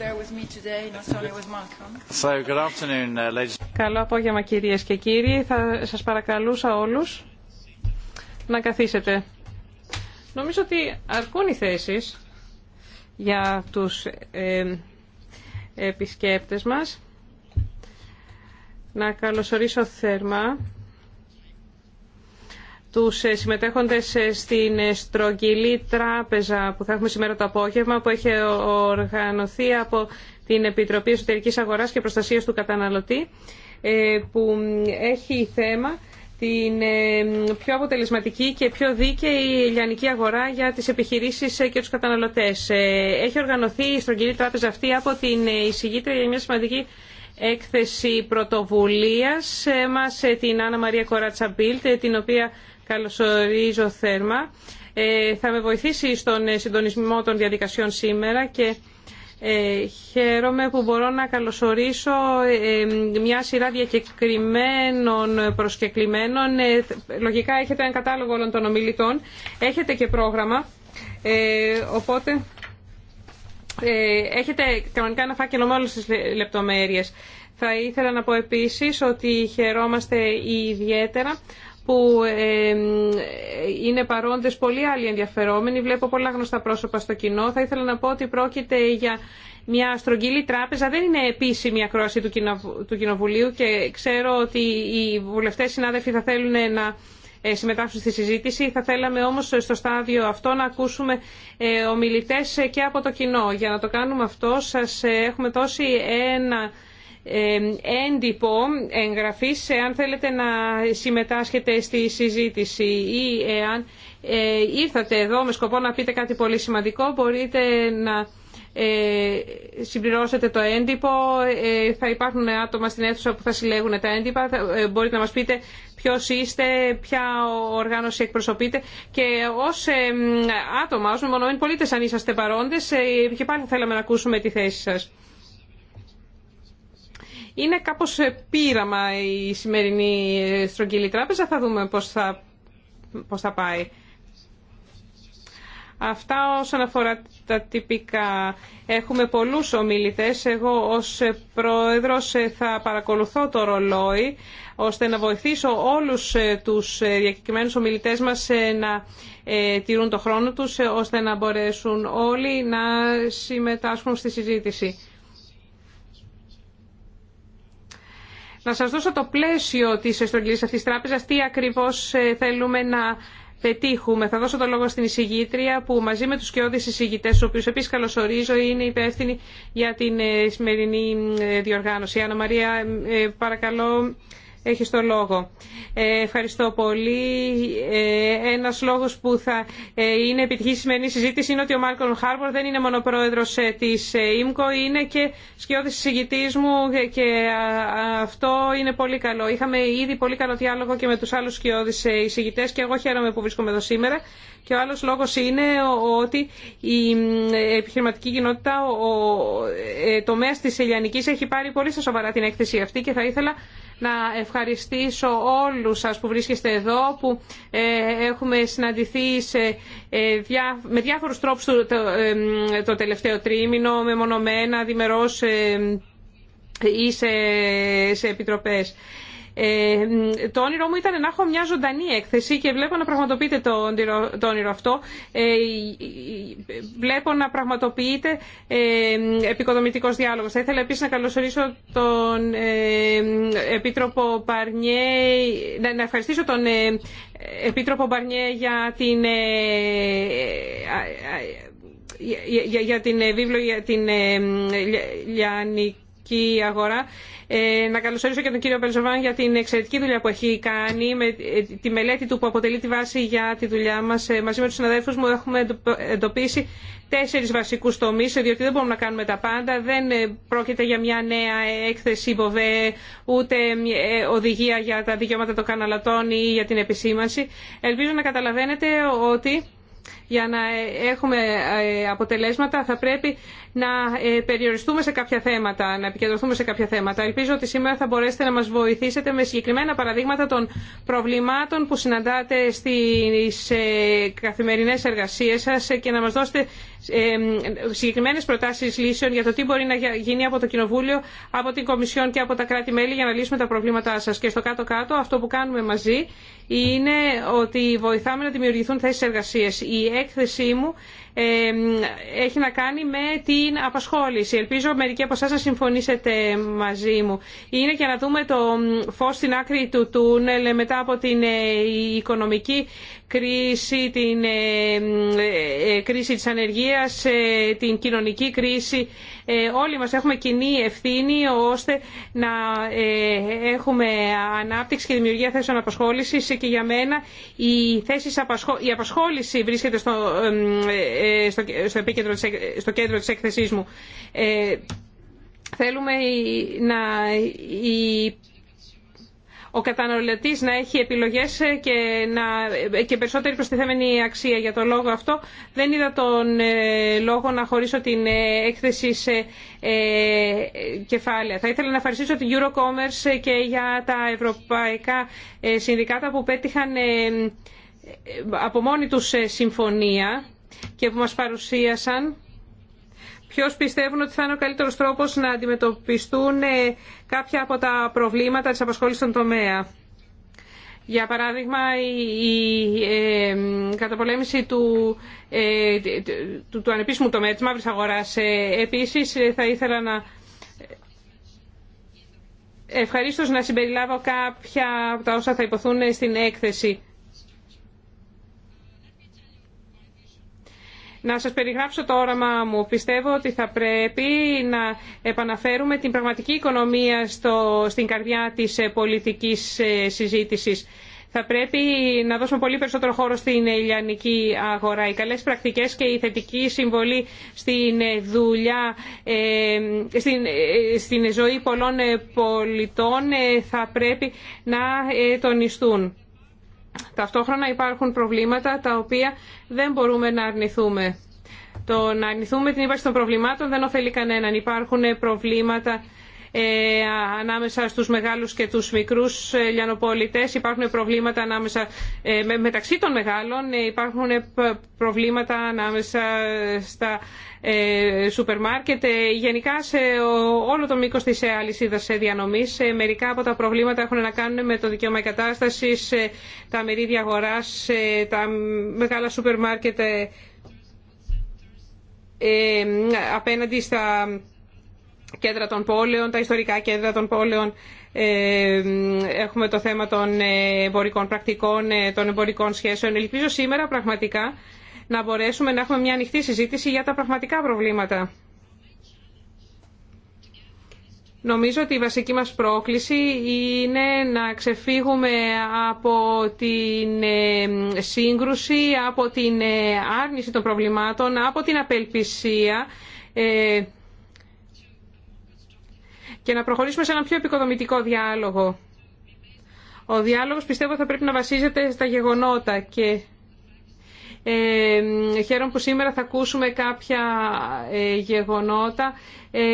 Uh, Καλό απόγευμα κυρίες και κύριοι. Θα σας παρακαλούσα όλους να καθίσετε. Νομίζω ότι αρκούν οι θέσεις για τους ε, επισκέπτες μας. Να καλωσορίσω θερμά τους ε, συμμετέχοντες ε, στην ε, στρογγυλή τράπεζα που θα έχουμε σήμερα το απόγευμα που έχει οργανωθεί από την Επιτροπή Εσωτερικής Αγοράς και Προστασίας του Καταναλωτή που έχει θέμα την πιο αποτελεσματική και πιο δίκαιη ελληνική αγορά για τις επιχειρήσεις και τους καταναλωτές. Έχει οργανωθεί η στρογγυλή τράπεζα αυτή από την εισηγήτρια για μια σημαντική έκθεση πρωτοβουλίας μας, την Άννα Μαρία Κοράτσα την οποία καλωσορίζω θέρμα. Ε, θα με βοηθήσει στον συντονισμό των διαδικασιών σήμερα και ε, χαίρομαι που μπορώ να καλωσορίσω ε, ε, μια σειρά διακεκριμένων προσκεκλημένων. Λογικά έχετε έναν κατάλογο όλων των ομιλητών. Έχετε και πρόγραμμα. Οπότε έχετε κανονικά ένα φάκελο με όλες τις λεπτομέρειες. Θα ήθελα να πω επίσης ότι χαιρόμαστε ιδιαίτερα που είναι παρόντες πολλοί άλλοι ενδιαφερόμενοι. Βλέπω πολλά γνωστά πρόσωπα στο κοινό. Θα ήθελα να πω ότι πρόκειται για μια στρογγυλή τράπεζα. Δεν είναι επίσημη ακρόαση του Κοινοβουλίου και ξέρω ότι οι βουλευτές συνάδελφοι θα θέλουν να ε, συμμετάσχουν στη συζήτηση. Θα θέλαμε όμως στο στάδιο αυτό να ακούσουμε ε, ομιλητές και από το κοινό. Για να το κάνουμε αυτό σας ε, έχουμε δώσει ένα έντυπο εγγραφή, εάν θέλετε να συμμετάσχετε στη συζήτηση ή εάν ε, ήρθατε εδώ με σκοπό να πείτε κάτι πολύ σημαντικό μπορείτε να ε, συμπληρώσετε το έντυπο ε, θα υπάρχουν άτομα στην αίθουσα που θα συλλέγουν τα έντυπα μπορείτε να μας πείτε ποιος είστε, ποια οργάνωση εκπροσωπείτε και ως άτομα, ως μεμονωμένοι πολίτες αν είσαστε παρόντες και πάλι θέλαμε να ακούσουμε τη θέση σας. Είναι κάπως ε, πείραμα η σημερινή ε, στρογγυλή τράπεζα. Θα δούμε πώς θα, πώς θα πάει. Αυτά όσον αφορά τα τυπικά. Έχουμε πολλούς ομιλητές. Εγώ ως ε, πρόεδρος θα παρακολουθώ το ρολόι ώστε να βοηθήσω όλους τους διακεκριμένους ομιλητές μας να τηρούν το χρόνο τους ώστε να μπορέσουν όλοι να συμμετάσχουν στη συζήτηση. Να σας δώσω το πλαίσιο της εστρογγυλής αυτής της τράπεζας, τι ακριβώς ε, θέλουμε να πετύχουμε. Θα δώσω το λόγο στην εισηγήτρια που μαζί με τους κοιόδης εισηγητές, τους οποίους επίσης καλωσορίζω, είναι υπεύθυνοι για την ε, σημερινή ε, διοργάνωση. Άννα Μαρία, παρακαλώ έχει το λόγο. Ε, ευχαριστώ πολύ. Ε, Ένα λόγο που θα ε, είναι επιτυχή σημερινή συζήτηση είναι ότι ο Μάρκον Χάρμπορ δεν είναι μόνο πρόεδρος τη ΙΜΚΟ, είναι και σκιώδη συζητή μου και αυτό είναι πολύ καλό. Είχαμε ήδη πολύ καλό διάλογο και με του άλλου σκιώδης συζητητές και εγώ χαίρομαι που βρίσκομαι εδώ σήμερα. Και ο άλλο λόγο είναι ότι η επιχειρηματική κοινότητα, ο τομέα τη Ελληνική έχει πάρει πολύ στα σοβαρά την έκθεση αυτή και θα ήθελα να ευχαριστήσω όλους σας που βρίσκεστε εδώ, που ε, έχουμε συναντηθεί σε, ε, με διάφορους τρόπους το, το, το τελευταίο τρίμηνο, μεμονωμένα, διμερώς ή σε, σε επιτροπές. Ε, το όνειρό μου ήταν να έχω μια ζωντανή έκθεση και βλέπω να πραγματοποιείται το όνειρο, αυτό. Ε, ε, βλέπω να πραγματοποιείται ε, επικοδομητικός διάλογος. Θα ήθελα επίσης να καλωσορίσω τον ε, Επίτροπο Παρνιέ, να, να ευχαριστήσω τον ε, Επίτροπο Μπαρνιέ για την, για, για, για την βίβλο, για την λιανική ελληνική αγορά. Ε, να καλωσορίσω και τον κύριο Πελζοβάν για την εξαιρετική δουλειά που έχει κάνει, με ε, τη μελέτη του που αποτελεί τη βάση για τη δουλειά μας. Ε, μαζί με του συναδέλφου, μου έχουμε εντοπίσει τέσσερι βασικού τομεί, διότι δεν μπορούμε να κάνουμε τα πάντα. Δεν πρόκειται για μια νέα έκθεση ΒΟΒΕ, ούτε οδηγία για τα δικαιώματα των καναλατών ή για την επισήμανση. Ελπίζω να καταλαβαίνετε ότι για να ε, έχουμε ε, αποτελέσματα θα πρέπει να ε, περιοριστούμε σε κάποια θέματα, να επικεντρωθούμε σε κάποια θέματα. Ελπίζω ότι σήμερα θα μπορέσετε να μας βοηθήσετε με συγκεκριμένα παραδείγματα των προβλημάτων που συναντάτε στις καθημερινές εργασίες σας και να μας δώσετε Συγκεκριμένε προτάσει λύσεων για το τι μπορεί να γίνει από το Κοινοβούλιο, από την Κομισιόν και από τα κράτη-μέλη για να λύσουμε τα προβλήματά σας. Και στο κάτω-κάτω αυτό που κάνουμε μαζί είναι ότι βοηθάμε να δημιουργηθούν θέσεις εργασία. Η έκθεσή μου έχει να κάνει με την απασχόληση. Ελπίζω μερικοί από εσά να συμφωνήσετε μαζί μου. Είναι και να δούμε το φως στην άκρη του τούνελ ε, μετά από την ε, οικονομική κρίση, την ε, κρίση της ανεργίας, την κοινωνική κρίση ε, όλοι μας έχουμε κοινή ευθύνη ώστε να ε, έχουμε ανάπτυξη και δημιουργία θέσεων απασχόλησης και για μένα η, θέση η απασχόληση βρίσκεται στο, ε, στο, στο, επίκεντρο, στο κέντρο της έκθεσής μου. Θέλουμε να ο καταναλωτής να έχει επιλογές και, να, και περισσότερη προστιθέμενη αξία. Για το λόγο αυτό δεν είδα τον ε, λόγο να χωρίσω την ε, έκθεση σε ε, κεφάλαια. Θα ήθελα να ευχαριστήσω την Eurocommerce και για τα ευρωπαϊκά συνδικάτα που πέτυχαν από μόνοι τους συμφωνία και που μας παρουσίασαν Ποιο πιστεύουν ότι θα είναι ο καλύτερος τρόπος να αντιμετωπιστούν ε, κάποια από τα προβλήματα της απασχόλησης στον τομέα. Για παράδειγμα, η ε, καταπολέμηση του, ε, του, του ανεπίσημου τομέα της μαύρης αγοράς. Επίσης, θα ήθελα να Ευχαριστώ να συμπεριλάβω κάποια από τα όσα θα υποθούν στην έκθεση. Να σας περιγράψω το όραμά μου. Πιστεύω ότι θα πρέπει να επαναφέρουμε την πραγματική οικονομία στο, στην καρδιά της ε, πολιτικής ε, συζήτησης. Θα πρέπει να δώσουμε πολύ περισσότερο χώρο στην ηλιανική αγορά. Οι καλές πρακτικές και η θετική συμβολή στην ε, δουλειά, στην, στην ζωή πολλών πολιτών θα πρέπει να τονιστούν. Ταυτόχρονα υπάρχουν προβλήματα τα οποία δεν μπορούμε να αρνηθούμε. Το να αρνηθούμε την ύπαρξη των προβλημάτων δεν ωφελεί κανέναν. Υπάρχουν προβλήματα ε, ανάμεσα στους μεγάλους και τους μικρούς ε, λιανοπολιτές. Υπάρχουν προβλήματα ανάμεσα, ε, μεταξύ των μεγάλων, υπάρχουν προβλήματα ανάμεσα στα σούπερ μάρκετ, γενικά σε όλο το μήκος της αλυσίδας διανομής. Μερικά από τα προβλήματα έχουν να κάνουν με το δικαίωμα εγκατάστασης, τα μερίδια αγοράς, τα μεγάλα σούπερ μάρκετ απέναντι στα κέντρα των πόλεων, τα ιστορικά κέντρα των πόλεων. Ε, έχουμε το θέμα των εμπορικών πρακτικών, ε, των εμπορικών σχέσεων. Ελπίζω σήμερα πραγματικά να μπορέσουμε να έχουμε μια ανοιχτή συζήτηση για τα πραγματικά προβλήματα. Νομίζω ότι η βασική μας πρόκληση είναι να ξεφύγουμε από την ε, σύγκρουση, από την άρνηση των προβλημάτων, από την απελπισία και να προχωρήσουμε σε έναν πιο επικοδομητικό διάλογο. Ο διάλογος πιστεύω θα πρέπει να βασίζεται στα γεγονότα και ε, χαίρομαι που σήμερα θα ακούσουμε κάποια ε, γεγονότα. Ε,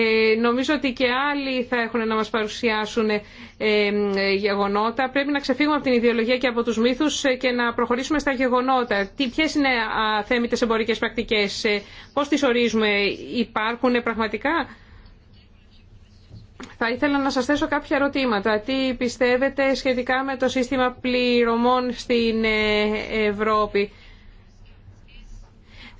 νομίζω ότι και άλλοι θα έχουν να μας παρουσιάσουν ε, γεγονότα. Πρέπει να ξεφύγουμε από την ιδεολογία και από τους μύθους ε, και να προχωρήσουμε στα γεγονότα. Τι, ποιες είναι αθέμητες εμπορικές πρακτικές, πώς τις ορίζουμε, υπάρχουν πραγματικά θα ήθελα να σας θέσω κάποια ερωτήματα. Τι πιστεύετε σχετικά με το σύστημα πληρωμών στην ε, Ευρώπη.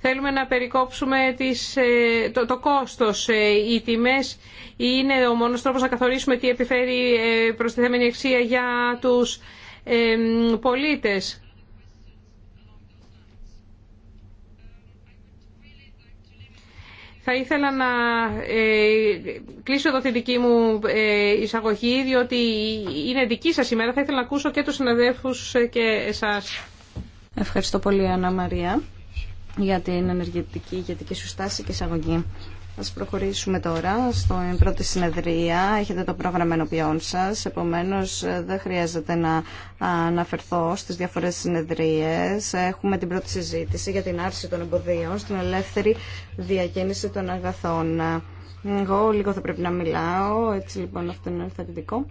Θέλουμε να περικόψουμε τις, ε, το, το κόστος. Ε, οι τιμές είναι ο μόνος τρόπος να καθορίσουμε τι επιφέρει προστιθέμενη αξία για τους πολίτες. Θα ήθελα να ε, κλείσω εδώ τη δική μου ε, εισαγωγή, διότι είναι δική σας ημέρα. Θα ήθελα να ακούσω και τους συναδέλφους ε, και εσάς. Ευχαριστώ πολύ, Άννα Μαρία, για την ενεργητική ηγετική σου στάση και εισαγωγή. Ας προχωρήσουμε τώρα στην πρώτη συνεδρία. Έχετε το πρόγραμμα ενωπιών σας, επομένως δεν χρειάζεται να αναφερθώ στις διαφορές συνεδρίες. Έχουμε την πρώτη συζήτηση για την άρση των εμποδίων στην ελεύθερη διακίνηση των αγαθών. Εγώ λίγο θα πρέπει να μιλάω, έτσι λοιπόν αυτό είναι ενθαρρυντικό.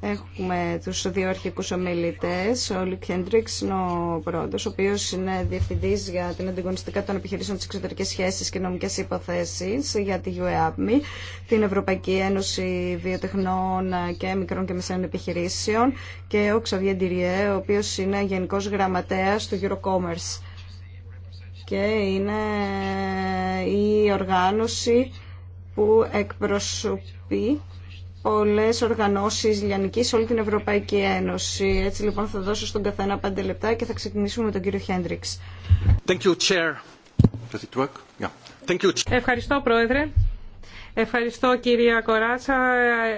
Έχουμε τους δύο αρχικούς ομιλητές, ο Λουκ Χέντριξ είναι ο πρώτος, ο οποίος είναι διευθυντής για την αντιγωνιστικά των επιχειρήσεων της εξωτερικής σχέσης και νομικές υποθέσεις για τη UEAPMI, την Ευρωπαϊκή Ένωση Βιοτεχνών και Μικρών και Μεσαίων Επιχειρήσεων και ο Ξαβιέ ο οποίος είναι γενικός γραμματέας του Eurocommerce και είναι η οργάνωση που εκπροσωπεί πολλές οργανώσεις λιανικής σε όλη την Ευρωπαϊκή Ένωση. Έτσι λοιπόν θα δώσω στον καθένα πέντε λεπτά και θα ξεκινήσουμε με τον κύριο Χέντριξ. Ευχαριστώ Πρόεδρε. Ευχαριστώ κυρία Κοράτσα.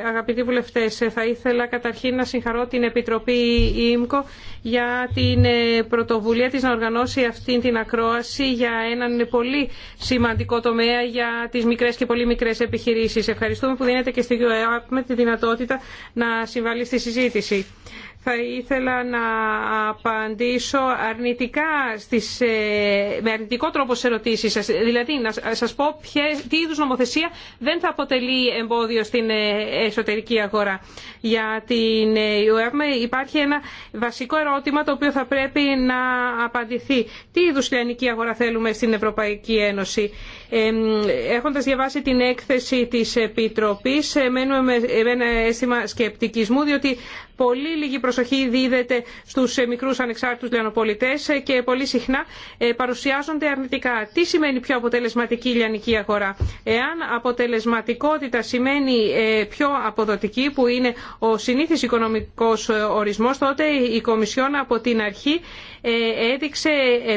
Αγαπητοί βουλευτές, θα ήθελα καταρχήν να συγχαρώ την Επιτροπή ΙΜΚΟ για την ε, πρωτοβουλία της να οργανώσει αυτή την ακρόαση για έναν πολύ σημαντικό τομέα για τις μικρές και πολύ μικρές επιχειρήσεις. Ευχαριστούμε που δίνετε και στη ΓΟΕΑΠ με τη δυνατότητα να συμβάλλει στη συζήτηση θα ήθελα να απαντήσω αρνητικά στις, ε, με αρνητικό τρόπο σε ερωτήσεις σας. Δηλαδή να σας πω ποιες, τι είδους νομοθεσία δεν θα αποτελεί εμπόδιο στην ε, εσωτερική αγορά. Για την ΕΕ υπάρχει ένα βασικό ερώτημα το οποίο θα πρέπει να απαντηθεί. Τι είδους λιανική αγορά θέλουμε στην Ευρωπαϊκή Ένωση. Έχοντας διαβάσει την έκθεση της Επιτροπής, ε, μένουμε με ένα αίσθημα σκεπτικισμού, διότι πολύ λίγη προσοχή δίδεται στους ε, μικρούς ανεξάρτητους λιανοπολιτές ε, και πολύ συχνά παρουσιάζονται αρνητικά. Τι σημαίνει πιο αποτελεσματική λιανική αγορά. Εάν αποτελεσματικότητα σημαίνει πιο αποδοτική, που είναι ο συνήθις οικονομικός ορισμός, τότε η Κομισιόν από την αρχή έδειξε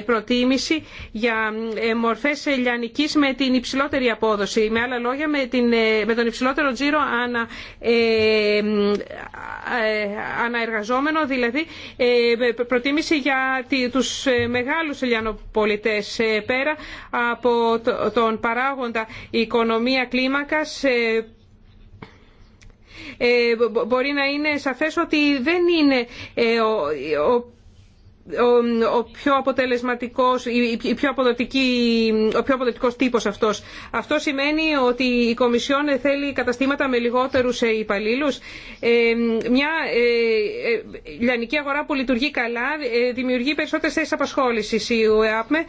προτίμηση για μορφές λιανικής με την υψηλότερη απόδοση. Με άλλα λόγια, με, ε, τον υψηλότερο τζίρο ανα, ε, ε, αναεργαζόμενο, δηλαδή προτίμηση για τους μεγάλους ελιανοπολιτές πέρα από τον παράγοντα οικονομία κλίμακας μπορεί να είναι σαφές ότι δεν είναι ο ο, πιο αποτελεσματικός, η, πιο ο πιο αποδοτικός τύπος αυτός. Αυτό σημαίνει ότι η Κομισιόν θέλει καταστήματα με λιγότερους ε, υπαλλήλους. Ε, μια ε, ε, λιανική αγορά που λειτουργεί καλά δημιουργεί περισσότερες θέσεις απασχόλησης. Η ΟΕΑΠΜΕ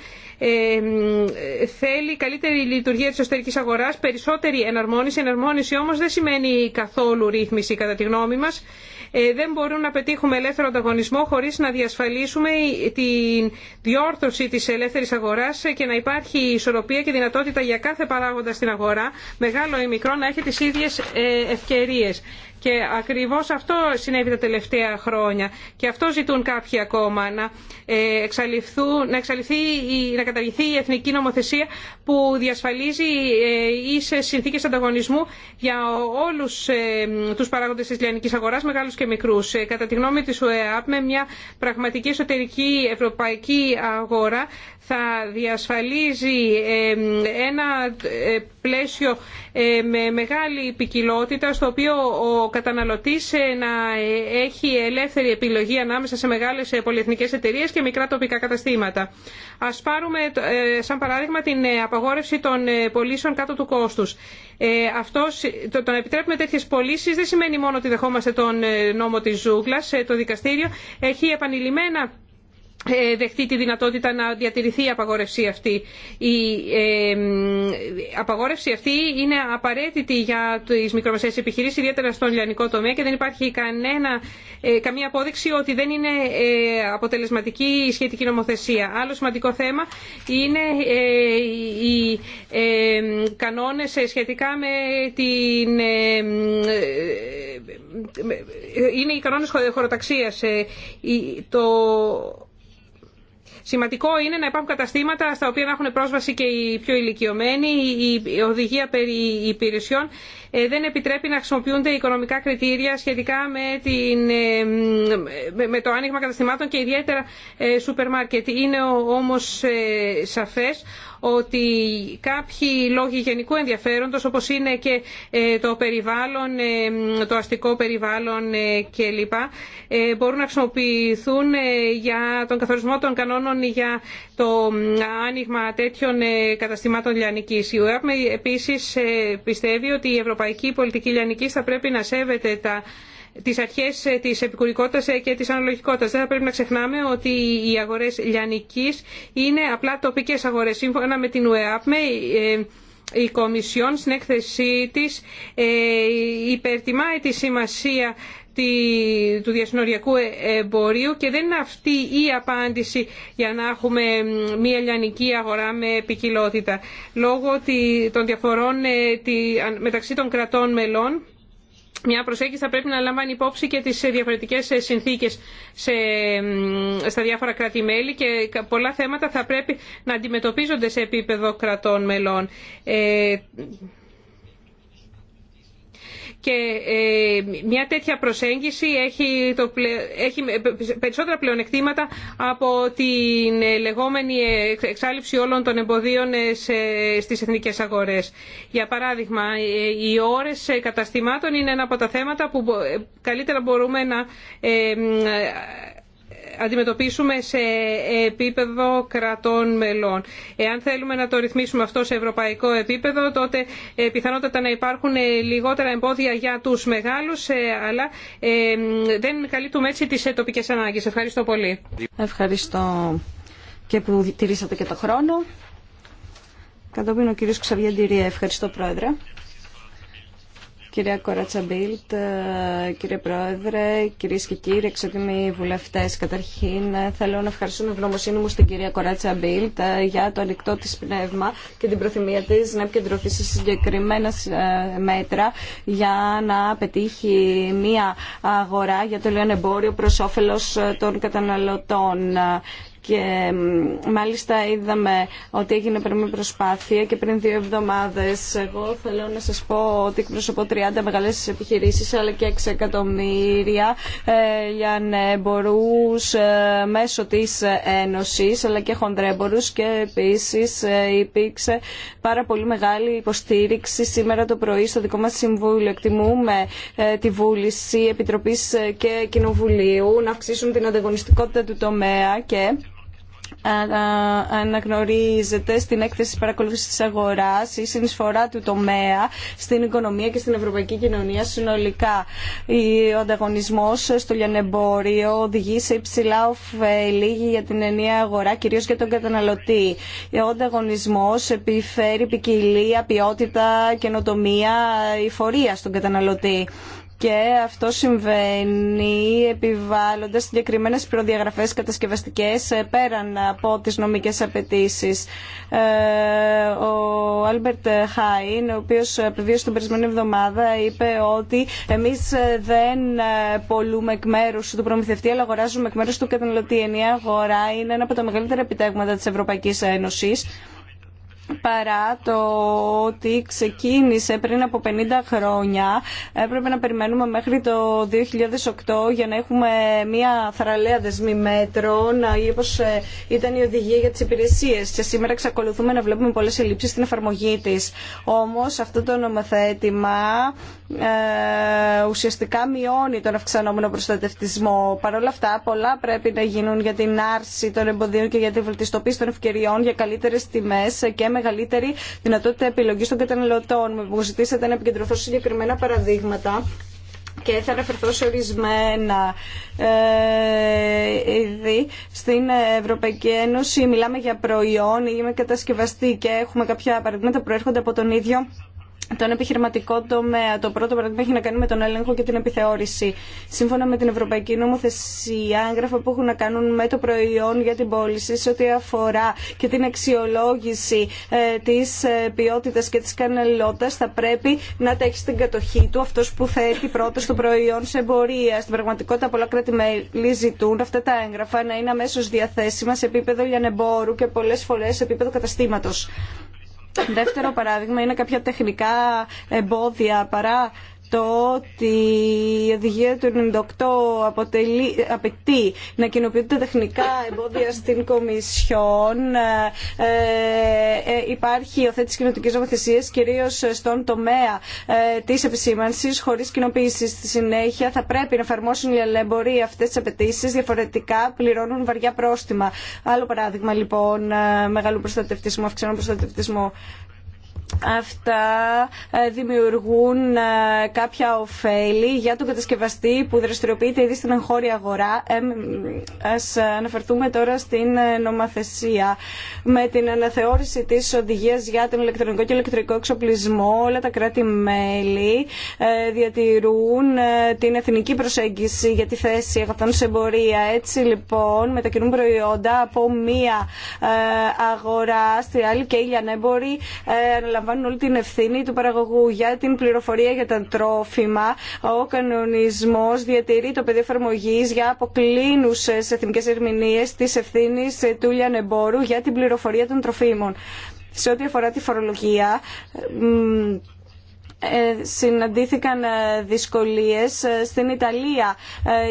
θέλει καλύτερη λειτουργία της εσωτερικής αγοράς, περισσότερη εναρμόνιση. Εναρμόνιση όμως δεν σημαίνει καθόλου ρύθμιση κατά τη γνώμη μας. Ε, δεν μπορούν να πετύχουμε ελεύθερο ανταγωνισμό χωρίς να διασφαλίσουμε την διόρθωση της ελεύθερης αγοράς και να υπάρχει ισορροπία και δυνατότητα για κάθε παράγοντα στην αγορά, μεγάλο ή μικρό, να έχει τις ίδιες ε, ευκαιρίες. Και ακριβώς αυτό συνέβη τα τελευταία χρόνια. Και αυτό ζητούν κάποιοι ακόμα, να, ε, να, εξαλειφθεί, να καταργηθεί η εθνική νομοθεσία που διασφαλίζει ε, ίσες συνθήκες ανταγωνισμού για όλους ε, τους παράγοντες της λιανικής αγοράς, μεγάλους και μικρούς. Κατά τη γνώμη της ΟΕΑΠ, με μια πραγματική εσωτερική ευρωπαϊκή αγορά, θα διασφαλίζει ένα ε, πλαίσιο με μεγάλη ποικιλότητα στο οποίο ο καταναλωτής ε, να ε, έχει ελεύθερη επιλογή ανάμεσα σε μεγάλες πολυεθνικές εταιρείες και μικρά τοπικά καταστήματα. Ας πάρουμε σαν παράδειγμα την απαγόρευση των πωλήσεων κάτω του κόστους. Αυτός, το, να επιτρέπουμε τέτοιες πωλήσει δεν σημαίνει μόνο ότι δεχόμαστε τον νόμο της ζούγκλας. Το δικαστήριο έχει επανειλημμένα ε, δεχτεί τη δυνατότητα να διατηρηθεί η απαγόρευση αυτή. Η ε, απαγόρευση αυτή είναι απαραίτητη για τις μικρομεσαίες επιχειρήσεις, ιδιαίτερα στον λιανικό τομέα και δεν υπάρχει κανένα, ε, καμία απόδειξη ότι δεν είναι αποτελεσματική η σχετική νομοθεσία. Άλλο σημαντικό θέμα είναι οι κανόνες σχετικά με την... είναι οι κανόνες χωροταξίας. Το Σημαντικό είναι να υπάρχουν καταστήματα στα οποία να έχουν πρόσβαση και οι πιο ηλικιωμένοι. Η οδηγία περί υπηρεσιών ε, δεν επιτρέπει να χρησιμοποιούνται οικονομικά κριτήρια σχετικά με, την, ε, με το άνοιγμα καταστημάτων και ιδιαίτερα ε, σούπερ μάρκετ. Είναι όμως σαφές ότι κάποιοι λόγοι γενικού ενδιαφέροντος όπως είναι και ε, το περιβάλλον, ε, το αστικό περιβάλλον ε, κλπ. μπορούν να χρησιμοποιηθούν για τον καθορισμό των κανόνων για το άνοιγμα τέτοιων καταστημάτων λιανικής. Η ΟΕΑΠ επίσης πιστεύει ότι η ευρωπαϊκή πολιτική λιανικής θα πρέπει να σέβεται τα τις αρχές ε, της επικουρικότητας ε, και της αναλογικότητας. Δεν θα πρέπει να ξεχνάμε ότι οι αγορές λιανικής είναι απλά τοπικές αγορές. Σύμφωνα με την ΟΕΑΠΜΕ, ε, η Κομισιόν στην έκθεσή τη υπερτιμάει τη σημασία του διασυνοριακού εμπορίου και δεν είναι αυτή η απάντηση για να έχουμε μια λιανική αγορά με ποικιλότητα. Λόγω των διαφορών μεταξύ των κρατών μελών μια προσέγγιση θα πρέπει να λαμβάνει υπόψη και τις διαφορετικές συνθήκες σε, στα διάφορα κράτη-μέλη και πολλά θέματα θα πρέπει να αντιμετωπίζονται σε επίπεδο κρατών μελών. Ε, και ε, μια τέτοια προσέγγιση έχει, το περισσότερα πλεονεκτήματα από την ε, λεγόμενη εξάλληψη όλων των εμποδίων ε, στις εθνικές αγορές. Για παράδειγμα, οι ώρες καταστημάτων είναι ένα από τα θέματα που καλύτερα μπορούμε να αντιμετωπίσουμε σε επίπεδο κρατών μελών. Εάν θέλουμε να το ρυθμίσουμε αυτό σε ευρωπαϊκό επίπεδο, τότε ε, πιθανότατα να υπάρχουν ε, λιγότερα εμπόδια για τους μεγάλους, ε, αλλά δεν καλύπτουμε έτσι τις τοπικές ανάγκες. Ευχαριστώ πολύ. Ευχαριστώ και που τηρήσατε και το χρόνο. Κατόπιν ο κύριος Ξαβιαντηρία. Ευχαριστώ πρόεδρε. Κυρία Κοράτσα Μπίλτ, ε, κύριε Πρόεδρε, κυρίε και κύριοι εξωτιμοί βουλευτέ, καταρχήν ε, θέλω να ευχαριστήσω με ευγνωμοσύνη μου στην κυρία Κοράτσα Μπίλτ ε, για το ανοιχτό τη πνεύμα και την προθυμία τη να επικεντρωθεί σε συγκεκριμένα μέτρα για να πετύχει μία αγορά για το εμπόριο προ όφελο των καταναλωτών και μάλιστα είδαμε ότι έγινε πριν προσπάθεια και πριν δύο εβδομάδες εγώ θέλω να σας πω ότι εκπροσωπώ 30 μεγάλες επιχειρήσεις αλλά και 6 εκατομμύρια ε, για ε, μέσω της Ένωσης αλλά και χονδρέμπορους και επίσης ε, υπήρξε πάρα πολύ μεγάλη υποστήριξη σήμερα το πρωί στο δικό μας Συμβούλιο. Εκτιμούμε ε, τη βούληση Επιτροπής και Κοινοβουλίου να αυξήσουν την ανταγωνιστικότητα του τομέα και αναγνωρίζεται στην έκθεση παρακολούθησης της αγοράς η συνεισφορά του τομέα στην οικονομία και στην ευρωπαϊκή κοινωνία συνολικά. Ο ανταγωνισμός στο λιανεμπόριο οδηγεί σε υψηλά ωφέλη για την ενιαία αγορά, κυρίως για τον καταναλωτή. Ο ανταγωνισμός επιφέρει ποικιλία, ποιότητα, καινοτομία, φορεία στον καταναλωτή και αυτό συμβαίνει επιβάλλοντας συγκεκριμένες προδιαγραφές κατασκευαστικές ε, πέραν από τις νομικές απαιτήσει. Ε, ο Άλμπερτ Χάιν, ο οποίος επιβίωσε την περισμένη εβδομάδα, είπε ότι εμείς ε, δεν πολλούμε εκ μέρου του προμηθευτή, αλλά αγοράζουμε εκ μέρου του καταναλωτή. Η αγορά είναι ένα από τα μεγαλύτερα επιτέγματα της Ευρωπαϊκής Ένωσης παρά το ότι ξεκίνησε πριν από 50 χρόνια. Έπρεπε να περιμένουμε μέχρι το 2008 για να έχουμε μια δεσμή δεσμή μέτρων, η όπω ε, ήταν η οδηγία για τις υπηρεσίε. Και σήμερα εξακολουθούμε να βλέπουμε πολλές ελλείψεις στην εφαρμογή τη. Όμω αυτό το νομοθέτημα ε, ουσιαστικά μειώνει τον αυξανόμενο προστατευτισμό. Παρ' όλα αυτά, πολλά πρέπει να γίνουν για την άρση των εμποδίων και για τη βελτιστοποίηση των ευκαιριών για καλύτερες τιμές και με μεγαλύτερη δυνατότητα επιλογή των καταναλωτών. Μου ζητήσατε να επικεντρωθώ σε συγκεκριμένα παραδείγματα και θα αναφερθώ σε ορισμένα είδη. Στην Ευρωπαϊκή Ένωση μιλάμε για προϊόν ή με κατασκευαστή και έχουμε κάποια παραδείγματα που προέρχονται από τον ίδιο τον επιχειρηματικό τομέα. Το πρώτο παράδειγμα έχει να κάνει με τον έλεγχο και την επιθεώρηση. Σύμφωνα με την Ευρωπαϊκή Νομοθεσία, έγγραφα που έχουν να κάνουν με το προϊόν για την πώληση σε ό,τι αφορά και την αξιολόγηση ε, τη ε, ποιότητα και τη καναλότητα, θα πρέπει να τα έχει στην κατοχή του αυτό που θέτει πρώτο το προϊόν σε εμπορία. Στην πραγματικότητα, πολλά κράτη-μέλη ζητούν αυτά τα έγγραφα να είναι αμέσω διαθέσιμα σε επίπεδο λιανεμπόρου και πολλέ φορέ σε επίπεδο καταστήματο. Δεύτερο παράδειγμα είναι κάποια τεχνικά εμπόδια παρά το ότι η οδηγία του 98 αποτελεί, απαιτεί να κοινοποιούνται τεχνικά εμπόδια στην Κομισιόν. Ε, ε υπάρχει ο οθέτηση νομοθεσία κυρίω κυρίως στον τομέα ε, της επισήμανσης χωρίς κοινοποίηση. Στη συνέχεια θα πρέπει να εφαρμόσουν οι αλληλεμποροί αυτές τις απαιτήσει διαφορετικά πληρώνουν βαριά πρόστιμα. Άλλο παράδειγμα λοιπόν ε, μεγάλου προστατευτισμού, αυξημένου προστατευτισμού αυτά ε, δημιουργούν ε, κάποια ωφέλη για τον κατασκευαστή που δραστηριοποιείται ήδη στην εγχώρια αγορά. ας αναφερθούμε τώρα στην ε, νομαθεσία. Με την αναθεώρηση της οδηγίας για τον ηλεκτρονικό και ηλεκτρικό εξοπλισμό όλα τα κράτη-μέλη διατηρούν την εθνική προσέγγιση για τη θέση αγαθών σε εμπορία. Έτσι λοιπόν μετακινούν προϊόντα από μία αγορά στη άλλη και οι λαμβάνουν όλη την ευθύνη του παραγωγού για την πληροφορία για τα τρόφιμα. Ο κανονισμό διατηρεί το πεδίο εφαρμογή για αποκλίνουσε εθνικέ ερμηνείε τη ευθύνη του λιανεμπόρου για την πληροφορία των τροφίμων. Σε ό,τι αφορά τη φορολογία, ε, συναντήθηκαν ε, δυσκολίες ε, στην Ιταλία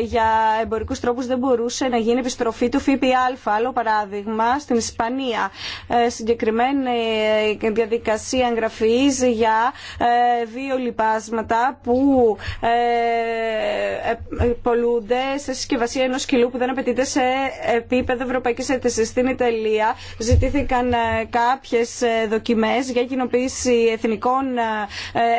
για εμπορικούς τρόπους δεν μπορούσε να γίνει επιστροφή του ΦΠΑ άλλο παράδειγμα στην Ισπανία συγκεκριμένη διαδικασία εγγραφής για δύο λοιπάσματα που πολλούνται σε συσκευασία ενός κιλού που δεν απαιτείται σε επίπεδο ευρωπαϊκής αίτησης στην Ιταλία ζητήθηκαν κάποιες δοκιμές για κοινοποίηση εθνικών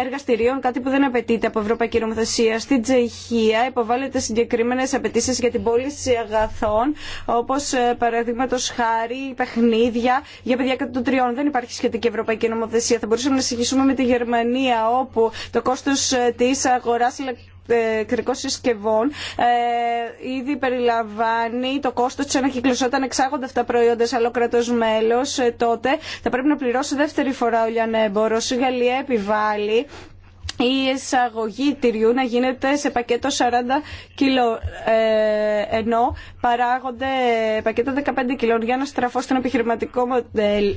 εργαστηρίων, κάτι που δεν απαιτείται από Ευρωπαϊκή Νομοθεσία. Στην Τσεχία υποβάλλεται συγκεκριμένε απαιτήσει για την πώληση αγαθών, όπω ε, παραδείγματο χάρη παιχνίδια για παιδιά κατά των τριών. Δεν υπάρχει σχετική Ευρωπαϊκή Νομοθεσία. Θα μπορούσαμε να συγχυσούμε με τη Γερμανία, όπου το κόστο ε, τη αγορά ε, κρικών συσκευών ε, ήδη περιλαμβάνει το κόστο τη ανακύκλωση. Όταν εξάγονται αυτά τα προϊόντα σε άλλο κράτο μέλο, ε, τότε θα πρέπει να πληρώσει δεύτερη φορά ο λιανέμπορο. Η Γαλλία επιβάλλει η εισαγωγή τυριού να γίνεται σε πακέτο 40 κιλό, ε, ενώ παράγονται πακέτα 15 κιλών. Για να στραφώ στον επιχειρηματικό,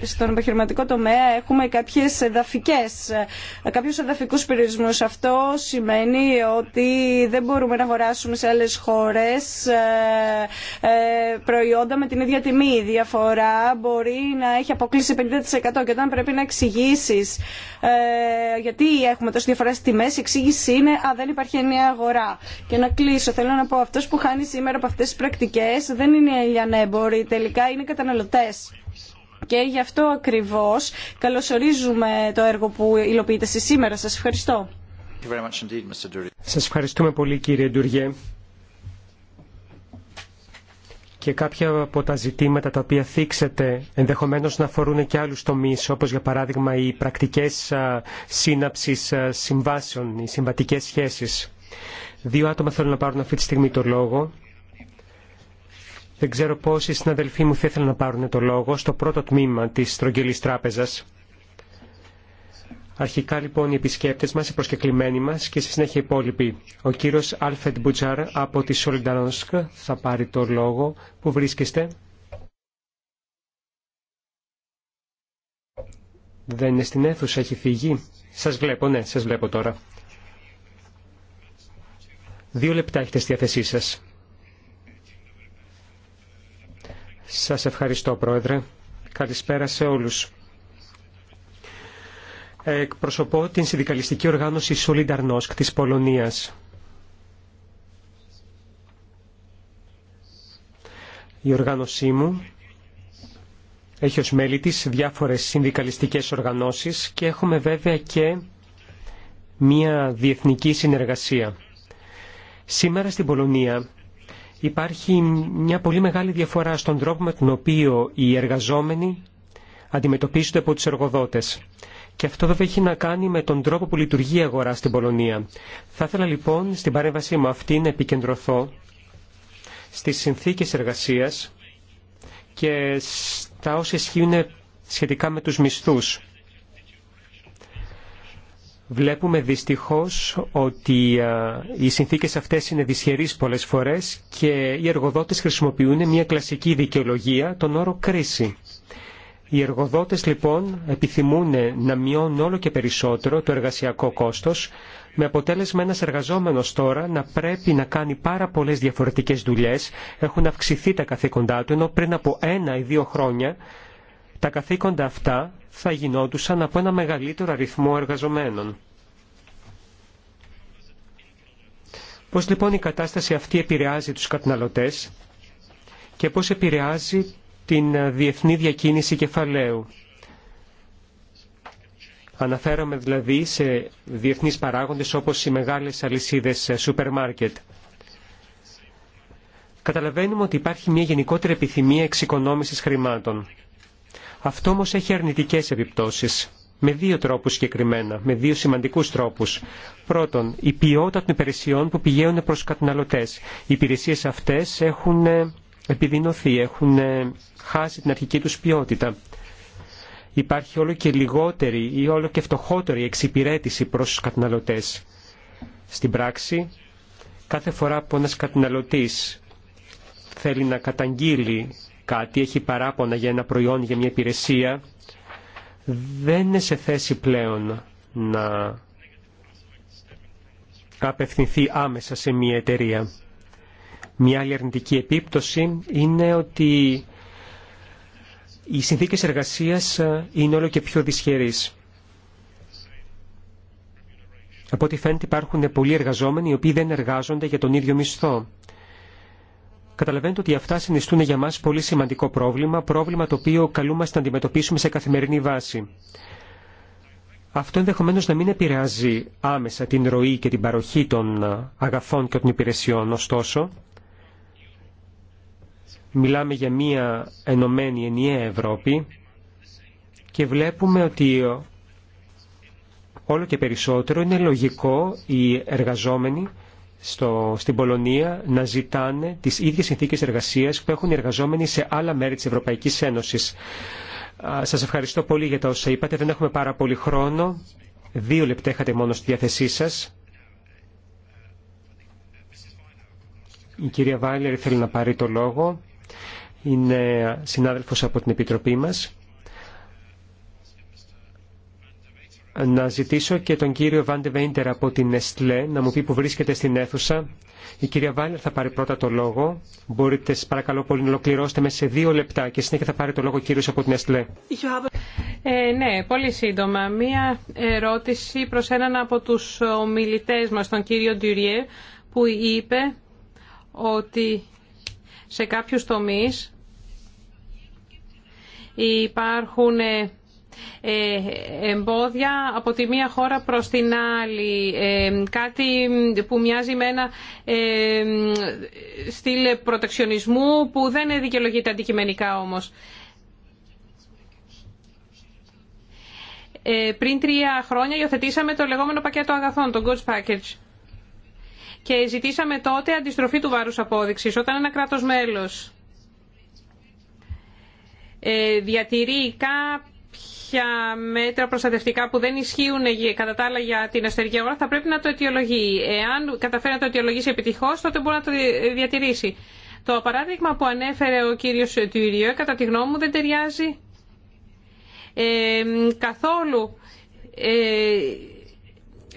στον επιχειρηματικό τομέα έχουμε κάποιες εδαφικές, κάποιους εδαφικούς περιορισμούς. Αυτό σημαίνει ότι δεν μπορούμε να αγοράσουμε σε άλλες χώρες ε, ε, προϊόντα με την ίδια τιμή. Η διαφορά μπορεί να έχει αποκλείσει 50% και όταν πρέπει να εξηγήσει γιατί έχουμε τόση διαφορά η εξήγηση είναι «Α, δεν υπάρχει ενιαία αγορά». Και να κλείσω, θέλω να πω, αυτός που χάνει σήμερα από αυτές τις πρακτικές δεν είναι οι ανέμποροι, τελικά είναι οι καταναλωτές. Και γι' αυτό ακριβώ. καλωσορίζουμε το έργο που υλοποιείται σήμερα. Σας ευχαριστώ. Σα ευχαριστούμε πολύ κύριε Ντουριέ και κάποια από τα ζητήματα τα οποία θίξετε ενδεχομένως να αφορούν και άλλους τομείς, όπως για παράδειγμα οι πρακτικές σύναψεις συμβάσεων, οι συμβατικές σχέσεις. Δύο άτομα θέλουν να πάρουν αυτή τη στιγμή το λόγο. Δεν ξέρω πόσοι συναδελφοί μου θα ήθελαν να πάρουν το λόγο στο πρώτο τμήμα της Στρογγυλής Τράπεζας. Αρχικά λοιπόν οι επισκέπτες μας, οι προσκεκλημένοι μας και στη συνέχεια οι υπόλοιποι. Ο κύριος Άλφετ Μπουτζάρ από τη Σολντανόσκ θα πάρει το λόγο. Πού βρίσκεστε? Δεν είναι στην αίθουσα, έχει φύγει. Σας βλέπω, ναι, σας βλέπω τώρα. Δύο λεπτά έχετε στη διάθεσή σας. Σας ευχαριστώ, Πρόεδρε. Καλησπέρα σε όλους. Εκπροσωπώ την συνδικαλιστική οργάνωση Solidarnosc της Πολωνίας. Η οργάνωσή μου έχει ως μέλη της διάφορες συνδικαλιστικές οργανώσεις και έχουμε βέβαια και μία διεθνική συνεργασία. Σήμερα στην Πολωνία υπάρχει μια πολύ μεγάλη διαφορά στον τρόπο με τον οποίο οι εργαζόμενοι αντιμετωπίζονται από τους εργοδότες. Και αυτό βέβαια έχει να κάνει με τον τρόπο που λειτουργεί η αγορά στην Πολωνία. Θα ήθελα λοιπόν στην παρέμβασή μου αυτή να επικεντρωθώ στις συνθήκες εργασίας και στα όσα ισχύουν σχετικά με τους μισθούς. Βλέπουμε δυστυχώς ότι οι συνθήκες αυτές είναι δυσχερείς πολλές φορές και οι εργοδότες χρησιμοποιούν μια κλασική δικαιολογία, τον όρο κρίση. Οι εργοδότες λοιπόν επιθυμούν να μειώνουν όλο και περισσότερο το εργασιακό κόστος, με αποτέλεσμα ένας εργαζόμενος τώρα να πρέπει να κάνει πάρα πολλές διαφορετικές δουλειές, έχουν αυξηθεί τα καθήκοντά του, ενώ πριν από ένα ή δύο χρόνια τα καθήκοντα αυτά θα γινόντουσαν από ένα μεγαλύτερο αριθμό εργαζομένων. Πώς λοιπόν η κατάσταση αυτή επηρεάζει τους καταναλωτές και πώς επηρεάζει την ε, διεθνή διακίνηση κεφαλαίου. Αναφέρομαι δηλαδή σε διεθνείς παράγοντες όπως οι μεγάλες αλυσίδες ε, σούπερ μάρκετ. Καταλαβαίνουμε ότι υπάρχει μια γενικότερη επιθυμία εξοικονόμησης χρημάτων. Αυτό όμως έχει αρνητικές επιπτώσεις. Με δύο τρόπους συγκεκριμένα, με δύο σημαντικούς τρόπους. Πρώτον, η ποιότητα των υπηρεσιών που πηγαίνουν προς καταναλωτές. Οι υπηρεσίες αυτές έχουν ε, επιδεινωθεί, έχουν ε, χάσει την αρχική τους ποιότητα. Υπάρχει όλο και λιγότερη ή όλο και φτωχότερη εξυπηρέτηση προς τους καταναλωτές. Στην πράξη, κάθε φορά που ένας καταναλωτής θέλει να καταγγείλει κάτι, έχει παράπονα για ένα προϊόν, για μια υπηρεσία, δεν είναι σε θέση πλέον να απευθυνθεί άμεσα σε μια εταιρεία. Μια άλλη αρνητική επίπτωση είναι ότι οι συνθήκες εργασίας ε, είναι όλο και πιο δυσχερείς. Από ό,τι φαίνεται υπάρχουν πολλοί εργαζόμενοι οι οποίοι δεν εργάζονται για τον ίδιο μισθό. Καταλαβαίνετε ότι αυτά συνιστούν για μας πολύ σημαντικό πρόβλημα, πρόβλημα το οποίο καλούμαστε να αντιμετωπίσουμε σε καθημερινή βάση. Αυτό ενδεχομένως να μην επηρεάζει άμεσα την ροή και την παροχή των ε, αγαθών και των υπηρεσιών, ωστόσο Μιλάμε για μια ενωμένη ενιαία Ευρώπη και βλέπουμε ότι όλο και περισσότερο είναι λογικό οι εργαζόμενοι στο, στην Πολωνία να ζητάνε τις ίδιες συνθήκες εργασίας που έχουν οι εργαζόμενοι σε άλλα μέρη της Ευρωπαϊκής Ένωσης. Σας ευχαριστώ πολύ για τα όσα είπατε. Δεν έχουμε πάρα πολύ χρόνο. Δύο λεπτά είχατε μόνο στη διάθεσή σας. Η κυρία Βάιλερ θέλει να πάρει το λόγο είναι συνάδελφος από την Επιτροπή μας. Να ζητήσω και τον κύριο Βάντε Βέιντερ από την Εστλέ να μου πει που βρίσκεται στην αίθουσα. Η κυρία Βάιλερ θα πάρει πρώτα το λόγο. Μπορείτε, παρακαλώ πολύ, να ολοκληρώσετε με σε δύο λεπτά και συνέχεια θα πάρει το λόγο ο κύριος από την Εστλέ. Ε, ναι, πολύ σύντομα. Μία ερώτηση προς έναν από τους ομιλητές μας, τον κύριο Ντουριέ, που είπε ότι σε κάποιους τομείς υπάρχουν ε, ε, εμπόδια από τη μία χώρα προς την άλλη. Ε, κάτι που μοιάζει με ένα στυλ προτεξιονισμού που δεν δικαιολογείται αντικειμενικά όμως. Πριν τρία χρόνια υιοθετήσαμε το λεγόμενο πακέτο αγαθών, το Goods Package και ζητήσαμε τότε αντιστροφή του βάρους απόδειξης. Όταν ένα κράτος μέλος ε, διατηρεί κάποια μέτρα προστατευτικά που δεν ισχύουν κατά τα άλλα για την αστερική αγορά, θα πρέπει να το αιτιολογεί. Εάν καταφέρει να το αιτιολογήσει επιτυχώς, τότε μπορεί να το διατηρήσει. Το παράδειγμα που ανέφερε ο κύριος Τουριό, κατά τη γνώμη μου, δεν ταιριάζει ε, καθόλου ε,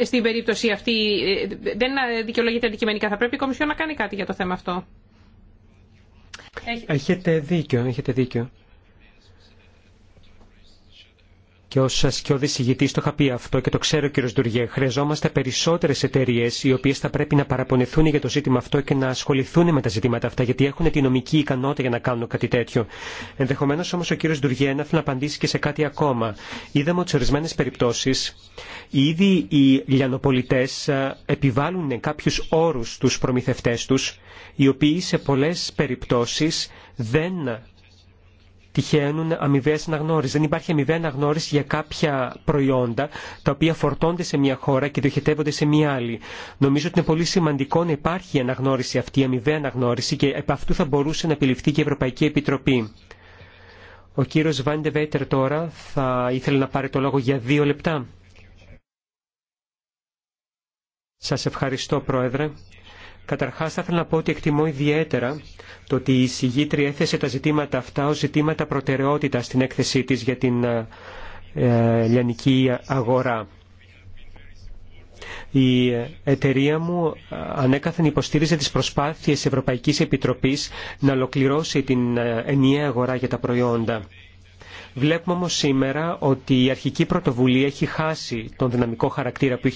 στην περίπτωση αυτή ε, δεν δικαιολογείται αντικειμενικά. Θα πρέπει η Κομισιόν να κάνει κάτι για το θέμα αυτό. Έχετε δίκιο, έχετε δίκιο. και ω ασκιώδη ηγητή το είχα πει αυτό και το ξέρω κύριο Ντουριέ. Χρειαζόμαστε περισσότερε εταιρείε οι οποίε θα πρέπει να παραπονεθούν για το ζήτημα αυτό και να ασχοληθούν με τα ζητήματα αυτά γιατί έχουν τη νομική ικανότητα για να κάνουν κάτι τέτοιο. Ενδεχομένω όμω ο κύριο Ντουριέ να θέλει να απαντήσει και σε κάτι ακόμα. Είδαμε ότι σε ορισμένε περιπτώσει ήδη οι λιανοπολιτέ επιβάλλουν κάποιου όρου στου προμηθευτέ του οι οποίοι σε πολλέ περιπτώσει δεν τυχαίνουν αμοιβέ αναγνώριση. Δεν υπάρχει αμοιβέ αναγνώριση για κάποια προϊόντα τα οποία φορτώνται σε μια χώρα και διοχετεύονται σε μια άλλη. Νομίζω ότι είναι πολύ σημαντικό να υπάρχει η αναγνώριση αυτή, η αμοιβέ αναγνώριση και επ' αυτού θα μπορούσε να επιληφθεί και η Ευρωπαϊκή Επιτροπή. Ο κύριος Βέτερ τώρα θα ήθελε να πάρει το λόγο για δύο λεπτά. Σας ευχαριστώ, Πρόεδρε. Καταρχάς θα ήθελα να πω ότι εκτιμώ ιδιαίτερα το ότι η συγγήτρια έθεσε τα ζητήματα αυτά ως ζητήματα προτεραιότητα στην έκθεσή της για την ε, λιανική αγορά. Η εταιρεία μου ε, ανέκαθεν υποστήριζε τις προσπάθειες Ευρωπαϊκής Επιτροπής να ολοκληρώσει την ε, ενιαία αγορά για τα προϊόντα. Βλέπουμε όμως σήμερα ότι η αρχική πρωτοβουλία έχει χάσει τον δυναμικό χαρακτήρα που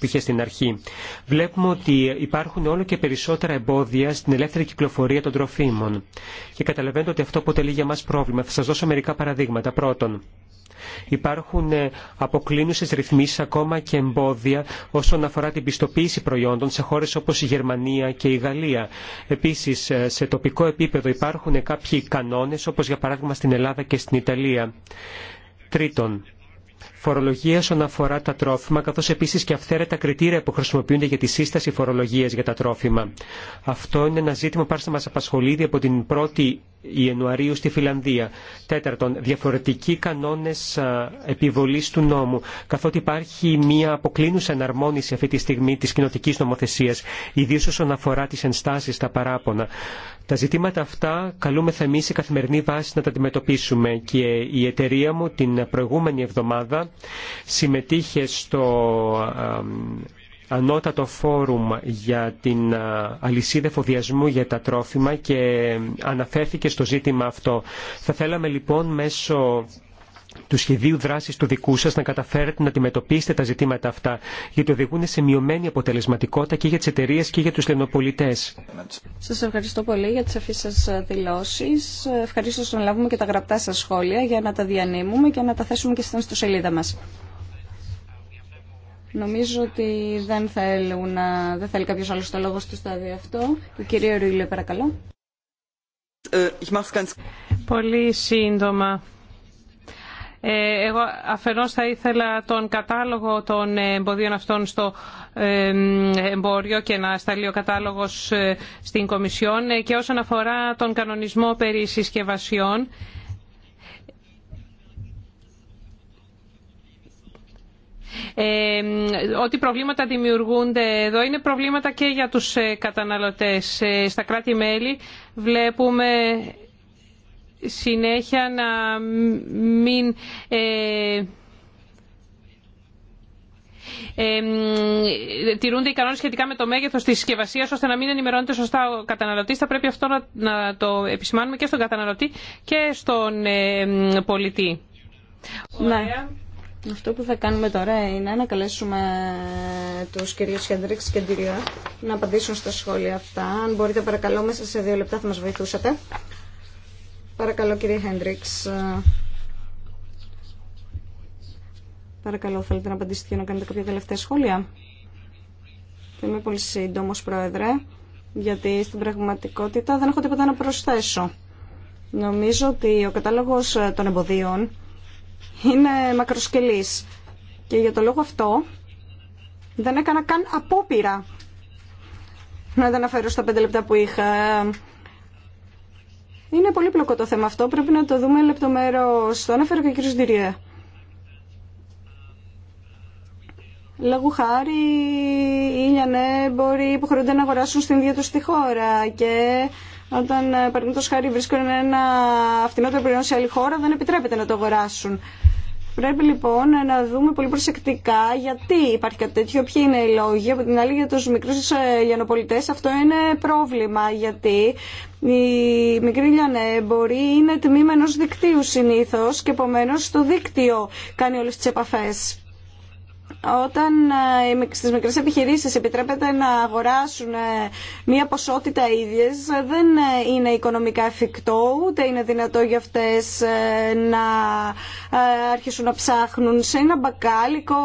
είχε στην αρχή. Βλέπουμε ότι υπάρχουν όλο και περισσότερα εμπόδια στην ελεύθερη κυκλοφορία των τροφίμων. Και καταλαβαίνετε ότι αυτό αποτελεί για μας πρόβλημα. Θα σας δώσω μερικά παραδείγματα. Πρώτον, Υπάρχουν ε, αποκλίνουσες ρυθμίσεις ακόμα και εμπόδια όσον αφορά την πιστοποίηση προϊόντων σε χώρες όπως η Γερμανία και η Γαλλία. Επίσης, ε, σε τοπικό επίπεδο υπάρχουν κάποιοι κανόνες όπως για παράδειγμα στην Ελλάδα και στην Ιταλία. Τρίτον, φορολογία όσον αφορά τα τρόφιμα, καθώ επίση και αυθαίρετα κριτήρια που χρησιμοποιούνται για τη σύσταση φορολογία για τα τρόφιμα. Αυτό είναι ένα ζήτημα που πάρει να μα απασχολεί από την πρώτη Ιανουαρίου στη Φιλανδία. Τέταρτον, διαφορετικοί κανόνε επιβολή του νόμου. Καθότι υπάρχει μια αποκλίνουσα εναρμόνιση αυτή τη στιγμή τη κοινοτική νομοθεσία, ιδίω όσον αφορά τι ενστάσει τα παράπονα. Τα ζητήματα αυτά καλούμεθα εμεί σε καθημερινή βάση να τα αντιμετωπίσουμε και η εταιρεία μου την προηγούμενη εβδομάδα συμμετείχε στο ανώτατο φόρουμ για την αλυσίδα εφοδιασμού για τα τρόφιμα και αναφέρθηκε στο ζήτημα αυτό. Θα θέλαμε λοιπόν μέσω του σχεδίου δράση του δικού σα να καταφέρετε να αντιμετωπίσετε τα ζητήματα αυτά, γιατί οδηγούν σε μειωμένη αποτελεσματικότητα και για τι εταιρείε και για του λενοπολιτέ. Σα ευχαριστώ πολύ για τι αφή σα ε, δηλώσει. Ευχαρίστω να λάβουμε και τα γραπτά σα σχόλια για να τα διανύμουμε και να τα θέσουμε και στην ιστοσελίδα μα. Νομίζω ότι δεν, θέλουν να... δεν θέλει κάποιος άλλος το λόγο στο στάδιο αυτό. Η κυρία Ρουίλε, παρακαλώ. Ε, Πολύ σύντομα. Ε, εγώ αφενός θα ήθελα τον κατάλογο των εμποδίων αυτών στο ε, εμπόριο και να σταλεί ο κατάλογος στην Κομισιόν και όσον αφορά τον κανονισμό περί συσκευασιών Ό,τι προβλήματα δημιουργούνται εδώ είναι προβλήματα και για τους ε, καταναλωτές. Ε, στα κράτη-μέλη βλέπουμε συνέχεια να μην ε, τηρούνται οι κανόνε σχετικά με το μέγεθο τη συσκευασία ώστε να μην ενημερώνεται σωστά ο καταναλωτή. Θα πρέπει αυτό να, το επισημάνουμε και στον καταναλωτή και στον ε, πολιτή. Ναι. Ωραία. Αυτό που θα κάνουμε τώρα είναι να καλέσουμε τους κυρίους Χέντριξ και Ντυριά να απαντήσουν στα σχόλια αυτά. Αν μπορείτε παρακαλώ μέσα σε δύο λεπτά θα μας βοηθούσατε. Παρακαλώ κύριε Χέντριξ. Παρακαλώ θέλετε να απαντήσετε και να κάνετε κάποια τελευταία σχόλια. Θα είμαι πολύ σύντομο πρόεδρε γιατί στην πραγματικότητα δεν έχω τίποτα να προσθέσω. Νομίζω ότι ο κατάλογος των εμποδίων είναι μακροσκελής. Και για το λόγο αυτό δεν έκανα καν απόπειρα να τα αναφέρω στα πέντε λεπτά που είχα. Είναι πολύ πλοκό το θέμα αυτό, πρέπει να το δούμε λεπτομέρως. Το αναφέρω και ο κύριος Διριέ. Λόγου χάρη οι Ιλιανέμποροι υποχρεούνται να αγοράσουν στην ίδια τους τη χώρα και όταν ε, παραδείγματο χάρη βρίσκουν ένα φτηνότερο προϊόν σε άλλη χώρα, δεν επιτρέπεται να το αγοράσουν. Πρέπει λοιπόν να δούμε πολύ προσεκτικά γιατί υπάρχει κάτι τέτοιο, ποιοι είναι οι λόγοι. Από την άλλη για του μικρού λιανοπολιτές ε, αυτό είναι πρόβλημα γιατί οι μικροί λιανέμποροι είναι τμήμα ενό δικτύου συνήθω και επομένω το δίκτυο κάνει όλε τι επαφέ όταν ε, στις μικρές επιχειρήσεις επιτρέπεται να αγοράσουν ε, μία ποσότητα ίδιες ε, δεν είναι οικονομικά εφικτό ούτε είναι δυνατό για αυτές να αρχίσουν να ψάχνουν σε ένα μπακάλικο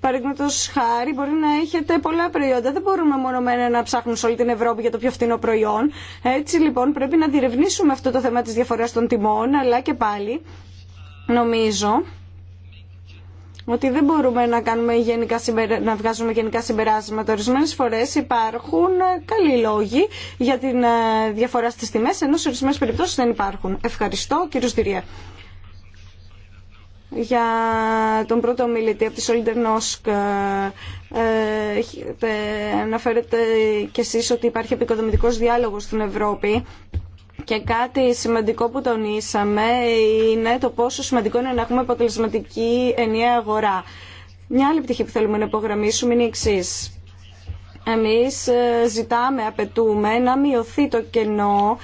παραδείγματος χάρη μπορεί να έχετε πολλά προϊόντα δεν μπορούμε μόνο μένα να ψάχνουν σε όλη την Ευρώπη για το πιο φθηνό προϊόν έτσι λοιπόν πρέπει να διερευνήσουμε αυτό το θέμα της διαφοράς των τιμών αλλά και πάλι νομίζω ότι δεν μπορούμε να, κάνουμε γενικά να βγάζουμε γενικά συμπεράσματα. Ορισμένε φορέ υπάρχουν ε, καλοί λόγοι για τη ε, διαφορά στι τιμέ, ενώ σε ορισμένε περιπτώσει δεν υπάρχουν. Ευχαριστώ, κύριο Στυρία. Για τον πρώτο μιλητή από τη Solidar Νόσκ ε, αναφέρετε κι εσείς ότι υπάρχει επικοδομητικός διάλογος στην Ευρώπη και κάτι σημαντικό που τονίσαμε είναι το πόσο σημαντικό είναι να έχουμε αποτελεσματική ενιαία αγορά. Μια άλλη πτυχή που θέλουμε να υπογραμμίσουμε είναι η εξή. Εμείς ε, ζητάμε, απαιτούμε να μειωθεί το κενό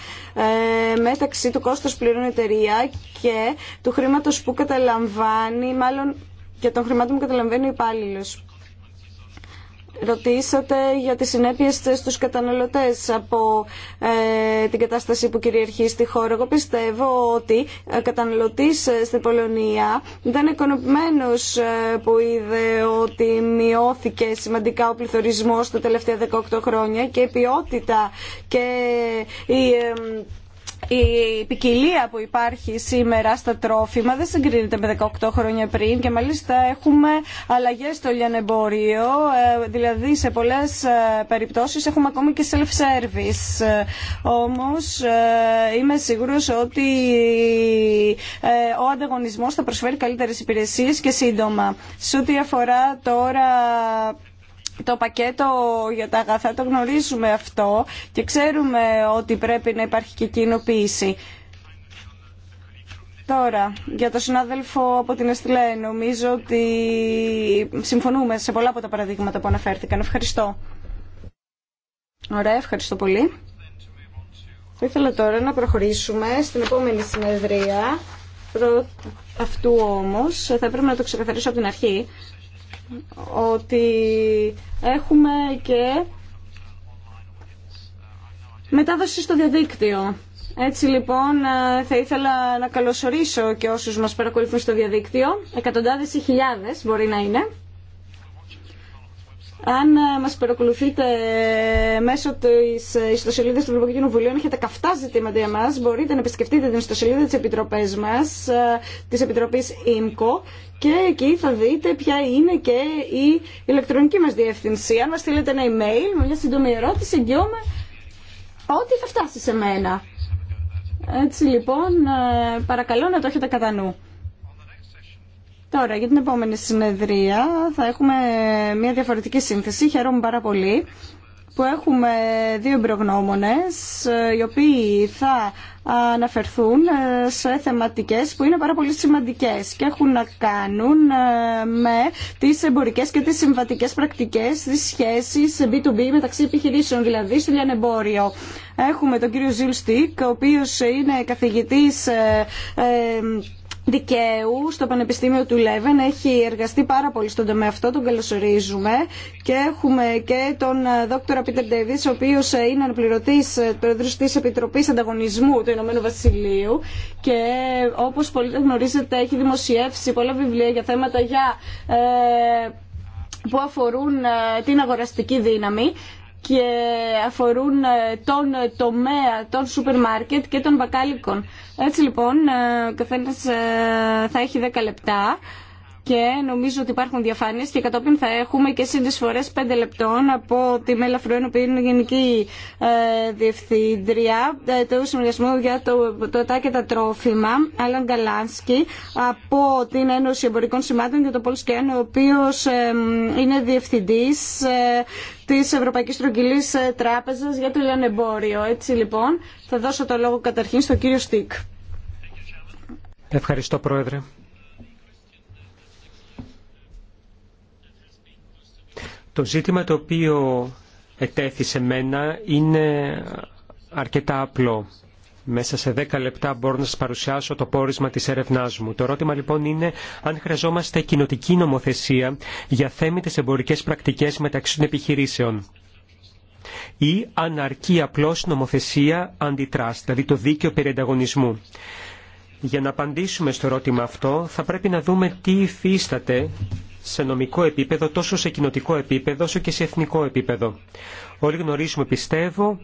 ε, μεταξύ του κόστος πληρών εταιρεία και του χρήματος που καταλαμβάνει, μάλλον και των χρημάτων που καταλαμβάνει ο υπάλληλος Ρωτήσατε για τις συνέπειες στους καταναλωτές από ε, την κατάσταση που κυριαρχεί στη χώρα. Εγώ πιστεύω ότι ο ε, καταναλωτής ε, στην Πολωνία ήταν ε, που είδε ότι μειώθηκε σημαντικά ο πληθωρισμός τα τελευταία 18 χρόνια και η ποιότητα και η η ποικιλία που υπάρχει σήμερα στα τρόφιμα δεν συγκρίνεται με 18 χρόνια πριν και μάλιστα έχουμε αλλαγές στο λιανεμπόριο, ε, δηλαδή σε πολλές ε, περιπτώσεις έχουμε ακόμη και self-service. Ε, όμως είμαι σίγουρος ότι ο ανταγωνισμός θα προσφέρει καλύτερες υπηρεσίες και σύντομα. Σε ό,τι αφορά τώρα το πακέτο για τα αγαθά το γνωρίζουμε αυτό και ξέρουμε ότι πρέπει να υπάρχει και κοινοποίηση. Τώρα, για τον συνάδελφο από την Εστιλέ, νομίζω ότι συμφωνούμε σε πολλά από τα παραδείγματα που αναφέρθηκαν. Ευχαριστώ. Ωραία, ευχαριστώ πολύ. Ήθελα τώρα να προχωρήσουμε στην επόμενη συνεδρία. Προ... Αυτού όμως θα πρέπει να το ξεκαθαρίσω από την αρχή ότι έχουμε και μετάδοση στο διαδίκτυο. Έτσι λοιπόν ε, θα ήθελα να καλωσορίσω και όσους μας παρακολουθούν στο διαδίκτυο, εκατοντάδες ή χιλιάδες μπορεί να είναι. Αν ε, μας παρακολουθείτε ε, μέσω της ε, ιστοσελίδας του Ευρωπαϊκού Κοινοβουλίου, αν έχετε καυτά ζητήματα για μας, μπορείτε να επισκεφτείτε την ιστοσελίδα της Επιτροπής μας, της Επιτροπής ΙΜΚΟ, και εκεί θα δείτε ποια είναι και η ηλεκτρονική μας διεύθυνση. Αν μας στείλετε ένα email με μια σύντομη ερώτηση, εγγυώμαι ότι θα φτάσει σε μένα. Έτσι λοιπόν, παρακαλώ να το έχετε κατά νου. Τώρα, για την επόμενη συνεδρία θα έχουμε μια διαφορετική σύνθεση. Χαίρομαι πάρα πολύ που έχουμε δύο εμπειρογνώμονες ε, οι οποίοι θα αναφερθούν ε, σε θεματικές που είναι πάρα πολύ σημαντικές και έχουν να κάνουν ε, με τις εμπορικές και τις συμβατικές πρακτικές τις σχέσεις B2B μεταξύ επιχειρήσεων, δηλαδή στο λιανεμπόριο. Έχουμε τον κύριο Ζιλ Στίκ, ο οποίος είναι καθηγητής δικαίου στο Πανεπιστήμιο του Λέβεν. Έχει εργαστεί πάρα πολύ στον τομέα αυτό, τον καλωσορίζουμε. Και έχουμε και τον ε, δόκτωρα Πίτερ Ντέβιτ, ο οποίο ε, είναι αναπληρωτή ε, πρόεδρο τη Επιτροπή Ανταγωνισμού του Ηνωμένου Βασιλείου. Και όπω πολύ γνωρίζετε, έχει δημοσιεύσει πολλά βιβλία για θέματα για. Ε, που αφορούν την αγοραστική δύναμη και αφορούν ε, τον τομέα των σούπερ μάρκετ και των μπακάλικων. Έτσι λοιπόν, ε, ο καθένας ε, θα έχει 10 λεπτά και νομίζω ότι υπάρχουν διαφάνειε και κατόπιν θα έχουμε και συνεισφορές πέντε λεπτών από τη Μέλα Φρουέν, που είναι Γενική ε, Διευθύντρια ε, του Συνεργασμού για το, το ΕΤΑ και τα τρόφιμα, Αλάν Καλάνσκι, από την Ένωση Εμπορικών Σημάτων και το Πολ Σκέν, ο οποίος ε, είναι Διευθυντής τη Ευρωπαϊκή Τρογγυλής Τράπεζα για το Λιανεμπόριο. Έτσι λοιπόν θα δώσω το λόγο καταρχήν στον κύριο Στίκ. Ευχαριστώ Πρόεδρε. Το ζήτημα το οποίο ετέθη σε μένα είναι αρκετά απλό. Μέσα σε 10 λεπτά μπορώ να σας παρουσιάσω το πόρισμα της έρευνάς μου. Το ερώτημα λοιπόν είναι αν χρειαζόμαστε κοινοτική νομοθεσία για θέμητες εμπορικές πρακτικές μεταξύ των επιχειρήσεων ή αν αρκεί απλώς νομοθεσία αντιτράστ, δηλαδή το δίκαιο περί Για να απαντήσουμε στο ερώτημα αυτό θα πρέπει να δούμε τι υφίσταται σε νομικό επίπεδο, τόσο σε κοινοτικό επίπεδο, όσο και σε εθνικό επίπεδο. Όλοι γνωρίζουμε, πιστεύω,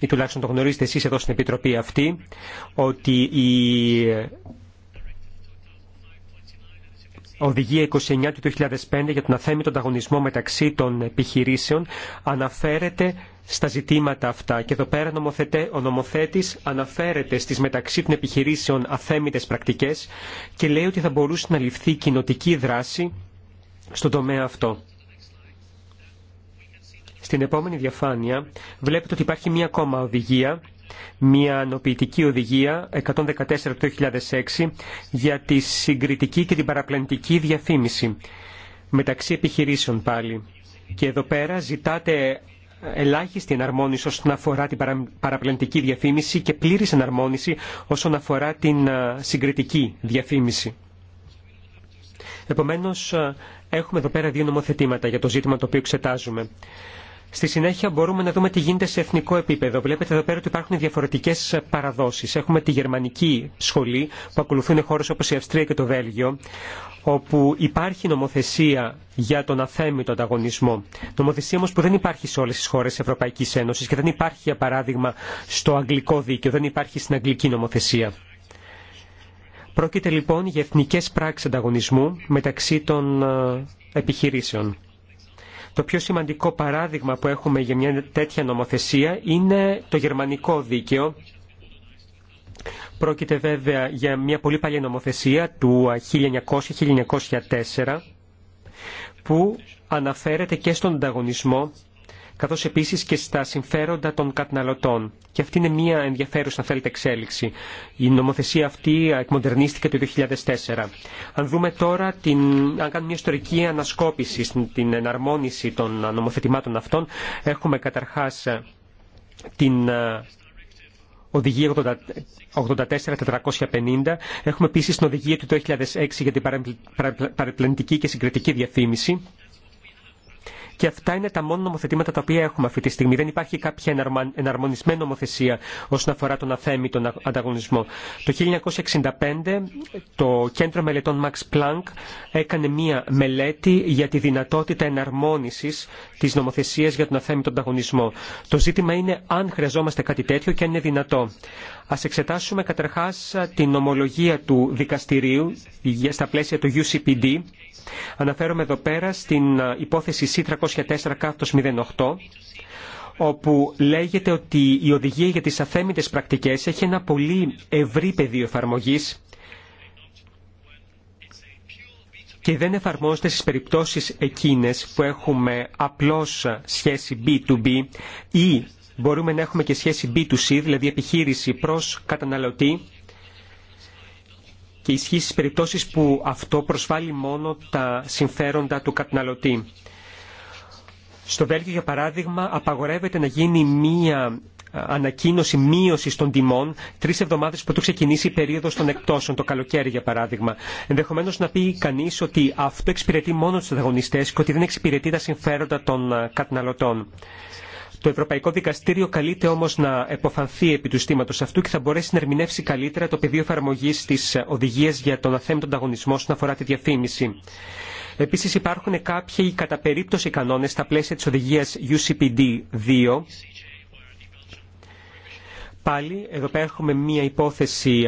ή τουλάχιστον το γνωρίζετε εσείς εδώ στην Επιτροπή αυτή, ότι η Οδηγία 29 του 2005 για τον αθέμητο ανταγωνισμό μεταξύ των επιχειρήσεων αναφέρεται στα ζητήματα αυτά και εδώ πέρα ο νομοθέτης αναφέρεται στις μεταξύ των επιχειρήσεων αθέμητες πρακτικές και λέει ότι θα μπορούσε να ληφθεί κοινοτική δράση στον τομέα αυτό. Στην επόμενη διαφάνεια βλέπετε ότι υπάρχει μία ακόμα οδηγία, μία ανοποιητική οδηγία 114-2006 για τη συγκριτική και την παραπλανητική διαφήμιση μεταξύ επιχειρήσεων πάλι. Και εδώ πέρα ζητάτε ελάχιστη εναρμόνιση όσον αφορά την παραπλανητική διαφήμιση και πλήρης εναρμόνιση όσον αφορά την συγκριτική διαφήμιση. Επομένω, ε, έχουμε εδώ πέρα δύο νομοθετήματα για το ζήτημα το οποίο εξετάζουμε. Στη συνέχεια μπορούμε να δούμε τι γίνεται σε εθνικό επίπεδο. Βλέπετε εδώ πέρα ότι υπάρχουν διαφορετικέ παραδόσει. Έχουμε τη γερμανική σχολή που ακολουθούν χώρε όπω η Αυστρία και το Βέλγιο, όπου υπάρχει νομοθεσία για τον αθέμητο ανταγωνισμό. Νομοθεσία όμω που δεν υπάρχει σε όλε τι χώρε τη Ευρωπαϊκή Ένωση και δεν υπάρχει, για παράδειγμα, στο αγγλικό δίκαιο, δεν υπάρχει στην αγγλική νομοθεσία. Πρόκειται λοιπόν για εθνικέ πράξεις ανταγωνισμού μεταξύ των ε, επιχειρήσεων. Το πιο σημαντικό παράδειγμα που έχουμε για μια τέτοια νομοθεσία είναι το γερμανικό δίκαιο. Πρόκειται βέβαια για μια πολύ παλιά νομοθεσία του 1900-1904 ε, που αναφέρεται και στον ανταγωνισμό καθώς επίσης και στα συμφέροντα των καταναλωτών. Και αυτή είναι μια ενδιαφέρουσα, αν θέλετε, εξέλιξη. Η νομοθεσία αυτή εκμοντερνίστηκε το 2004. Αν δούμε τώρα, την, αν κάνουμε μια ιστορική ανασκόπηση στην εναρμόνιση των νομοθετημάτων αυτών, έχουμε καταρχάς ε, την ε, οδηγία 84-450, Έχουμε επίση την οδηγία του 2006 για την παρεπλανητική και συγκριτική διαφήμιση. Και αυτά είναι τα μόνο νομοθετήματα τα οποία έχουμε αυτή τη στιγμή. Δεν υπάρχει κάποια εναρμονισμένη νομοθεσία όσον αφορά τον τον ανταγωνισμό. Το 1965 το Κέντρο Μελετών Max Planck έκανε μία μελέτη για τη δυνατότητα εναρμόνιση τη νομοθεσία για τον αθέμητο ανταγωνισμό. Το ζήτημα είναι αν χρειαζόμαστε κάτι τέτοιο και αν είναι δυνατό. Ας εξετάσουμε καταρχάς την ομολογία του δικαστηρίου στα πλαίσια του UCPD. Αναφέρομαι εδώ πέρα στην υπόθεση C304-08 όπου λέγεται ότι η οδηγία για τις αθέμητες πρακτικές έχει ένα πολύ ευρύ πεδίο εφαρμογής και δεν εφαρμόζεται στις περιπτώσεις εκείνες που έχουμε απλώς σχέση B2B ή μπορούμε να έχουμε και σχέση B2C, δηλαδή επιχείρηση προς καταναλωτή και ισχύει στις περιπτώσεις που αυτό προσβάλλει μόνο τα συμφέροντα του καταναλωτή. Στο Βέλγιο, για παράδειγμα, απαγορεύεται να γίνει μία ανακοίνωση μείωση των τιμών τρει εβδομάδε που ξεκινήσει η περίοδο των εκτόσεων, το καλοκαίρι για παράδειγμα. Ενδεχομένω να πει κανεί ότι αυτό εξυπηρετεί μόνο του ανταγωνιστέ και ότι δεν εξυπηρετεί τα συμφέροντα των καταναλωτών. Το Ευρωπαϊκό Δικαστήριο καλείται όμω να εποφανθεί επί του στήματο αυτού και θα μπορέσει να ερμηνεύσει καλύτερα το πεδίο εφαρμογή τη οδηγία για τον αθέμητο ανταγωνισμό όσον αφορά τη διαφήμιση. Επίση υπάρχουν κάποιοι κατά περίπτωση κανόνε στα πλαίσια τη οδηγία UCPD 2. Πάλι εδώ πέρα έχουμε μία υπόθεση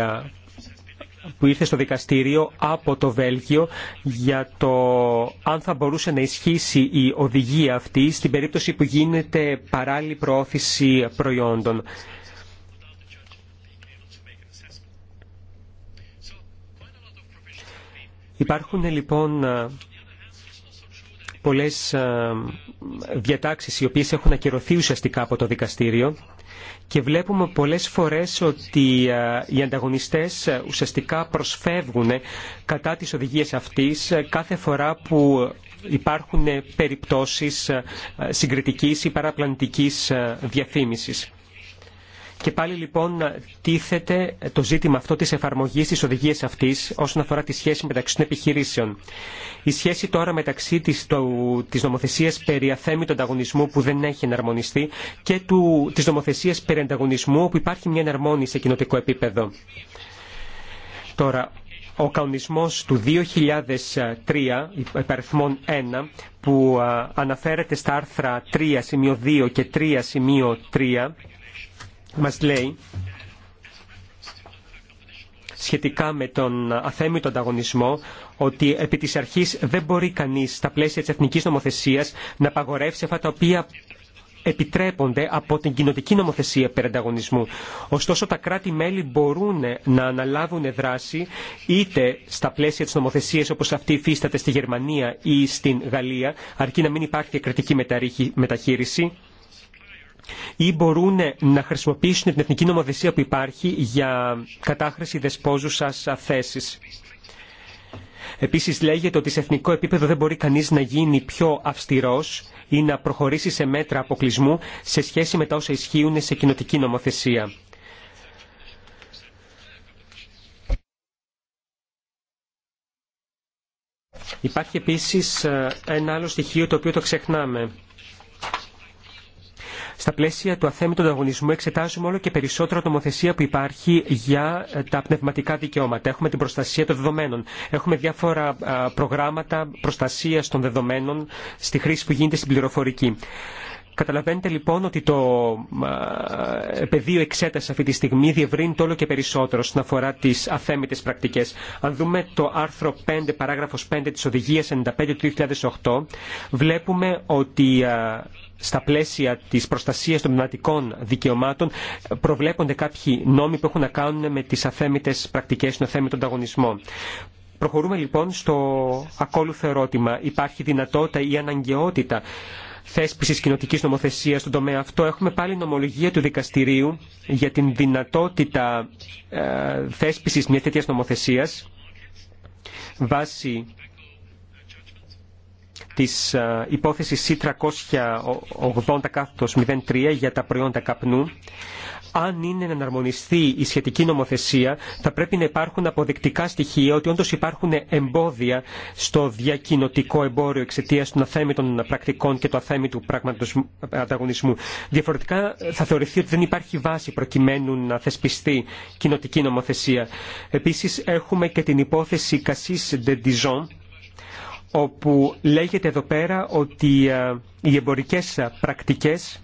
που ήρθε στο δικαστήριο από το Βέλγιο για το αν θα μπορούσε να ισχύσει η οδηγία αυτή στην περίπτωση που γίνεται παράλληλη προώθηση προϊόντων. Υπάρχουν λοιπόν πολλές ε, διατάξεις οι οποίες έχουν ακυρωθεί ουσιαστικά από το δικαστήριο και βλέπουμε πολλές φορές ότι οι ανταγωνιστές ουσιαστικά προσφεύγουν κατά τις οδηγίες αυτής κάθε φορά που υπάρχουν περιπτώσεις συγκριτικής ή παραπλανητικής διαφήμισης. Και πάλι λοιπόν τίθεται το ζήτημα αυτό της εφαρμογής της οδηγίας αυτής όσον αφορά τη σχέση μεταξύ των επιχειρήσεων. Η σχέση τώρα μεταξύ της, το, της νομοθεσίας περί ανταγωνισμού που δεν έχει εναρμονιστεί και του, της νομοθεσίας περί ανταγωνισμού όπου υπάρχει μια εναρμόνιση σε κοινοτικό επίπεδο. Τώρα, ο καονισμός του 2003, υπαριθμών 1, που αναφέρεται στα άρθρα 3 σημείο 2 και 3 σημείο μας λέει σχετικά με τον αθέμητο ανταγωνισμό ότι επί της αρχής δεν μπορεί κανείς στα πλαίσια της εθνικής νομοθεσίας να απαγορεύσει αυτά τα οποία επιτρέπονται από την κοινοτική νομοθεσία περί ανταγωνισμού. Ωστόσο, τα κράτη-μέλη μπορούν να αναλάβουν δράση είτε στα πλαίσια της νομοθεσίας όπως αυτή υφίσταται στη Γερμανία ή στην Γαλλία, αρκεί να μην υπάρχει κριτική μεταχείριση, ή μπορούν να χρησιμοποιήσουν την εθνική νομοθεσία που υπάρχει για κατάχρηση δεσπόζουσας θέση. Επίσης λέγεται ότι σε εθνικό επίπεδο δεν μπορεί κανείς να γίνει πιο αυστηρός ή να προχωρήσει σε μέτρα αποκλεισμού σε σχέση με τα όσα ισχύουν σε κοινοτική νομοθεσία. Υπάρχει επίσης ε, ένα άλλο στοιχείο το οποίο το ξεχνάμε. Στα πλαίσια του αθέμητου ανταγωνισμού εξετάζουμε όλο και περισσότερο νομοθεσία που υπάρχει για ε, τα πνευματικά δικαιώματα. Έχουμε την προστασία των δεδομένων. Έχουμε διάφορα προγράμματα προστασία των δεδομένων στη χρήση που γίνεται στην πληροφορική. Καταλαβαίνετε λοιπόν ότι το πεδίο εξέταση αυτή τη στιγμή διευρύνεται όλο και περισσότερο στην αφορά τι αθέμητε πρακτικέ. Αν δούμε το άρθρο 5, παράγραφος 5 τη Οδηγία 95 του 2008, βλέπουμε ότι στα πλαίσια της προστασίας των πνευματικών δικαιωμάτων προβλέπονται κάποιοι νόμοι που έχουν να κάνουν με τις αθέμητε πρακτικές, των αθέμητο ανταγωνισμό. Προχωρούμε λοιπόν στο ακόλουθο ερώτημα. Υπάρχει δυνατότητα ή αναγκαιότητα θέσπιση κοινοτική νομοθεσία στον τομέα αυτό. Έχουμε πάλι νομολογία του δικαστηρίου για την δυνατότητα ε, θέσπιση μια τέτοια νομοθεσία βάσει της ε, υπόθεσης C380-03 για τα προϊόντα καπνού. Αν είναι να εναρμονιστεί η σχετική νομοθεσία, θα πρέπει να υπάρχουν αποδεικτικά στοιχεία ότι όντω υπάρχουν εμπόδια στο διακοινωτικό εμπόριο εξαιτία των αθέμητων πρακτικών και του αθέμητου ε, ανταγωνισμού. Διαφορετικά θα θεωρηθεί ότι δεν υπάρχει βάση προκειμένου να θεσπιστεί κοινοτική νομοθεσία. Επίση, έχουμε και την υπόθεση Cassis de Dijon, όπου λέγεται εδώ πέρα ότι ε, οι εμπορικές πρακτικές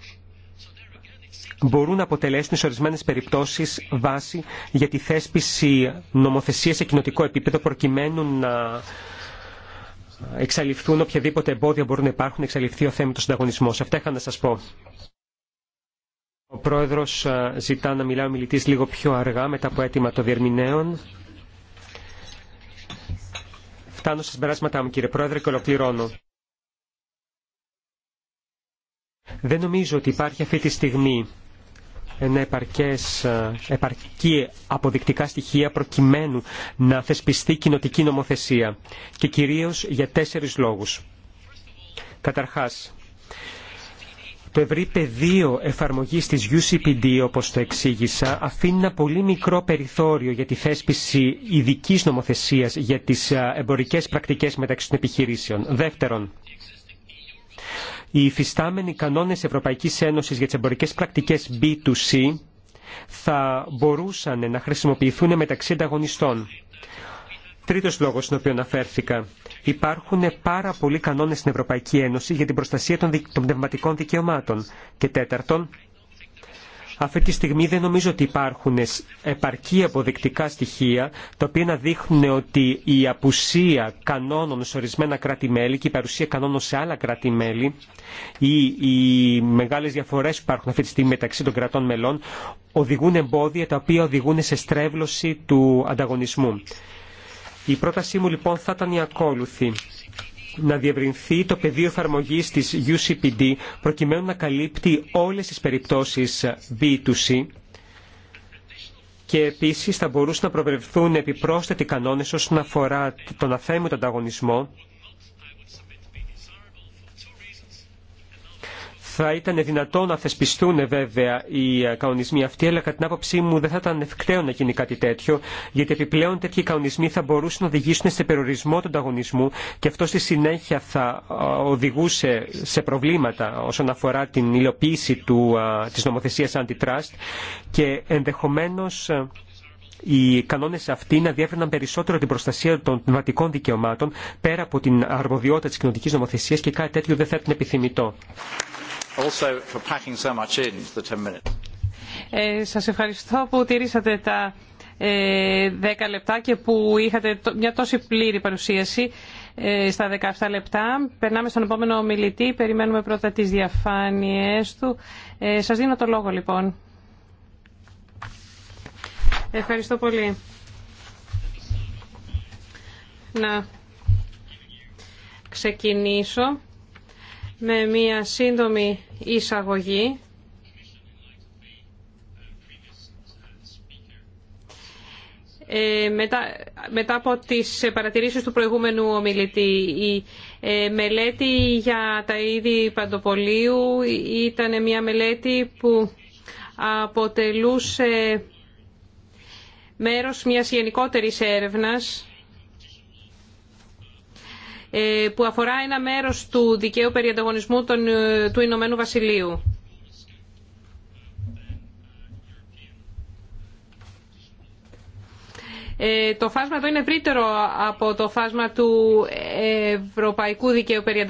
μπορούν να αποτελέσουν σε ορισμένε περιπτώσει βάση για τη θέσπιση νομοθεσία σε κοινοτικό επίπεδο προκειμένου να εξαλειφθούν οποιαδήποτε εμπόδια μπορούν να υπάρχουν, να εξαλειφθεί ο του συνταγωνισμού. Αυτά είχα να σα πω. Ο πρόεδρο ε, ζητά να μιλάει ο μιλητή λίγο πιο αργά μετά από αίτημα των διερμηνέων. Φτάνω στα συμπεράσματά μου, κύριε Πρόεδρε, και ολοκληρώνω. Δεν νομίζω ότι υπάρχει αυτή τη στιγμή ένα επαρκές, ε, επαρκή αποδεικτικά στοιχεία προκειμένου να θεσπιστεί κοινοτική νομοθεσία και κυρίως για τέσσερις λόγους. Καταρχάς, το ευρύ πεδίο εφαρμογή της UCPD, όπως το εξήγησα, αφήνει ένα πολύ μικρό περιθώριο για τη θέσπιση ειδική νομοθεσίας για τις εμπορικές πρακτικές μεταξύ των επιχειρήσεων. Δεύτερον, οι υφιστάμενοι κανόνες Ευρωπαϊκής Ένωσης για τις εμπορικές πρακτικές B2C θα μπορούσαν να χρησιμοποιηθούν μεταξύ ανταγωνιστών. Τρίτος λόγος στον οποίο αναφέρθηκα. Υπάρχουν πάρα πολλοί κανόνες στην Ευρωπαϊκή Ένωση για την προστασία των, δι... των πνευματικών δικαιωμάτων. Και τέταρτον, αυτή τη στιγμή δεν νομίζω ότι υπάρχουν επαρκή αποδεικτικά στοιχεία τα οποία να δείχνουν ότι η απουσία κανόνων σε ορισμένα κράτη-μέλη και η παρουσία κανόνων σε άλλα κράτη-μέλη ή οι μεγάλες διαφορές που υπάρχουν αυτή τη στιγμή μεταξύ των κρατών μελών οδηγούν εμπόδια τα οποία οδηγούν σε στρέβλωση του ανταγωνισμού. Η πρότασή μου λοιπόν θα ήταν η ακόλουθη να διευρυνθεί το πεδίο εφαρμογή της UCPD προκειμένου να καλύπτει όλες τι περιπτωσει b B2C και επίσης θα μπορούσαν να προβλεφθούν επιπρόσθετοι κανόνες όσον αφορά τον αθέμητο ανταγωνισμό Θα ήταν δυνατό να θεσπιστούν βέβαια οι ε, κανονισμοί αυτοί, αλλά κατά την άποψή μου δεν θα ήταν ευκταίο να γίνει κάτι τέτοιο, γιατί επιπλέον τέτοιοι κανονισμοί θα μπορούσαν να οδηγήσουν σε περιορισμό του ανταγωνισμού και αυτό στη συνέχεια θα ε, οδηγούσε σε προβλήματα όσον αφορά την υλοποίηση του, ε, της νομοθεσίας αντιτράστ και ενδεχομένως οι κανόνε αυτοί να διέφερναν περισσότερο την προστασία των πνευματικών δικαιωμάτων πέρα από την αρμοδιότητα τη κοινωνική νομοθεσία και κάτι τέτοιο δεν θα ήταν επιθυμητό also ε, σας ευχαριστώ που τηρήσατε τα ε, 10 λεπτά και που είχατε μια τόση πλήρη παρουσίαση ε, στα 17 λεπτά. Περνάμε στον επόμενο ομιλητή. Περιμένουμε πρώτα τις διαφάνειές του. Ε, σας δίνω το λόγο λοιπόν. Ευχαριστώ πολύ. Να ξεκινήσω με μία σύντομη εισαγωγή. Ε, μετά, μετά από τις παρατηρήσεις του προηγούμενου ομιλητή, η ε, μελέτη για τα είδη παντοπολίου ήταν μια μελέτη που αποτελούσε μέρος μιας γενικότερης έρευνας ε, που αφορά ένα μέρος του δικαίου περί ανταγωνισμού ε, του Ηνωμένου Βασιλείου. Ε, το φάσμα εδώ είναι ευρύτερο από το φάσμα του Ευρωπαϊκού Δικαίου περί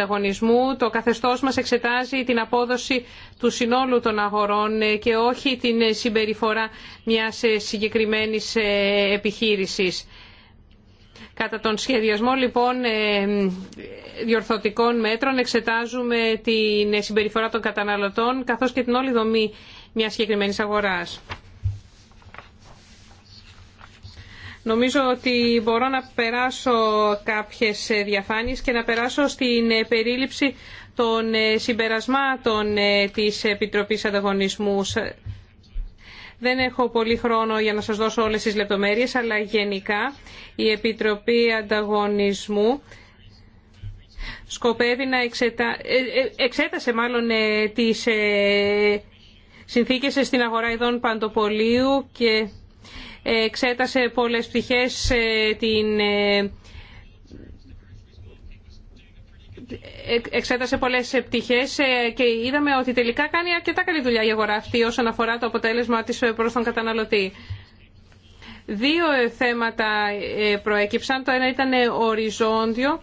Το καθεστώς μας εξετάζει την απόδοση του συνόλου των αγορών και όχι την συμπεριφορά μιας συγκεκριμένης επιχείρησης. Κατά τον σχεδιασμό λοιπόν ε, διορθωτικών μέτρων εξετάζουμε την συμπεριφορά των καταναλωτών καθώς και την όλη δομή μιας συγκεκριμένης αγοράς. Νομίζω ότι μπορώ να περάσω κάποιες διαφάνειες και να περάσω στην περίληψη των συμπερασμάτων ε, της Επιτροπής Ανταγωνισμού. Δεν έχω πολύ χρόνο για να σας δώσω όλες τις λεπτομέρειες, αλλά γενικά η Επιτροπή Ανταγωνισμού σκοπεύει να εξετα... Ε, ε, εξέτασε μάλλον ε, τις συνθήκες στην αγορά ειδών παντοπολίου και εξέτασε πολλές πτυχές την εξέτασε πολλές πτυχέ ε, και είδαμε ότι τελικά κάνει αρκετά καλή δουλειά η αγορά αυτή όσον αφορά το αποτέλεσμα της ε, προς τον καταναλωτή. Δύο ε, θέματα προέκυψαν. Το ένα ήταν οριζόντιο.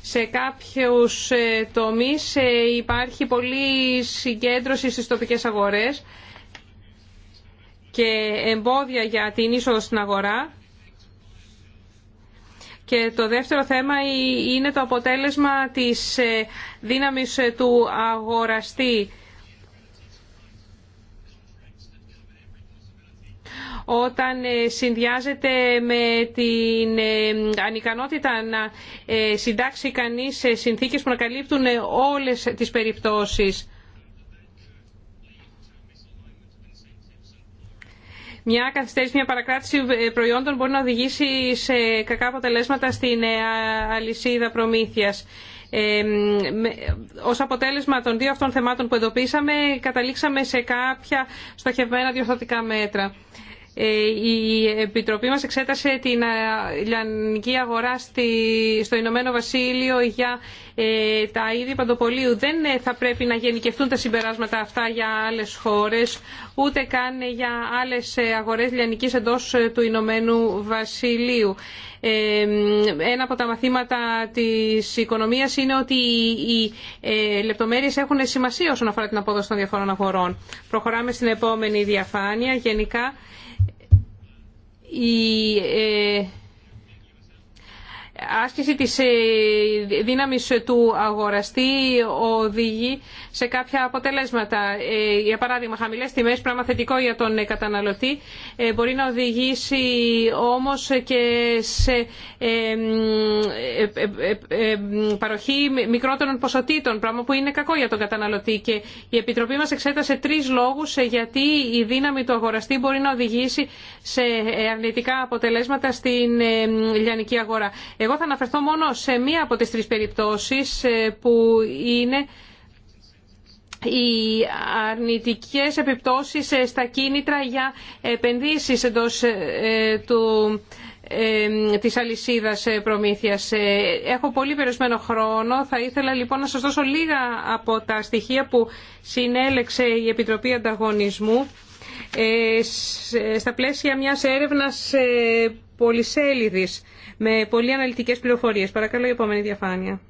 Σε κάποιους τομείς υπάρχει πολλή συγκέντρωση στις τοπικές αγορές και εμπόδια για την είσοδο στην αγορά και το δεύτερο θέμα είναι το αποτέλεσμα της ε, δύναμης ε, του αγοραστή. όταν ε, συνδυάζεται με την ανικανότητα να συντάξει κανείς συνθήκες που να καλύπτουν όλες τις περιπτώσεις. Μια καθυστέρηση, μια παρακράτηση ε, προϊόντων μπορεί να οδηγήσει σε κακά αποτελέσματα στην ε, αλυσίδα προμήθειας. Ω ε, ως αποτέλεσμα των δύο αυτών θεμάτων που εντοπίσαμε, καταλήξαμε σε κάποια στοχευμένα διορθωτικά μέτρα. Ε, η Επιτροπή μας εξέτασε την ε, λιανική αγορά στο Ηνωμένο Βασίλειο για ε, τα είδη παντοπολίου. Δεν θα πρέπει να γενικευτούν τα συμπεράσματα αυτά για άλλες χώρες, ούτε καν για άλλες αγορές λιανικής εντός του Ηνωμένου Βασιλείου. Ένα από τα μαθήματα της οικονομίας είναι ότι οι λεπτομέρειες έχουν σημασία όσον αφορά την απόδοση των διαφορών αγορών. Προχωράμε στην επόμενη διαφάνεια. Γενικά η ε, άσκηση της ε, δύναμης του αγοραστή οδηγεί σε κάποια αποτελέσματα. Ε, για παράδειγμα, χαμηλές τιμές, πράγμα θετικό για τον ε, καταναλωτή, μπορεί να οδηγήσει όμως και σε παροχή μικρότερων ποσοτήτων, πράγμα που είναι κακό για τον καταναλωτή. Και η Επιτροπή μας εξέτασε τρεις λόγους γιατί η δύναμη του αγοραστή μπορεί να οδηγήσει σε αρνητικά αποτελέσματα στην λιανική αγορά. Εγώ εγώ θα αναφερθώ μόνο σε μία από τις τρεις περιπτώσεις ε, που είναι οι αρνητικές επιπτώσεις ε, στα κίνητρα για επενδύσεις εντός ε, του της αλυσίδας προμήθειας. Έχω πολύ περιορισμένο χρόνο. Θα ήθελα λοιπόν να σας δώσω λίγα από τα στοιχεία που συνέλεξε η Επιτροπή Ανταγωνισμού στα πλαίσια μιας έρευνας πολυσέλιδης με πολύ αναλυτικές πληροφορίες. Παρακαλώ η επόμενη διαφάνεια.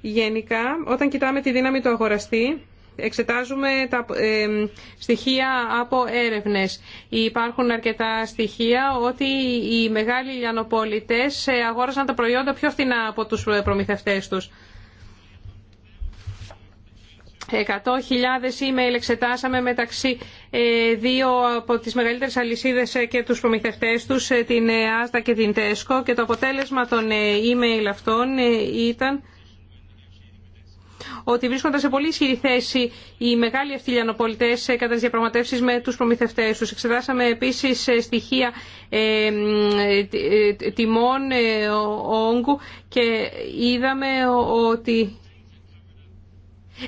Γενικά, όταν κοιτάμε τη δύναμη του αγοραστή, εξετάζουμε τα στοιχεία από έρευνες. Υπάρχουν αρκετά στοιχεία ότι οι μεγάλοι λιανοπόλητες ε, αγόρασαν τα προϊόντα πιο φθηνά από τους ε, προμηθευτές τους. 100.000 email εξετάσαμε μεταξύ ε, δύο από τις μεγαλύτερες αλυσίδες ε, και τους προμηθευτές τους, ε, την Άστα και την Τέσκο και το αποτέλεσμα των email αυτών ήταν ότι βρίσκονταν σε πολύ ισχυρή θέση οι μεγάλοι αυτοί λιανοπολιτέ κατά τι διαπραγματεύσει με του προμηθευτέ του. Εξετάσαμε επίση στοιχεία τιμών όγκου και είδαμε ότι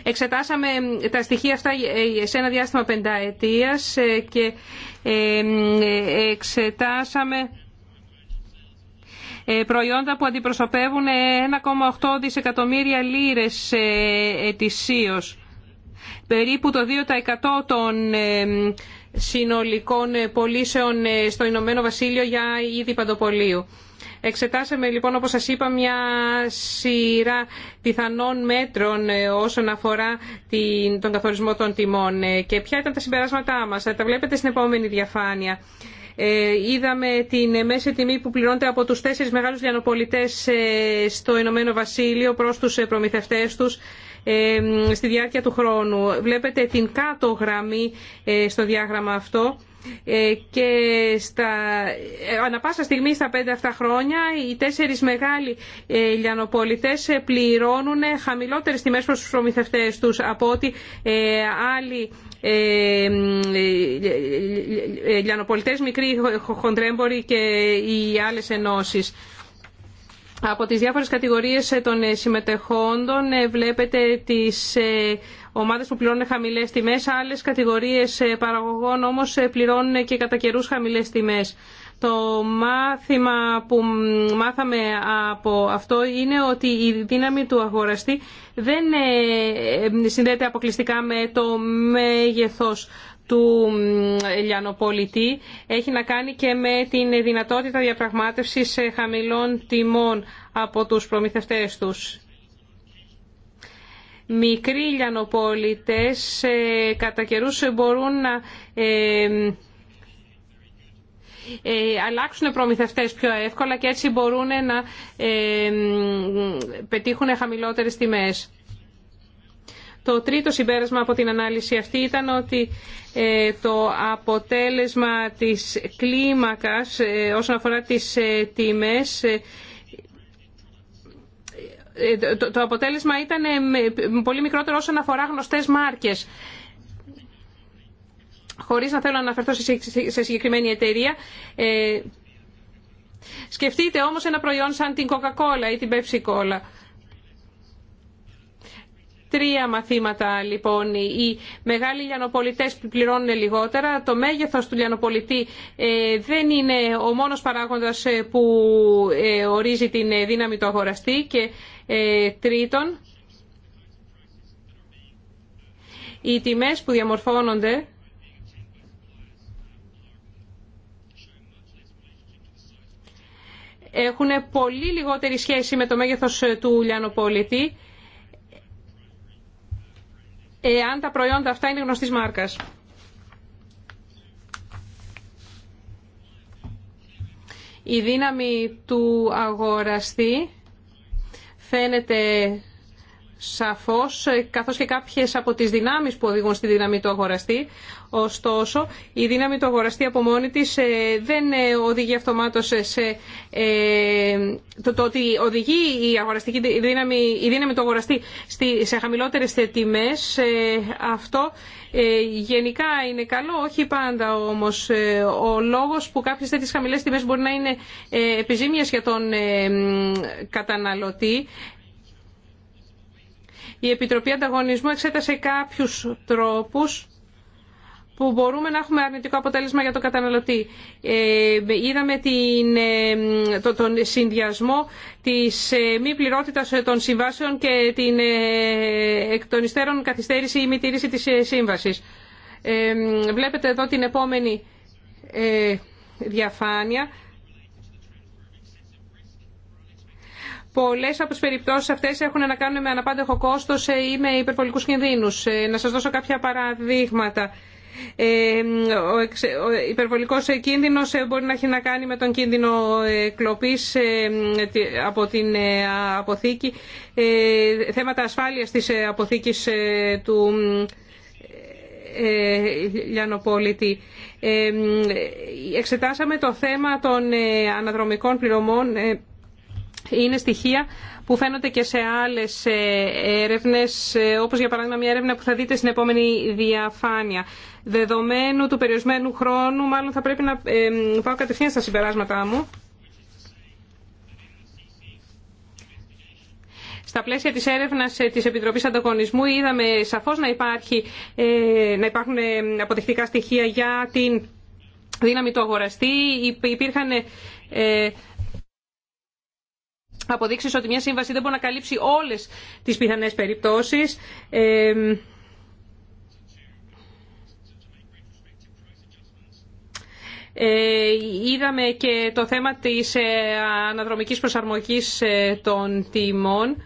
Εξετάσαμε τα στοιχεία αυτά σε ένα διάστημα πενταετίας ε, και ε, εξετάσαμε ε, προϊόντα που αντιπροσωπεύουν 1,8 δισεκατομμύρια λίρες ετησίως. Περίπου το 2% των συνολικών πωλήσεων στο Ηνωμένο Βασίλειο για είδη παντοπολίου. Εξετάσαμε λοιπόν όπως σας είπα μια σειρά πιθανών μέτρων ε, όσον αφορά την, τον καθορισμό των τιμών ε, και ποια ήταν τα συμπεράσματά μας. Τα βλέπετε στην επόμενη διαφάνεια. Ε, είδαμε την μέση τιμή που πληρώνεται από τους τέσσερις μεγάλους λιανοπολιτές στο Ηνωμένο Βασίλειο προς τους προμηθευτές τους στη διάρκεια του χρόνου. Βλέπετε την κάτω γραμμή στο διάγραμμα αυτό ε, και στα, ε, ανα πάσα στιγμή στα πέντε αυτά χρόνια οι τέσσερις μεγάλοι ε, λιανοπολιτές πληρώνουν χαμηλότερες τιμές προς τους προμηθευτές τους από ότι άλλοι λιανοπολιτές, μικροί χοντρέμποροι και οι άλλες ενώσεις. Από τις διάφορες κατηγορίες των συμμετεχόντων βλέπετε τις ομάδες που πληρώνουν χαμηλές τιμές, άλλες κατηγορίες ε, παραγωγών όμως ε, πληρώνουν και κατά καιρού χαμηλές τιμές. Το μάθημα που μάθαμε από αυτό είναι ότι η δύναμη του αγοραστή δεν ε, συνδέεται αποκλειστικά με το μέγεθος του ελιανοπολιτή. Έχει να κάνει και με την δυνατότητα διαπραγμάτευσης χαμηλών τιμών από τους προμηθευτές τους. Μικροί λιανοπόλητες ε, κατά καιρούς μπορούν να ε, ε, αλλάξουν προμηθευτές πιο εύκολα και έτσι μπορούν να πετύχουν χαμηλότερες τιμές. Το τρίτο συμπέρασμα από την ανάλυση αυτή ήταν ότι το αποτέλεσμα της κλίμακας όσον αφορά τις τιμές το αποτέλεσμα ήταν ε, πολύ μικρότερο όσον αφορά γνωστές μάρκες. Χωρίς να θέλω να αναφερθώ σε συγκεκριμένη εταιρεία, ε, σκεφτείτε όμως ένα προϊόν σαν την Coca-Cola ή την Pepsi-Cola. Τρία μαθήματα λοιπόν. Οι μεγάλοι λιανοπολιτέ πληρώνουν λιγότερα. Το μέγεθο του λιανοπολιτή ε, δεν είναι ο μόνο παράγοντα που ορίζει την δύναμη του αγοραστή και ε, τρίτον, οι τιμές που διαμορφώνονται έχουν πολύ λιγότερη σχέση με το μέγεθος του λιανοπόλητη εάν τα προϊόντα αυτά είναι γνωστής μάρκας. Η δύναμη του αγοραστή φαίνεται Σαφώ ε, καθώ και κάποιες από τις δυνάμεις που οδηγούν στη δύναμη του αγοραστή. Ωστόσο, η δύναμη του αγοραστή από μόνη ε, δεν ε, οδηγεί αυτομάτως σε... το, το ότι οδηγεί η, αγοραστική δύναμη, η δύναμη του αγοραστή σε χαμηλότερες τιμές, αυτό γενικά είναι καλό, όχι πάντα όμως. Ο λόγος που κάποιες τέτοιε χαμηλέ τιμέ μπορεί να είναι επιζήμιε για τον καταναλωτή η Επιτροπή Ανταγωνισμού εξέτασε κάποιους τρόπους που μπορούμε να έχουμε αρνητικό αποτέλεσμα για τον καταναλωτή. Ε, είδαμε ε, το, τον συνδυασμό της ε, μη πληρότητας των συμβάσεων και την εκ των υστέρων καθυστέρηση ή μη τήρηση της σύμβασης. βλέπετε εδώ την επόμενη διαφάνεια. Πολλέ από τι περιπτώσει αυτές έχουν να κάνουν με αναπάντεχο κόστος ε, ή με υπερβολικούς κινδύνους. Ε, να σας δώσω κάποια παραδείγματα. Ε, ο υπερβολικός κίνδυνος μπορεί να έχει να κάνει με τον κίνδυνο κλοπής από την αποθήκη, θέματα ασφάλειας της αποθήκης του Λιανοπόλητη. Εξετάσαμε το θέμα των αναδρομικών πληρωμών είναι στοιχεία που φαίνονται και σε άλλε ε, έρευνες, ε, όπως για παράδειγμα μια έρευνα που θα δείτε στην επόμενη διαφάνεια. Δεδομένου του περιορισμένου χρόνου, μάλλον θα πρέπει να ε, πάω κατευθείαν στα συμπεράσματά μου. Στα πλαίσια της έρευνας της Επιτροπής Ανταγωνισμού είδαμε σαφώς να, υπάρχει, να υπάρχουν αποδεικτικά στοιχεία για την δύναμη του αγοραστή. Υπήρχαν Αποδείξει ότι μια σύμβαση δεν μπορεί να καλύψει όλες τις πιθανές περιπτώσεις. Ε, είδαμε και το θέμα της ε, αναδρομικής προσαρμογής ε, των τιμών.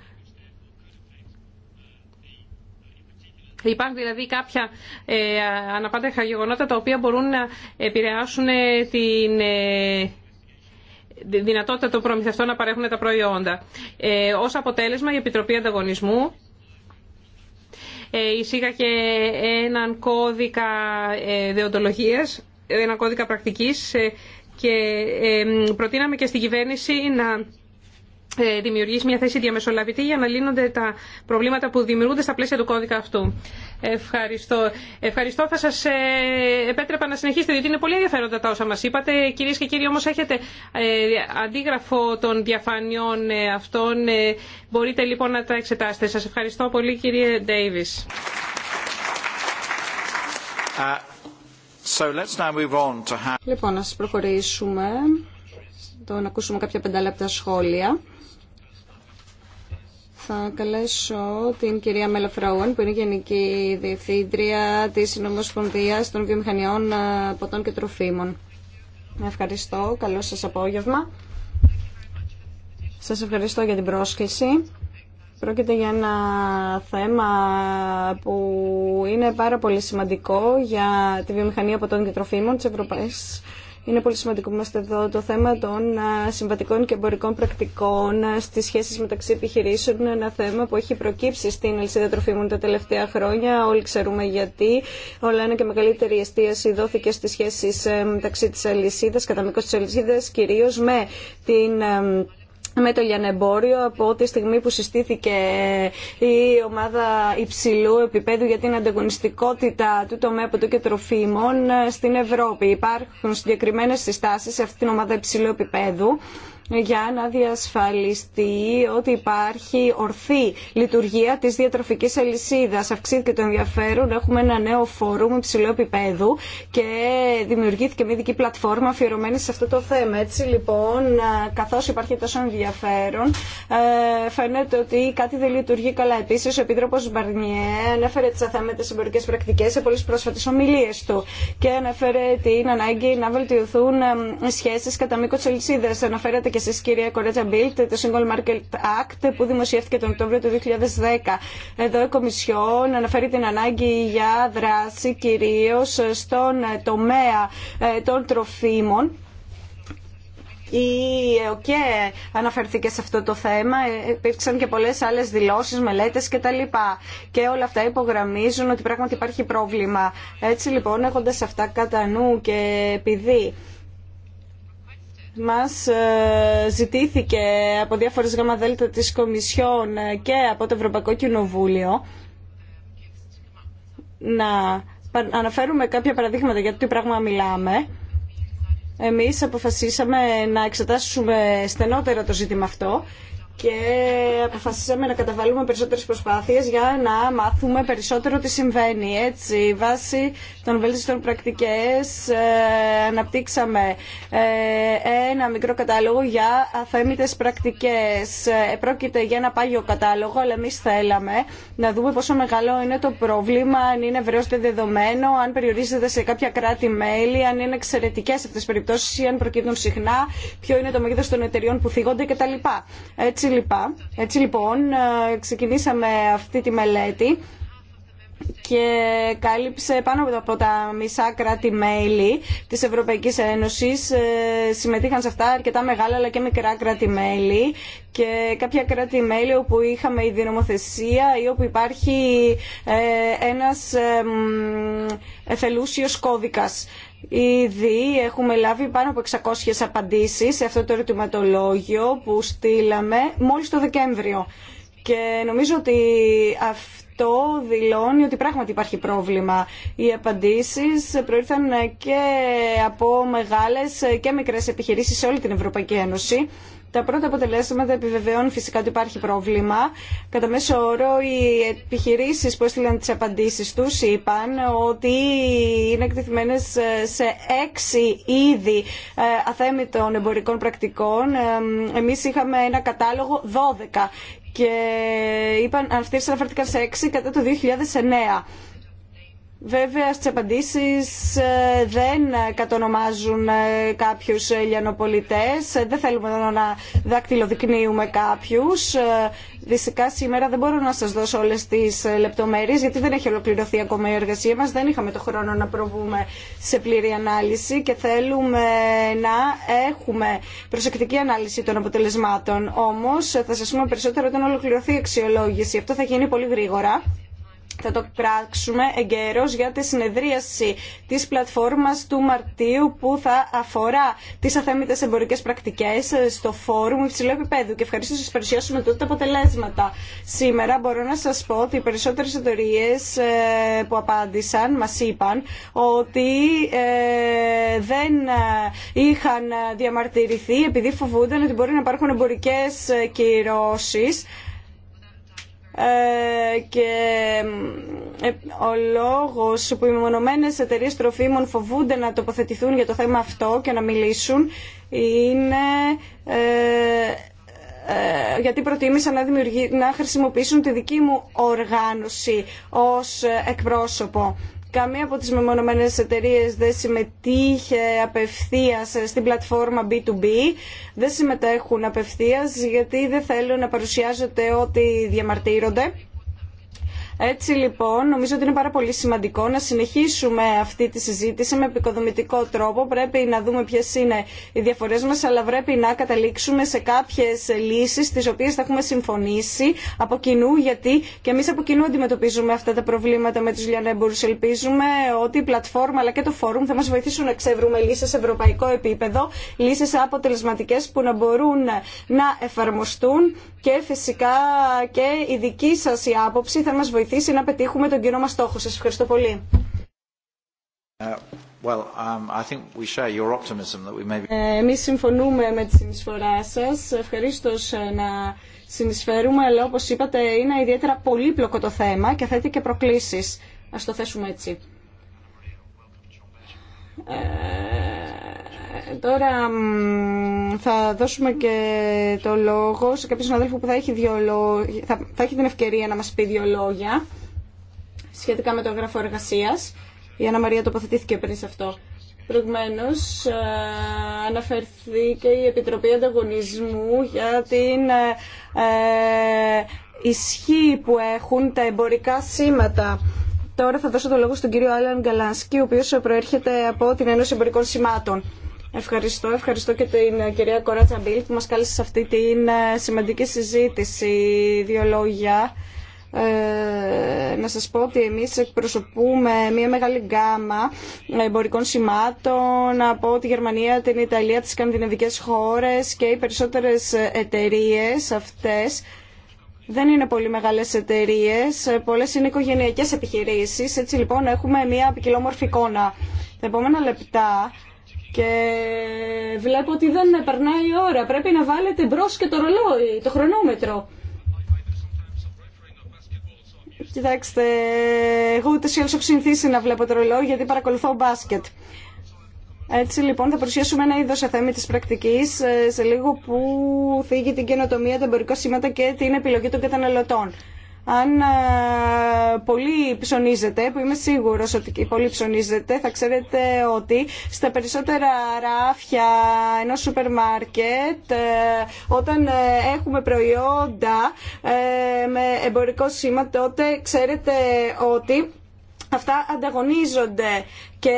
Υπάρχουν δηλαδή κάποια αναπάντεχα γεγονότα τα οποία μπορούν να επηρεάσουν την δυνατότητα των προμηθευτών να παρέχουν τα προϊόντα. Ε, ως αποτέλεσμα η Επιτροπή Ανταγωνισμού ε, εισήγακε και έναν κώδικα ε, δεοντολογίας, έναν κώδικα πρακτικής ε, και προτείναμε και στην κυβέρνηση να ε, δημιουργήσει μια θέση διαμεσολαβητή για να λύνονται τα προβλήματα που δημιουργούνται στα πλαίσια του κώδικα αυτού. Ευχαριστώ. Ευχαριστώ. Θα σας ε, επέτρεπα να συνεχίσετε, διότι είναι πολύ ενδιαφέροντα τα όσα μα είπατε. Κυρίες και κύριοι, όμως έχετε ε, αντίγραφο των διαφανειών αυτών. Μπορείτε λοιπόν να τα εξετάσετε. σα ευχαριστώ πολύ, κύριε Ντέιβι. Uh, λοιπόν, να προχωρήσουμε. να ακούσουμε κάποια πεντάλεπτα σχόλια. Θα καλέσω την κυρία Φράουεν, που είναι Γενική Διευθύντρια της Συνομοσπονδίας των Βιομηχανιών ε, Ποτών και Τροφίμων. Ευχαριστώ. Καλό σας απόγευμα. Σας ευχαριστώ για την πρόσκληση. Πρόκειται για ένα θέμα που είναι πάρα πολύ σημαντικό για τη βιομηχανία ποτών και τροφίμων της Ευρωπαϊκής είναι πολύ σημαντικό που είμαστε εδώ το θέμα των συμβατικών και εμπορικών πρακτικών στι σχέσει μεταξύ επιχειρήσεων. Είναι ένα θέμα που έχει προκύψει στην αλυσίδα τροφίμων τα τελευταία χρόνια. Όλοι ξέρουμε γιατί. Όλα ένα και μεγαλύτερη εστίαση δόθηκε στι σχέσει ε, μεταξύ τη αλυσίδα, κατά μήκο τη αλυσίδα, κυρίω με την ε, με το λιανεμπόριο από τη στιγμή που συστήθηκε η ομάδα υψηλού επίπεδου για την ανταγωνιστικότητα του τομέα το και τροφίμων στην Ευρώπη. Υπάρχουν συγκεκριμένες συστάσεις σε αυτήν την ομάδα υψηλού επίπεδου για να διασφαλιστεί ότι υπάρχει ορθή λειτουργία της διατροφικής αλυσίδα. Αυξήθηκε το ενδιαφέρον, έχουμε ένα νέο φόρουμ υψηλού επίπεδου και δημιουργήθηκε μια ειδική πλατφόρμα αφιερωμένη σε αυτό το θέμα. Έτσι λοιπόν, καθώ υπάρχει τόσο ενδιαφέρον, φαίνεται ότι κάτι δεν λειτουργεί καλά. επίση ο Επίτροπο Μπαρνιέ ανέφερε τι θέματα συμπορικέ πρακτικέ σε πολλέ πρόσφατε ομιλίε του και ανέφερε την ανάγκη να βελτιωθούν σχέσει κατά μήκο τη αλυσίδα και εσείς κυρία Κορέτσα Μπίλτ, το Single Market Act που δημοσιεύτηκε τον Οκτώβριο του 2010. Εδώ η Κομισιόν αναφέρει την ανάγκη για δράση κυρίως στον τομέα ε, των τροφίμων η ΕΟΚΕ αναφερθήκε σε αυτό το θέμα. Ε, υπήρξαν και πολλέ άλλε δηλώσει, μελέτε κτλ. Και όλα αυτά υπογραμμίζουν ότι πράγματι υπάρχει πρόβλημα. Έτσι λοιπόν, έχοντα αυτά κατά νου και επειδή μας ε, ζητήθηκε από διάφορες γαμαδέλτα της Κομισιόν ε, και από το Ευρωπαϊκό Κοινοβούλιο να αναφέρουμε κάποια παραδείγματα για το τι πράγμα μιλάμε. Εμείς αποφασίσαμε να εξετάσουμε στενότερα το ζήτημα αυτό και αποφασίσαμε να καταβάλουμε περισσότερες προσπάθειες για να μάθουμε περισσότερο τι συμβαίνει. Έτσι, βάσει των βέλτιστων πρακτικές ε, αναπτύξαμε ε, ένα μικρό κατάλογο για αθέμητες πρακτικές. Ε, πρόκειται για ένα πάγιο κατάλογο, αλλά εμεί θέλαμε να δούμε πόσο μεγάλο είναι το πρόβλημα, αν είναι βρεώστε δεδομένο, αν περιορίζεται σε κάποια κράτη-μέλη, αν είναι εξαιρετικές αυτές τις περιπτώσεις ή αν προκύπτουν συχνά, ποιο είναι το μέγεθος των εταιριών που θίγονται κτλ. Έτσι, έτσι, έτσι λοιπόν ε, ξεκινήσαμε αυτή τη μελέτη και κάλυψε πάνω από τα μισά κράτη-μέλη της Ευρωπαϊκής Ένωσης. Ε, συμμετείχαν σε αυτά αρκετά μεγάλα αλλά και μικρά κράτη-μέλη και κάποια κράτη-μέλη όπου είχαμε η νομοθεσία ή όπου υπάρχει ε, ένας εθελούσιος κώδικας. Ήδη έχουμε λάβει πάνω από 600 απαντήσεις σε αυτό το ερωτηματολόγιο που στείλαμε μόλις το Δεκέμβριο. Και νομίζω ότι αυτό δηλώνει ότι πράγματι υπάρχει πρόβλημα. Οι απαντήσεις προήρθαν και από μεγάλες και μικρές επιχειρήσεις σε όλη την Ευρωπαϊκή Ένωση τα πρώτα αποτελέσματα επιβεβαιώνουν φυσικά ότι υπάρχει πρόβλημα. Κατά μέσο όρο, οι επιχειρήσει που έστειλαν τι απαντήσει του είπαν ότι είναι εκτεθειμένε ε, σε έξι είδη ε, αθέμητων εμπορικών πρακτικών. Ε, Εμεί είχαμε ένα κατάλογο 12 και είπαν, αυτές αναφερθήκαν σε 6 κατά το 2009. Βέβαια στις απαντήσεις ε, δεν κατονομάζουν ε, κάποιους λιανοπολιτές, ε, δεν θέλουμε να δακτυλοδεικνύουμε κάποιους. Δυστυχά σήμερα δεν μπορώ να σας δώσω όλες τις λεπτομέρειες γιατί δεν έχει ολοκληρωθεί ακόμα η εργασία μας, δεν είχαμε το χρόνο να προβούμε σε πλήρη ανάλυση και θέλουμε να έχουμε προσεκτική ανάλυση των αποτελεσμάτων. Όμως θα σας πούμε περισσότερο όταν ολοκληρωθεί η αξιολόγηση. Αυτό θα γίνει πολύ γρήγορα θα το πράξουμε εγκαίρως για τη συνεδρίαση της πλατφόρμας του Μαρτίου που θα αφορά τις αθέμητες εμπορικές πρακτικές στο φόρουμ υψηλού επίπεδου και ευχαριστώ σας παρουσιάσουμε τότε τα αποτελέσματα. Σήμερα μπορώ να σας πω ότι οι περισσότερες εταιρείε ε, που απάντησαν μας είπαν ότι ε, δεν ε, είχαν διαμαρτυρηθεί επειδή φοβούνταν ότι μπορεί να υπάρχουν εμπορικές κυρώσεις ε, και ε, ο λόγος που οι μονομένες εταιρείε τροφίμων φοβούνται να τοποθετηθούν για το θέμα αυτό και να μιλήσουν είναι ε, γιατί προτίμησα να, να χρησιμοποιήσουν τη δική μου οργάνωση ως εκπρόσωπο Καμία από τις μεμονωμένες εταιρείε δεν συμμετείχε απευθείας στην πλατφόρμα B2B. Δεν συμμετέχουν απευθείας γιατί δεν θέλουν να παρουσιάζεται ότι διαμαρτύρονται έτσι λοιπόν, νομίζω ότι είναι πάρα πολύ σημαντικό να συνεχίσουμε αυτή τη συζήτηση με επικοδομητικό τρόπο. Πρέπει να δούμε ποιε είναι οι διαφορέ μα, αλλά πρέπει να καταλήξουμε σε κάποιε λύσει τι οποίε θα έχουμε συμφωνήσει από κοινού, γιατί και εμεί από κοινού αντιμετωπίζουμε αυτά τα προβλήματα με του λιανέμπορου. Ελπίζουμε ότι η πλατφόρμα αλλά και το φόρουμ θα μα βοηθήσουν να ξεβρούμε λύσει σε ευρωπαϊκό επίπεδο, λύσει αποτελεσματικέ που να μπορούν να εφαρμοστούν και φυσικά και η δική σα άποψη θα μα βοηθήσει βοηθήσει να πετύχουμε τον κοινό μας στόχο. Σας ευχαριστώ πολύ. Uh, um, ε, εμείς συμφωνούμε με τη συνεισφορά σα. Ευχαριστώ ε, να συνεισφέρουμε, αλλά όπως είπατε είναι ιδιαίτερα πολύπλοκο το θέμα και θέτει και προκλήσεις. Ας το θέσουμε έτσι. Ε, Τώρα θα δώσουμε και το λόγο σε κάποιον συναδέλφο που θα έχει, δύο θα, θα έχει την ευκαιρία να μας πει δύο λόγια σχετικά με το γράφο εργασία, Η Άννα Μαρία τοποθετήθηκε πριν σε αυτό. Προηγουμένω ε, και η Επιτροπή Ανταγωνισμού για την ε, ε, ισχύ που έχουν τα εμπορικά σήματα. Τώρα θα δώσω το λόγο στον κύριο Άλαν Γκαλάνσκι, ο οποίος προέρχεται από την Ένωση Εμπορικών Σημάτων. Ευχαριστώ, ευχαριστώ και την ε, κυρία Κοράτσα Μπίλ που μας κάλεσε σε αυτή την ε, σημαντική συζήτηση. Δύο λόγια. Ε, να σας πω ότι εμείς εκπροσωπούμε μια μεγάλη γκάμα εμπορικών σημάτων από τη Γερμανία, την Ιταλία, τις σκανδιναβικές χώρες και οι περισσότερες εταιρείες αυτές δεν είναι πολύ μεγάλες εταιρείε, πολλές είναι οικογενειακές επιχειρήσεις, έτσι λοιπόν έχουμε μια ποικιλόμορφη εικόνα. Τα επόμενα λεπτά και βλέπω ότι δεν περνάει η ώρα. Πρέπει να βάλετε μπρο και το ρολόι, το χρονόμετρο. Κοιτάξτε, εγώ ούτε ή έχω συνηθίσει να βλέπω το ρολόι γιατί παρακολουθώ μπάσκετ. Έτσι λοιπόν θα παρουσιάσουμε ένα είδος αθέμη της πρακτικής ε, σε λίγο που θίγει την καινοτομία, τα εμπορικά σήματα και την επιλογή των καταναλωτών αν ε, πολύ ψωνίζετε, που είμαι σίγουρος ότι πολύ ψωνίζετε, θα ξέρετε ότι στα περισσότερα ράφια ενός σούπερ μάρκετ, ε, όταν ε, έχουμε προϊόντα με εμπορικό σήμα, τότε ξέρετε ότι αυτά ανταγωνίζονται και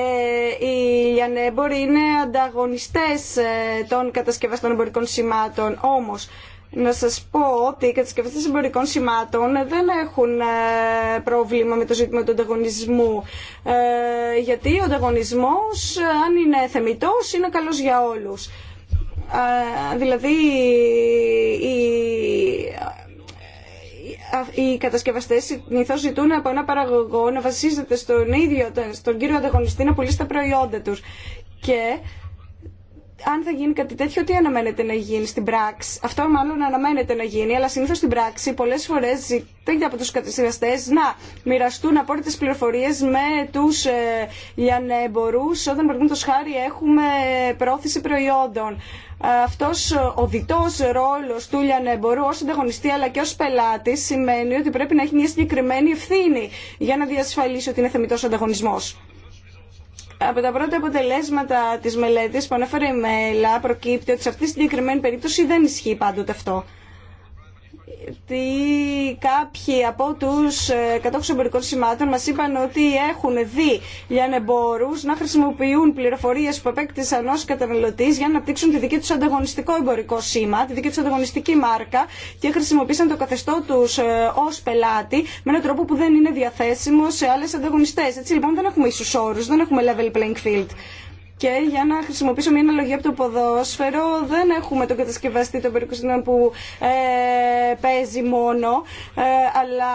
οι λιανέμποροι είναι ανταγωνιστές των κατασκευαστών εμπορικών σημάτων. Όμως, να σας πω ότι οι κατασκευαστές εμπορικών σημάτων δεν έχουν ε, πρόβλημα με το ζήτημα του ανταγωνισμού. Ε, γιατί ο ανταγωνισμός, ε, αν είναι θεμητός, είναι καλός για όλους. Δηλαδή, οι κατασκευαστές συνήθω ζητούν από ένα παραγωγό να βασίζεται στον ίδιο, στον κύριο ανταγωνιστή να πουλήσει τα προϊόντα τους. Και αν θα γίνει κάτι τέτοιο, τι αναμένεται να γίνει στην πράξη. Αυτό μάλλον αναμένεται να γίνει, αλλά συνήθω στην πράξη πολλέ φορέ ζητείται από του κατασκευαστέ να μοιραστούν απόρριτε πληροφορίε με του ε, λιανεμπορού όταν, παραδείγματο χάρη, έχουμε πρόθεση προϊόντων. Ε, Αυτό ο διτό ρόλο του λιανεμπορού ω ανταγωνιστή αλλά και ω πελάτη σημαίνει ότι πρέπει να έχει μια συγκεκριμένη ευθύνη για να διασφαλίσει ότι είναι θεμητό ανταγωνισμό. Από τα πρώτα αποτελέσματα της μελέτης που ανέφερε η ΜΕΛΑ προκύπτει ότι σε αυτή τη συγκεκριμένη περίπτωση δεν ισχύει πάντοτε αυτό ότι κάποιοι από τους ε, κατόχους εμπορικών σημάτων μας είπαν ότι έχουν δει λιανεμπόρους να χρησιμοποιούν πληροφορίες που απέκτησαν ως καταναλωτής για να αναπτύξουν τη δική τους ανταγωνιστικό εμπορικό σήμα, τη δική τους ανταγωνιστική μάρκα και χρησιμοποίησαν το καθεστώ τους ε, ως πελάτη με έναν τρόπο που δεν είναι διαθέσιμο σε άλλες ανταγωνιστές. Έτσι λοιπόν δεν έχουμε ίσους όρους, δεν έχουμε level playing field. Και για να χρησιμοποιήσω μια αναλογία από το ποδόσφαιρο, δεν έχουμε τον κατασκευαστή των περικοστινών που ε, παίζει μόνο, ε, αλλά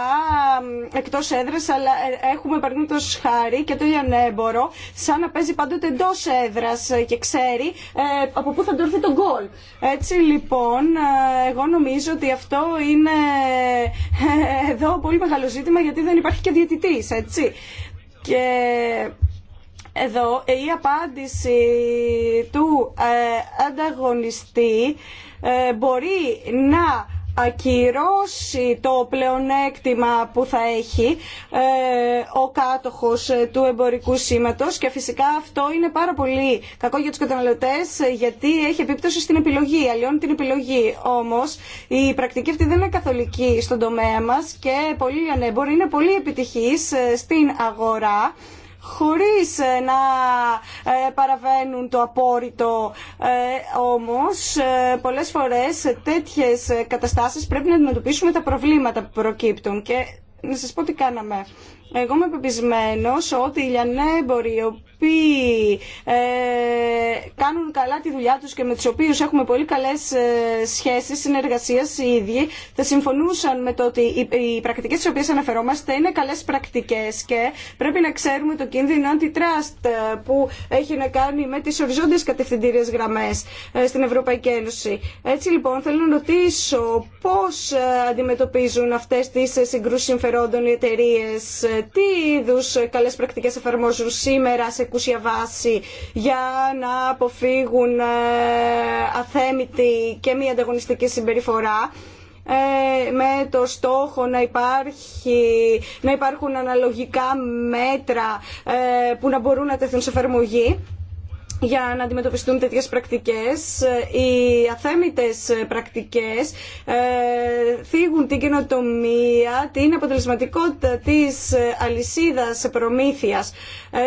εκτό έδρα, αλλά ε, έχουμε παραδείγματο χάρη και το Ιανέμπορο, σαν να παίζει πάντοτε εντό έδρα και ξέρει από πού θα του έρθει τον γκολ. Έτσι λοιπόν, εγώ νομίζω ότι αυτό είναι εδώ πολύ μεγάλο ζήτημα, γιατί δεν υπάρχει και διαιτητής. έτσι. Και εδώ η απάντηση του ε, ανταγωνιστή ε, μπορεί να ακυρώσει το πλεονέκτημα που θα έχει ε, ο κάτοχος του εμπορικού σήματος και φυσικά αυτό είναι πάρα πολύ κακό για τους καταναλωτές γιατί έχει επίπτωση στην επιλογή, αλλιώνει την επιλογή. Όμως η πρακτική αυτή δεν είναι καθολική στον τομέα μας και πολλοί ανέμποροι είναι πολύ επιτυχείς στην αγορά χωρίς ε, να ε, παραβαίνουν το απόρριτο. Ε, όμως, πολλές φορές τέτοιες καταστάσεις πρέπει να αντιμετωπίσουμε τα προβλήματα που προκύπτουν. Και να σας πω τι κάναμε. Εγώ είμαι πεπισμένο ότι οι λιανέμποροι οι οποίοι ε, κάνουν καλά τη δουλειά του και με του οποίου έχουμε πολύ καλέ ε, σχέσεις συνεργασίας οι ίδιοι θα συμφωνούσαν με το ότι οι, οι πρακτικές στις οποίες αναφερόμαστε είναι καλέ πρακτικέ και πρέπει να ξέρουμε το κίνδυνο αντιτράστ ε, που έχει να κάνει με τι οριζόντιε κατευθυντήριε γραμμέ ε, στην Ευρωπαϊκή Ένωση. Έτσι λοιπόν θέλω να ρωτήσω πώς ε, αντιμετωπίζουν αυτές τις συγκρούσεις συμφερόντων οι εταιρείε τι είδου καλές πρακτικές εφαρμόζουν σήμερα σε εκούσια βάση για να αποφύγουν ε, αθέμητη και μη ανταγωνιστική συμπεριφορά ε, με το στόχο να, υπάρχει, να υπάρχουν αναλογικά μέτρα ε, που να μπορούν να τεθούν σε εφαρμογή για να αντιμετωπιστούν τέτοιες πρακτικές. Οι αθέμητες πρακτικές ε, θίγουν την καινοτομία, την αποτελεσματικότητα της αλυσίδας προμήθειας.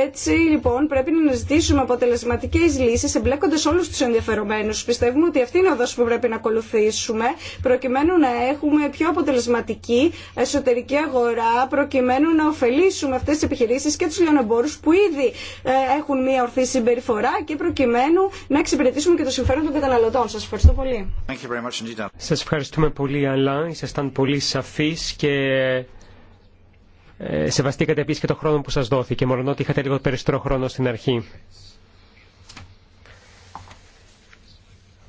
Έτσι λοιπόν πρέπει να ζητήσουμε αποτελεσματικές λύσεις εμπλέκοντας όλους τους ενδιαφερομένους. Πιστεύουμε ότι αυτή είναι η οδός που πρέπει να ακολουθήσουμε προκειμένου να έχουμε πιο αποτελεσματική εσωτερική αγορά, προκειμένου να ωφελήσουμε αυτές τις επιχειρήσεις και τους λιανεμπόρους που ήδη ε, έχουν μια ορθή συμπεριφορά και προκειμένου να εξυπηρετήσουμε και το συμφέρον των καταναλωτών. Σας ευχαριστώ πολύ. Σας ευχαριστούμε πολύ, Αλά. Ήσασταν πολύ σαφείς και ε, σεβαστήκατε επίσης και το χρόνο που σας δόθηκε, μόνο ότι είχατε λίγο περισσότερο χρόνο στην αρχή.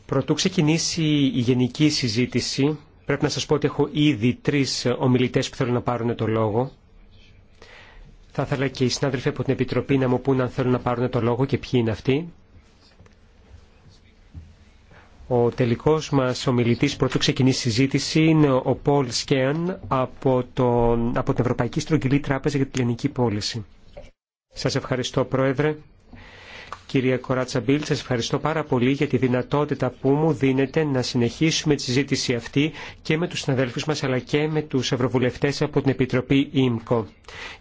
Προτού ξεκινήσει η γενική συζήτηση, πρέπει να σας πω ότι έχω ήδη τρεις ομιλητές που θέλουν να πάρουν το λόγο. Θα ήθελα και οι συνάδελφοι από την Επιτροπή να μου πούν αν θέλουν να πάρουν το λόγο και ποιοι είναι αυτοί. Ο τελικός μας ομιλητής πρώτο ξεκινήσει συζήτηση είναι ο Πολ Σκέαν από, τον, από την Ευρωπαϊκή Στρογγυλή Τράπεζα για την Ελληνική Πώληση. Σας ευχαριστώ Πρόεδρε κυρία Κοράτσα Μπίλ, Σας ευχαριστώ πάρα πολύ για τη δυνατότητα που μου δίνετε να συνεχίσουμε τη συζήτηση αυτή και με τους συναδέλφους μας αλλά και με τους ευρωβουλευτές από την Επιτροπή ΙΜΚΟ.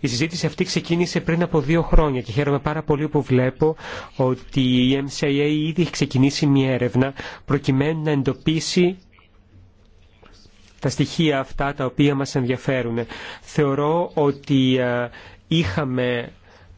Η συζήτηση αυτή ξεκίνησε πριν από δύο χρόνια και χαίρομαι πάρα πολύ που βλέπω ότι η MCA ήδη έχει ξεκινήσει μια έρευνα προκειμένου να εντοπίσει τα στοιχεία αυτά τα οποία μας ενδιαφέρουν. Θεωρώ ότι ε, είχαμε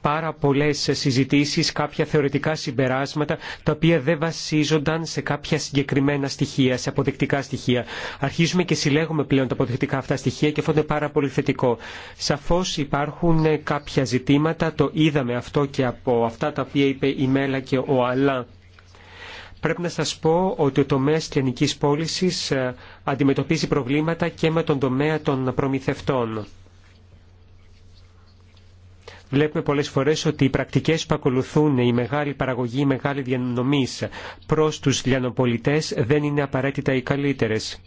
πάρα πολλέ συζητήσεις, κάποια θεωρητικά συμπεράσματα, τα οποία δεν βασίζονταν σε κάποια συγκεκριμένα στοιχεία, σε αποδεικτικά στοιχεία. Αρχίζουμε και συλλέγουμε πλέον τα αποδεικτικά αυτά στοιχεία και αυτό είναι πάρα πολύ θετικό. Σαφώς υπάρχουν κάποια ζητήματα, το είδαμε αυτό και από αυτά τα οποία είπε η Μέλα και ο Αλά. Πρέπει να σας πω ότι ο τομέας κλινικής πώλησης ε, αντιμετωπίζει προβλήματα και με τον τομέα των προμηθευτών. Βλέπουμε πολλές φορές ότι οι πρακτικές που ακολουθούν η μεγάλη παραγωγή, η μεγάλη διανομή προς τους λιανοπολιτές δεν είναι απαραίτητα οι καλύτερες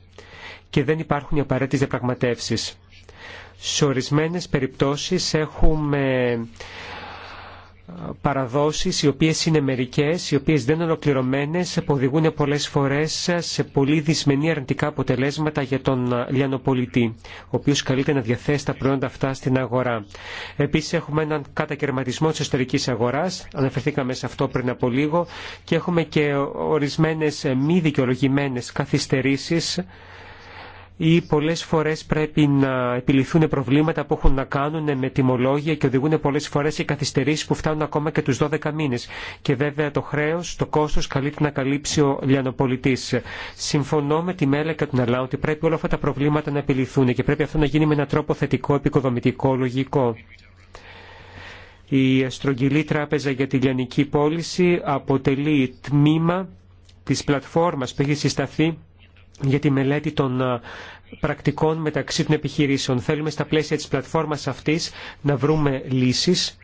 και δεν υπάρχουν οι απαραίτητες διαπραγματεύσεις. Σε ορισμένες περιπτώσεις έχουμε παραδόσεις οι οποίες είναι μερικές, οι οποίες δεν είναι ολοκληρωμένες, που οδηγούν πολλές φορές σε πολύ δυσμενή αρνητικά αποτελέσματα για τον λιανοπολιτή, ο οποίος καλείται να διαθέσει τα προϊόντα αυτά στην αγορά. Επίσης έχουμε έναν κατακαιρματισμό της εσωτερικής αγοράς, αναφερθήκαμε σε αυτό πριν από λίγο, και έχουμε και ορισμένες μη δικαιολογημένες καθυστερήσεις, ή πολλές φορές πρέπει να επιληθούν προβλήματα που έχουν να κάνουν με τιμολόγια και οδηγούν πολλές φορές σε καθυστερήσεις που φτάνουν ακόμα και τους 12 μήνες. Και βέβαια το χρέος, το κόστος καλείται να καλύψει ο λιανοπολιτής. Συμφωνώ με τη Μέλα και τον Αλάου ότι πρέπει όλα αυτά τα προβλήματα να επιληθούν και πρέπει αυτό να γίνει με έναν τρόπο θετικό, επικοδομητικό, λογικό. Η Αστρογγυλή Τράπεζα για τη Λιανική Πώληση αποτελεί τμήμα της πλατφόρμας που έχει συσταθεί για τη μελέτη των ε, πρακτικών μεταξύ των επιχειρήσεων. Θέλουμε στα πλαίσια της πλατφόρμας αυτής να βρούμε λύσεις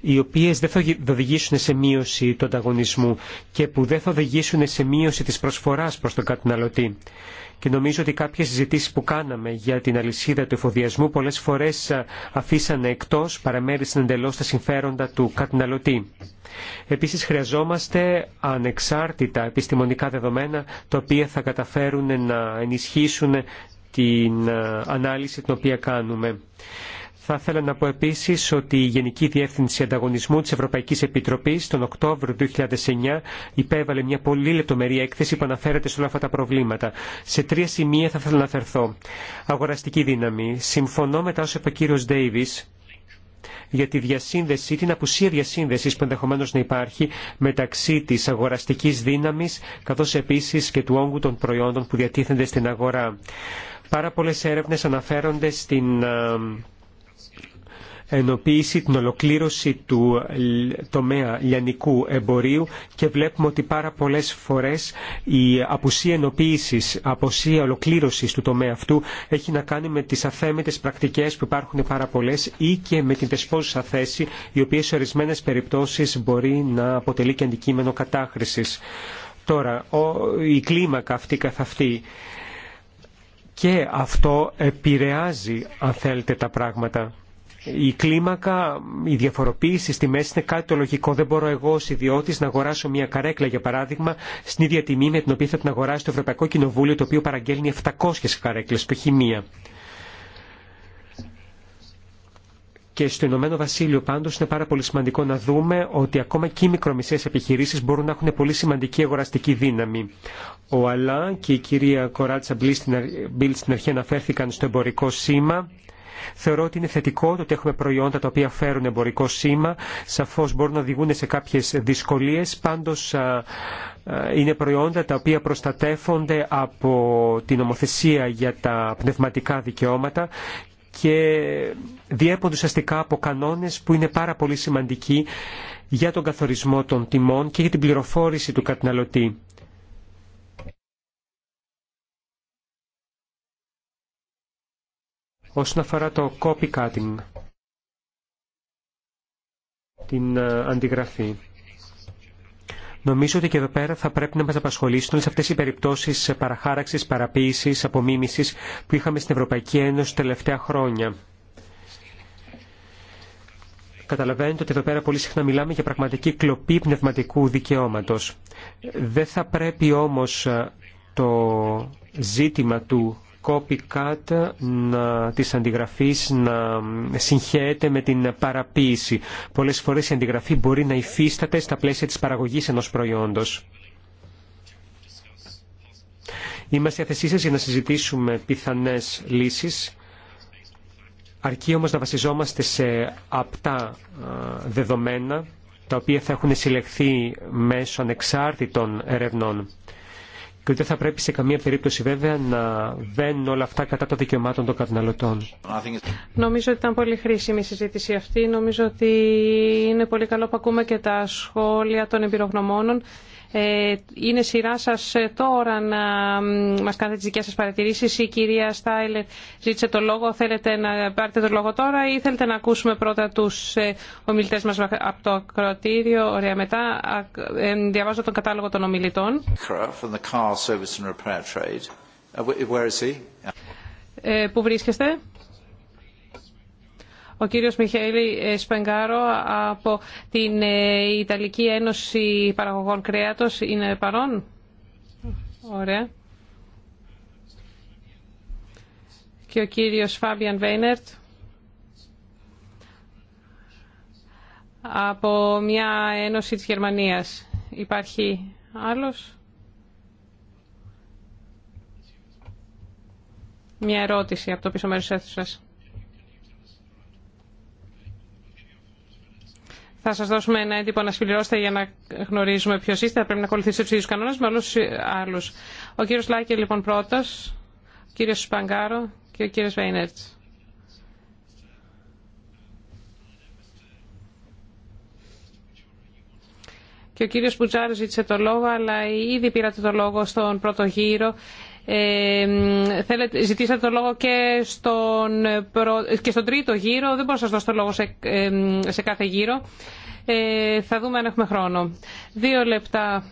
οι οποίες δεν θα οδηγήσουν σε μείωση του ανταγωνισμού και που δεν θα οδηγήσουν σε μείωση της προσφοράς προς τον καταναλωτή. Και νομίζω ότι κάποιε συζητήσει που κάναμε για την αλυσίδα του εφοδιασμού πολλέ φορέ αφήσανε εκτό, παραμέρισαν εντελώ τα συμφέροντα του καταναλωτή. Επίση, χρειαζόμαστε ανεξάρτητα επιστημονικά δεδομένα τα οποία θα καταφέρουν να ενισχύσουν την ανάλυση την οποία κάνουμε. Θα ήθελα να πω επίσης ότι η Γενική Διεύθυνση Ανταγωνισμού της Ευρωπαϊκής Επιτροπής τον Οκτώβριο 2009 υπέβαλε μια πολύ λεπτομερή έκθεση που αναφέρεται σε όλα αυτά τα προβλήματα. Σε τρία σημεία θα ήθελα να αφαιρθώ. Αγοραστική δύναμη. Συμφωνώ μετά όσο είπε ο κύριος Ντέιβις για τη διασύνδεση, την απουσία διασύνδεσης που ενδεχομένω να υπάρχει μεταξύ της αγοραστικής δύναμης καθώς επίσης και του όγκου των προϊόντων που διατίθενται στην αγορά. Πάρα πολλέ έρευνε αναφέρονται στην ενοποίηση, την ολοκλήρωση του ε, τομέα λιανικού εμπορίου και βλέπουμε ότι πάρα πολλές φορές η απουσία ενοποίησης, απουσία ολοκλήρωσης του τομέα αυτού έχει να κάνει με τις αθέμετες πρακτικές που υπάρχουν πάρα πολλές ή και με την δεσπόζουσα θέση η οποία σε ορισμένες περιπτώσεις μπορεί να αποτελεί και αντικείμενο κατάχρησης. Τώρα, η κλίμακα αυτή καθ' αυτή και αυτό επηρεάζει αν θέλετε τα πράγματα η κλίμακα, η διαφοροποίηση στη μέση είναι κάτι το λογικό. Δεν μπορώ εγώ ω ιδιώτη να αγοράσω μια καρέκλα, για παράδειγμα, στην ίδια τιμή με την οποία θα την αγοράσει το Ευρωπαϊκό Κοινοβούλιο, το οποίο παραγγέλνει 700 καρέκλε, το μία. Και στο Ηνωμένο Βασίλειο πάντως είναι πάρα πολύ σημαντικό να δούμε ότι ακόμα και οι μικρομεσαίες επιχειρήσεις μπορούν να έχουν πολύ σημαντική αγοραστική δύναμη. Ο Αλά και η κυρία Κοράτσα Μπίλ στην αρχή αναφέρθηκαν στο εμπορικό σήμα Θεωρώ ότι είναι θετικό το ότι έχουμε προϊόντα τα οποία φέρουν εμπορικό σήμα. Σαφώ μπορούν να οδηγούν σε κάποιε δυσκολίε. Πάντω είναι προϊόντα τα οποία προστατεύονται από την νομοθεσία για τα πνευματικά δικαιώματα και διέπονται ουσιαστικά από κανόνες που είναι πάρα πολύ σημαντικοί για τον καθορισμό των τιμών και για την πληροφόρηση του καταναλωτή. όσον αφορά το copy-cutting, την ε, αντιγραφή. Νομίζω ότι και εδώ πέρα θα πρέπει να μας απασχολήσουν σε αυτές οι περιπτώσεις παραχάραξης, παραποίησης, απομίμησης που είχαμε στην Ευρωπαϊκή Ένωση τελευταία χρόνια. Καταλαβαίνετε ότι εδώ πέρα πολύ συχνά μιλάμε για πραγματική κλοπή πνευματικού δικαιώματος. Δεν θα πρέπει όμως ε, το ζήτημα του copycat να, της αντιγραφής να συγχαίεται με την παραποίηση. Πολλές φορές η αντιγραφή μπορεί να υφίσταται στα πλαίσια της παραγωγής ενός προϊόντος. Είμαστε αθεσί για να συζητήσουμε πιθανές λύσεις, αρκεί όμως να βασιζόμαστε σε απτά δεδομένα, τα οποία θα έχουν συλλεχθεί μέσω ανεξάρτητων ερευνών και δεν θα πρέπει σε καμία περίπτωση βέβαια να βαίνουν όλα αυτά κατά των δικαιωμάτων των καταναλωτών. Νομίζω ότι ήταν πολύ χρήσιμη η συζήτηση αυτή. Νομίζω ότι είναι πολύ καλό που ακούμε και τα σχόλια των εμπειρογνωμόνων ε, είναι σειρά σα ε, τώρα να μας κάνετε τι δικές σας παρατηρήσεις. Η κυρία Στάιλερ ζήτησε το λόγο. Θέλετε να πάρετε το λόγο τώρα ή θέλετε να ακούσουμε πρώτα τους ε, ομιλητές μας από το ακροατήριο. Ωραία, μετά διαβάζω τον κατάλογο των ομιλητών. Πού βρίσκεστε? ο κύριος Μιχαήλ ε, Σπενγκάρο από την ε, Ιταλική Ένωση Παραγωγών Κρέατος είναι παρόν. Ωραία. Και ο κύριος Φάμπιαν Βέινερτ από μια ένωση της Γερμανίας. Υπάρχει άλλος? Μια ερώτηση από το πίσω μέρος της αίθουσας. θα σας δώσουμε ένα έντυπο να σφυλιρώσετε για να γνωρίζουμε ποιος είστε. Θα πρέπει να ακολουθήσετε τους ίδιου κανόνες με όλους άλλους. Ο κύριος Λάκη λοιπόν πρώτος, ο κύριος Σπαγκάρο και ο κύριος Βέινερτς. Και ο κύριος Μπουτζάρο ζήτησε το λόγο, αλλά ήδη πήρατε το λόγο στον πρώτο γύρο θέλετε, ζητήσατε το λόγο και στον, και στον τρίτο γύρο. Δεν μπορώ να σα δώσω το λόγο σε, σε κάθε γύρο. Ε, θα δούμε αν έχουμε χρόνο. Δύο λεπτά.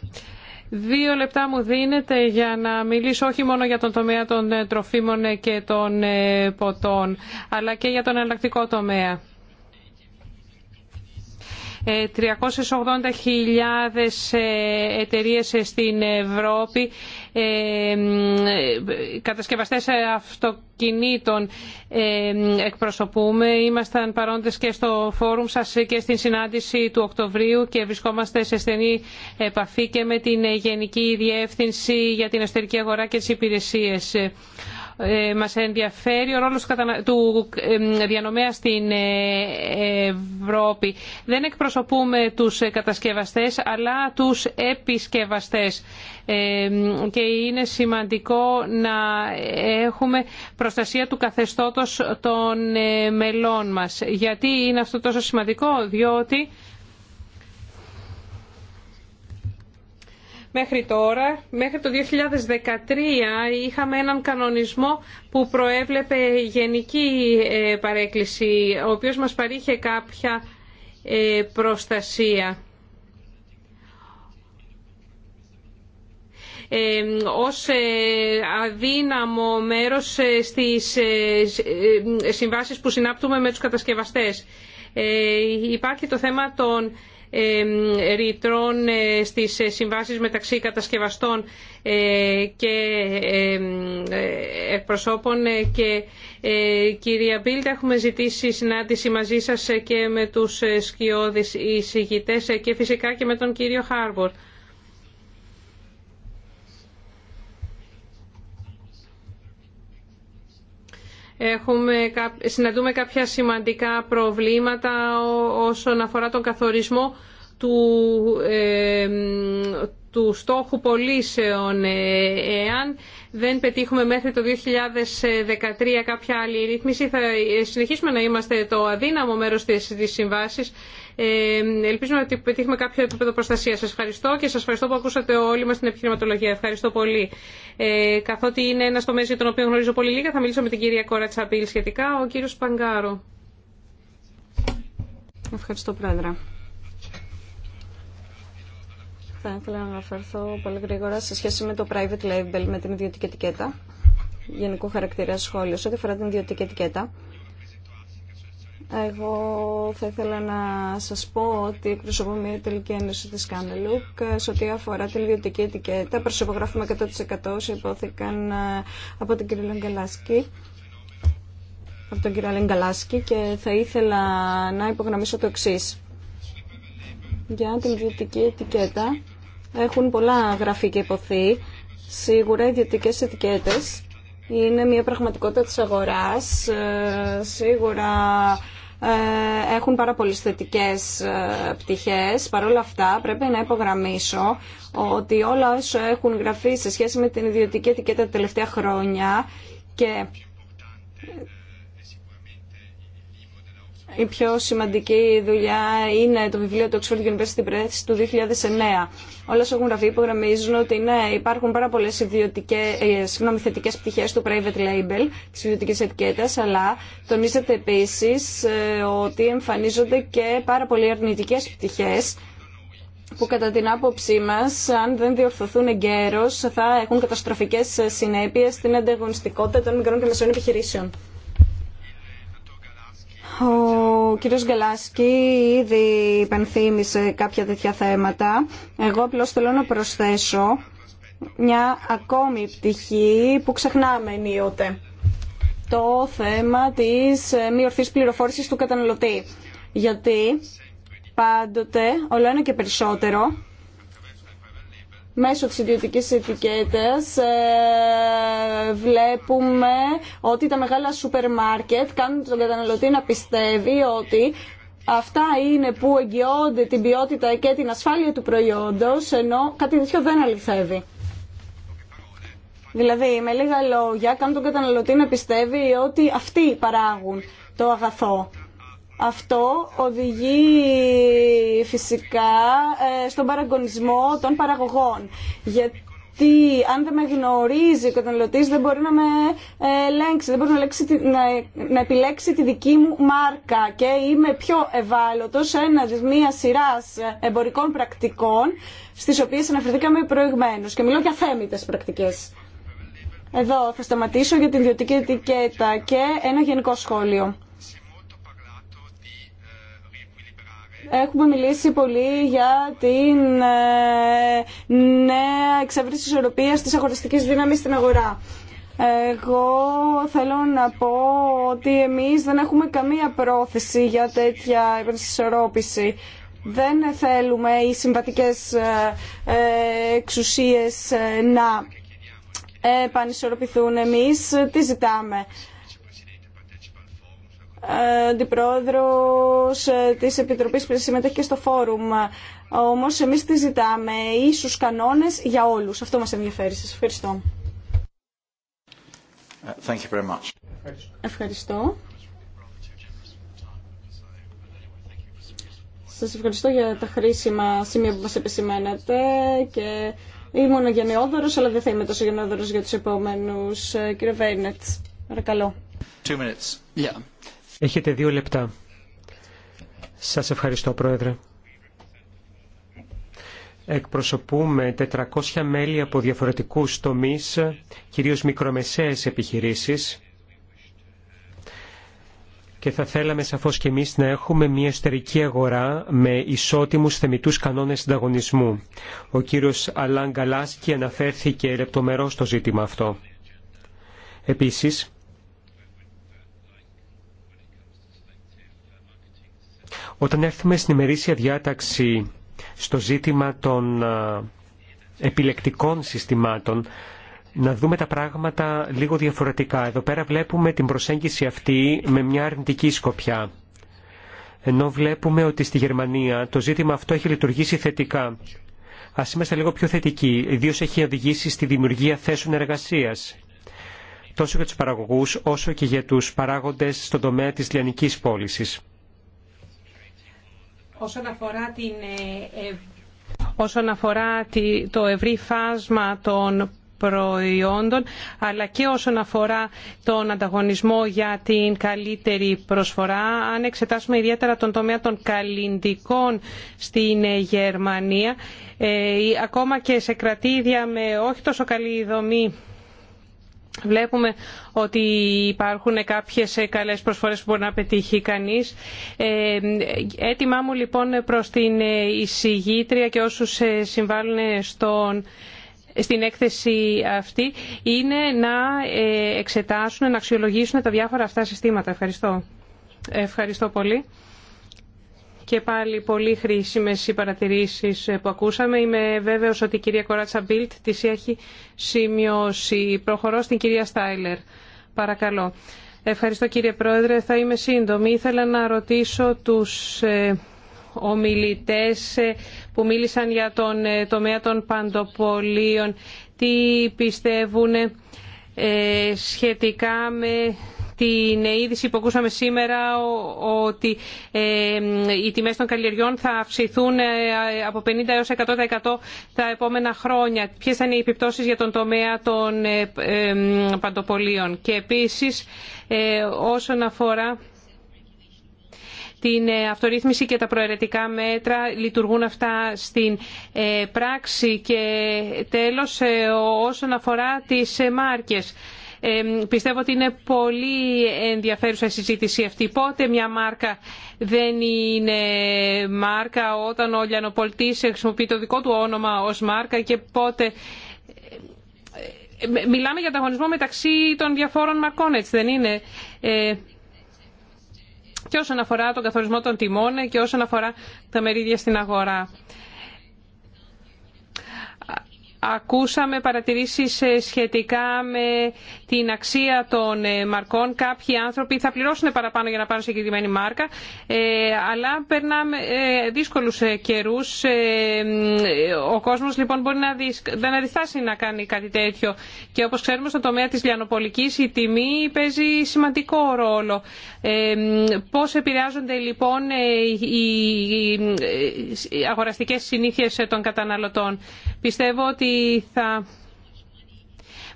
Δύο λεπτά μου δίνετε για να μιλήσω όχι μόνο για τον τομέα των ε, τροφίμων και των ε, ποτών, αλλά και για τον εναλλακτικό τομέα. 380.000 ε, εταιρείες στην Ευρώπη κατασκευαστές αυτοκινήτων εκπροσωπούμε. Ήμασταν παρόντες και στο φόρουμ σας και στην συνάντηση του Οκτωβρίου και βρισκόμαστε σε στενή επαφή και με την Γενική Διεύθυνση για την Εσωτερική Αγορά και τις Υπηρεσίες. Ε, μας ενδιαφέρει ο ρόλος του διανομέα στην ε, Ευρώπη. Δεν εκπροσωπούμε τους κατασκευαστές αλλά τους επισκευαστές και είναι σημαντικό να έχουμε προστασία του καθεστώτος των ε, μελών μας. Γιατί είναι αυτό τόσο σημαντικό, διότι Μέχρι τώρα, μέχρι το 2013 είχαμε έναν κανονισμό που προέβλεπε γενική ε, παρέκκληση, ο οποίος μας παρήχε κάποια ε, προστασία. Ε, ως αδύναμο μέρος στις συμβάσεις που συνάπτουμε με τους κατασκευαστές. Υπάρχει το θέμα των ρητρών ε, στις συμβάσεις μεταξύ κατασκευαστών ε, και ε, εκπροσώπων και κυρία Μπίλτα έχουμε ζητήσει συνάντηση μαζί σας και με τους σκιώδεις εισηγητές και φυσικά και με τον κύριο Χάρμπορ. Έχουμε, συναντούμε κάποια σημαντικά προβλήματα όσον αφορά τον καθορισμό του, ε, του στόχου πωλήσεων. Ε, εάν δεν πετύχουμε μέχρι το 2013 κάποια άλλη ρύθμιση, θα συνεχίσουμε να είμαστε το αδύναμο μέρος της, της ε, ελπίζουμε ότι πετύχουμε κάποιο επίπεδο προστασία. Σα ευχαριστώ και σα ευχαριστώ που ακούσατε όλοι μα την επιχειρηματολογία. Ευχαριστώ πολύ. Ε, καθότι είναι ένα τομέα για τον οποίο γνωρίζω πολύ λίγα, θα μιλήσω με την κυρία Κόρα Τσαπίλ σχετικά, ο κύριο Παγκάρο. Ευχαριστώ, Πρόεδρε. Θα ήθελα να αναφερθώ πολύ γρήγορα σε σχέση με το private label, με την ιδιωτική ετικέτα. Γενικού χαρακτήρα σχόλιο. Ό,τι αφορά την ιδιωτική ετικέτα, εγώ θα ήθελα να σας πω ότι εκπροσωπώ μια τελική ένωση της Κάνελουκ σε ό,τι αφορά την ιδιωτική ετικέτα. Προσωπογράφουμε 100% όσοι υπόθηκαν ε, από τον κύριο από τον κύριο Λεγκαλάσκη και θα ήθελα να υπογραμμίσω το εξή. Για την ιδιωτική ετικέτα έχουν πολλά γραφή και υποθεί. Σίγουρα ιδιωτικέ ετικέτες είναι μια πραγματικότητα της αγοράς. Ε, σίγουρα ε, έχουν πάρα πολλές θετικές ε, πτυχές. Παρ' όλα αυτά πρέπει να υπογραμμίσω ότι όλα όσο έχουν γραφεί σε σχέση με την ιδιωτική ετικέτα τα τελευταία χρόνια και η πιο σημαντική δουλειά είναι το βιβλίο του Oxford University Press του 2009. Όλα έχουν γραφεί υπογραμμίζουν ότι ναι, υπάρχουν πάρα πολλέ ε, θετικέ πτυχέ του private label, τη ιδιωτική ετικέτα, αλλά τονίζεται επίση ε, ότι εμφανίζονται και πάρα πολύ αρνητικέ πτυχέ που κατά την άποψή μας, αν δεν διορθωθούν εγκαίρως, θα έχουν καταστροφικές συνέπειες στην ανταγωνιστικότητα των μικρών και μεσών επιχειρήσεων. Ο κύριος Γκελάσκη ήδη υπενθύμησε κάποια τέτοια θέματα. Εγώ απλώς θέλω να προσθέσω μια ακόμη πτυχή που ξεχνάμε ενίοτε. Το θέμα της μη ορθής πληροφόρησης του καταναλωτή. Γιατί πάντοτε, όλο ένα και περισσότερο, μέσω της ιδιωτική ετικέτας ε, βλέπουμε ότι τα μεγάλα σούπερ μάρκετ κάνουν τον καταναλωτή να πιστεύει ότι αυτά είναι που εγγυώνται την ποιότητα και την ασφάλεια του προϊόντος, ενώ κάτι τέτοιο δεν αληθεύει. Δηλαδή, με λίγα λόγια, κάνουν τον καταναλωτή να πιστεύει ότι αυτοί παράγουν το αγαθό. Αυτό οδηγεί φυσικά ε, στον παραγωνισμό των παραγωγών. Γιατί αν δεν με γνωρίζει ο καταναλωτή, δεν μπορεί να με ε, ελέγξει, δεν μπορεί να, επιλέξει τη δική μου μάρκα και είμαι πιο ευάλωτο έναντι μια σειρά εμπορικών πρακτικών στι οποίε αναφερθήκαμε προηγουμένω. Και μιλώ για θέμητε πρακτικέ. Εδώ θα σταματήσω για την ιδιωτική ετικέτα και ένα γενικό σχόλιο. Έχουμε μιλήσει πολύ για την ε, νέα εξεύρυνση ισορροπίας της αγοραστικής δύναμης στην αγορά. Εγώ θέλω να πω ότι εμείς δεν έχουμε καμία πρόθεση για τέτοια ισορρόπηση. Δεν θέλουμε οι συμβατικές ε, ε, εξουσίες να επανισορροπηθούν εμείς. Τι ζητάμε αντιπρόεδρος ε, της Επιτροπής που συμμετέχει και στο φόρουμ. Όμως εμείς τη ζητάμε ίσους κανόνες για όλους. Αυτό μας ενδιαφέρει. Σας ευχαριστώ. Ε, thank you very much. Ευχαριστώ. Σας ευχαριστώ για τα χρήσιμα σημεία που μας επισημαίνετε και ήμουν γενναιόδωρος, αλλά δεν θα είμαι τόσο γενναιόδωρος για τους επόμενους. Ε, κύριε Βέινετ, παρακαλώ. Two minutes. Yeah. Έχετε δύο λεπτά. Σας ευχαριστώ, Πρόεδρε. Εκπροσωπούμε 400 μέλη από διαφορετικούς τομείς, κυρίως μικρομεσαίες επιχειρήσεις και θα θέλαμε σαφώς και εμείς να έχουμε μια εσωτερική αγορά με ισότιμους θεμητούς κανόνες συνταγωνισμού. Ο κύριος Αλάν Γκαλάσκι αναφέρθηκε λεπτομερώς στο ζήτημα αυτό. Επίσης, Όταν έρθουμε στην ημερήσια διάταξη στο ζήτημα των επιλεκτικών συστημάτων, να δούμε τα πράγματα λίγο διαφορετικά. Εδώ πέρα βλέπουμε την προσέγγιση αυτή με μια αρνητική σκοπιά. Ενώ βλέπουμε ότι στη Γερμανία το ζήτημα αυτό έχει λειτουργήσει θετικά. Ας είμαστε λίγο πιο θετικοί, ιδίω έχει οδηγήσει στη δημιουργία θέσεων εργασίας τόσο για τους παραγωγούς όσο και για τους παράγοντες στον τομέα της λιανικής πώλησης. Όσον αφορά την ε, ε, όσον αφορά το ευρύ φάσμα των προϊόντων, αλλά και όσον αφορά τον ανταγωνισμό για την καλύτερη προσφορά. Αν εξετάσουμε ιδιαίτερα τον τομέα των καλλιντικών στην ε, Γερμανία, ακόμα και σε κρατήδια με όχι τόσο καλή δομή Βλέπουμε ότι υπάρχουν κάποιες καλές προσφορές που μπορεί να πετύχει κανείς. Ε, έτοιμά μου λοιπόν προς την εισηγήτρια και όσους ε, συμβάλλουν στον στην έκθεση αυτή είναι να ε, εξετάσουν, να αξιολογήσουν τα διάφορα αυτά συστήματα. Ευχαριστώ. Ευχαριστώ πολύ και πάλι πολύ χρήσιμες οι παρατηρήσει που ακούσαμε. Είμαι βέβαιος ότι η κυρία Κοράτσα Μπίλτ τις έχει σημειώσει. Προχωρώ στην κυρία Στάιλερ. Παρακαλώ. Ευχαριστώ κύριε Πρόεδρε. Θα είμαι σύντομη. Ήθελα να ρωτήσω τους ε, ομιλητές ε, που μίλησαν για τον ε, τομέα των παντοπολίων τι πιστεύουν σχετικά με την είδηση που ακούσαμε σήμερα ότι ε, οι τιμές των καλλιεργιών θα αυξηθούν ε, από 50 έως 100% τα επόμενα χρόνια. Ποιες θα είναι οι επιπτώσεις για τον τομέα των ε, παντοπολίων. Και επίσης όσον αφορά την αυτορύθμιση και τα προαιρετικά μέτρα λειτουργούν αυτά στην πράξη και τέλος όσον αφορά τις μάρκες πιστεύω ότι είναι πολύ ενδιαφέρουσα η συζήτηση αυτή. Πότε μια μάρκα δεν είναι μάρκα όταν ο λιανοπολτής χρησιμοποιεί το δικό του όνομα ως μάρκα και πότε... Μιλάμε για ανταγωνισμό μεταξύ των διαφόρων μαρκών, έτσι δεν είναι. Ε, και όσον αφορά τον καθορισμό των τιμών και όσον αφορά τα μερίδια στην αγορά. Ακούσαμε παρατηρήσεις ε, σχετικά με την αξία των ε, μαρκών. Κάποιοι άνθρωποι θα πληρώσουν παραπάνω για να πάρουν συγκεκριμένη μάρκα, ε, αλλά περνάμε δύσκολους καιρούς. Ο κόσμος λοιπόν μπορεί να, να διστάσει να κάνει κάτι τέτοιο. Και όπως ξέρουμε στο τομέα της λιανοπολικής η τιμή παίζει σημαντικό ρόλο. Πώς επηρεάζονται λοιπόν οι αγοραστικές συνήθειες των καταναλωτών. Πιστεύω ότι θα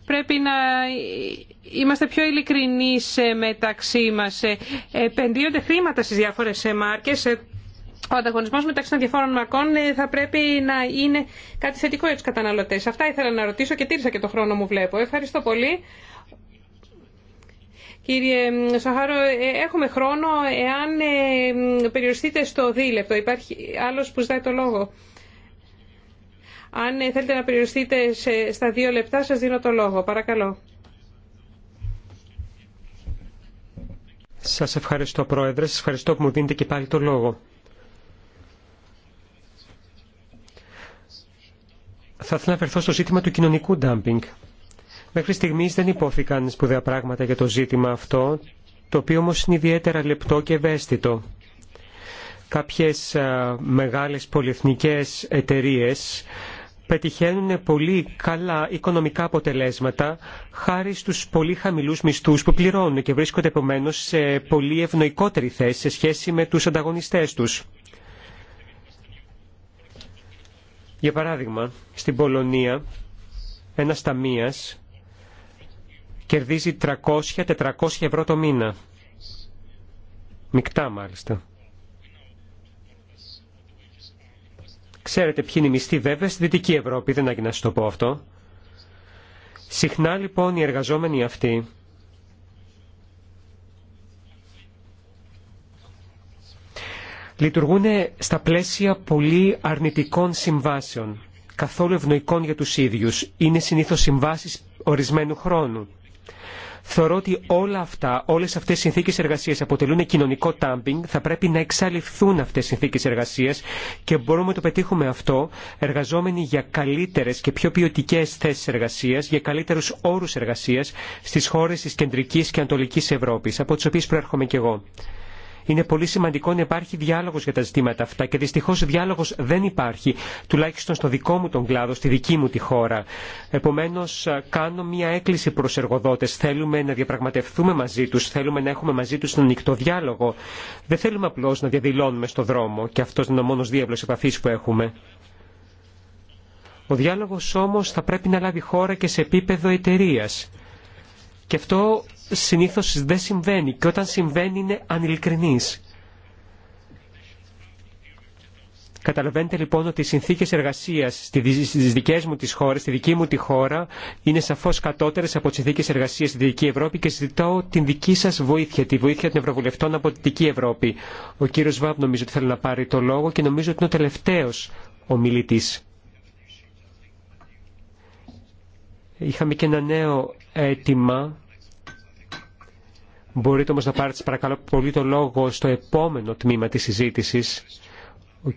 πρέπει να είμαστε πιο ειλικρινεί μεταξύ μας. Ε, επενδύονται χρήματα στις διάφορες ε, μάρκες. Ε, ο ανταγωνισμός μεταξύ των διαφόρων μακών θα πρέπει να είναι κάτι θετικό για τους καταναλωτές. Αυτά ήθελα να ρωτήσω και τήρησα και το χρόνο μου βλέπω. Ευχαριστώ πολύ. Κύριε Σαχάρο, έχουμε χρόνο εάν περιοριστείτε στο δίλεπτο. Υπάρχει άλλος που ζητάει το λόγο. Αν θέλετε να περιοριστείτε σε, στα δύο λεπτά, σας δίνω το λόγο. Παρακαλώ. Σας ευχαριστώ, Πρόεδρε. Σας ευχαριστώ που μου δίνετε και πάλι το λόγο. Θα ήθελα να αφαιρθώ στο ζήτημα του κοινωνικού ντάμπινγκ. Μέχρι στιγμή δεν υπόθηκαν σπουδαία πράγματα για το ζήτημα αυτό, το οποίο όμως είναι ιδιαίτερα λεπτό και ευαίσθητο. Κάποιες μεγάλες πολυεθνικές εταιρείες πετυχαίνουν πολύ καλά οικονομικά αποτελέσματα χάρη στους πολύ χαμηλούς μισθούς που πληρώνουν και βρίσκονται επομένως σε πολύ ευνοϊκότερη θέση σε σχέση με τους ανταγωνιστές τους. Για παράδειγμα, στην Πολωνία ένας ταμείας κερδίζει 300-400 ευρώ το μήνα. Μικτά μάλιστα. Ξέρετε ποιοι είναι οι μισθοί βέβαια στη Δυτική Ευρώπη, δεν άγει να σα το πω αυτό. Συχνά λοιπόν οι εργαζόμενοι αυτοί λειτουργούν στα πλαίσια πολύ αρνητικών συμβάσεων, καθόλου ευνοϊκών για τους ίδιους. Είναι συνήθως συμβάσεις ορισμένου χρόνου. Θεωρώ ότι όλα αυτά, όλες αυτές οι συνθήκες εργασίας αποτελούν κοινωνικό τάμπινγκ, θα πρέπει να εξαλειφθούν αυτές οι συνθήκες εργασίας και μπορούμε να το πετύχουμε αυτό εργαζόμενοι για καλύτερες και πιο ποιοτικέ θέσεις εργασίας, για καλύτερους όρους εργασίας στις χώρες της κεντρικής και ανατολικής Ευρώπης, από τις οποίες προέρχομαι και εγώ. Είναι πολύ σημαντικό να υπάρχει διάλογο για τα ζητήματα αυτά και δυστυχώ διάλογο δεν υπάρχει, τουλάχιστον στο δικό μου τον κλάδο, στη δική μου τη χώρα. Επομένω, κάνω μία έκκληση προ εργοδότε. Θέλουμε να διαπραγματευτούμε μαζί του, θέλουμε να έχουμε μαζί του τον ανοιχτό διάλογο. Δεν θέλουμε απλώ να διαδηλώνουμε στο δρόμο και αυτό είναι ο μόνο διάβλο επαφή που έχουμε. Ο διάλογος όμως θα πρέπει να λάβει χώρα και σε επίπεδο εταιρεία. Και αυτό Συνήθω δεν συμβαίνει και όταν συμβαίνει είναι ανηλικρινή. Καταλαβαίνετε λοιπόν ότι οι συνθήκε εργασία στι δικέ μου τι χώρε, στη δική μου τη χώρα, είναι σαφώ κατώτερες από τι συνθήκε εργασία στη Δυτική Ευρώπη και ζητώ την δική σα βοήθεια, τη βοήθεια των Ευρωβουλευτών από τη δική Ευρώπη. Ο κύριο Βάμπ νομίζω ότι θέλει να πάρει το λόγο και νομίζω ότι είναι ο τελευταίος ομιλητή. Είχαμε και ένα νέο αίτημα Μπορείτε όμως να πάρετε παρακαλώ πολύ το λόγο στο επόμενο τμήμα της συζήτησης. Ο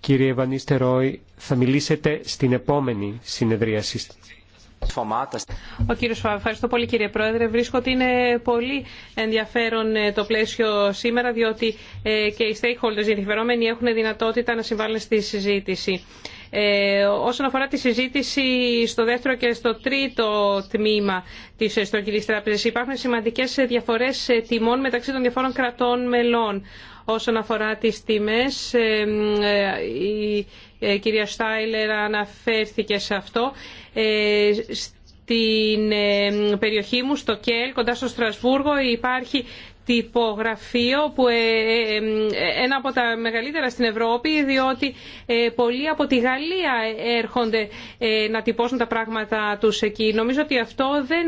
κύριε Ρόι θα μιλήσετε στην επόμενη συνεδρίαση. Ο κύριο Φαβ, ευχαριστώ πολύ κύριε Πρόεδρε. Βρίσκω ότι είναι πολύ ενδιαφέρον ε, το πλαίσιο σήμερα, διότι ε, και οι stakeholders, οι ενδιαφερόμενοι, έχουν δυνατότητα να συμβάλλουν στη συζήτηση. Ε, όσον αφορά τη συζήτηση στο δεύτερο και στο τρίτο τμήμα τη Στρογγυλής τράπεζα, υπάρχουν σημαντικές διαφορές τιμών μεταξύ των διαφόρων κρατών μελών. Όσον αφορά τις τιμές, ε, ε, η κυρία Στάιλερ αναφέρθηκε σε αυτό. Στην περιοχή μου, στο ΚΕΛ, κοντά στο Στρασβούργο, υπάρχει τυπογραφείο που ε, ε, ε, ένα από τα μεγαλύτερα στην Ευρώπη διότι πολλοί από τη Γαλλία έρχονται να τυπώσουν τα πράγματα τους εκεί. Νομίζω ότι αυτό δεν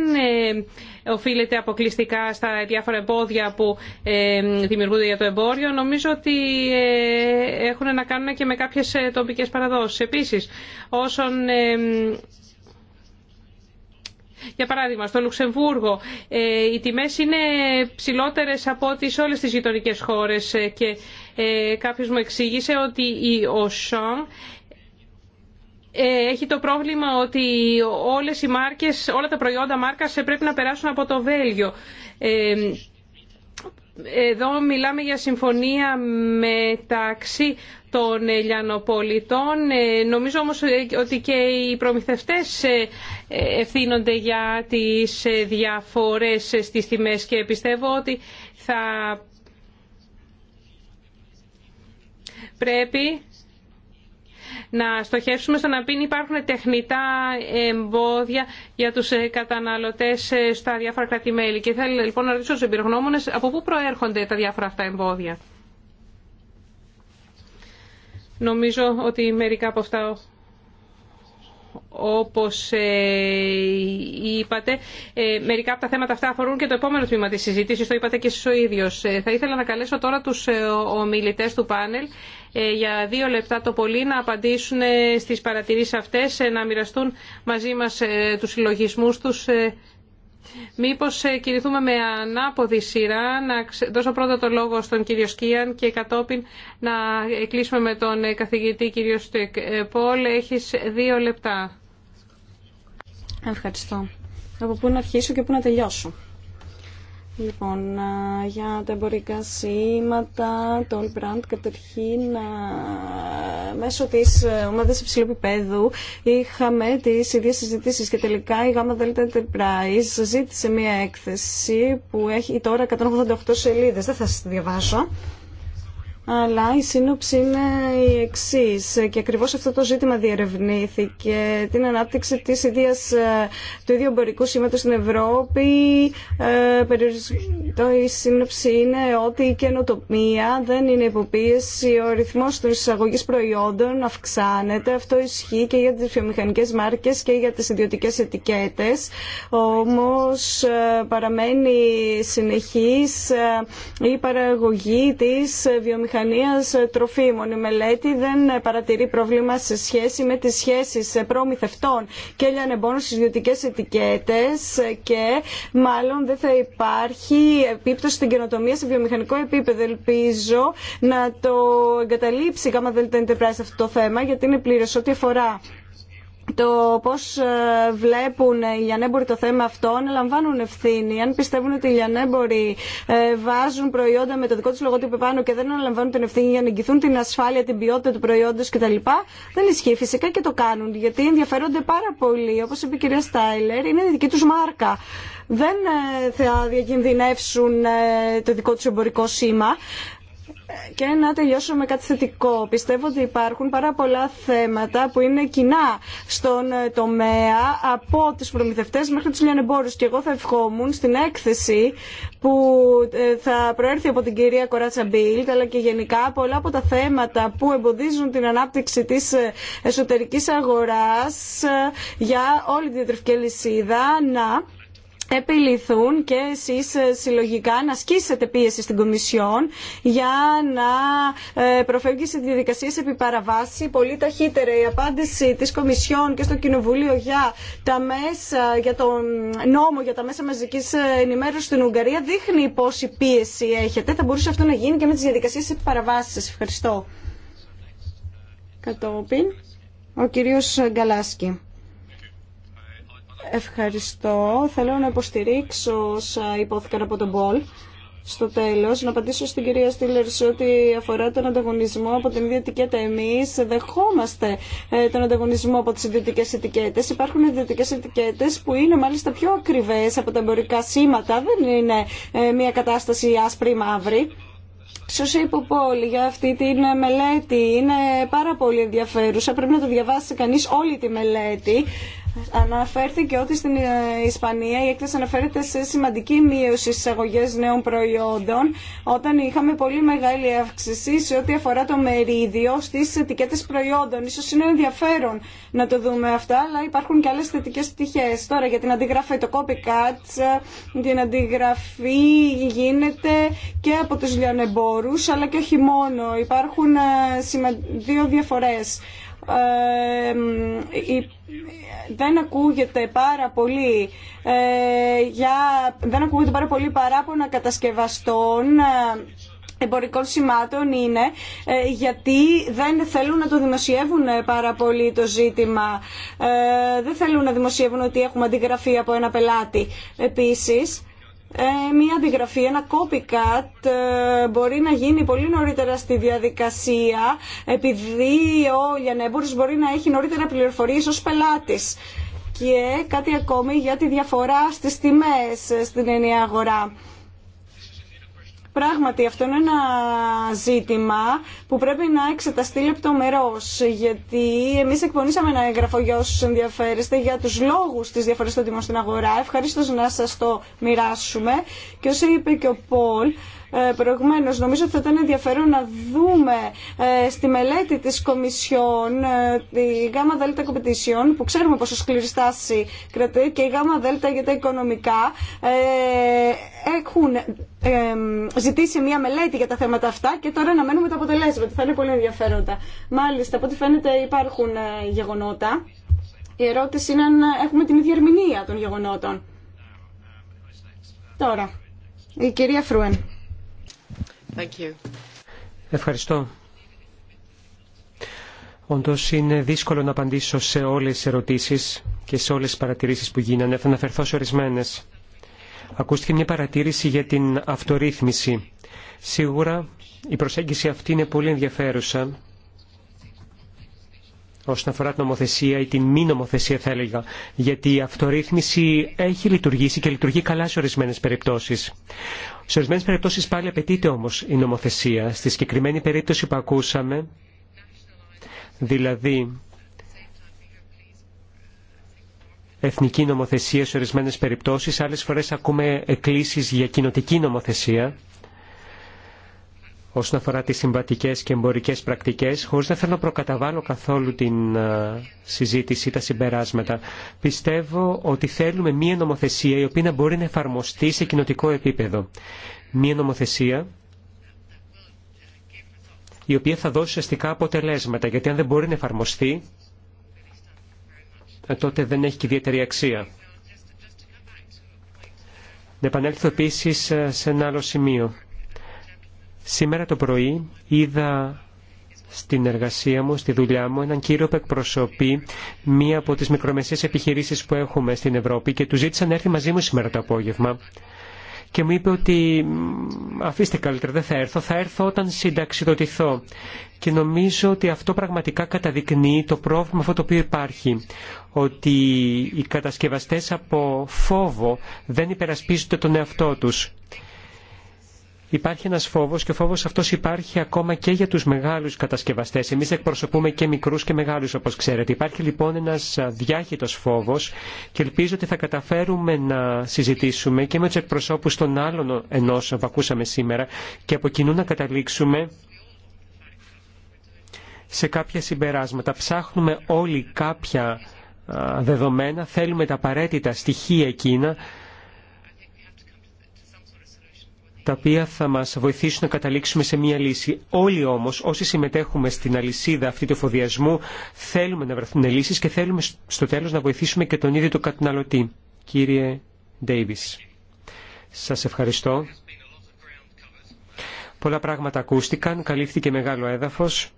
οφείλεται αποκλειστικά στα διάφορα εμπόδια που δημιουργούνται για το εμπόριο. Νομίζω ότι έχουν να κάνουν και με κάποιες τοπικές παραδόσεις. Επίσης, όσον για παράδειγμα, στο Λουξεμβούργο ε, οι τιμές είναι ψηλότερες από ό,τι σε όλες τις γειτονικές χώρες ε, και ε, κάποιος μου εξήγησε ότι η Auchan έχει το πρόβλημα ότι όλες οι μάρκες, όλα τα προϊόντα μάρκας πρέπει να περάσουν από το Βέλγιο. Εδώ μιλάμε για συμφωνία μεταξύ των λιανοπολιτών. Ε, νομίζω όμως ε, ότι και οι προμηθευτές ε, ευθύνονται για τις διαφορές στις τιμές και πιστεύω ότι θα πρέπει να στοχεύσουμε στο να πει υπάρχουν τεχνητά εμπόδια για τους ε, καταναλωτές ε, στα διάφορα Και θέλω λοιπόν να ρωτήσω τους εμπειρογνώμονες από πού προέρχονται τα διάφορα αυτά εμπόδια. Νομίζω ότι μερικά από αυτά όπως ε, είπατε, μερικά από τα θέματα αυτά αφορούν και το επόμενο τμήμα της συζήτησης, το είπατε και εσείς ο ίδιος. θα ήθελα να καλέσω τώρα τους ομιλητές του πάνελ ε, για δύο λεπτά το πολύ να απαντήσουν ε, στις παρατηρήσεις αυτές, ε, να μοιραστούν μαζί μας τους συλλογισμούς τους. Μήπως κινηθούμε με ανάποδη σειρά, να δώσω πρώτα το λόγο στον κύριο Σκίαν και κατόπιν να κλείσουμε με τον καθηγητή κύριο Στυκ. Πολ, έχεις δύο λεπτά. Ευχαριστώ. Από πού να αρχίσω και πού να τελειώσω. Λοιπόν, για τα εμπορικά σήματα, το All Brand, καταρχήν μέσω της ε, ομάδας υψηλού επίπεδου είχαμε τις ίδιες συζητήσεις και τελικά η Γάμα Delta Enterprise ζήτησε μια έκθεση που έχει τώρα 188 σελίδες. Δεν θα σας διαβάσω αλλά η σύνοψη είναι η εξή. Και ακριβώ αυτό το ζήτημα διερευνήθηκε. Την ανάπτυξη τη ίδια ε, του ίδιου εμπορικού σήματο στην Ευρώπη. Ε, το, η σύνοψη είναι ότι η καινοτομία δεν είναι υποπίεση. Ο ρυθμό τη εισαγωγή προϊόντων αυξάνεται. Αυτό ισχύει και για τι βιομηχανικέ μάρκε και για τι ιδιωτικέ ετικέτε. Όμω ε, παραμένει συνεχή η παραγωγή τη βιομηχανική βιομηχανίας ε, τροφίμων. Η μελέτη δεν ε, παρατηρεί πρόβλημα σε σχέση με τις σχέσεις ε, προμηθευτών και λιανεμπόνων στι ιδιωτικέ ετικέτες και μάλλον δεν θα υπάρχει επίπτωση στην καινοτομία σε βιομηχανικό επίπεδο. Ελπίζω να το εγκαταλείψει η ΓΔΕ αυτό το θέμα γιατί είναι πλήρως ό,τι αφορά το πώς ε, βλέπουν οι λιανέμποροι το θέμα αυτό να λαμβάνουν ευθύνη. Αν πιστεύουν ότι οι λιανέμποροι ε, βάζουν προϊόντα με το δικό τους λογότυπο πάνω και δεν αναλαμβάνουν την ευθύνη για να εγγυθούν την ασφάλεια, την ποιότητα του προϊόντος κτλ. Δεν ισχύει φυσικά και το κάνουν γιατί ενδιαφέρονται πάρα πολύ. Όπως είπε η κυρία Στάιλερ, είναι η δική του μάρκα. Δεν ε, θα διακινδυνεύσουν το δικό του εμπορικό σήμα και να τελειώσω με κάτι θετικό. Πιστεύω ότι υπάρχουν πάρα πολλά θέματα που είναι κοινά στον ε, τομέα από τους προμηθευτές μέχρι τους λιανεμπόρους και εγώ θα ευχόμουν στην έκθεση που ε, θα προέρθει από την κυρία Κοράτσα Μπίλτ αλλά και γενικά πολλά από τα θέματα που εμποδίζουν την ανάπτυξη της ε, εσωτερικής αγοράς για όλη την διατροφική λυσίδα να επιληθούν και εσείς ε, συλλογικά να ασκήσετε πίεση στην Κομισιόν για να ε, προφεύγει σε διαδικασίες επί παραβάση. Πολύ ταχύτερα η απάντηση της Κομισιόν και στο Κοινοβούλιο για, τα μέσα, για τον νόμο για τα μέσα μαζικής ε, ενημέρωσης στην Ουγγαρία δείχνει πόση πίεση έχετε. Θα μπορούσε αυτό να γίνει και με τις διαδικασίες επί παραβάσης Σας ευχαριστώ. Κατόπιν, ο κύριος Γκαλάσκι. Ευχαριστώ. Θέλω να υποστηρίξω όσα υπόθηκαν από τον Πολ. Στο τέλο, να απαντήσω στην κυρία Στήλερ σε ό,τι αφορά τον ανταγωνισμό από την ίδια ετικέτα. Εμεί δεχόμαστε ε, τον ανταγωνισμό από τι ιδιωτικέ ετικέτε. Υπάρχουν ιδιωτικέ ετικέτε που είναι μάλιστα πιο ακριβέ από τα εμπορικά σήματα. Δεν είναι ε, μια κατάσταση άσπρη-μαύρη. Σωσέ πολύ για αυτή την μελέτη είναι πάρα πολύ ενδιαφέρουσα. Πρέπει να το διαβάσει κανεί όλη τη μελέτη. Αναφέρθηκε ότι στην ε, Ισπανία η έκθεση αναφέρεται σε σημαντική μείωση αγωγέ νέων προϊόντων, όταν είχαμε πολύ μεγάλη αύξηση σε ό,τι αφορά το μερίδιο στι ετικέτε προϊόντων. σω είναι ενδιαφέρον να το δούμε αυτά, αλλά υπάρχουν και άλλε θετικέ πτυχέ. Τώρα για την αντιγραφή, το copycat, την αντιγραφή γίνεται και από του λιανεμπόρου, αλλά και όχι μόνο. Υπάρχουν ε, δύο διαφορέ. Ε, ε, δεν ακούγεται πάρα πολύ ε, για, δεν ακούγεται πάρα πολύ παράπονα κατασκευαστών εμπορικών σημάτων είναι γιατί δεν θέλουν να το δημοσιεύουν πάρα πολύ το ζήτημα. δεν θέλουν να δημοσιεύουν ότι έχουμε αντιγραφή από ένα πελάτη. Επίσης, ε, μια αντιγραφή, ένα copycat ε, μπορεί να γίνει πολύ νωρίτερα στη διαδικασία επειδή ο Λιανέμπορος μπορεί να έχει νωρίτερα πληροφορίες ως πελάτης. Και κάτι ακόμη για τη διαφορά στις τιμές ε, στην ενιαία αγορά. Πράγματι, αυτό είναι ένα ζήτημα που πρέπει να εξεταστεί λεπτομερώς, γιατί εμείς εκπονήσαμε ένα έγγραφο για όσου ενδιαφέρεστε για τους λόγους της διαφορετικότητας των τιμών στην αγορά. Ευχαριστώ να σας το μοιράσουμε. Και όσο είπε και ο Πολ, ε, προηγουμένω. Νομίζω ότι θα ήταν ενδιαφέρον να δούμε ε, στη μελέτη τη Κομισιόν ε, τη γάμα δέλτα competition που ξέρουμε πόσο σκληρή στάση κρατεί και η γάμα δέλτα για τα οικονομικά έχουν ζητήσει μια μελέτη για τα θέματα αυτά και τώρα αναμένουμε τα αποτελέσματα. Θα είναι πολύ ενδιαφέροντα. Μάλιστα, από ό,τι φαίνεται υπάρχουν γεγονότα. Η ερώτηση είναι αν έχουμε την ίδια ερμηνεία των γεγονότων. Τώρα, η κυρία Φρούεν. Ευχαριστώ. Όντω είναι δύσκολο να απαντήσω σε όλες τις ερωτήσεις και σε όλες τις παρατηρήσεις που γίνανε. Θα αναφερθώ σε ορισμένες. Ακούστηκε μια παρατήρηση για την αυτορύθμιση. Σίγουρα η προσέγγιση αυτή είναι πολύ ενδιαφέρουσα όσον αφορά την νομοθεσία ή την μη νομοθεσία θα έλεγα, γιατί η αυτορύθμιση έχει λειτουργήσει και λειτουργεί καλά σε ορισμένες περιπτώσεις. Σε ορισμένε περιπτώσει πάλι απαιτείται όμω η νομοθεσία. Στη συγκεκριμένη περίπτωση που ακούσαμε, δηλαδή εθνική νομοθεσία σε ορισμένε περιπτώσει, άλλε φορέ ακούμε εκκλήσει για κοινοτική νομοθεσία όσον αφορά τις συμβατικές και εμπορικές πρακτικές, χωρίς να θέλω να προκαταβάλω καθόλου την ε, συζήτηση, η τα συμπεράσματα. Πιστεύω ότι θέλουμε μία νομοθεσία η οποία να μπορεί να εφαρμοστεί σε κοινοτικό επίπεδο. Μία νομοθεσία η οποία θα δώσει ουσιαστικά αποτελέσματα, γιατί αν δεν μπορεί να εφαρμοστεί, ε, τότε δεν έχει και ιδιαίτερη αξία. Να επανέλθω επίσης ε, σε ένα άλλο σημείο. Σήμερα το πρωί είδα στην εργασία μου, στη δουλειά μου, έναν κύριο που εκπροσωπεί μία από τις μικρομεσαίες επιχειρήσεις που έχουμε στην Ευρώπη και του ζήτησαν να έρθει μαζί μου σήμερα το απόγευμα και μου είπε ότι αφήστε καλύτερα, δεν θα έρθω, θα έρθω όταν συνταξιδοτηθώ. Και νομίζω ότι αυτό πραγματικά καταδεικνύει το πρόβλημα αυτό το οποίο υπάρχει. Ότι οι κατασκευαστές από φόβο δεν υπερασπίζονται τον εαυτό τους υπάρχει ένας φόβος και ο φόβος αυτός υπάρχει ακόμα και για τους μεγάλους κατασκευαστές. Εμείς εκπροσωπούμε και μικρούς και μεγάλους όπως ξέρετε. Υπάρχει λοιπόν ένας διάχυτος φόβος και ελπίζω ότι θα καταφέρουμε να συζητήσουμε και με τους εκπροσώπους των άλλων ενός που ακούσαμε σήμερα και από κοινού να καταλήξουμε σε κάποια συμπεράσματα. Ψάχνουμε όλοι κάποια δεδομένα, θέλουμε τα απαραίτητα στοιχεία εκείνα τα οποία θα μας βοηθήσουν να καταλήξουμε σε μια λύση. Όλοι όμως όσοι συμμετέχουμε στην αλυσίδα αυτή του εφοδιασμού θέλουμε να βρεθούν λύσεις και θέλουμε στο τέλος να βοηθήσουμε και τον ίδιο τον καταναλωτή. Κύριε Ντέιβις, σας ευχαριστώ. Πολλά πράγματα ακούστηκαν, καλύφθηκε μεγάλο έδαφος.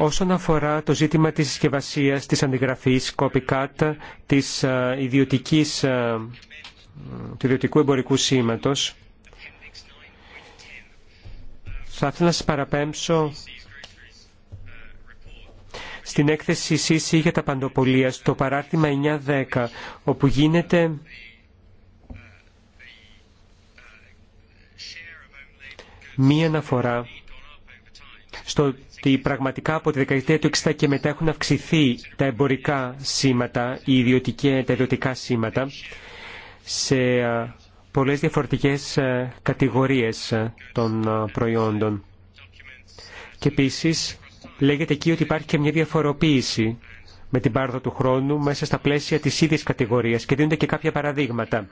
Όσον αφορά το ζήτημα της συσκευασία, της αντιγραφής, copycat, της ε, ιδιωτικής, ε, του ιδιωτικού εμπορικού σήματος, θα ήθελα να σας παραπέμψω στην έκθεση ΣΥΣΥ για τα παντοπολία, στο παράρτημα 9-10, όπου γίνεται μία αναφορά στο ότι πραγματικά από τη δεκαετία του 1960 και μετά έχουν αυξηθεί τα εμπορικά σήματα, οι ιδιωτικές, τα ιδιωτικά σήματα, σε πολλές διαφορετικές κατηγορίες των προϊόντων. Και επίσης λέγεται εκεί ότι υπάρχει και μια διαφοροποίηση με την πάρδο του χρόνου μέσα στα πλαίσια της ίδιας κατηγορίας και δίνονται και κάποια παραδείγματα.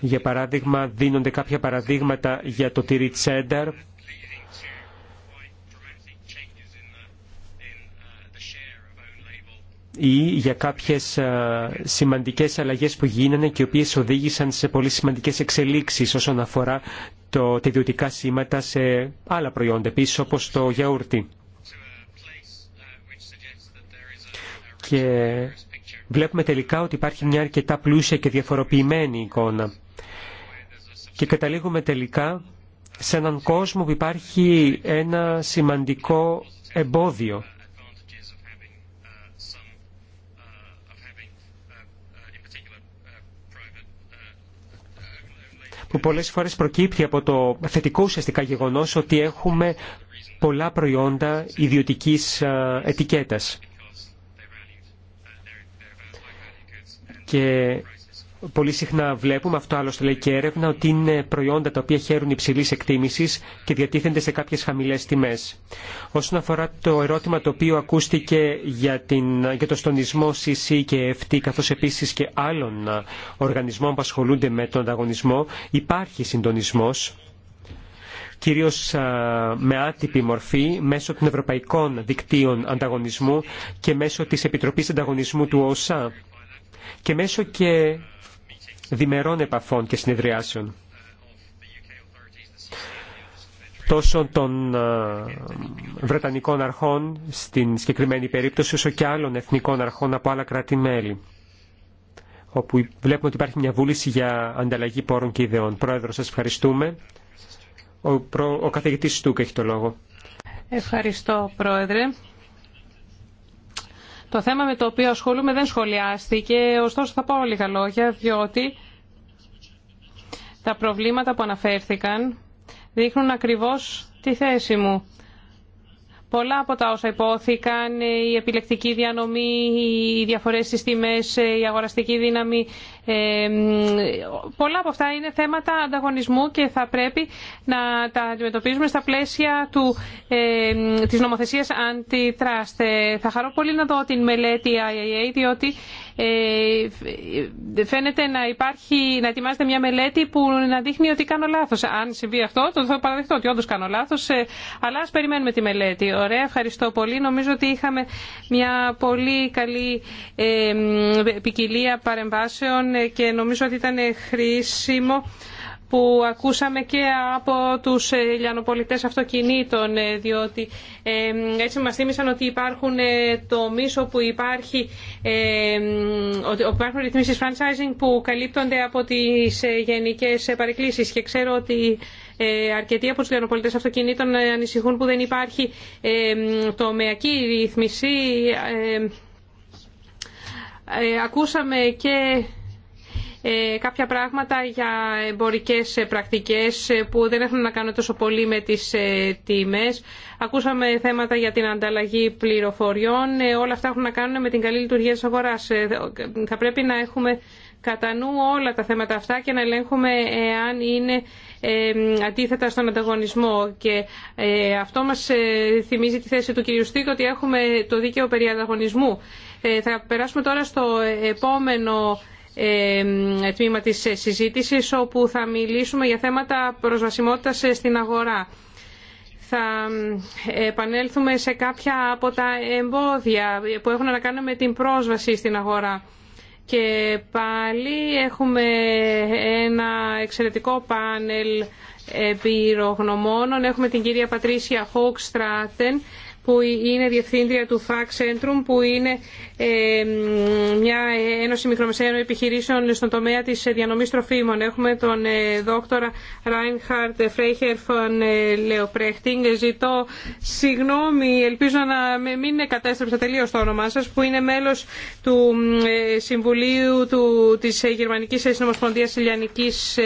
Για παράδειγμα, δίνονται κάποια παραδείγματα για το τυρί τσένταρ ή για κάποιες ε, σημαντικές αλλαγές που γίνανε και οι οποίες οδήγησαν σε πολύ σημαντικές εξελίξεις όσον αφορά το, τα ιδιωτικά σήματα σε άλλα προϊόντα επίσης όπως το γιαούρτι. Και βλέπουμε τελικά ότι υπάρχει μια αρκετά πλούσια και διαφοροποιημένη εικόνα. Και καταλήγουμε τελικά σε έναν κόσμο που υπάρχει ένα σημαντικό εμπόδιο που πολλές φορές προκύπτει από το θετικό ουσιαστικά γεγονός ότι έχουμε πολλά προϊόντα ιδιωτικής ε, ετικέτας. Και πολύ συχνά βλέπουμε, αυτό άλλωστε λέει και έρευνα, ότι είναι προϊόντα τα οποία χαίρουν υψηλή εκτίμηση και διατίθενται σε κάποιε χαμηλέ τιμέ. Όσον αφορά το ερώτημα το οποίο ακούστηκε για, την, για το στονισμό CC και FT, καθώ επίση και άλλων οργανισμών που ασχολούνται με τον ανταγωνισμό, υπάρχει συντονισμό κυρίως με άτυπη μορφή, μέσω των Ευρωπαϊκών Δικτύων Ανταγωνισμού και μέσω της Επιτροπής Ανταγωνισμού του ΟΣΑ και μέσω και διμερών επαφών και συνεδριάσεων τόσο των Βρετανικών αρχών στην συγκεκριμένη περίπτωση όσο και άλλων εθνικών αρχών από άλλα κράτη-μέλη όπου βλέπουμε ότι υπάρχει μια βούληση για ανταλλαγή πόρων και ιδεών. Πρόεδρο, σας ευχαριστούμε. Ο, προ... ο καθηγητής Στούκ έχει το λόγο. Ευχαριστώ, Πρόεδρε. Το θέμα με το οποίο ασχολούμαι δεν σχολιάστηκε, ωστόσο θα πω λίγα λόγια, διότι τα προβλήματα που αναφέρθηκαν δείχνουν ακριβώς τη θέση μου. Πολλά από τα όσα υπόθηκαν, η επιλεκτική διανομή, οι διαφορές στις τιμές, η αγοραστική δύναμη, ε, πολλά από αυτά είναι θέματα ανταγωνισμού και θα πρέπει να τα αντιμετωπίζουμε στα πλαίσια του, ε, της νομοθεσίας αντιτράστη. Ε, θα χαρώ πολύ να δω την μελέτη IAA, διότι ε, ε, φαίνεται να υπάρχει, να ετοιμάζεται μια μελέτη που να δείχνει ότι κάνω λάθο. Αν συμβεί αυτό, το θα παραδεχτώ ότι όντω κάνω λάθος, ε, αλλά α περιμένουμε τη μελέτη. Ωραία, ευχαριστώ πολύ. Νομίζω ότι είχαμε μια πολύ καλή ποικιλία παρεμβάσεων και νομίζω ότι ήταν χρήσιμο που ακούσαμε και από τους ε, λιανοπολιτές αυτοκινήτων, ε, διότι ε, έτσι μας θύμισαν ότι υπάρχουν το μίσο που υπάρχει, υπάρχουν ρυθμίσεις franchising που καλύπτονται από τις γενικές παρεκκλήσεις και ξέρω ότι αρκετοί από τους λιανοπολιτές αυτοκινήτων ανησυχούν που δεν υπάρχει τομεακή ρύθμιση. Ακούσαμε και ε, κάποια πράγματα για εμπορικές πρακτικές που δεν έχουν να κάνουν τόσο πολύ με τις ε, τιμές. Ακούσαμε θέματα για την ανταλλαγή πληροφοριών. Ε, όλα αυτά έχουν να κάνουν με την καλή λειτουργία της αγοράς. Θα πρέπει να έχουμε κατά νου όλα τα θέματα αυτά και να ελέγχουμε αν είναι αντίθετα στον ανταγωνισμό. Και αυτό μας θυμίζει τη θέση του κυρίου Στίκ ότι έχουμε το δίκαιο περί ανταγωνισμού. Θα περάσουμε τώρα στο επόμενο ε, τμήμα της συζήτησης όπου θα μιλήσουμε για θέματα προσβασιμότητας στην αγορά. Θα ε, επανέλθουμε σε κάποια από τα εμπόδια που έχουν να κάνουν με την πρόσβαση στην αγορά. Και πάλι έχουμε ένα εξαιρετικό πάνελ εμπειρογνωμόνων. Έχουμε την κυρία Πατρίσια Χόκστρατεν που είναι διευθύντρια του FAC Centrum, που είναι ε, μια ένωση μικρομεσαίων επιχειρήσεων στον τομέα της διανομής τροφίμων. Έχουμε τον ε, δόκτορα Reinhard Freicher von ε, Leoprechting. Ζητώ συγγνώμη, ελπίζω να μην κατέστρεψα τελείω το όνομά σας, που είναι μέλος του Συμβουλίου του, της Γερμανικής Συνομοσπονδίας Ιλιανικής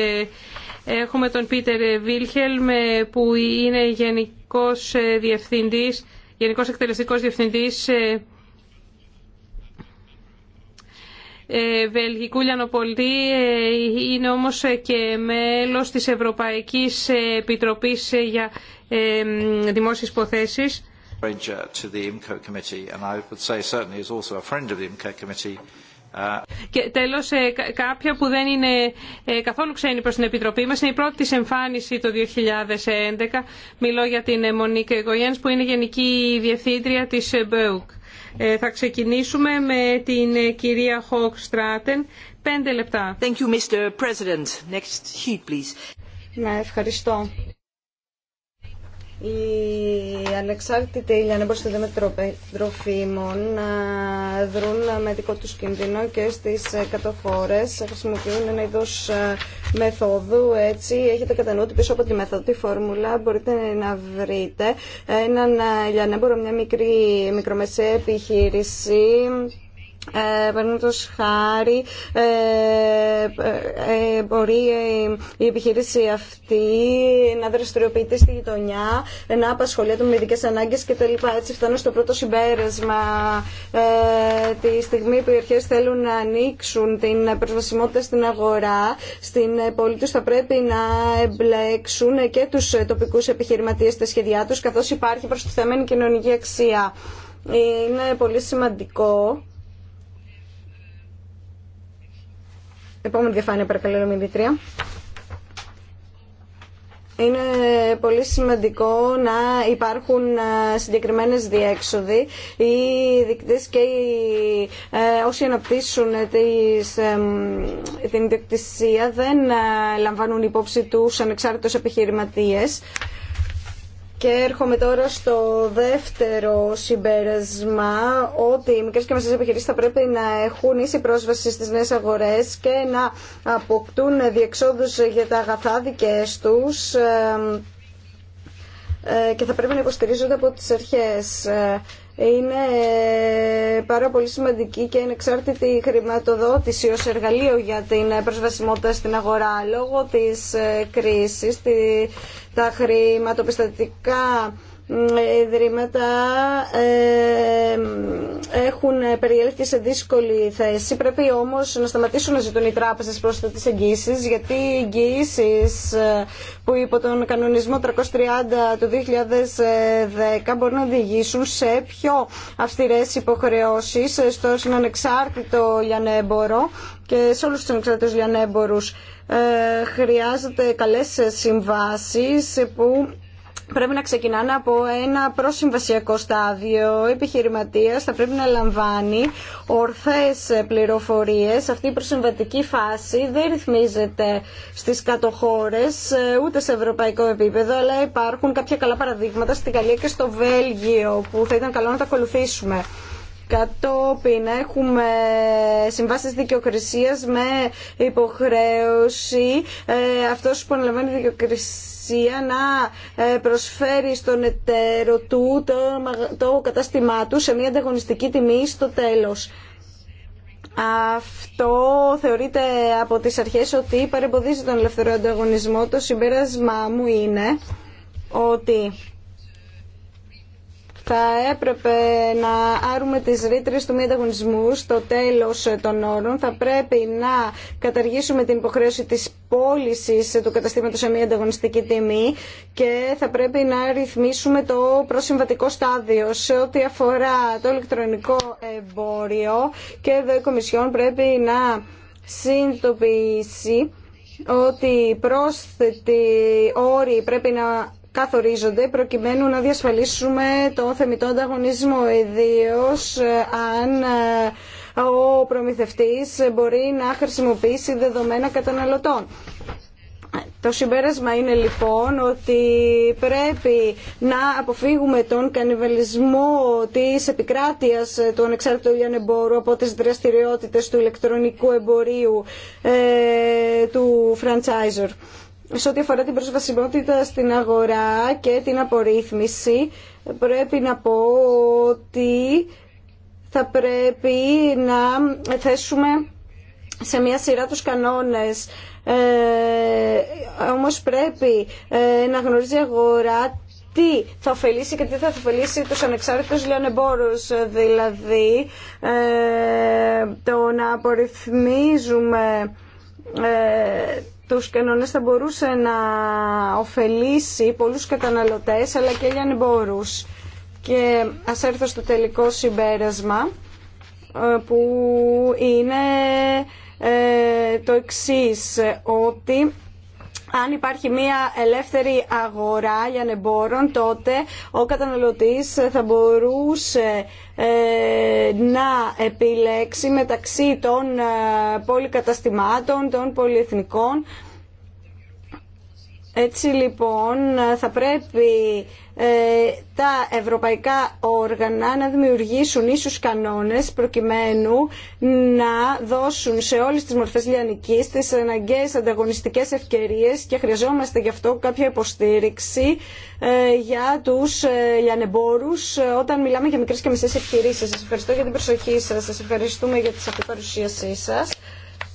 Έχουμε τον Πίτερ Βίλχελμ που είναι γενικός διευθυντής Γενικός Εκτελεστικός Διευθυντής ε, ε, Βελγικού Λιανοπολιτή ε, είναι όμως και μέλος της Ευρωπαϊκής Επιτροπής για Δημόσιες Υποθέσεις. Και τέλος, ε, κάποια που δεν είναι ε, καθόλου ξένη προς την Επιτροπή μας, είναι η πρώτη της εμφάνιση το 2011. Μιλώ για την ε, Μονίκ Γογιένς που είναι Γενική Διευθύντρια της ΜΠΕΟΚ. Θα ξεκινήσουμε με την κυρία Χοκ Στράτεν. Πέντε λεπτά. Thank you, Mr. President. Next ναι, ευχαριστώ οι ανεξάρτητοι λιανέμποροι να δέμα τροφίμων δρούν με δικό του κίνδυνο και στις ε, κατοφόρε χρησιμοποιούν ένα είδος μεθόδου έτσι έχετε κατά νου ότι πίσω από τη μεθόδου τη φόρμουλα μπορείτε να βρείτε έναν λιανέμπορο ε, μια μικρή μικρομεσαία επιχείρηση ε, Παραδείγματο χάρη, ε, ε, ε, μπορεί η επιχείρηση αυτή να δραστηριοποιείται στη γειτονιά, να απασχολείται με ειδικέ ανάγκε κτλ. Έτσι φτάνω στο πρώτο συμπέρασμα. Ε, τη στιγμή που οι αρχέ θέλουν να ανοίξουν την προσβασιμότητα στην αγορά, στην πόλη του θα πρέπει να εμπλέξουν και του τοπικού επιχειρηματίε στα σχέδιά του, καθώ υπάρχει προστιθέμενη κοινωνική αξία. Είναι πολύ σημαντικό Επόμενη διαφάνεια παρακαλώ, Είναι πολύ σημαντικό να υπάρχουν ε, συγκεκριμένες διέξοδοι. Οι δικτές και ε, όσοι αναπτύσσουν τις, την ιδιοκτησία δεν ε, λαμβάνουν υπόψη τους ανεξάρτητους επιχειρηματίες και έρχομαι τώρα στο δεύτερο συμπέρασμα ότι οι μικρές και μεσαίες επιχειρήσεις θα πρέπει να έχουν ίση πρόσβαση στις νέες αγορές και να αποκτούν διεξόδους για τα αγαθά δικές τους ε, ε, και θα πρέπει να υποστηρίζονται από τις αρχές. Ε, είναι ε, πάρα πολύ σημαντική και είναι εξάρτητη η χρηματοδότηση ως εργαλείο για την ε, προσβασιμότητα στην αγορά. Λόγω της ε, κρίσης, τα χρηματοπιστωτικά ιδρύματα ε, έχουν περιέλθει σε δύσκολη θέση. Πρέπει όμως να σταματήσουν να ζητούν οι τράπεζες τις εγγύσεις, γιατί οι εγγύησεις ε, που υπό τον κανονισμό 330 του 2010 μπορούν να οδηγήσουν σε πιο αυστηρές υποχρεώσεις στον ανεξάρτητο λιανέμπορο και σε όλους τους ανεξάρτητους λιανέμπορους. Ε, χρειάζεται καλές συμβάσεις που πρέπει να ξεκινάνε από ένα προσυμβασιακό στάδιο. Ο επιχειρηματίας θα πρέπει να λαμβάνει ορθές πληροφορίες. Αυτή η προσυμβατική φάση δεν ρυθμίζεται στις κατοχώρες ε, ούτε σε ευρωπαϊκό επίπεδο, αλλά υπάρχουν κάποια καλά παραδείγματα στην Γαλλία και στο Βέλγιο που θα ήταν καλό να τα ακολουθήσουμε. Κατόπιν έχουμε συμβάσει δικαιοκρισία με υποχρέωση ε, αυτός που αναλαμβάνει δικαιοκρισία να ε, προσφέρει στον εταίρο του το, το κατάστημά του σε μια ανταγωνιστική τιμή στο τέλος. Αυτό θεωρείται από τις αρχές ότι παρεμποδίζει τον ελευθερό ανταγωνισμό. Το συμπέρασμά μου είναι ότι θα έπρεπε να άρουμε τις ρήτρε του μη ανταγωνισμού στο τέλος των όρων. Θα πρέπει να καταργήσουμε την υποχρέωση της πώληση του καταστήματος σε μη ανταγωνιστική τιμή και θα πρέπει να ρυθμίσουμε το προσυμβατικό στάδιο σε ό,τι αφορά το ηλεκτρονικό εμπόριο και εδώ η Κομισιόν πρέπει να συνειδητοποιήσει ότι πρόσθετοι όροι πρέπει να καθορίζονται προκειμένου να διασφαλίσουμε το θεμητό ανταγωνισμό, ιδίω ε, αν ε, ο προμηθευτής μπορεί να χρησιμοποιήσει δεδομένα καταναλωτών. Το συμπέρασμα είναι λοιπόν ότι πρέπει να αποφύγουμε τον κανιβαλισμό της επικράτειας του ανεξάρτητου λιανεμπόρου από τις δραστηριότητες του ηλεκτρονικού εμπορίου ε, του franchiser σε ό,τι αφορά την προσβασιμότητα στην αγορά και την απορρίθμιση, πρέπει να πω ότι θα πρέπει να θέσουμε σε μια σειρά τους κανόνες. Ε, όμως πρέπει ε, να γνωρίζει η αγορά τι θα ωφελήσει και τι θα ωφελήσει τους ανεξάρτητους λιονεμπόρους. Δηλαδή, ε, το να απορριθμίζουμε... Ε, τους κανόνες θα μπορούσε να ωφελήσει πολλούς καταναλωτές αλλά και λιανεμπόρους. Και ας έρθω στο τελικό συμπέρασμα ε, που είναι ε, το εξής, ότι αν υπάρχει μια ελεύθερη αγορά για ανεμπόρων, τότε ο καταναλωτής θα μπορούσε ε, να επιλέξει μεταξύ των ε, πολυκαταστημάτων, των πολυεθνικών έτσι λοιπόν θα πρέπει ε, τα ευρωπαϊκά όργανα να δημιουργήσουν ίσους κανόνες προκειμένου να δώσουν σε όλες τις μορφές λιανικής τις αναγκαίες ανταγωνιστικές ευκαιρίες και χρειαζόμαστε γι' αυτό κάποια υποστήριξη ε, για τους ε, λιανεμπόρους ε, όταν μιλάμε για μικρές και μισές επιχειρήσεις. Σας ευχαριστώ για την προσοχή σας, σας ευχαριστούμε για τη παρουσίασή σας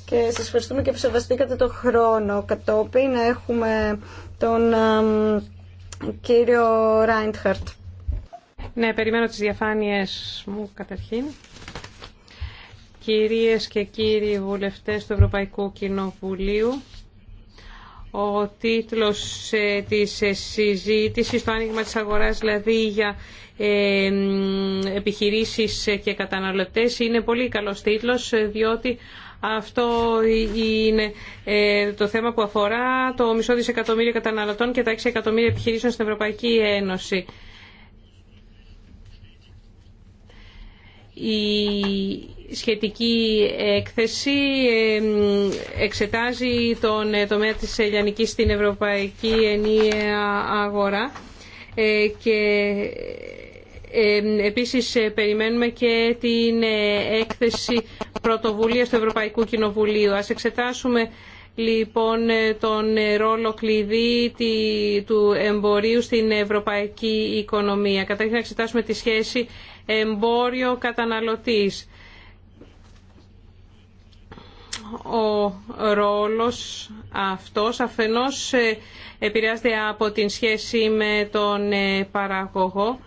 και σας ευχαριστούμε και που σεβαστήκατε το χρόνο. Κατόπιν έχουμε τον κύριο Ράιντχαρτ. Ναι, περιμένω τις διαφάνειες μου καταρχήν. Κυρίες και κύριοι βουλευτές του Ευρωπαϊκού Κοινοβουλίου, ο τίτλος ε, της ε, συζήτησης, το άνοιγμα της αγοράς δηλαδή για επιχειρήσεις και καταναλωτές, είναι πολύ καλός τίτλος διότι αυτό είναι ε, το θέμα που αφορά το μισό δισεκατομμύριο καταναλωτών και τα 6 εκατομμύρια επιχειρήσεων στην Ευρωπαϊκή Ένωση. Η σχετική έκθεση εξετάζει τον ε, τομέα της λιανικής στην Ευρωπαϊκή Ενία Αγορά ε, και Επίσης ε, περιμένουμε και την ε, έκθεση πρωτοβουλίας του Ευρωπαϊκού Κοινοβουλίου. Ας εξετάσουμε λοιπόν ε, τον ρόλο κλειδί του εμπορίου στην ευρωπαϊκή οικονομία. Καταρχήν να εξετάσουμε τη σχέση εμπόριο-καταναλωτής. Ο ρόλος αυτός αφενός επηρεάζεται από την σχέση με τον παραγωγό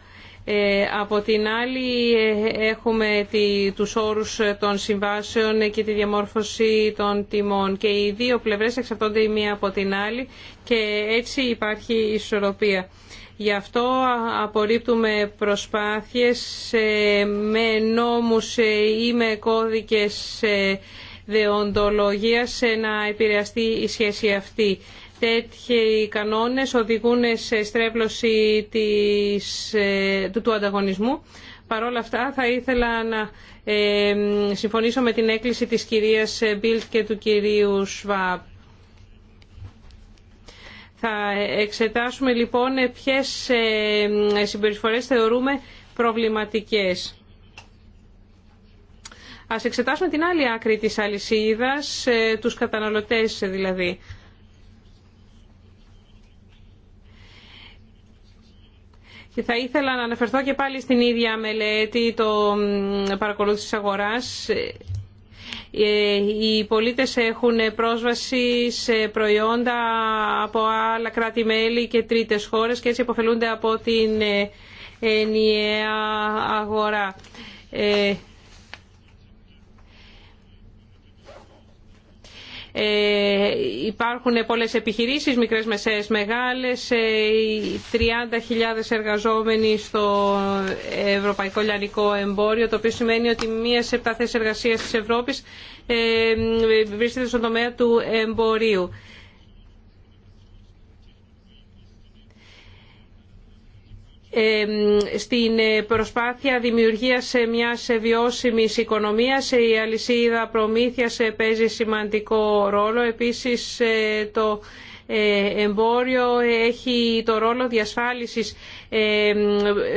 ε, από την άλλη ε, έχουμε τους όρους των συμβάσεων και τη διαμόρφωση των τιμών και οι δύο πλευρές εξαρτώνται η μία από την άλλη και έτσι υπάρχει ισορροπία. Γι' αυτό απορρίπτουμε προσπάθειες ε, με νόμους ή με κώδικες δεοντολογίας να επηρεαστεί η σχέση αυτή τέτοιοι κανόνες οδηγούν σε στρέβλωση της, ε, του ανταγωνισμού. Παρ' όλα αυτά θα ήθελα να ε, συμφωνήσω με την έκκληση της κυρίας Μπίλτ και του κυρίου Σβάπ. Θα εξετάσουμε λοιπόν ποιες ε, συμπεριφορές θεωρούμε προβληματικές. Ας εξετάσουμε την άλλη άκρη της αλυσίδας, τους καταναλωτές δηλαδή. Και θα ήθελα να αναφερθώ και πάλι στην ίδια μελέτη το παρακολούθηση αγοράς. Ε, οι πολίτες έχουν πρόσβαση σε προϊόντα από άλλα κράτη-μέλη και τρίτες χώρες και έτσι υποφελούνται από την ε, ενιαία αγορά. Ε, Ε, υπάρχουν πολλές επιχειρήσεις, μικρές, μεσαίες, μεγάλες, 30.000 ε, εργαζόμενοι στο ευρωπαϊκό λιανικό εμπόριο, το οποίο σημαίνει ότι μία σε επτά θέσεις εργασίας της Ευρώπης ε, βρίσκεται στον τομέα του εμπορίου. στην ε, προσπάθεια δημιουργίας ε, μιας ε, βιώσιμης οικονομίας η αλυσίδα προμήθειας παίζει σημαντικό ρόλο. Επίσης το εμπόριο έχει το ρόλο διασφάλισης ε,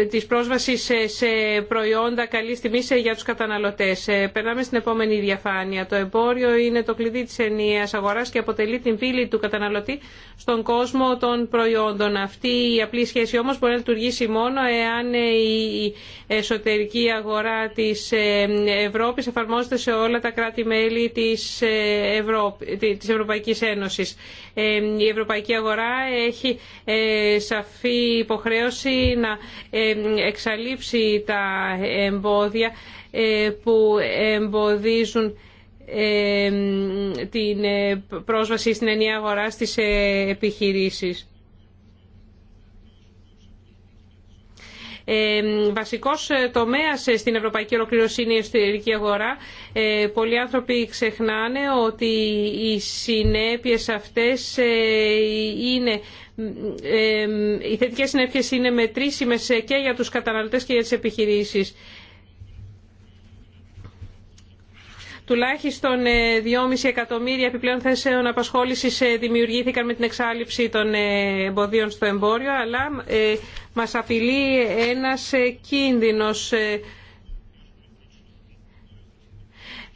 της πρόσβασης σε προϊόντα καλή τιμής ε, για τους καταναλωτές. Ε, περνάμε στην επόμενη διαφάνεια. Το εμπόριο είναι το κλειδί της ενιαίας αγοράς και αποτελεί την πύλη του καταναλωτή στον κόσμο των προϊόντων. Αυτή η απλή σχέση όμως μπορεί να λειτουργήσει μόνο εάν η εσωτερική αγορά της Ευρώπης εφαρμόζεται σε όλα τα κράτη-μέλη της, Ευρω... της Ευρωπαϊκής Ένωσης. Η ευρωπαϊκή αγορά έχει σαφή υποχρέωση να εξαλείψει τα εμπόδια ε, που εμποδίζουν την ε, πρόσβαση στην ενιαία αγορά στις ε, επιχειρήσεις. Βασικός τομέας στην ευρωπαϊκή ολοκλήρωση είναι η εσωτερική αγορά. Πολλοί άνθρωποι ξεχνάνε ότι οι συνέπειες αυτές είναι ε, ε, οι θετικές συνέπειες είναι μετρήσιμες και για τους καταναλωτές και για τις επιχειρήσεις. Τουλάχιστον 2,5 ε, εκατομμύρια επιπλέον θέσεων απασχόλησης δημιουργήθηκαν με την εξάλληψη των εμποδίων στο εμπόριο, αλλά μας απειλεί ένας κίνδυνος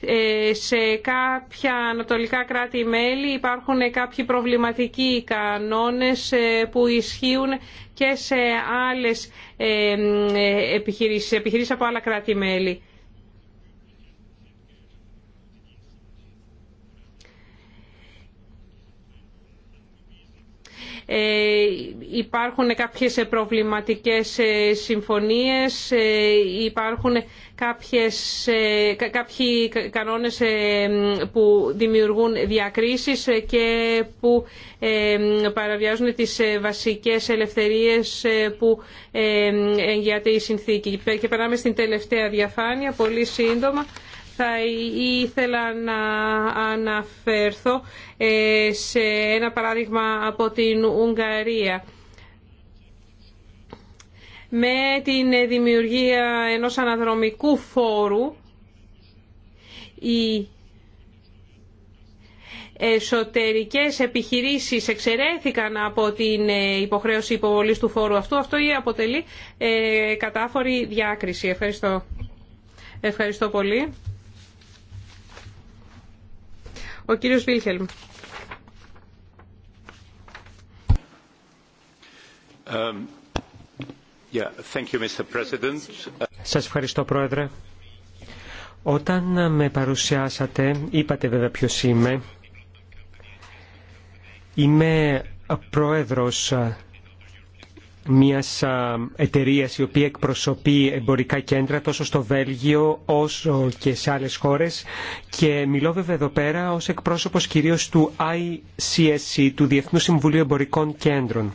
ε, σε κάποια ανατολικά κράτη-μέλη υπάρχουν κάποιοι προβληματικοί κανόνες ε, που ισχύουν και σε άλλες ε, επιχειρήσεις, επιχειρήσεις από άλλα κράτη-μέλη. Ε, υπάρχουν κάποιες προβληματικές ε, συμφωνίες, ε, υπάρχουν κάποιες, κάποιοι κανόνες που δημιουργούν διακρίσεις και που παραβιάζουν τις βασικές ελευθερίες που εγγυάται η συνθήκη. Και περνάμε στην τελευταία διαφάνεια, πολύ σύντομα θα ήθελα να αναφερθώ ε, σε ένα παράδειγμα από την Ουγγαρία. Με την δημιουργία ενός αναδρομικού φόρου, οι εσωτερικές επιχειρήσεις εξαιρέθηκαν από την ε, υποχρέωση υποβολής του φόρου αυτού. Αυτό ή αποτελεί ε, κατάφορη διάκριση. Ευχαριστώ. Ευχαριστώ πολύ. Ο κύριος Βίλχελμ. Um, Σας ευχαριστώ, Πρόεδρε. Όταν με παρουσιάσατε, είπατε βέβαια ποιος είμαι. Είμαι πρόεδρος μιας εταιρείας η οποία εκπροσωπεί εμπορικά κέντρα τόσο στο Βέλγιο όσο και σε άλλες χώρες και μιλώ βέβαια εδώ πέρα ως εκπρόσωπος κυρίως του ICSC, του Διεθνού Συμβουλίου Εμπορικών Κέντρων.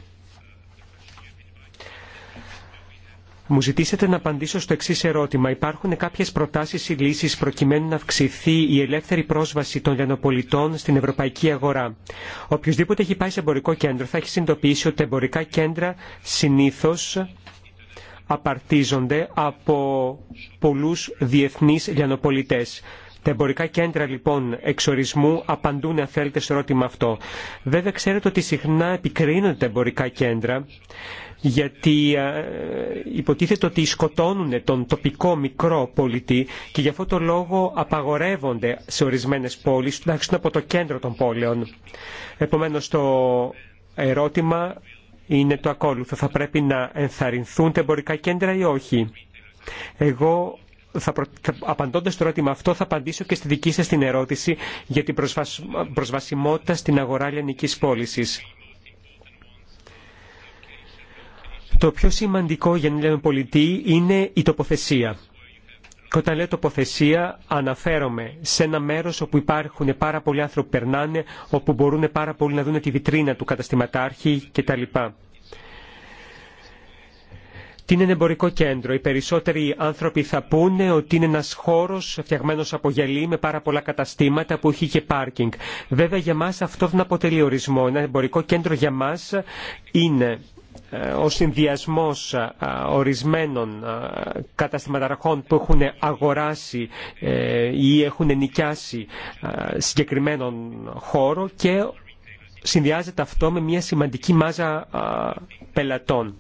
Μου ζητήσετε να απαντήσω στο εξή ερώτημα. Υπάρχουν κάποιε προτάσει ή λύσει προκειμένου να αυξηθεί η ελεύθερη πρόσβαση των λιανοπολιτών στην ευρωπαϊκή αγορά. Οποιοδήποτε έχει πάει σε εμπορικό κέντρο θα έχει συνειδητοποιήσει ότι εμπορικά κέντρα συνήθω απαρτίζονται από πολλού διεθνεί λιανοπολιτέ. Τα εμπορικά κέντρα λοιπόν εξορισμού απαντούν, αν θέλετε, στο ερώτημα αυτό. Βέβαια, ξέρετε ότι συχνά επικρίνονται τα εμπορικά κέντρα γιατί ε, υποτίθεται ότι σκοτώνουν τον τοπικό μικρό πολιτή και γι' αυτό το λόγο απαγορεύονται σε ορισμένες πόλεις, τουλάχιστον από το κέντρο των πόλεων. Επομένως το ερώτημα είναι το ακόλουθο. Θα πρέπει να ενθαρρυνθούν τα εμπορικά κέντρα ή όχι. Εγώ θα προ... απαντώντας στο ερώτημα αυτό θα απαντήσω και στη δική σα την ερώτηση για την προσβασιμότητα στην αγορά λιανικής πώληση. Το πιο σημαντικό για να λέμε πολιτή είναι η τοποθεσία. Και όταν λέω τοποθεσία αναφέρομαι σε ένα μέρος όπου υπάρχουν πάρα πολλοί άνθρωποι που περνάνε, όπου μπορούν πάρα πολλοί να δουν τη βιτρίνα του καταστηματάρχη κτλ. Τι είναι ένα εμπορικό κέντρο. Οι περισσότεροι άνθρωποι θα πούνε ότι είναι ένας χώρος φτιαγμένος από γελί με πάρα πολλά καταστήματα που έχει και πάρκινγκ. Βέβαια για μας αυτό δεν αποτελεί ορισμό. Ένα εμπορικό κέντρο για μας είναι ε, ο συνδυασμός ε, ορισμένων ε, καταστηματαρχών που έχουν αγοράσει ή έχουν νοικιάσει συγκεκριμένον χώρο και συνδυάζεται αυτό με μια σημαντική μάζα πελατών.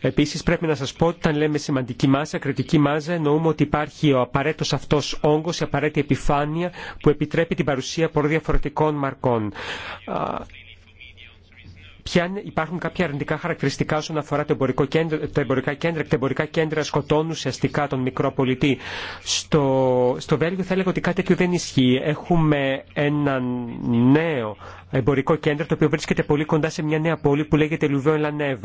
Επίση, πρέπει να σα πω ότι όταν λέμε σημαντική μάζα, κριτική μάζα, εννοούμε ότι υπάρχει ο απαραίτητο αυτό όγκο, η απαραίτητη επιφάνεια που επιτρέπει την παρουσία πολλών διαφορετικών μαρκών. Ποια υπάρχουν κάποια αρνητικά χαρακτηριστικά όσον αφορά το εμπορικό κέντρο, τα εμπορικά κέντρα. Τα εμπορικά κέντρα σκοτώνουν ουσιαστικά τον μικρό πολιτή. Στο, στο Βέλγιο θα έλεγα ότι κάτι τέτοιο δεν ισχύει. Έχουμε ένα νέο εμπορικό κέντρο το οποίο βρίσκεται πολύ κοντά σε μια νέα πόλη που λέγεται Λουβέο Λανέβ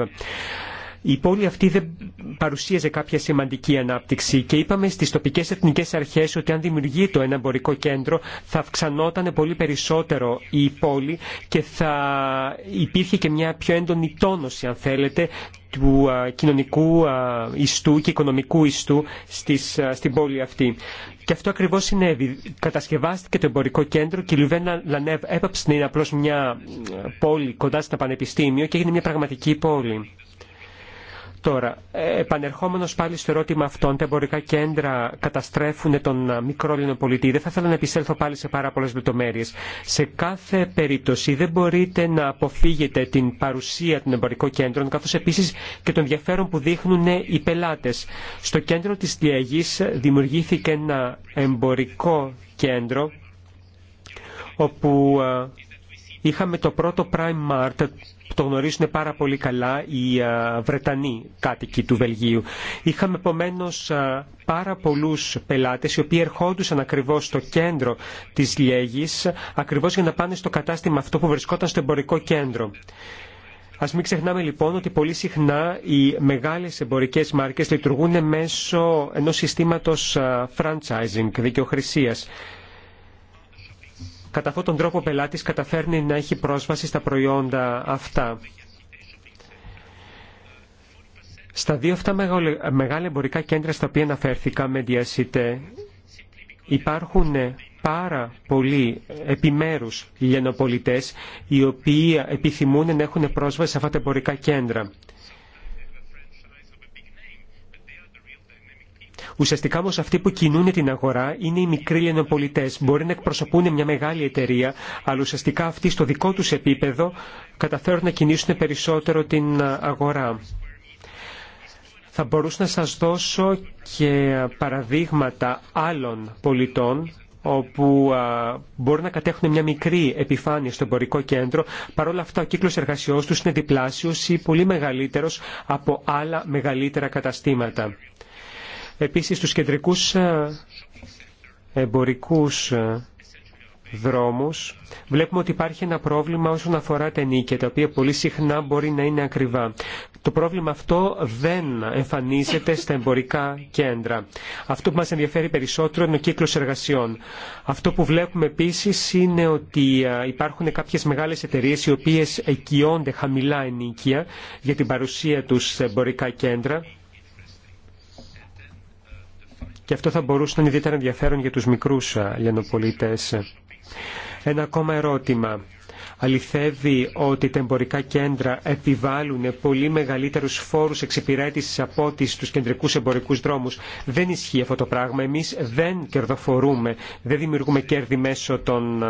η πόλη αυτή δεν παρουσίαζε κάποια σημαντική ανάπτυξη και είπαμε στις τοπικές εθνικές αρχές ότι αν δημιουργεί το ένα εμπορικό κέντρο θα αυξανόταν πολύ περισσότερο η πόλη και θα υπήρχε και μια πιο έντονη τόνωση αν θέλετε του κοινωνικού ιστού και οικονομικού ιστού στις, στην πόλη αυτή. Και αυτό ακριβώ συνέβη. Κατασκευάστηκε το εμπορικό κέντρο και η Λουβένα Λανέβ έπαψε να είναι απλώ μια πόλη κοντά στο πανεπιστήμιο και έγινε μια πραγματική πόλη. Τώρα, ε, επανερχόμενο πάλι στο ερώτημα αυτόν, τα εμπορικά κέντρα καταστρέφουν τον ε, μικρό Ελληνοπολιτή. Δεν θα ήθελα να επισέλθω πάλι σε πάρα πολλέ λεπτομέρειε. Σε κάθε περίπτωση δεν μπορείτε να αποφύγετε την παρουσία των εμπορικών κέντρων, καθώ επίσης και τον ενδιαφέρον που δείχνουν οι πελάτες. Στο κέντρο τη Διαγής δημιουργήθηκε ένα εμπορικό κέντρο, όπου ε, Είχαμε το πρώτο Prime Mart, το γνωρίζουν πάρα πολύ καλά οι Βρετανοί κάτοικοι του Βελγίου. Είχαμε επομένω πάρα πολλού πελάτε οι οποίοι ερχόντουσαν ακριβώ στο κέντρο τη Λιέγη, ακριβώ για να πάνε στο κατάστημα αυτό που βρισκόταν στο εμπορικό κέντρο. Ας μην ξεχνάμε λοιπόν ότι πολύ συχνά οι μεγάλες εμπορικές μάρκε λειτουργούν μέσω ενό συστήματο franchising, δικαιοχρησίας. Κατά αυτόν τον τρόπο ο πελάτης καταφέρνει να έχει πρόσβαση στα προϊόντα αυτά. Στα δύο αυτά μεγάλα εμπορικά κέντρα στα οποία αναφέρθηκα με διασύτε υπάρχουν πάρα πολλοί επιμέρους λιανοπολιτές οι οποίοι επιθυμούν να έχουν πρόσβαση σε αυτά τα εμπορικά κέντρα. Ουσιαστικά όμω αυτοί που κινούν την αγορά είναι οι μικροί λιανοπολιτέ. Μπορεί να εκπροσωπούν μια μεγάλη εταιρεία, αλλά ουσιαστικά αυτοί στο δικό του επίπεδο καταφέρουν να κινήσουν περισσότερο την αγορά. Θα μπορούσα να σας δώσω και παραδείγματα άλλων πολιτών όπου μπορούν να κατέχουν μια μικρή επιφάνεια στο εμπορικό κέντρο. παρόλα αυτά ο κύκλος εργασιών τους είναι διπλάσιος ή πολύ μεγαλύτερος από άλλα μεγαλύτερα καταστήματα. Επίσης τους κεντρικούς ε, εμπορικούς ε, δρόμους βλέπουμε ότι υπάρχει ένα πρόβλημα όσον αφορά τα νίκια τα οποία πολύ συχνά μπορεί να είναι ακριβά. Το πρόβλημα αυτό δεν εμφανίζεται στα εμπορικά κέντρα. Αυτό που μας ενδιαφέρει περισσότερο είναι ο κύκλος εργασιών. Αυτό που βλέπουμε επίσης είναι ότι ε, υπάρχουν κάποιες μεγάλες εταιρείες οι οποίες εκειώνται χαμηλά ενίκια για την παρουσία τους στα εμπορικά κέντρα και αυτό θα μπορούσε να είναι ιδιαίτερα ενδιαφέρον για τους μικρούς λιανοπολίτες. Ένα ακόμα ερώτημα. Αληθεύει ότι τα εμπορικά κέντρα επιβάλλουν πολύ μεγαλύτερους φόρους εξυπηρέτησης από ό,τι τους κεντρικούς εμπορικούς δρόμους. Δεν ισχύει αυτό το πράγμα. Εμείς δεν κερδοφορούμε, δεν δημιουργούμε κέρδη μέσω των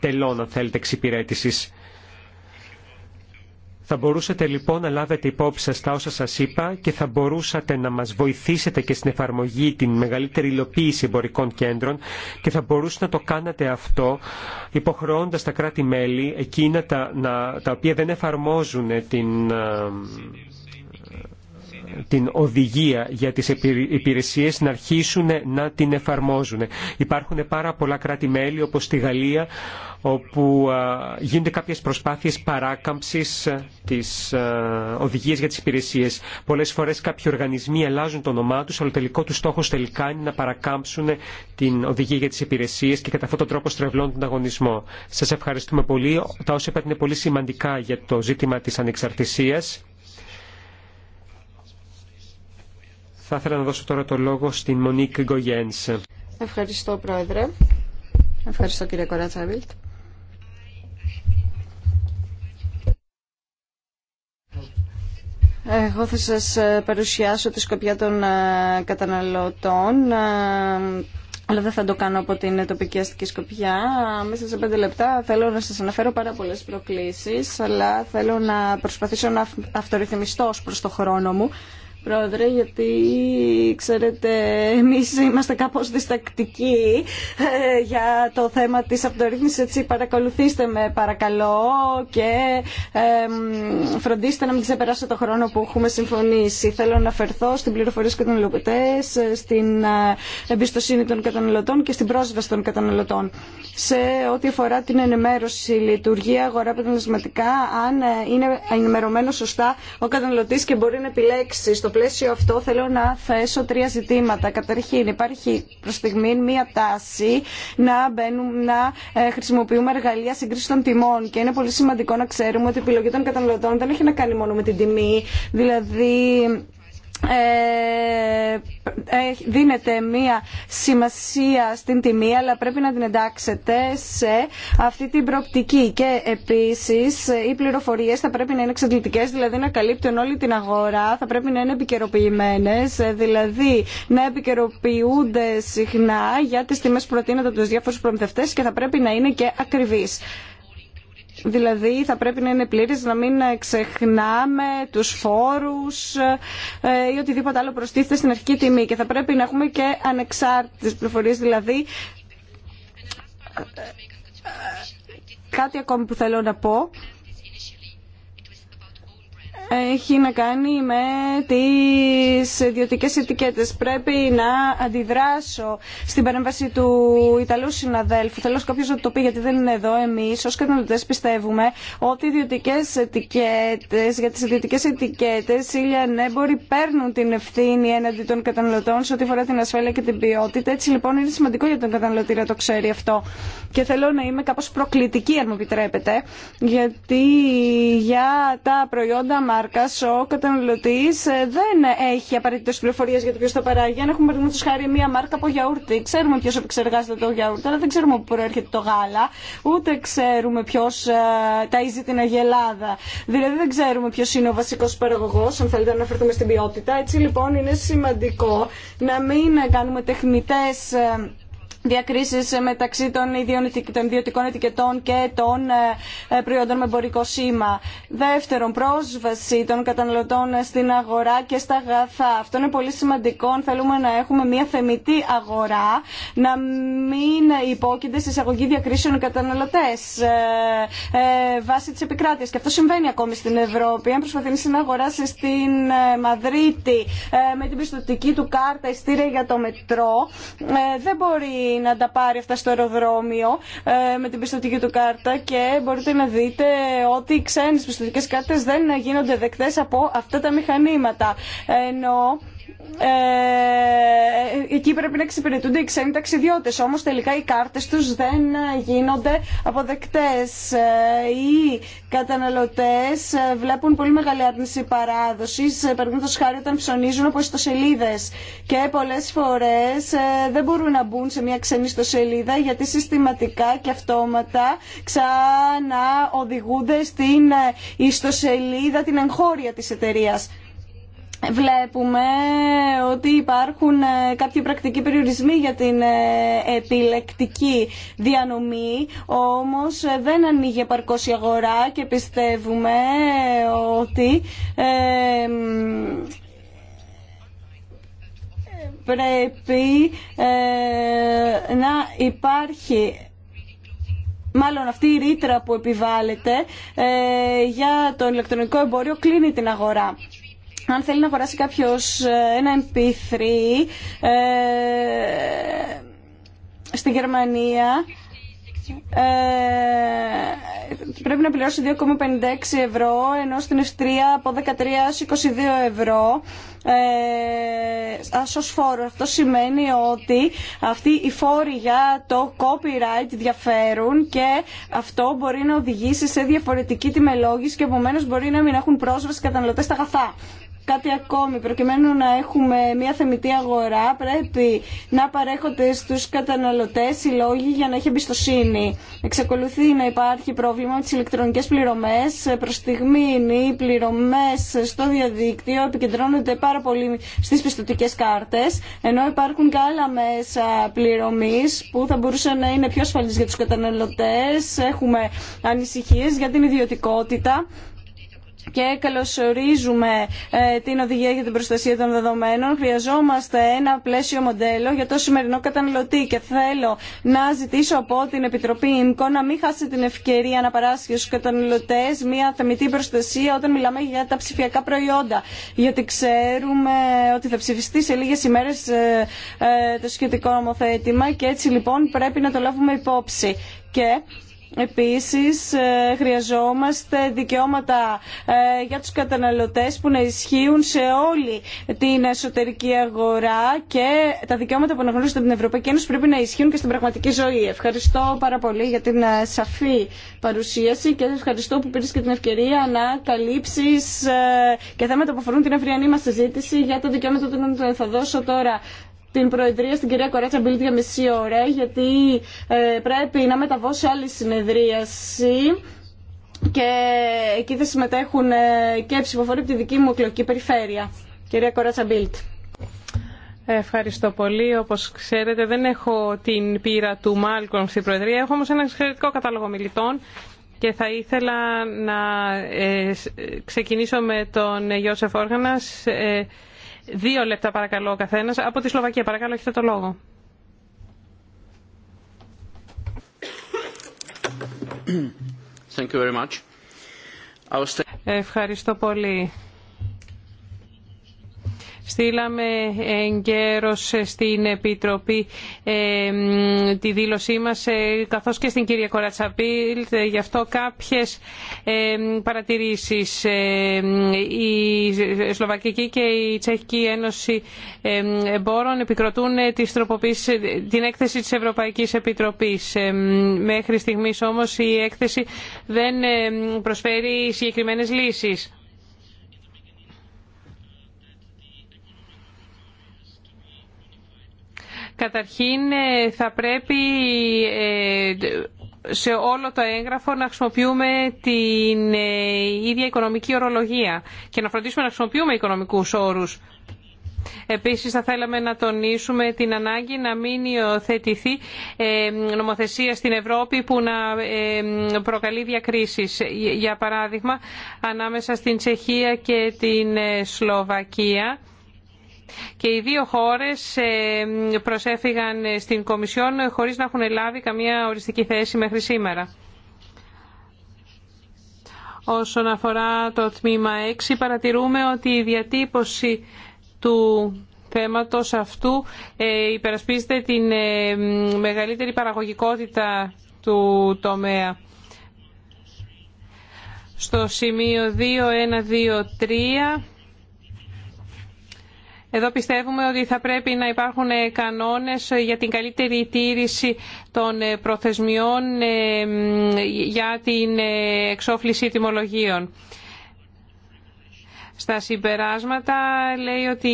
τελών, αν θέλετε, εξυπηρέτησης. Θα μπορούσατε λοιπόν να λάβετε υπόψη σας τα όσα σας είπα και θα μπορούσατε να μας βοηθήσετε και στην εφαρμογή την μεγαλύτερη υλοποίηση εμπορικών κέντρων και θα μπορούσατε να το κάνατε αυτό υποχρεώντας τα κράτη-μέλη εκείνα τα, να, τα οποία δεν εφαρμόζουν την ε, την οδηγία για τις υπηρεσίες να αρχίσουν να την εφαρμόζουν. Υπάρχουν πάρα πολλά κράτη-μέλη όπως στη Γαλλία όπου γίνονται κάποιες προσπάθειες παράκαμψης της οδηγίας για τις υπηρεσίες. Πολλές φορές κάποιοι οργανισμοί αλλάζουν το όνομά τους, αλλά τελικό του στόχος τελικά είναι να παρακάμψουν την οδηγία για τις υπηρεσίες και κατά αυτόν τον τρόπο στρεβλώνουν τον αγωνισμό. Σας ευχαριστούμε πολύ. Τα όσα είπατε είναι πολύ σημαντικά για το ζήτημα της ανεξαρτησίας Θα ήθελα να δώσω τώρα το λόγο στην Μονίκ Γκογιένς. Ευχαριστώ Πρόεδρε. Ευχαριστώ κύριε Κορατσαβίλτ. Εγώ θα σας ε, παρουσιάσω τη σκοπιά των ε, καταναλωτών, ε, αλλά δεν θα το κάνω από την τοπική αστική σκοπιά. Μέσα σε πέντε λεπτά θέλω να σας αναφέρω πάρα πολλές προκλήσεις, αλλά θέλω να προσπαθήσω να αυτορυθμιστώ προς το χρόνο μου Πρόεδρε, γιατί ξέρετε, εμείς είμαστε κάπως διστακτικοί ε, για το θέμα της αυτορύθμισης, έτσι παρακολουθήστε με παρακαλώ και ε, φροντίστε να μην ξεπεράσετε το χρόνο που έχουμε συμφωνήσει. Θέλω να αφαιρθώ στην πληροφορία στους καταναλωτές, στην ε, εμπιστοσύνη των καταναλωτών και στην πρόσβαση των καταναλωτών. Σε ό,τι αφορά την ενημέρωση, λειτουργία, αγορά πνευματικά, αν ε, είναι ενημερωμένο σωστά ο καταναλωτή και μπορεί να επιλέξει στο πλαίσιο αυτό θέλω να θέσω τρία ζητήματα. Καταρχήν, υπάρχει προ στιγμή μία τάση να, μπαίνουν, να ε, χρησιμοποιούμε εργαλεία συγκρίση των τιμών και είναι πολύ σημαντικό να ξέρουμε ότι η επιλογή των καταναλωτών δεν έχει να κάνει μόνο με την τιμή. Δηλαδή, ε, ε, δίνεται μία σημασία στην τιμή αλλά πρέπει να την εντάξετε σε αυτή την προοπτική και επίσης οι πληροφορίες θα πρέπει να είναι εξαντλητικές δηλαδή να καλύπτουν όλη την αγορά θα πρέπει να είναι επικαιροποιημένε, ε, δηλαδή να επικαιροποιούνται συχνά για τις τιμές που προτείνονται από τους διάφορους προμηθευτές και θα πρέπει να είναι και ακριβείς. Δηλαδή θα πρέπει να είναι πλήρες, να μην ξεχνάμε τους φόρους ε, ή οτιδήποτε άλλο προστίθεται στην αρχική τιμή και θα πρέπει να έχουμε και ανεξάρτητες πληροφορίες, δηλαδή ε, ε, κάτι ακόμη που θέλω να πω έχει να κάνει με τις ιδιωτικέ ετικέτες. Πρέπει να αντιδράσω στην παρέμβαση του Ιταλού συναδέλφου. Θέλω κάποιος να το πει γιατί δεν είναι εδώ. Εμείς ως καταναλωτές πιστεύουμε ότι οι ιδιωτικέ ετικέτες, για τις ιδιωτικέ ετικέτες οι ναι, μπορεί παίρνουν την ευθύνη έναντι των καταναλωτών σε ό,τι αφορά την ασφάλεια και την ποιότητα. Έτσι λοιπόν είναι σημαντικό για τον καταναλωτή να το ξέρει αυτό. Και θέλω να είμαι κάπως προκλητική αν μου επιτρέπετε γιατί για τα προϊόντα ο καταναλωτή ε, δεν έχει απαραίτητε πληροφορίε για το ποιο το παράγει. Αν έχουμε παραδείγματο χάρη μία μάρκα από γιαούρτι, ξέρουμε ποιο επεξεργάζεται το γιαούρτι, αλλά δεν ξέρουμε πού προέρχεται το γάλα, ούτε ξέρουμε ποιο ε, ταίζει την Αγελάδα. Δηλαδή δεν ξέρουμε ποιο είναι ο βασικό παραγωγό, αν θέλετε να αναφερθούμε στην ποιότητα. Έτσι λοιπόν είναι σημαντικό να μην κάνουμε τεχνητέ ε, Διακρίσει μεταξύ των, ιδιωτικών ετικετών και των ε, ε, προϊόντων με εμπορικό σήμα. Δεύτερον, πρόσβαση των καταναλωτών στην αγορά και στα αγαθά. Αυτό είναι πολύ σημαντικό θέλουμε να έχουμε μια θεμητή αγορά, να μην υπόκεινται σε εισαγωγή διακρίσεων καταναλωτέ. καταναλωτές ε, βάσει της επικράτεια. Και αυτό συμβαίνει ακόμη στην Ευρώπη. Αν προσπαθεί να αγοράσει στην Μαδρίτη με την πιστοτική του κάρτα ειστήρια για το μετρό, δεν μπορεί να τα πάρει αυτά στο αεροδρόμιο ε, με την πιστοτική του κάρτα και μπορείτε να δείτε ότι οι ξένες πιστοτικές κάρτες δεν γίνονται δεκτές από αυτά τα μηχανήματα. Ενώ ε, εκεί πρέπει να εξυπηρετούνται οι ξένοι ταξιδιώτε. Όμω τελικά οι κάρτε του δεν ε, γίνονται αποδεκτέ. Ε, οι καταναλωτέ βλέπουν πολύ μεγάλη άρνηση παράδοση, παραδείγματο χάρη όταν ψωνίζουν από ιστοσελίδε. Και πολλέ φορέ δεν μπορούν να μπουν σε μια ξένη ιστοσελίδα γιατί συστηματικά και αυτόματα ξανά οδηγούνται στην ιστοσελίδα την εγχώρια τη εταιρεία βλέπουμε ότι υπάρχουν ε, κάποιοι πρακτικοί περιορισμοί για την ε, επιλεκτική διανομή, όμως ε, δεν ανοίγει επαρκώς η αγορά και πιστεύουμε ότι πρέπει να υπάρχει μάλλον αυτή η ρήτρα που επιβάλλεται για το ηλεκτρονικό εμπόριο κλείνει την αγορά αν θέλει να αγορασει καποιο κάποιος ε, ένα MP3 ε, στη Γερμανία ε, πρέπει να πληρώσει 2,56 ευρώ ενώ στην Ευστρία από 13 22 ευρώ ε, Αυτό σημαίνει ότι αυτοί οι φόροι για το copyright διαφέρουν και αυτό μπορεί να οδηγήσει σε διαφορετική τιμελόγηση και επομένω μπορεί να μην έχουν πρόσβαση καταναλωτές στα αγαθά. Κάτι ακόμη, προκειμένου να έχουμε μια θεμητή αγορά, πρέπει να παρέχονται στου καταναλωτέ οι λόγοι για να έχει εμπιστοσύνη. Εξακολουθεί να υπάρχει πρόβλημα με τις ηλεκτρονικές πληρωμές. Προς στιγμή οι πληρωμέ στο διαδίκτυο επικεντρώνονται πάρα πολύ στι πιστοτικέ κάρτε, ενώ υπάρχουν και άλλα μέσα πληρωμή που θα μπορούσαν να είναι πιο ασφαλείς για του καταναλωτέ, Έχουμε ανησυχίε για την ιδιωτικότητα και καλωσορίζουμε ε, την οδηγία για την προστασία των δεδομένων. Χρειαζόμαστε ένα πλαίσιο μοντέλο για το σημερινό καταναλωτή και θέλω να ζητήσω από την Επιτροπή ΙΜΚΟ να μην χάσει την ευκαιρία να παράσχει στους καταναλωτές μια θεμητή προστασία όταν μιλάμε για τα ψηφιακά προϊόντα. Γιατί ξέρουμε ότι θα ψηφιστεί σε λίγες ημέρες ε, ε, το σχετικό νομοθέτημα και έτσι λοιπόν πρέπει να το λάβουμε υπόψη. Και Επίσης ε, χρειαζόμαστε δικαιώματα ε, για τους καταναλωτές που να ισχύουν σε όλη την εσωτερική αγορά και τα δικαιώματα που αναγνωρίζονται από την Ευρωπαϊκή Ένωση πρέπει να ισχύουν και στην πραγματική ζωή. Ευχαριστώ πάρα πολύ για την ε, σαφή παρουσίαση και ευχαριστώ που πήρες και την ευκαιρία να καλύψεις και θέματα που αφορούν την αυριανή μας συζήτηση για τα δικαιώματα των θα δώσω τώρα την Προεδρία στην κυρία Κορέτσα Μπίλτ για μισή ώρα, γιατί ε, πρέπει να μεταβώ σε άλλη συνεδρίαση και εκεί θα συμμετέχουν ε, και ψηφοφόροι από τη δική μου εκλογική περιφέρεια. Κυρία Κοράτσα Μπίλτ. Ευχαριστώ πολύ. Όπως ξέρετε δεν έχω την πείρα του μάλκον στην Προεδρία. Έχω όμως ένα εξαιρετικό κατάλογο μιλητών και θα ήθελα να ε, ξεκινήσω με τον Γιώσεφ Όργανας Δύο λεπτά παρακαλώ ο καθένας. Από τη Σλοβακία παρακαλώ έχετε το λόγο. Thank you very much. Ευχαριστώ πολύ. Στείλαμε εγκαίρως στην Επιτροπή τη δήλωσή μας, ε, καθώς και στην κυρία Κορατσαπίλ, ε, γι' αυτό κάποιες παρατηρήσεις. Ε, η Σλοβακική και η Τσεχική Ένωση Εμπόρων επικροτούν την έκθεση της Ευρωπαϊκής Επιτροπής. Μέχρι στιγμής όμως η έκθεση δεν προσφέρει συγκεκριμένες λύσεις. Καταρχήν ε, θα πρέπει ε, σε όλο το έγγραφο να χρησιμοποιούμε την ε, ίδια οικονομική ορολογία και να φροντίσουμε να χρησιμοποιούμε οικονομικούς όρους. Επίσης θα θέλαμε να τονίσουμε την ανάγκη να μην υιοθετηθεί νομοθεσία στην Ευρώπη που να προκαλεί διακρίσεις. Για παράδειγμα, ανάμεσα στην Τσεχία και την Σλοβακία και οι δύο χώρες ε, προσέφηγαν στην Κομισιόν χωρίς να έχουν λάβει καμία οριστική θέση μέχρι σήμερα. Όσον αφορά το τμήμα 6, παρατηρούμε ότι η διατύπωση του θέματος αυτού ε, υπερασπίζεται την ε, μεγαλύτερη παραγωγικότητα του τομέα. Στο σημείο 2, 1, 2, 3 εδώ πιστεύουμε ότι θα πρέπει να υπάρχουν ε, κανόνες ε, για την καλύτερη τήρηση των ε, προθεσμιών για την εξόφληση τιμολογίων. Στα συμπεράσματα λέει ότι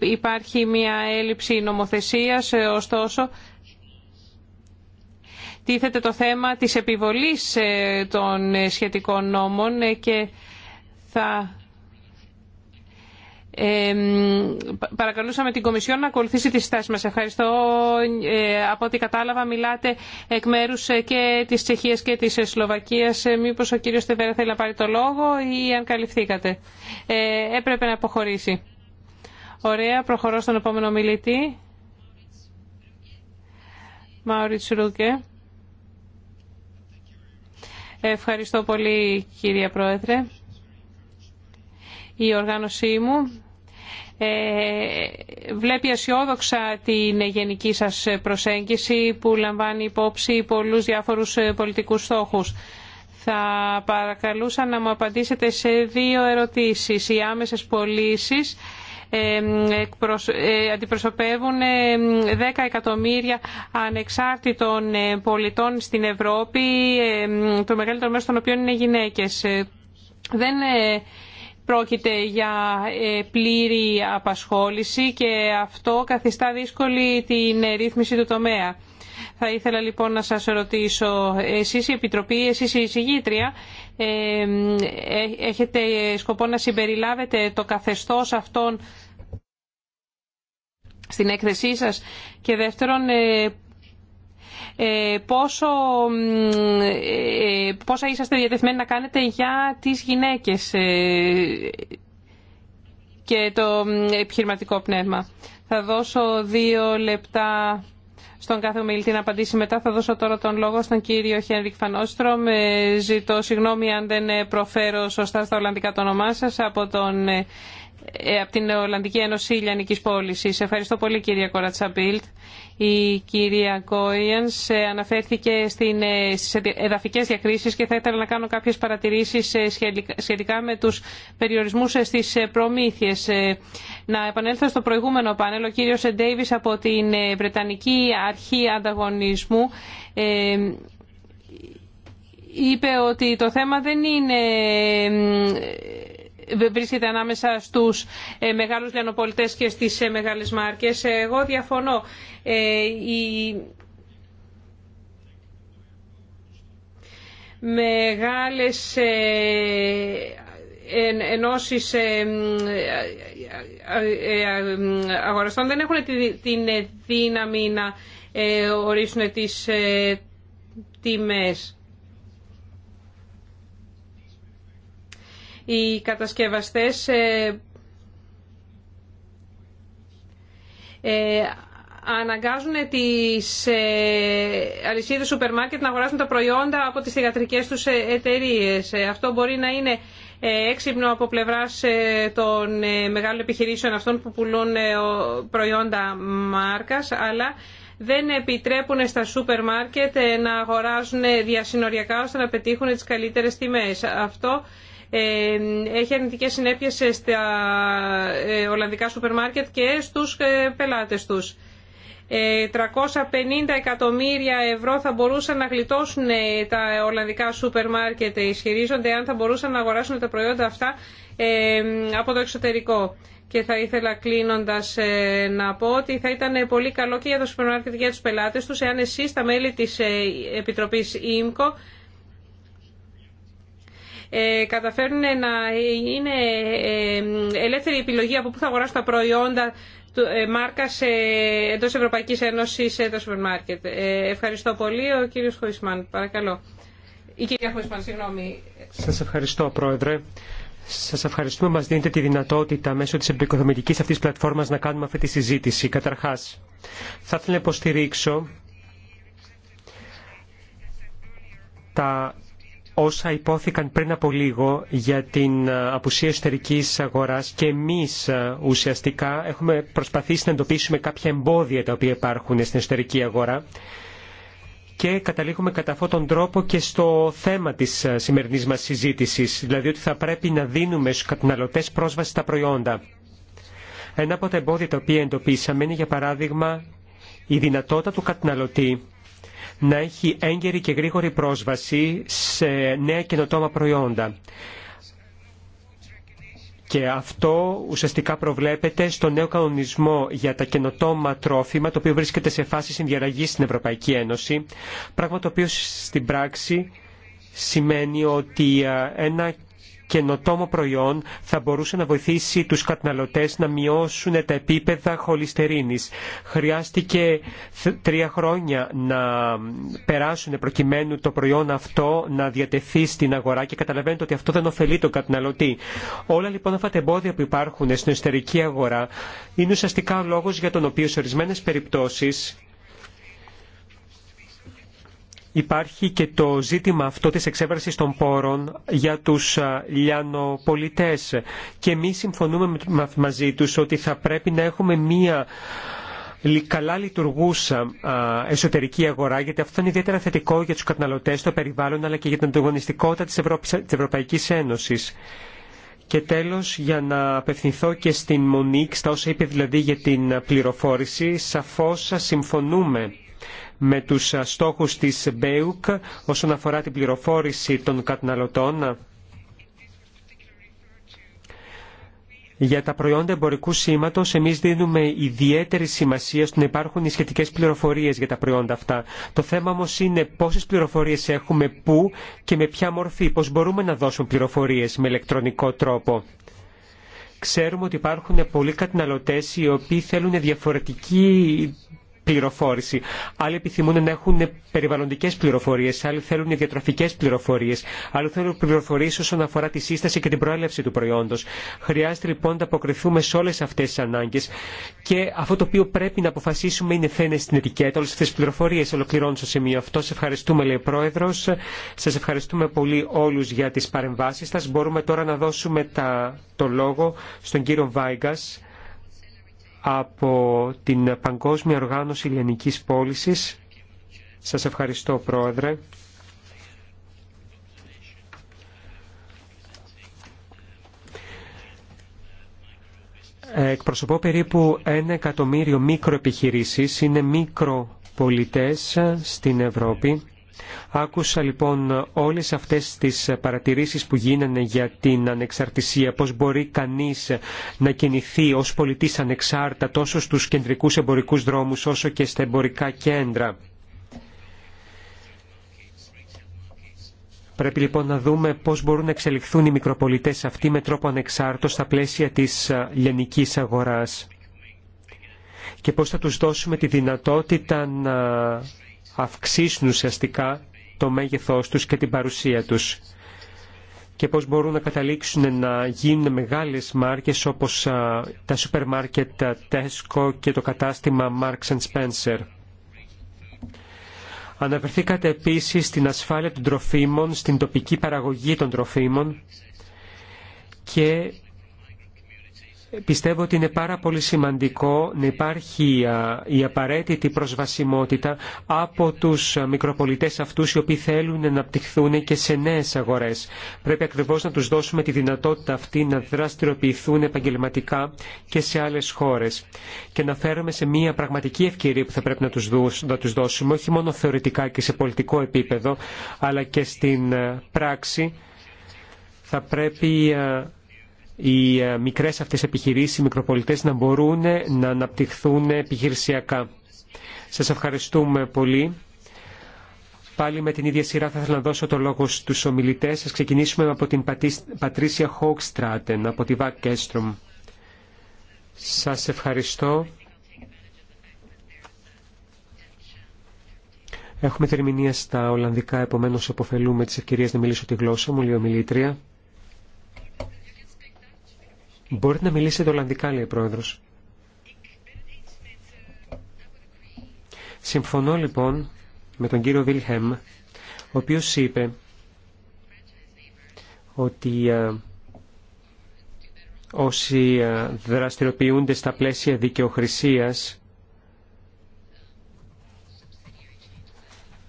υπάρχει μια έλλειψη νομοθεσίας, ωστόσο τίθεται το θέμα της επιβολής των σχετικών νόμων και θα παρακαλούσαμε την Κομισιόν να ακολουθήσει τη στάση μας. Ευχαριστώ. Ε, από ό,τι κατάλαβα μιλάτε εκ μέρους ε, και της Τσεχίας και της Σλοβακίας. Ε, μήπως ο κύριος Τεβέρα θέλει να πάρει το λόγο ή αν καλυφθήκατε. Ε, έπρεπε να αποχωρήσει. Ωραία. Προχωρώ στον επόμενο μιλητή. Μάουριτς Ρούκε. Ευχαριστώ πολύ κυρία Πρόεδρε. Η οργάνωσή μου ε, βλέπει αισιόδοξα την γενική σας προσέγγιση που λαμβάνει υπόψη πολλούς διάφορους ε, πολιτικούς στόχους. Θα παρακαλούσα να μου απαντήσετε σε δύο ερωτήσεις. Οι άμεσες πωλήσει ε, αντιπροσωπεύουν 10 εκατομμύρια ανεξάρτητων πολιτών στην Ευρώπη, το μεγαλύτερο μέρος των οποίων είναι γυναίκες. Δεν Πρόκειται για ε, πλήρη απασχόληση και αυτό καθιστά δύσκολη την ε, ρύθμιση του τομέα. Θα ήθελα λοιπόν να σας ρωτήσω, εσείς η Επιτροπή, εσείς η εισηγήτρια, ε, έχετε σκοπό να συμπεριλάβετε το καθεστώς αυτών στην έκθεσή σας και δεύτερον ε, πόσο, ε, πόσα είσαστε διατεθειμένοι να κάνετε για τις γυναίκες ε, και το επιχειρηματικό πνεύμα. Θα δώσω δύο λεπτά στον κάθε ομιλητή να απαντήσει μετά. Θα δώσω τώρα τον λόγο στον κύριο Χένρικ Φανόστρομ. Ζητώ συγγνώμη αν δεν προφέρω σωστά στα Ολλανδικά το όνομά σας από τον ε, από την Ολλανδική Ένωση Ιλιανικής Πόλησης. Ευχαριστώ πολύ κυρία κορατσαπίλτ, Η κυρία Κόιενς ε, αναφέρθηκε στην, ε, στις εδαφικές διακρίσεις και θα ήθελα να κάνω κάποιες παρατηρήσεις σχετικά με τους περιορισμούς στις προμήθειες. Να επανέλθω στο προηγούμενο πάνελ. Ο κύριος Ντέιβις από την Βρετανική Αρχή Ανταγωνισμού είπε ότι το θέμα δεν είναι βρίσκεται ανάμεσα στους ε, μεγάλους λιανοπολιτές και στις ε, μεγάλες μάρκες. Ε, εγώ διαφωνώ. Η μεγάλες ενώσεις αγοραστών δεν έχουν την δύναμη να ορίσουν τις τιμές. οι κατασκευαστές ε, ε, αναγκάζουν τις ε, αλυσίδες σούπερ μάρκετ να αγοράσουν τα προϊόντα από τις θηγατρικές τους εταιρείες. Αυτό μπορεί να είναι έξυπνο από πλευράς των μεγάλων επιχειρήσεων αυτών που πουλούν προϊόντα μάρκας, αλλά δεν επιτρέπουν στα σούπερ μάρκετ να αγοράζουν διασυνοριακά ώστε να πετύχουν τις καλύτερες τιμές. Αυτό έχει αρνητικές συνέπειες στα ε, Ολλανδικά σούπερ μάρκετ και στους ε, πελάτες τους. 350 ε, εκατομμύρια ευρώ θα μπορούσαν να γλιτώσουν τα Ολλανδικά σούπερ μάρκετ, ισχυρίζονται, αν θα μπορούσαν να αγοράσουν τα προϊόντα αυτά από το εξωτερικό. Και θα ήθελα κλείνοντα να πω ότι θα ήταν πολύ καλό και για το σούπερ μάρκετ και για του πελάτε του, εάν εσεί, τα μέλη τη Επιτροπή ΙΜΚΟ, ε, καταφέρουν να είναι ε, ελεύθερη επιλογή από πού θα αγοράσουν τα προϊόντα ε, μάρκα εντό Ευρωπαϊκή Ένωσης σε το σούπερ μάρκετ. Ευχαριστώ πολύ. Ο κύριος Χοϊσμάν, παρακαλώ. Η κυρία Χοϊσμάν, συγγνώμη. Σας ευχαριστώ, Πρόεδρε. Σα ευχαριστούμε που μα δίνετε τη δυνατότητα μέσω τη επικοδομητική αυτή πλατφόρμα να κάνουμε αυτή τη συζήτηση. Καταρχά, θα ήθελα να υποστηρίξω τα όσα υπόθηκαν πριν από λίγο για την ε, απουσία εσωτερική αγορά και εμεί ε, ουσιαστικά έχουμε προσπαθήσει να εντοπίσουμε κάποια εμπόδια τα οποία υπάρχουν στην εσωτερική αγορά και καταλήγουμε κατά αυτόν τον τρόπο και στο θέμα της ε, σημερινής μας συζήτησης, δηλαδή ότι θα πρέπει να δίνουμε στους καταναλωτές πρόσβαση στα προϊόντα. Ένα από τα εμπόδια τα οποία εντοπίσαμε είναι για παράδειγμα η δυνατότητα του καταναλωτή να έχει έγκαιρη και γρήγορη πρόσβαση σε νέα καινοτόμα προϊόντα. Και αυτό ουσιαστικά προβλέπεται στο νέο κανονισμό για τα καινοτόμα τρόφιμα, το οποίο βρίσκεται σε φάση συνδιαραγής στην Ευρωπαϊκή Ένωση, πράγμα το οποίο στην πράξη σημαίνει ότι ε, ένα καινοτόμο προϊόν θα μπορούσε να βοηθήσει τους καταναλωτές να μειώσουν τα επίπεδα χολυστερίνης. Χρειάστηκε τρία χρόνια να περάσουν προκειμένου το προϊόν αυτό να διατεθεί στην αγορά και καταλαβαίνετε ότι αυτό δεν ωφελεί τον καταναλωτή. Όλα λοιπόν αυτά τα εμπόδια που υπάρχουν στην εσωτερική αγορά είναι ουσιαστικά ο λόγος για τον οποίο σε ορισμένες περιπτώσεις Υπάρχει και το ζήτημα αυτό της εξέβρασης των πόρων για τους λιανοπολιτές και εμείς συμφωνούμε μαζί τους ότι θα πρέπει να έχουμε μία καλά λειτουργούσα εσωτερική αγορά, γιατί αυτό είναι ιδιαίτερα θετικό για τους καταναλωτές, το περιβάλλον, αλλά και για την ανταγωνιστικότητα της, της Ευρωπαϊκής Ένωσης. Και τέλος, για να απευθυνθώ και στην Μονίκ, στα όσα είπε δηλαδή για την πληροφόρηση, σαφώς συμφωνούμε με τους ε, στόχους της ΜΠΕΟΚ όσον αφορά την πληροφόρηση των καταναλωτών ε, Για τα προϊόντα εμπορικού σήματος εμείς δίνουμε ιδιαίτερη σημασία στο να υπάρχουν οι σχετικές πληροφορίες για τα προϊόντα αυτά. Το θέμα όμω είναι πόσες πληροφορίες έχουμε, πού και με ποια μορφή, πώς μπορούμε να δώσουμε πληροφορίες με ηλεκτρονικό τρόπο. Ξέρουμε ότι υπάρχουν πολλοί καταναλωτές οι οποίοι θέλουν διαφορετική πληροφόρηση. Άλλοι επιθυμούν να έχουν περιβαλλοντικέ πληροφορίε, άλλοι θέλουν διατροφικέ πληροφορίε, άλλοι θέλουν πληροφορίε όσον αφορά τη σύσταση και την προέλευση του προϊόντο. Χρειάζεται λοιπόν να αποκριθούμε σε όλε αυτέ τι ανάγκε και αυτό το οποίο πρέπει να αποφασίσουμε είναι θένε στην ετικέτα όλε αυτέ τι πληροφορίε. Ολοκληρώνω στο σημείο αυτό. Σε ευχαριστούμε, λέει Πρόεδρο. Σα ευχαριστούμε πολύ όλου για τι παρεμβάσει σα. Μπορούμε τώρα να δώσουμε τα... το λόγο στον κύριο Βάιγκα από την Παγκόσμια Οργάνωση Ελληνικής Πώλησης. Σας ευχαριστώ, Πρόεδρε. Εκπροσωπώ περίπου ένα εκατομμύριο μικροεπιχειρήσεις, είναι μικροπολιτές στην Ευρώπη Άκουσα λοιπόν όλες αυτές τις παρατηρήσεις που γίνανε για την ανεξαρτησία, πώς μπορεί κανείς να κινηθεί ως πολιτής ανεξάρτητα τόσο στους κεντρικούς εμπορικούς δρόμους όσο και στα εμπορικά κέντρα. Πρέπει λοιπόν να δούμε πώς μπορούν να εξελιχθούν οι μικροπολιτές αυτοί με τρόπο ανεξάρτητο στα πλαίσια της λιανικής αγοράς και πώς θα τους δώσουμε τη δυνατότητα να αυξήσουν ουσιαστικά το μέγεθός τους και την παρουσία τους και πώς μπορούν να καταλήξουν να γίνουν μεγάλες μάρκες όπως τα σούπερ μάρκετ Tesco και το κατάστημα Marks Spencer. Αναφερθήκατε επίσης στην ασφάλεια των τροφίμων, στην τοπική παραγωγή των τροφίμων και Πιστεύω ότι είναι πάρα πολύ σημαντικό να υπάρχει η απαραίτητη προσβασιμότητα από τους μικροπολιτές αυτούς οι οποίοι θέλουν να αναπτυχθούν και σε νέες αγορές. Πρέπει ακριβώς να τους δώσουμε τη δυνατότητα αυτή να δραστηριοποιηθούν επαγγελματικά και σε άλλες χώρες και να φέρουμε σε μια πραγματική ευκαιρία που θα πρέπει να τους δώσουμε όχι μόνο θεωρητικά και σε πολιτικό επίπεδο αλλά και στην πράξη θα πρέπει οι ε, μικρές αυτές επιχειρήσεις, οι μικροπολιτές να μπορούν ε, να αναπτυχθούν επιχειρησιακά. Σας ευχαριστούμε πολύ. Πάλι με την ίδια σειρά θα ήθελα να δώσω το λόγο στους ομιλητές. Σας ξεκινήσουμε από την Πατρίσια Χόγκστράτεν, από τη Βακ Κέστρομ. Σας ευχαριστώ. Έχουμε θερμηνία στα Ολλανδικά, επομένως αποφελούμε τις ευκαιρίες να μιλήσω τη γλώσσα μου, λέει ομιλήτρια. Μπορείτε να μιλήσετε Ολλανδικά, λέει η Πρόεδρος. Συμφωνώ λοιπόν με τον κύριο Βίλχεμ, ο οποίος είπε ότι ε, όσοι ε, δραστηριοποιούνται στα πλαίσια δικαιοχρησίας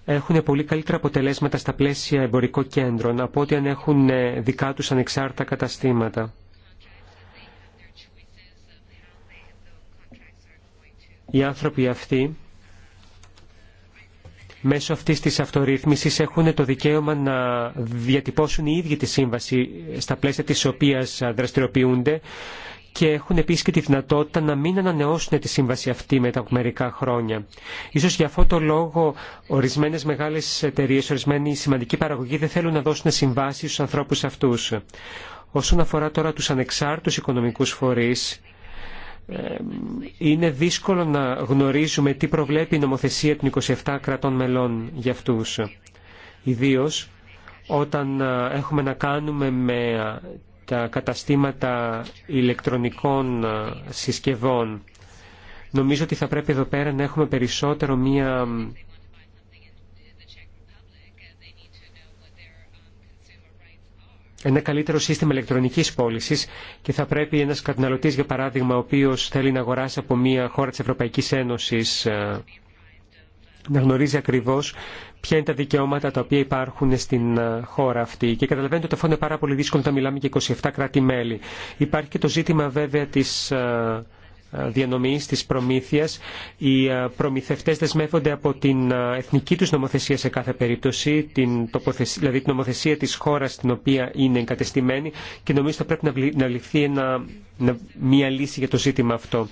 έχουν πολύ καλύτερα αποτελέσματα στα πλαίσια εμπορικών κέντρων από ότι αν έχουν ε, δικά τους ανεξάρτητα καταστήματα. Οι άνθρωποι αυτοί μέσω αυτής της αυτορύθμισης έχουν το δικαίωμα να διατυπώσουν οι ίδιοι τη σύμβαση στα πλαίσια της οποίας δραστηριοποιούνται και έχουν επίσης και τη δυνατότητα να μην ανανεώσουν τη σύμβαση αυτή μετά από μερικά χρόνια. Ίσως για αυτό το λόγο ορισμένες μεγάλες εταιρείε, ορισμένοι σημαντικοί παραγωγοί δεν θέλουν να δώσουν συμβάσεις στους ανθρώπους αυτούς. Όσον αφορά τώρα τους ανεξάρτητους οικονομικούς φορείς, ε, είναι δύσκολο να γνωρίζουμε τι προβλέπει η νομοθεσία των 27 κρατών μελών για αυτούς. Ιδίως όταν ε, έχουμε να κάνουμε με ε, τα καταστήματα ηλεκτρονικών συσκευών. Νομίζω ότι θα πρέπει εδώ πέρα να έχουμε περισσότερο μία ένα καλύτερο σύστημα ηλεκτρονικής πώληση και θα πρέπει ένας καταναλωτής, για παράδειγμα, ο οποίος θέλει να αγοράσει από μια χώρα της Ευρωπαϊκής Ένωσης ε, να γνωρίζει ακριβώς ποια είναι τα δικαιώματα τα οποία υπάρχουν στην ε, χώρα αυτή. Και καταλαβαίνετε ότι αυτό είναι πάρα πολύ δύσκολο να μιλάμε για 27 κράτη-μέλη. Υπάρχει και το ζήτημα βέβαια της ε, διανομής της προμήθειας. Οι ε, προμηθευτές δεσμεύονται από την ε, εθνική τους νομοθεσία σε κάθε περίπτωση, την τοποθεσία, δηλαδή την νομοθεσία της χώρας στην οποία είναι εγκατεστημένη και νομίζω θα πρέπει να ληφθεί μια λύση για το ζήτημα αυτό.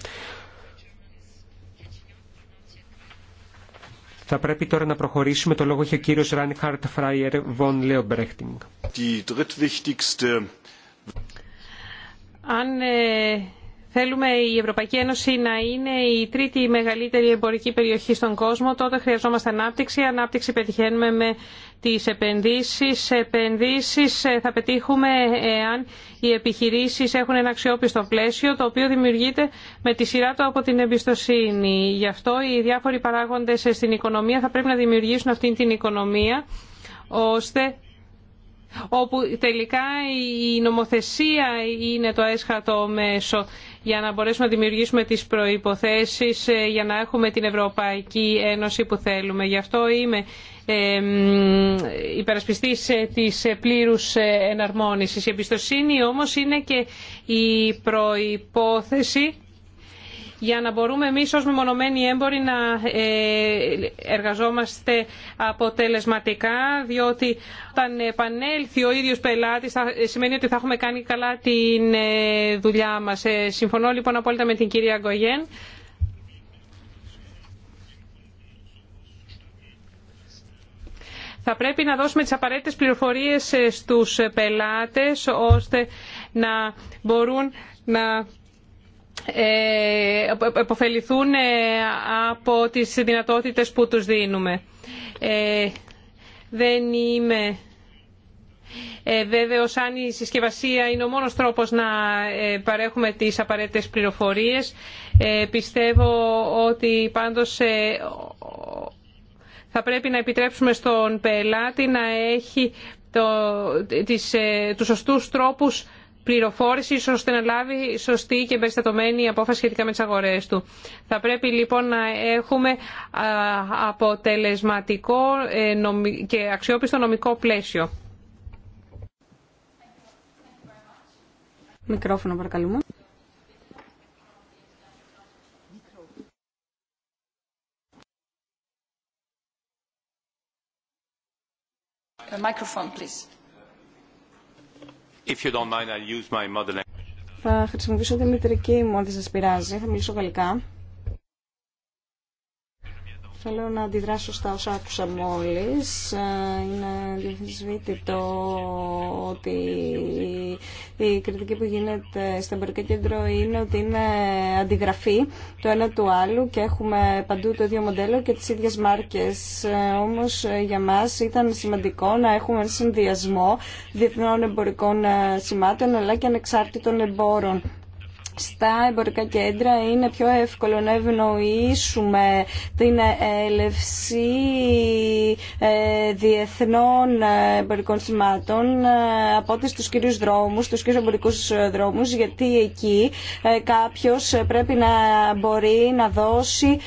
Θα πρέπει τώρα να προχωρήσουμε. Το λόγο έχει ο κύριος Ράνιχαρτ Φράιερ Βον Λέομπρέχτινγκ θέλουμε η Ευρωπαϊκή Ένωση να είναι η τρίτη μεγαλύτερη εμπορική περιοχή στον κόσμο, τότε χρειαζόμαστε ανάπτυξη. Ανάπτυξη πετυχαίνουμε με τις επενδύσεις. Επενδύσεις ε, θα πετύχουμε εάν οι επιχειρήσεις έχουν ένα αξιόπιστο πλαίσιο, το οποίο δημιουργείται με τη σειρά του από την εμπιστοσύνη. Γι' αυτό οι διάφοροι παράγοντες στην οικονομία θα πρέπει να δημιουργήσουν αυτή την οικονομία, ώστε όπου τελικά η νομοθεσία είναι το έσχατο μέσο για να μπορέσουμε να δημιουργήσουμε τις προϋποθέσεις ε, για να έχουμε την Ευρωπαϊκή Ένωση που θέλουμε. Γι' αυτό είμαι ε, υπερασπιστής ε, της πλήρους εναρμόνισης. Η εμπιστοσύνη όμως είναι και η προϋπόθεση για να μπορούμε εμείς ως μεμονωμένοι έμποροι να ε, εργαζόμαστε αποτελεσματικά, διότι όταν επανέλθει ο ίδιο πελάτη, ε, σημαίνει ότι θα έχουμε κάνει καλά την ε, δουλειά μας. Συμφωνώ λοιπόν απόλυτα με την κυρία Γκογέν. Θα πρέπει να δώσουμε τις απαραίτητες πληροφορίες στους πελάτες ώστε να μπορούν να ε, επωφεληθούν ε, από τις δυνατότητες που τους δίνουμε. Ε, δεν είμαι βέβαιος αν η συσκευασία είναι ο μόνος τρόπος να παρέχουμε τις απαραίτητες πληροφορίες. Πιστεύω ότι πάντως θα πρέπει να επιτρέψουμε στον πελάτη να έχει το, τις, τους σωστούς τρόπους πληροφόρηση ώστε να λάβει σωστή και εμπεριστατωμένη απόφαση σχετικά με τις αγορές του. Θα πρέπει λοιπόν να έχουμε αποτελεσματικό ε, και αξιόπιστο νομικό πλαίσιο. Μικρόφωνο παρακαλούμε. Microphone, please. Θα χρησιμοποιήσω τη μητρική μου, αν δεν σας πειράζει. Θα μιλήσω γαλλικά. Θέλω να αντιδράσω στα όσα άκουσα μόλις. Ε, είναι διαφυσβήτητο ότι η κριτική που γίνεται στο εμπορικό κέντρο είναι ότι είναι αντιγραφή το ένα του άλλου και έχουμε παντού το ίδιο μοντέλο και τις ίδιες μάρκες. Ε, όμως ε, για μας ήταν σημαντικό να έχουμε ένα συνδυασμό διεθνών εμπορικών σημάτων αλλά και ανεξάρτητων εμπόρων στα εμπορικά κέντρα είναι πιο εύκολο να ευνοήσουμε την έλευση ε, διεθνών ε, εμπορικών σημάτων ε, από ό,τι στους κυρίους δρόμους, στους κυρίους εμπορικούς δρόμους, γιατί εκεί κάποιος πρέπει να μπορεί να δώσει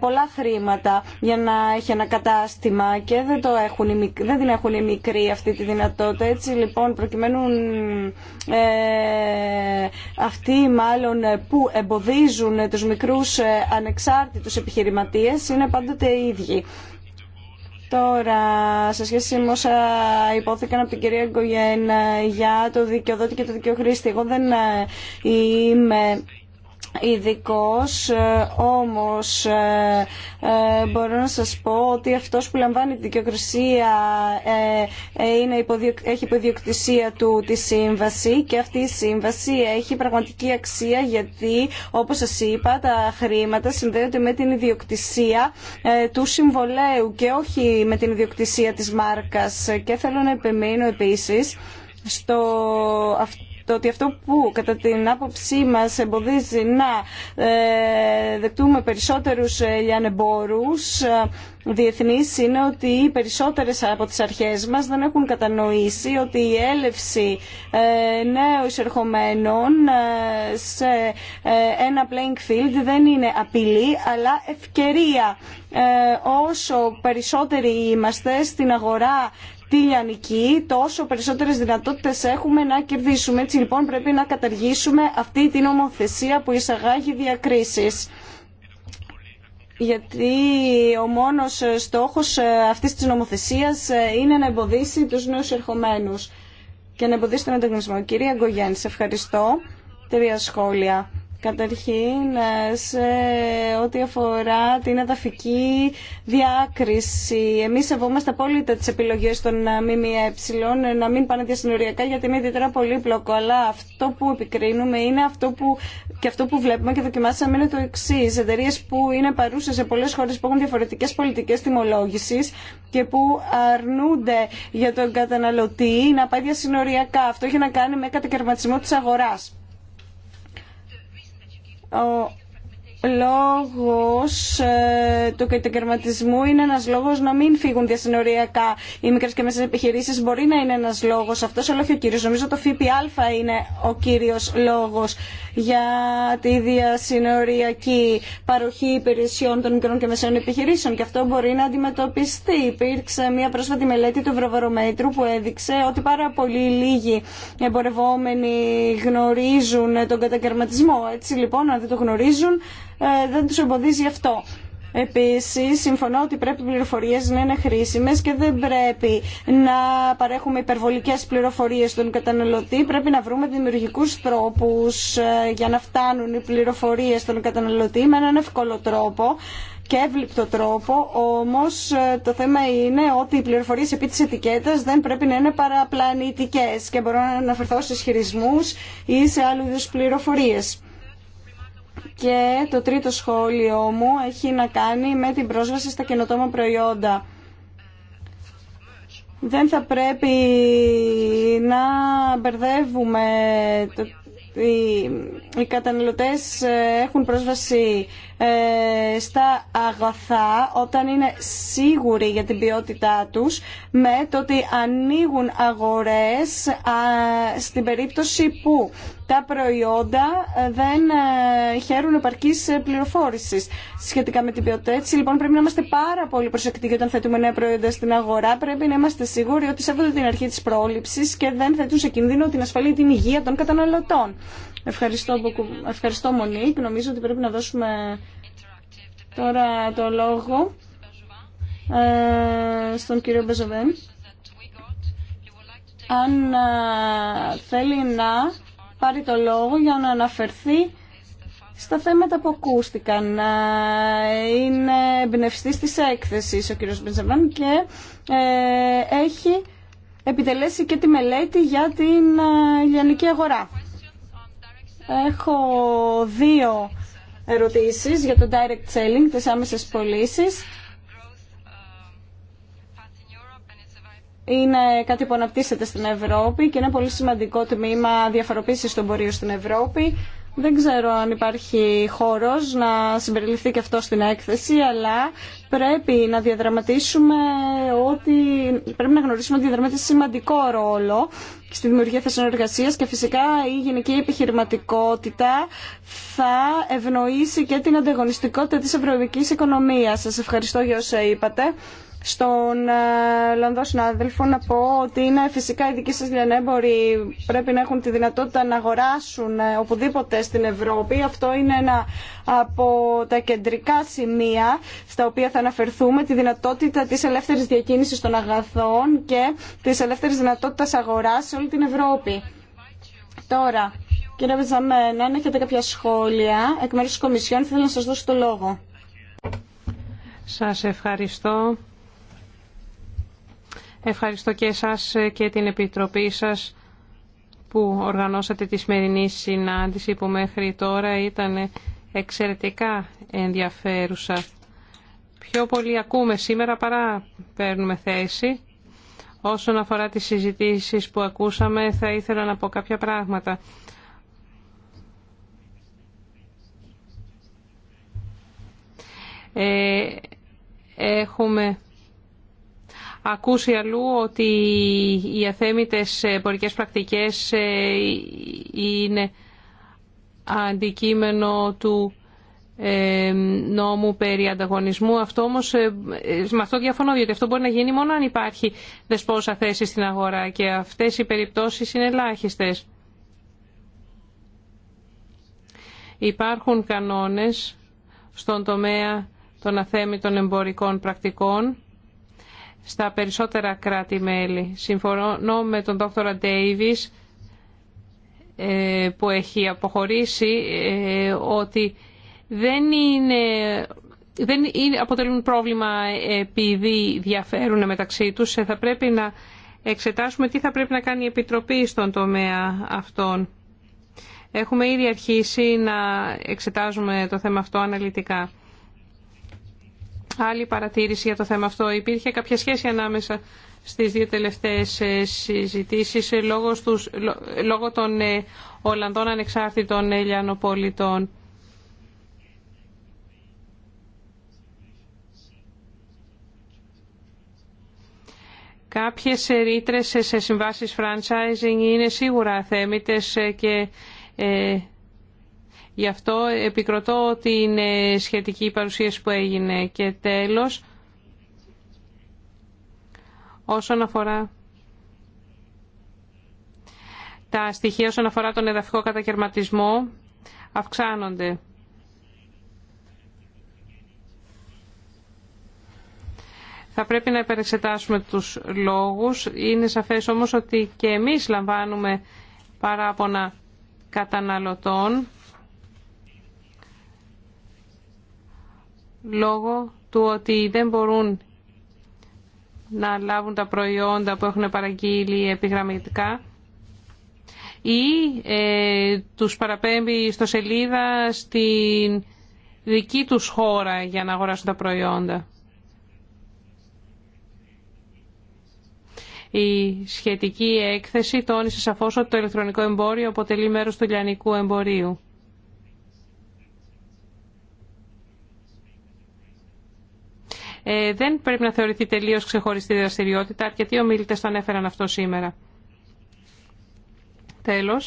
πολλά χρήματα για να έχει ένα κατάστημα και δεν, το έχουν οι δεν την έχουν οι μικροί αυτή τη δυνατότητα. Έτσι λοιπόν προκειμένου ε, αυτή η μάλλον ε, που εμποδίζουν ε, τους μικρούς ε, ανεξάρτητους επιχειρηματίες είναι πάντοτε οι ίδιοι. Τώρα, σε σχέση με όσα υπόθηκαν από την κυρία Γκογιέν για το δικαιοδότη και το δικαιοχρήστη, εγώ δεν είμαι ειδικό, ε, όμως ε, ε, μπορώ να σας πω ότι αυτός που λαμβάνει τη δικαιοκρισία είναι έχει υποδιοκτησία του τη σύμβαση και αυτή η σύμβαση έχει πραγματική αξία γιατί όπως σας είπα τα χρήματα συνδέονται με την ιδιοκτησία του συμβολέου και όχι με την ιδιοκτησία της μάρκας και θέλω να επιμείνω επίσης στο αυτό το ότι αυτό που κατά την άποψή μας εμποδίζει να ε, δεκτούμε περισσότερους λιανεμπόρους ε, διεθνείς είναι ότι οι περισσότερες από τις αρχές μας δεν έχουν κατανοήσει ότι η έλευση ε, νέων εισερχομένων σε ένα playing field δεν είναι απειλή αλλά ευκαιρία. Όσο περισσότεροι είμαστε στην αγορά λιανική, τόσο περισσότερες δυνατότητες έχουμε να κερδίσουμε. Έτσι λοιπόν πρέπει να καταργήσουμε αυτή την ομοθεσία που εισαγάγει διακρίσεις γιατί ο μόνος ε, στόχος ε, αυτής της νομοθεσίας ε, είναι να εμποδίσει τους νέους ερχομένους και να εμποδίσει τον ανταγωνισμό. Κυρία Γκογιάννη, σε ευχαριστώ. Τρία σχόλια. Καταρχήν, σε ό,τι αφορά την εδαφική διάκριση, εμείς σεβόμαστε απόλυτα τις επιλογές των ΜΜΕ να μην πάνε διασυνοριακά γιατί είναι ιδιαίτερα πολύπλοκο, αλλά αυτό που επικρίνουμε είναι αυτό που και αυτό που βλέπουμε και δοκιμάσαμε είναι το εξή. Εταιρείε που είναι παρούσε σε πολλέ χώρε που έχουν διαφορετικέ πολιτικέ τιμολόγηση και που αρνούνται για τον καταναλωτή να πάει διασυνοριακά. Αυτό έχει να κάνει με κατακαιρματισμό τη αγορά. Ο λόγος ε, του κατακαιρματισμού είναι ένας λόγος να μην φύγουν διασυνοριακά οι μικρές και μεσές επιχειρήσεις. Μπορεί να είναι ένας λόγος αυτός, αλλά όχι ο κύριος. Νομίζω το ΦΠΑ είναι ο κύριος λόγος για τη διασυνοριακή παροχή υπηρεσιών των μικρών και μεσαίων επιχειρήσεων και αυτό μπορεί να αντιμετωπιστεί. Υπήρξε μια πρόσφατη μελέτη του Ευρωβαρομέτρου που έδειξε ότι πάρα πολύ λίγοι εμπορευόμενοι γνωρίζουν τον κατακαιρματισμό. Έτσι λοιπόν, αν δεν το γνωρίζουν, ε, δεν τους εμποδίζει αυτό. Επίση, συμφωνώ ότι πρέπει οι πληροφορίες να είναι χρήσιμε και δεν πρέπει να παρέχουμε υπερβολικές πληροφορίες στον καταναλωτή. Πρέπει να βρούμε δημιουργικού τρόπους ε, για να φτάνουν οι πληροφορίες στον καταναλωτή με έναν εύκολο τρόπο και εύληπτο τρόπο, όμως ε, το θέμα είναι ότι οι πληροφορίες επί της ετικέτα δεν πρέπει να είναι παραπλανητικές και μπορώ να αναφερθώ σε ισχυρισμού ή σε άλλου είδου πληροφορίε. Και το τρίτο σχόλιο μου έχει να κάνει με την πρόσβαση στα καινοτόμα προϊόντα. Δεν θα πρέπει να μπερδεύουμε το οι καταναλωτές ε, έχουν πρόσβαση ε, στα αγαθά όταν είναι σίγουροι για την ποιότητά τους με το ότι ανοίγουν αγορές στην περίπτωση που τα προϊόντα ε, δεν ε, χαίρουν επαρκή ε, πληροφόρηση σχετικά με την ποιότητα. Έτσι λοιπόν πρέπει να είμαστε πάρα πολύ προσεκτικοί όταν θέτουμε νέα προϊόντα στην αγορά. Πρέπει να είμαστε σίγουροι ότι σέβονται την αρχή τη πρόληψη και δεν θέτουν σε κινδύνο την ασφαλή την υγεία των καταναλωτών. Ευχαριστώ, Ευχαριστώ Μονίκ. Νομίζω ότι πρέπει να δώσουμε τώρα το λόγο στον κύριο Μπεζοβέν. Αν θέλει να πάρει το λόγο για να αναφερθεί στα θέματα που ακούστηκαν. Ε, είναι εμπνευστή της Έκθεση ο κύριος Μπενζεμάν και ε, έχει επιτελέσει και τη μελέτη για την ε, λιανική αγορά. Έχω δύο ερωτήσεις για το direct selling, τις άμεσες πωλήσει. είναι κάτι που αναπτύσσεται στην Ευρώπη και είναι πολύ σημαντικό τμήμα διαφοροποίηση των πορείων στην Ευρώπη. Δεν ξέρω αν υπάρχει χώρος να συμπεριληφθεί και αυτό στην έκθεση, αλλά πρέπει να διαδραματίσουμε ότι πρέπει να γνωρίσουμε ότι διαδραματίζει σημαντικό ρόλο στη δημιουργία θέσεων εργασία και φυσικά η γενική επιχειρηματικότητα θα ευνοήσει και την ανταγωνιστικότητα της ευρωπαϊκής οικονομίας. Σας ευχαριστώ για όσα είπατε στον ε, Λονδό συνάδελφο να πω ότι είναι φυσικά οι δικοί σας λιανέμποροι πρέπει να έχουν τη δυνατότητα να αγοράσουν ε, οπουδήποτε στην Ευρώπη. Αυτό είναι ένα από τα κεντρικά σημεία στα οποία θα αναφερθούμε, τη δυνατότητα της ελεύθερης διακίνησης των αγαθών και της ελεύθερης δυνατότητας αγοράς σε όλη την Ευρώπη. Τώρα, κύριε Βεζαμένα, αν έχετε κάποια σχόλια εκ μέρους της Κομισιόν, θέλω να σας δώσω το λόγο. Σας ευχαριστώ. Ευχαριστώ και εσάς και την Επιτροπή σας που οργανώσατε τη σημερινή συνάντηση που μέχρι τώρα ήταν εξαιρετικά ενδιαφέρουσα. Πιο πολύ ακούμε σήμερα παρά παίρνουμε θέση. Όσον αφορά τις συζητήσεις που ακούσαμε θα ήθελα να πω κάποια πράγματα. Ε, έχουμε ακούσει αλλού ότι οι αθέμητες εμπορικές πρακτικές ε, είναι αντικείμενο του ε, νόμου περί ανταγωνισμού. Αυτό όμως, ε, με αυτό διαφωνώ, διότι αυτό μπορεί να γίνει μόνο αν υπάρχει δεσπόσα θέση στην αγορά και αυτές οι περιπτώσεις είναι ελάχιστες. Υπάρχουν κανόνες στον τομέα των αθέμητων εμπορικών πρακτικών στα περισσότερα κράτη-μέλη. Συμφωνώ με τον δόκτωρα Ντέιβις ε, που έχει αποχωρήσει ε, ότι δεν είναι δεν αποτελούν πρόβλημα επειδή διαφέρουν μεταξύ τους. Ε, θα πρέπει να εξετάσουμε τι θα πρέπει να κάνει η Επιτροπή στον τομέα αυτών. Έχουμε ήδη αρχίσει να εξετάζουμε το θέμα αυτό αναλυτικά. Άλλη παρατήρηση για το θέμα αυτό. Υπήρχε κάποια σχέση ανάμεσα στις δύο τελευταίες ε, συζητήσεις ε, λόγω, στους, λόγω των ε, Ολλανδών ανεξάρτητων Ελιανοπολιτών. Κάποιες ρήτρες σε συμβάσεις franchising είναι σίγουρα θέμητες και Γι' αυτό επικροτώ την ε, σχετική παρουσίαση που έγινε. Και τέλος, όσον αφορά τα στοιχεία όσον αφορά τον εδαφικό κατακαιρματισμό αυξάνονται. Θα πρέπει να υπερεξετάσουμε τους λόγους. Είναι σαφές όμως ότι και εμείς λαμβάνουμε παράπονα καταναλωτών λόγω του ότι δεν μπορούν να λάβουν τα προϊόντα που έχουν παραγγείλει επιγραμματικά ή ε, τους παραπέμπει στο σελίδα στην δική τους χώρα για να αγοράσουν τα προϊόντα. Η σχετική έκθεση τόνισε σαφώς ότι το ηλεκτρονικό εμπόριο αποτελεί μέρος του λιανικού εμπορίου. Ε, δεν πρέπει να θεωρηθεί τελείω ξεχωριστή δραστηριότητα. Αρκετοί ομιλητέ το ανέφεραν αυτό σήμερα. Τέλο,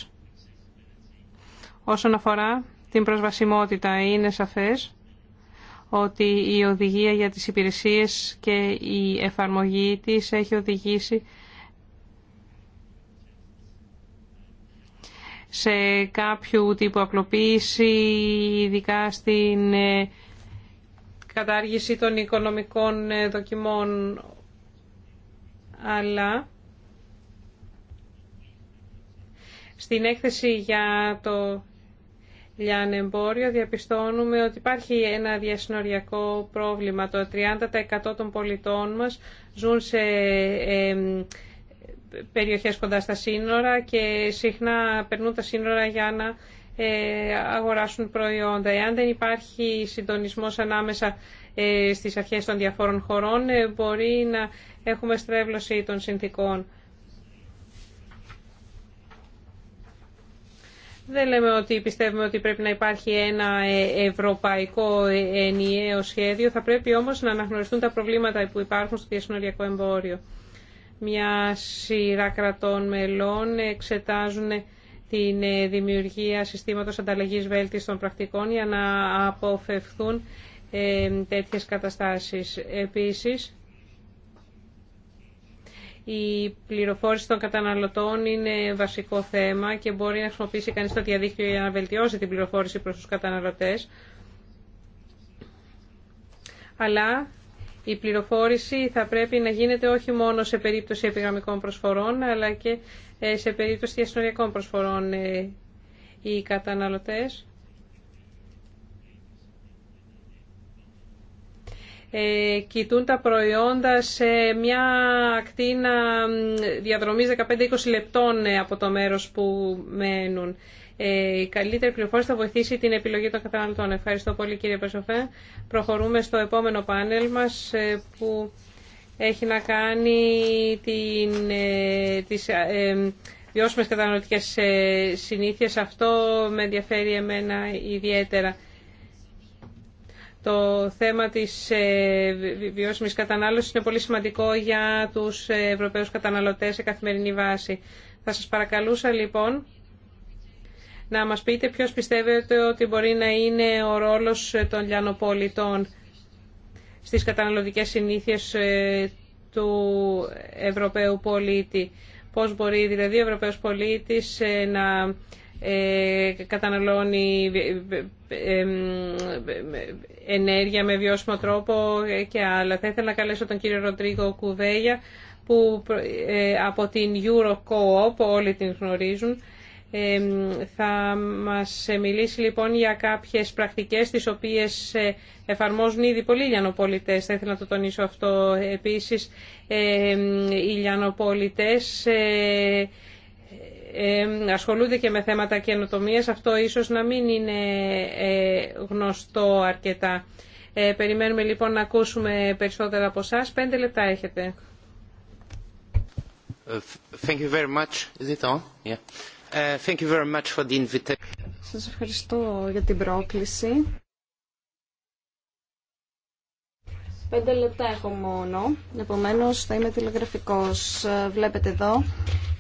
όσον αφορά την προσβασιμότητα, είναι σαφέ ότι η οδηγία για τις υπηρεσίες και η εφαρμογή της έχει οδηγήσει σε κάποιο τύπου απλοποίηση, ειδικά στην ε, κατάργηση των οικονομικών ε, δοκιμών, αλλά στην έκθεση για το λιανεμπόριο διαπιστώνουμε ότι υπάρχει ένα διασυνοριακό πρόβλημα. Το 30% των πολιτών μας ζουν σε ε, περιοχές κοντά στα σύνορα και συχνά περνούν τα σύνορα για να ε, αγοράσουν προϊόντα. Εάν δεν υπάρχει συντονισμός ανάμεσα ε, στις αρχές των διαφόρων χωρών, ε, μπορεί να έχουμε στρέβλωση των συνθήκων. Δεν λέμε ότι πιστεύουμε ότι πρέπει να υπάρχει ένα ευρωπαϊκό ενιαίο σχέδιο. Θα πρέπει όμως να αναγνωριστούν τα προβλήματα που υπάρχουν στο διασυνοριακό εμπόριο. Μια σειρά κρατών μελών εξετάζουν την ε, δημιουργία συστήματος ανταλλαγής βέλτιστων πρακτικών για να αποφευθούν ε, τέτοιες καταστάσεις. Επίσης, η πληροφόρηση των καταναλωτών είναι βασικό θέμα και μπορεί να χρησιμοποιήσει κανείς το διαδίκτυο για να βελτιώσει την πληροφόρηση προς τους καταναλωτές. Αλλά η πληροφόρηση θα πρέπει να γίνεται όχι μόνο σε περίπτωση επιγραμμικών προσφορών, αλλά και ε, σε περίπτωση διασυνοριακών προσφορών ε, οι καταναλωτές. Ε, κοιτούν τα προϊόντα σε μια ακτίνα διαδρομής 15-20 λεπτών από το μέρος που μένουν. η καλύτερη πληροφόρηση θα βοηθήσει την επιλογή των καταναλωτών. Ευχαριστώ πολύ κύριε Πασοφέ. Προχωρούμε στο επόμενο πάνελ μας που έχει να κάνει την, ε, τις ε, βιώσιμες καταναλωτικές ε, συνήθειες. Αυτό με ενδιαφέρει εμένα ιδιαίτερα. Το θέμα της βιώσιμης κατανάλωσης είναι πολύ σημαντικό για τους Ευρωπαίους καταναλωτές σε καθημερινή βάση. Θα σας παρακαλούσα λοιπόν να μας πείτε ποιος πιστεύετε ότι μπορεί να είναι ο ρόλος των λιανοπολιτών στις καταναλωτικές συνήθειες ε, του Ευρωπαίου πολίτη. Πώς μπορεί δηλαδή ο Ευρωπαίος πολίτης ε, να ε, καταναλώνει ενέργεια με βιώσιμο τρόπο και άλλα. Θα ήθελα να καλέσω τον κύριο Ροντρίγκο Κουβέγια που από την Eurocoop, όλοι την γνωρίζουν θα μας μιλήσει λοιπόν για κάποιες πρακτικές τις οποίες ε, εφαρμόζουν ήδη πολλοί λιανοπολιτές. Θα ήθελα να το τονίσω αυτό επίσης. Οι λιανοπολιτές ε, ε, ασχολούνται και με θέματα καινοτομία. Αυτό ίσως να μην είναι γνωστό αρκετά. Περιμένουμε λοιπόν να ακούσουμε περισσότερα από εσά. Πέντε λεπτά έχετε. Thank you very much. Is it Uh, Σας ευχαριστώ για την πρόκληση. Πέντε λεπτά έχω μόνο, Επομένω, θα είμαι τηλεγραφικό. Βλέπετε εδώ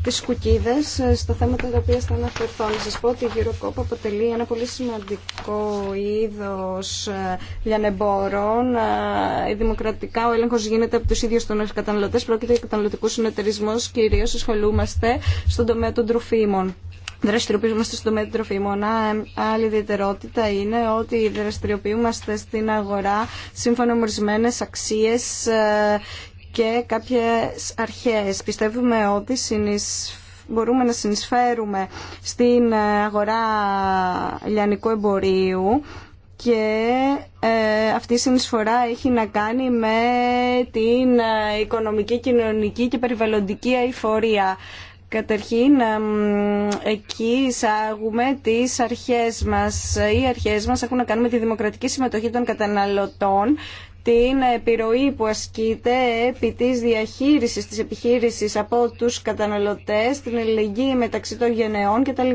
τι κουκίδε στα θέματα τα οποία θα αναφερθώ. Να σα πω ότι η Eurocop αποτελεί ένα πολύ σημαντικό είδο ε, λιανεμπόρων. Ε, δημοκρατικά ο έλεγχο γίνεται από του ίδιου των καταναλωτέ. Πρόκειται για καταναλωτικού συνεταιρισμούς. Κυρίω ασχολούμαστε στον τομέα των τροφίμων δραστηριοποιούμαστε στον μέτρο Άλλη ιδιαιτερότητα είναι ότι δραστηριοποιούμαστε στην αγορά σύμφωνα με ορισμένε αξίε ε, και κάποιες αρχές. Πιστεύουμε ότι μπορούμε να συνεισφέρουμε στην ε, αγορά λιανικού εμπορίου και ε, αυτή η συνεισφορά έχει να κάνει με την οικονομική, κοινωνική και περιβαλλοντική αηφορία. Καταρχήν, εκεί εισάγουμε τις αρχές μας. Οι αρχές μας έχουν να κάνουν με τη δημοκρατική συμμετοχή των καταναλωτών, την επιρροή που ασκείται επί της διαχείρισης της επιχείρησης από τους καταναλωτές, την ελληνική μεταξύ των γενεών κτλ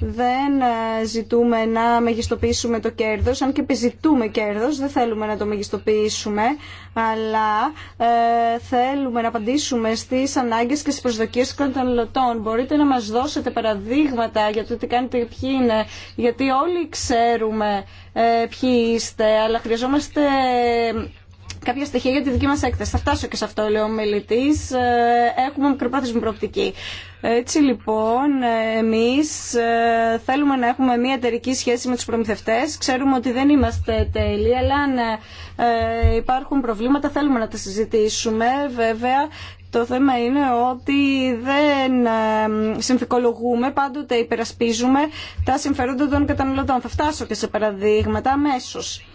δεν ε, ζητούμε να μεγιστοποιήσουμε το κέρδος, αν και επιζητούμε κέρδος, δεν θέλουμε να το μεγιστοποιήσουμε, αλλά ε, θέλουμε να απαντήσουμε στις ανάγκες και στις προσδοκίες των καταναλωτών. Μπορείτε να μας δώσετε παραδείγματα για το τι κάνετε, ποιοι είναι, γιατί όλοι ξέρουμε ε, ποιοι είστε, αλλά χρειαζόμαστε κάποια στοιχεία για τη δική μα έκθεση. Θα φτάσω και σε αυτό, λέει ο Ε, Έχουμε μικροπρόθεσμη προοπτική. Έτσι λοιπόν, εμείς ε, θέλουμε να έχουμε μια εταιρική σχέση με του προμηθευτέ. Ξέρουμε ότι δεν είμαστε τέλειοι, αλλά αν ε, υπάρχουν προβλήματα θέλουμε να τα συζητήσουμε. Βέβαια, το θέμα είναι ότι δεν ε, συνθηκολογούμε, πάντοτε υπερασπίζουμε τα συμφέροντα των καταναλωτών. Θα φτάσω και σε παραδείγματα αμέσως.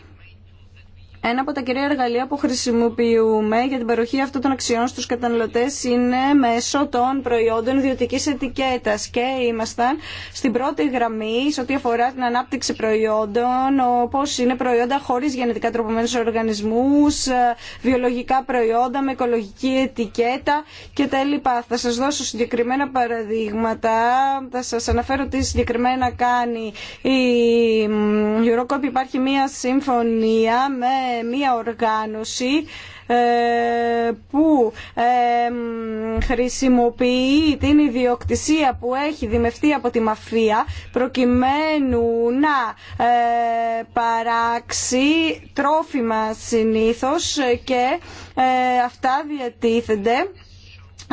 Ένα από τα κυρία εργαλεία που χρησιμοποιούμε για την παροχή αυτών των αξιών στους καταναλωτές είναι μέσω των προϊόντων ιδιωτική ετικέτας και ήμασταν στην πρώτη γραμμή σε ό,τι αφορά την ανάπτυξη προϊόντων όπως είναι προϊόντα χωρίς γενετικά τροπομένους οργανισμούς, βιολογικά προϊόντα με οικολογική ετικέτα και τα λοιπά. Θα σας δώσω συγκεκριμένα παραδείγματα, θα σας αναφέρω τι συγκεκριμένα κάνει η Eurocop. Υπάρχει μια συμφωνία με μια οργάνωση ε, που ε, χρησιμοποιεί την ιδιοκτησία που έχει δημευτεί από τη μαφία προκειμένου να ε, παράξει τρόφιμα συνήθως και αυτά διατίθενται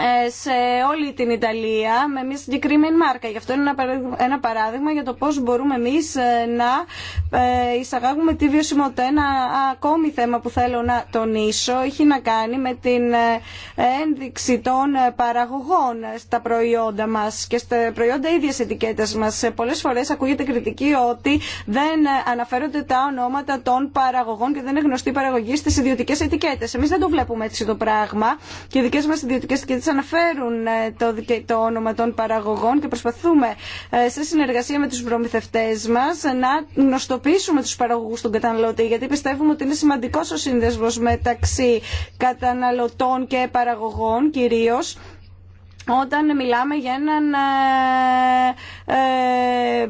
ε, σε όλη την Ιταλία με μια συγκεκριμένη μάρκα. Γι' αυτό είναι ένα παράδειγμα για το πώς μπορούμε εμείς ε, να ε, εισαγάγουμε τη βιωσιμότητα. Ένα ακόμη θέμα που θέλω να τονίσω έχει να κάνει με την ένδειξη των παραγωγών στα προϊόντα μας και στα προϊόντα ίδιας ετικέτας μας. Πολλές φορές ακούγεται κριτική ότι δεν αναφέρονται τα ονόματα των παραγωγών και δεν είναι γνωστή παραγωγή στις ιδιωτικές ετικέτες. Εμείς δεν το βλέπουμε έτσι το πράγμα και οι δικές μας ιδιωτικές ετικέτες αναφέρουν ε, το, το όνομα των παραγωγών και προσπαθούμε ε, σε συνεργασία με τους προμηθευτές μας να γνωστοποιήσουμε τους παραγωγούς των καταναλωτή γιατί πιστεύουμε ότι είναι σημαντικός ο σύνδεσμος μεταξύ καταναλωτών και παραγωγών κυρίως όταν μιλάμε για έναν ε, ε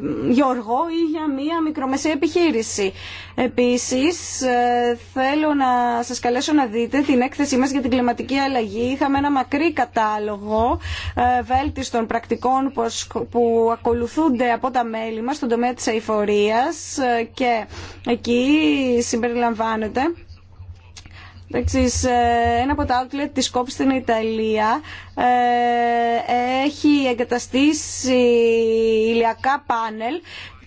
ή για μία μικρομεσαία επιχείρηση. Επίσης, ε, θέλω να σας καλέσω να δείτε την έκθεσή μας για την κλιματική αλλαγή. Είχαμε ένα μακρύ κατάλογο ε, βέλτιστων πρακτικών που ακολουθούνται από τα μέλη μας στον τομέα της αηφορίας και εκεί συμπεριλαμβάνεται Εντάξει, ένα από τα outlet της Κόπης στην Ιταλία ε, έχει εγκαταστήσει ηλιακά πάνελ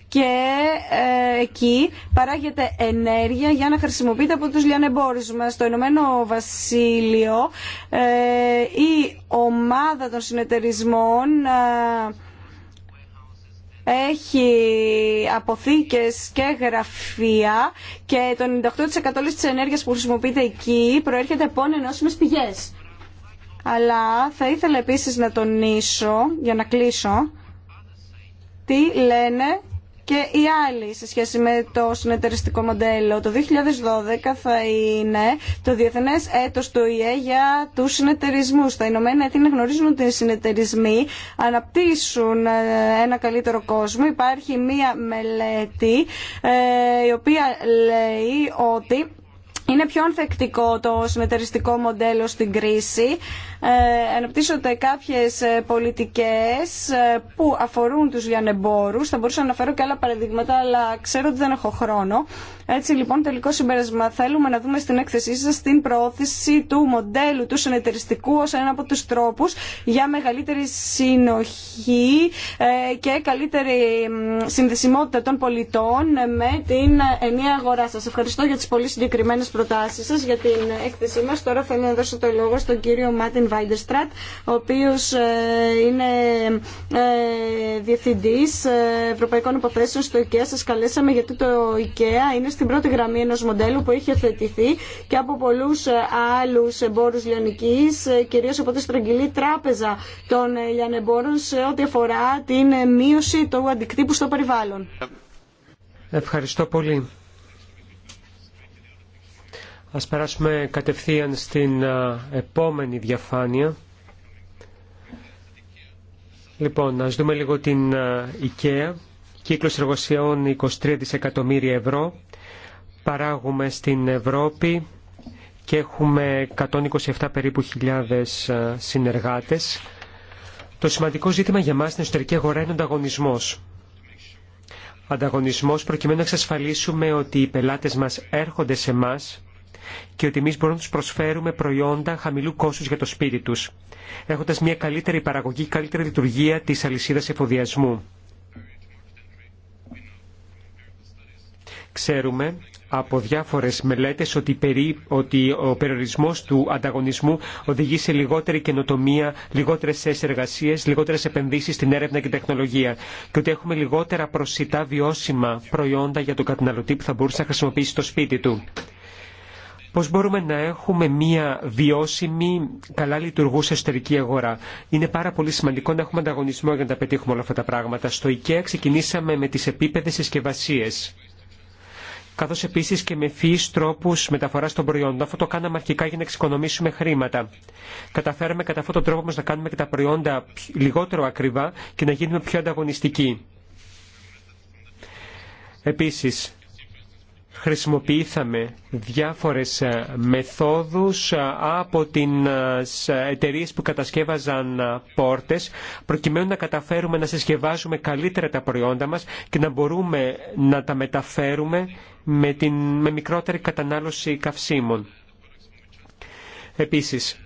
και ε, εκεί παράγεται ενέργεια για να χρησιμοποιείται από τους λιανεμπόρους μας. Στο Ηνωμένο Βασίλειο ε, η ομάδα των συνεταιρισμών έχει αποθήκες και γραφεία και το 98% της ενέργειας που χρησιμοποιείται εκεί προέρχεται από ενώσιμες πηγές. Αλλά θα ήθελα επίσης να τονίσω, για να κλείσω, τι λένε και οι άλλοι σε σχέση με το συνεταιριστικό μοντέλο. Το 2012 θα είναι το διεθνέ έτο του ΙΕ για του συνεταιρισμού. Τα Ηνωμένα Έθνη γνωρίζουν ότι οι συνεταιρισμοί αναπτύσσουν ε, ένα καλύτερο κόσμο. Υπάρχει μία μελέτη ε, η οποία λέει ότι είναι πιο ανθεκτικό το συμμετεριστικό μοντέλο στην κρίση. Ε, αναπτύσσονται κάποιες ε, πολιτικές ε, που αφορούν τους λιανεμπόρους. Θα μπορούσα να αναφέρω και άλλα παραδείγματα, αλλά ξέρω ότι δεν έχω χρόνο. Έτσι λοιπόν, τελικό συμπέρασμα. Θέλουμε να δούμε στην έκθεσή σας την προώθηση του μοντέλου του συνεταιριστικού ως ένα από τους τρόπους για μεγαλύτερη συνοχή και καλύτερη συνδεσιμότητα των πολιτών με την ενιαία αγορά σας. Ευχαριστώ για τις πολύ συγκεκριμένες προτάσεις σας για την έκθεσή μας. Τώρα θέλω να δώσω το λόγο στον κύριο Μάτιν Βάιντεστρατ, ο οποίος ε, είναι ε, διευθυντής ε, ευρωπαϊκών υποθέσεων στο IKEA. Σας καλέσαμε γιατί το IKEA είναι στην πρώτη γραμμή ενός μοντέλου που έχει θετηθεί και από πολλούς άλλους εμπόρους λιανικής, κυρίως από τη στραγγυλή τράπεζα των λιανεμπόρων σε ό,τι αφορά την μείωση του αντικτύπου στο περιβάλλον. Ευχαριστώ πολύ. Ας περάσουμε κατευθείαν στην επόμενη διαφάνεια. Λοιπόν, ας δούμε λίγο την IKEA. Κύκλος εργοσιών 23 δισεκατομμύρια ευρώ. Παράγουμε στην Ευρώπη και έχουμε 127 περίπου χιλιάδες συνεργάτες. Το σημαντικό ζήτημα για μας στην εσωτερική αγορά είναι ο ανταγωνισμός. Ανταγωνισμός προκειμένου να εξασφαλίσουμε ότι οι πελάτες μας έρχονται σε μας και ότι εμεί μπορούμε να του προσφέρουμε προϊόντα χαμηλού κόστου για το σπίτι του, έχοντα μια καλύτερη παραγωγή, καλύτερη λειτουργία τη αλυσίδα εφοδιασμού. Ξέρουμε από διάφορες μελέτες ότι, περί, ότι ο περιορισμός του ανταγωνισμού οδηγεί σε λιγότερη καινοτομία, λιγότερες θέσεις εργασίες, λιγότερες επενδύσεις στην έρευνα και τεχνολογία και ότι έχουμε λιγότερα προσιτά βιώσιμα προϊόντα για τον καταναλωτή που θα μπορούσε να χρησιμοποιήσει το σπίτι του. Πώς μπορούμε να έχουμε μια βιώσιμη, καλά λειτουργούσα εσωτερική αγορά. Είναι πάρα πολύ σημαντικό να έχουμε ανταγωνισμό για να τα πετύχουμε όλα αυτά τα πράγματα. Στο IKEA ξεκινήσαμε με τις επίπεδες συσκευασίε καθώς επίσης και με φύς τρόπους μεταφοράς των προϊόντων. Αυτό το κάναμε αρχικά για να εξοικονομήσουμε χρήματα. Καταφέραμε κατά αυτόν τον τρόπο όμως να κάνουμε και τα προϊόντα λιγότερο ακριβά και να γίνουμε πιο ανταγωνιστικοί. Επίση, χρησιμοποιήσαμε διάφορες ε, μεθόδους ε, από τις ε, εταιρείες που κατασκεύαζαν πόρτες προκειμένου να καταφέρουμε να συσκευάζουμε καλύτερα τα προϊόντα μας και να μπορούμε να τα μεταφέρουμε με, την, με μικρότερη κατανάλωση καυσίμων. Επίσης,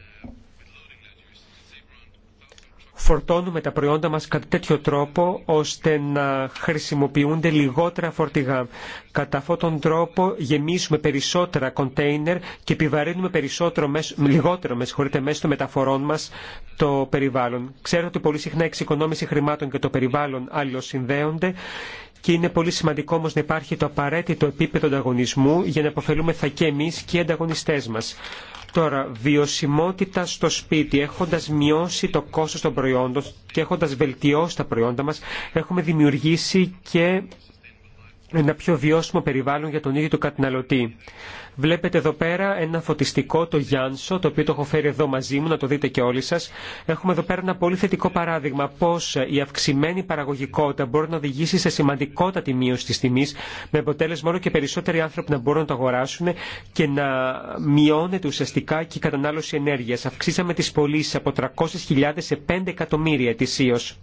φορτώνουμε τα προϊόντα μας κατά τέτοιο τρόπο ώστε να χρησιμοποιούνται λιγότερα φορτηγά. Κατά αυτόν τον τρόπο γεμίζουμε περισσότερα κοντέινερ και επιβαρύνουμε περισσότερο, λιγότερο με συγχωρείτε, μέσω των μεταφορών μας το περιβάλλον. Ξέρω ότι πολύ συχνά η εξοικονόμηση χρημάτων και το περιβάλλον συνδέονται και είναι πολύ σημαντικό όμως να υπάρχει το απαραίτητο επίπεδο ανταγωνισμού για να αποφελούμε θα και εμείς και οι ανταγωνιστές μας. Τώρα, βιωσιμότητα στο σπίτι, έχοντας μειώσει το κόστος των προϊόντων και έχοντας βελτιώσει τα προϊόντα μας, έχουμε δημιουργήσει και ένα πιο βιώσιμο περιβάλλον για τον ίδιο του καταναλωτή. Βλέπετε εδώ πέρα ένα φωτιστικό, το Γιάνσο, το οποίο το έχω φέρει εδώ μαζί μου, να το δείτε και όλοι σας. Έχουμε εδώ πέρα ένα πολύ θετικό παράδειγμα πώς ε, η αυξημένη παραγωγικότητα μπορεί να οδηγήσει σε σημαντικότατη μείωση της τιμής, με αποτέλεσμα όλο και περισσότεροι άνθρωποι να μπορούν να το αγοράσουν και να μειώνεται ουσιαστικά και η κατανάλωση ενέργειας. Αυξήσαμε τις πωλήσει από 300.000 σε 5 εκατομμύρια ετησίως.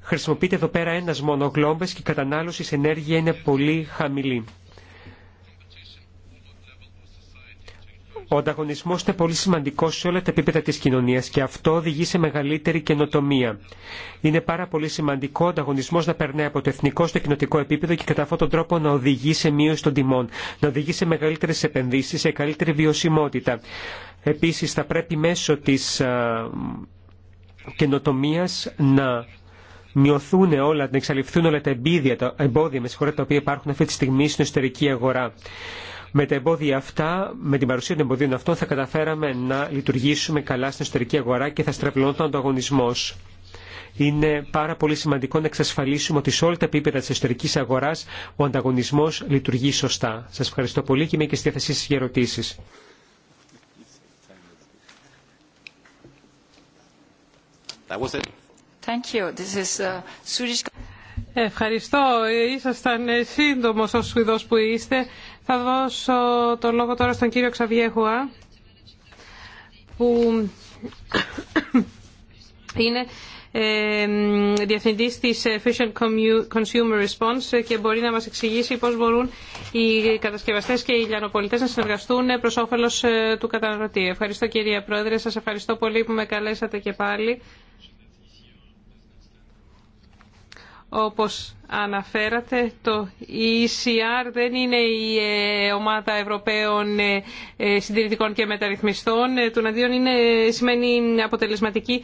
Χρησιμοποιείται εδώ πέρα ένας μόνο γλόμπες και η κατανάλωση ενέργεια είναι πολύ χαμηλή. Ο ανταγωνισμό είναι πολύ σημαντικό σε όλα τα επίπεδα της κοινωνίας και αυτό οδηγεί σε μεγαλύτερη καινοτομία. Είναι πάρα πολύ σημαντικό ο ανταγωνισμό να περνάει από το εθνικό στο κοινοτικό επίπεδο και κατά αυτόν τον τρόπο να οδηγεί σε μείωση των τιμών, να οδηγεί σε μεγαλύτερε επενδύσεις, σε καλύτερη βιωσιμότητα. Επίσης θα πρέπει μέσω της καινοτομία να μειωθούν όλα, να εξαλειφθούν όλα τα εμπόδια, τα εμπόδια με συγχωρέ, τα οποία υπάρχουν αυτή τη στιγμή στην εσωτερική αγορά. Με τα εμπόδια αυτά, με την παρουσία των εμποδίων αυτών, θα καταφέραμε να λειτουργήσουμε καλά στην εσωτερική αγορά και θα στρεβλώνονταν ο ανταγωνισμό. Είναι πάρα πολύ σημαντικό να εξασφαλίσουμε ότι σε όλα τα επίπεδα τη εσωτερική αγορά ο ανταγωνισμό λειτουργεί σωστά. Σα ευχαριστώ πολύ και είμαι και στη διάθεσή σα για ερωτήσει. Uh, ευχαριστώ. Ήσασταν σύντομο ο Σουηδό που είστε. Θα δώσω το λόγο τώρα στον κύριο Ξαβιέχουα που είναι διευθυντής της Efficient Consumer Response και μπορεί να μας εξηγήσει πώς μπορούν οι κατασκευαστές και οι λιανοπολιτές να συνεργαστούν προς όφελος ε, του καταναλωτή. Ευχαριστώ κυρία Πρόεδρε, σας ευχαριστώ πολύ που με καλέσατε και πάλι. Όπως αναφέρατε, το ECR δεν είναι η ε, ομάδα Ευρωπαίων ε, ε, Συντηρητικών και Μεταρρυθμιστών. Του να είναι, σημαίνει αποτελεσματική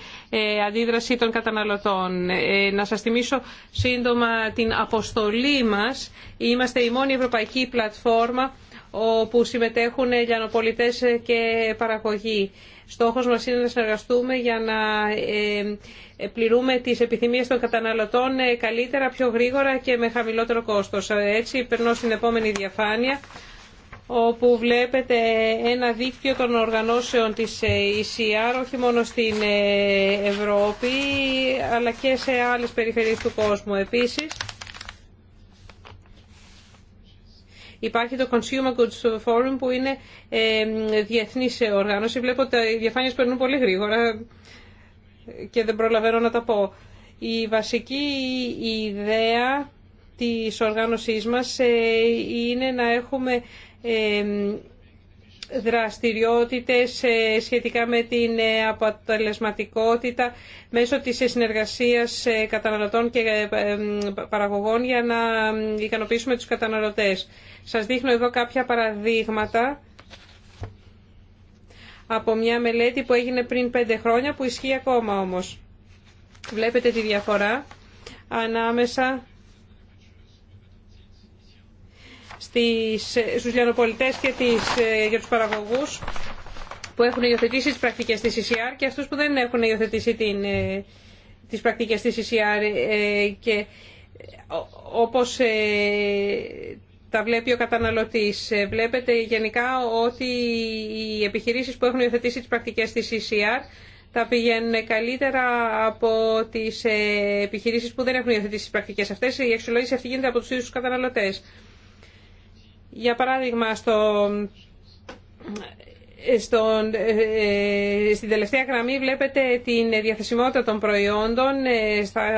αντίδραση των καταναλωτών. Να σας θυμίσω σύντομα την αποστολή μας. Είμαστε η μόνη ευρωπαϊκή πλατφόρμα όπου συμμετέχουν λιανοπολιτές και παραγωγοί. Στόχος μας είναι να συνεργαστούμε για να ε, ε, πληρούμε τις επιθυμίες των καταναλωτών ε, καλύτερα, πιο γρήγορα και με χαμηλότερο κόστος. Έτσι, περνώ στην επόμενη διαφάνεια όπου βλέπετε ένα δίκτυο των οργανώσεων της ECR όχι μόνο στην Ευρώπη αλλά και σε άλλες περιφερειές του κόσμου επίσης. Υπάρχει το Consumer Goods Forum που είναι ε, διεθνής οργάνωση. Βλέπω ότι οι διαφάνειες περνούν πολύ γρήγορα και δεν προλαβαίνω να τα πω. Η βασική ιδέα της οργάνωσής μας ε, είναι να έχουμε ε, δραστηριότητες ε, σχετικά με την ε, αποτελεσματικότητα μέσω της ε, συνεργασίας καταναλωτών και παραγωγών για να ικανοποιήσουμε τους καταναλωτές. Σας δείχνω εδώ κάποια παραδείγματα από μια μελέτη που έγινε πριν πέντε χρόνια που ισχύει ακόμα όμως. Βλέπετε τη διαφορά ανάμεσα τις, στους λιανοπολιτές και τις, ε, για τους παραγωγούς που έχουν υιοθετήσει τις πρακτικές της ECR και αυτούς που δεν έχουν υιοθετήσει την, ε, τις πρακτικές της ECR ε, και όπως τα βλέπει ο καταναλωτής. Βλέπετε γενικά ότι οι επιχειρήσεις που έχουν υιοθετήσει τις πρακτικές της ECR τα πηγαίνουν καλύτερα από τις επιχειρήσεις που δεν έχουν υιοθετήσει τις πρακτικές αυτές. Η αξιολόγηση αυτή γίνεται από τους ίδιους τους καταναλωτές. Για παράδειγμα, στο, ε, στην τελευταία γραμμή βλέπετε την διαθεσιμότητα των προϊόντων. Ε, στα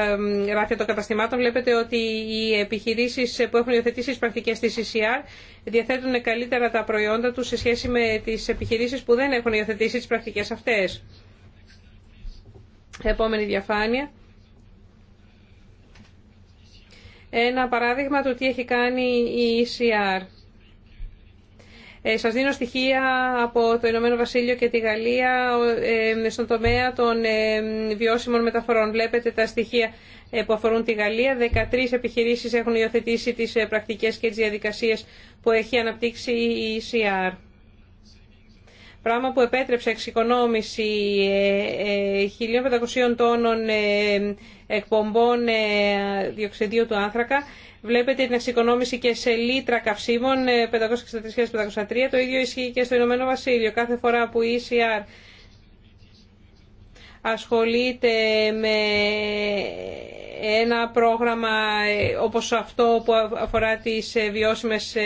γράφια των καταστημάτων βλέπετε ότι οι επιχειρήσεις που έχουν υιοθετήσει τι πρακτικές της CCR διαθέτουν καλύτερα τα προϊόντα τους σε σχέση με τις επιχειρήσεις που δεν έχουν υιοθετήσει τις πρακτικές αυτές. Επόμενη διαφάνεια. Ένα παράδειγμα του τι έχει κάνει η ECR. Ε, σας δίνω στοιχεία από το Ηνωμένο Βασίλειο και τη Γαλλία ε, στον τομέα των ε, βιώσιμων μεταφορών. Βλέπετε τα στοιχεία που αφορούν τη Γαλλία. 13 επιχειρήσεις έχουν υιοθετήσει τις πρακτικές και τις διαδικασίες που έχει αναπτύξει η ECR. Πράγμα που επέτρεψε εξοικονόμηση 1.500 τόνων εκπομπών διοξιδίου του άνθρακα Βλέπετε την εξοικονόμηση και σε λίτρα καυσίμων 563-503. Ε, το ίδιο ισχύει και στο Ηνωμένο Βασίλειο. Κάθε φορά που η ECR ασχολείται με ένα πρόγραμμα ε, όπως αυτό που αφορά τις ε, βιώσιμες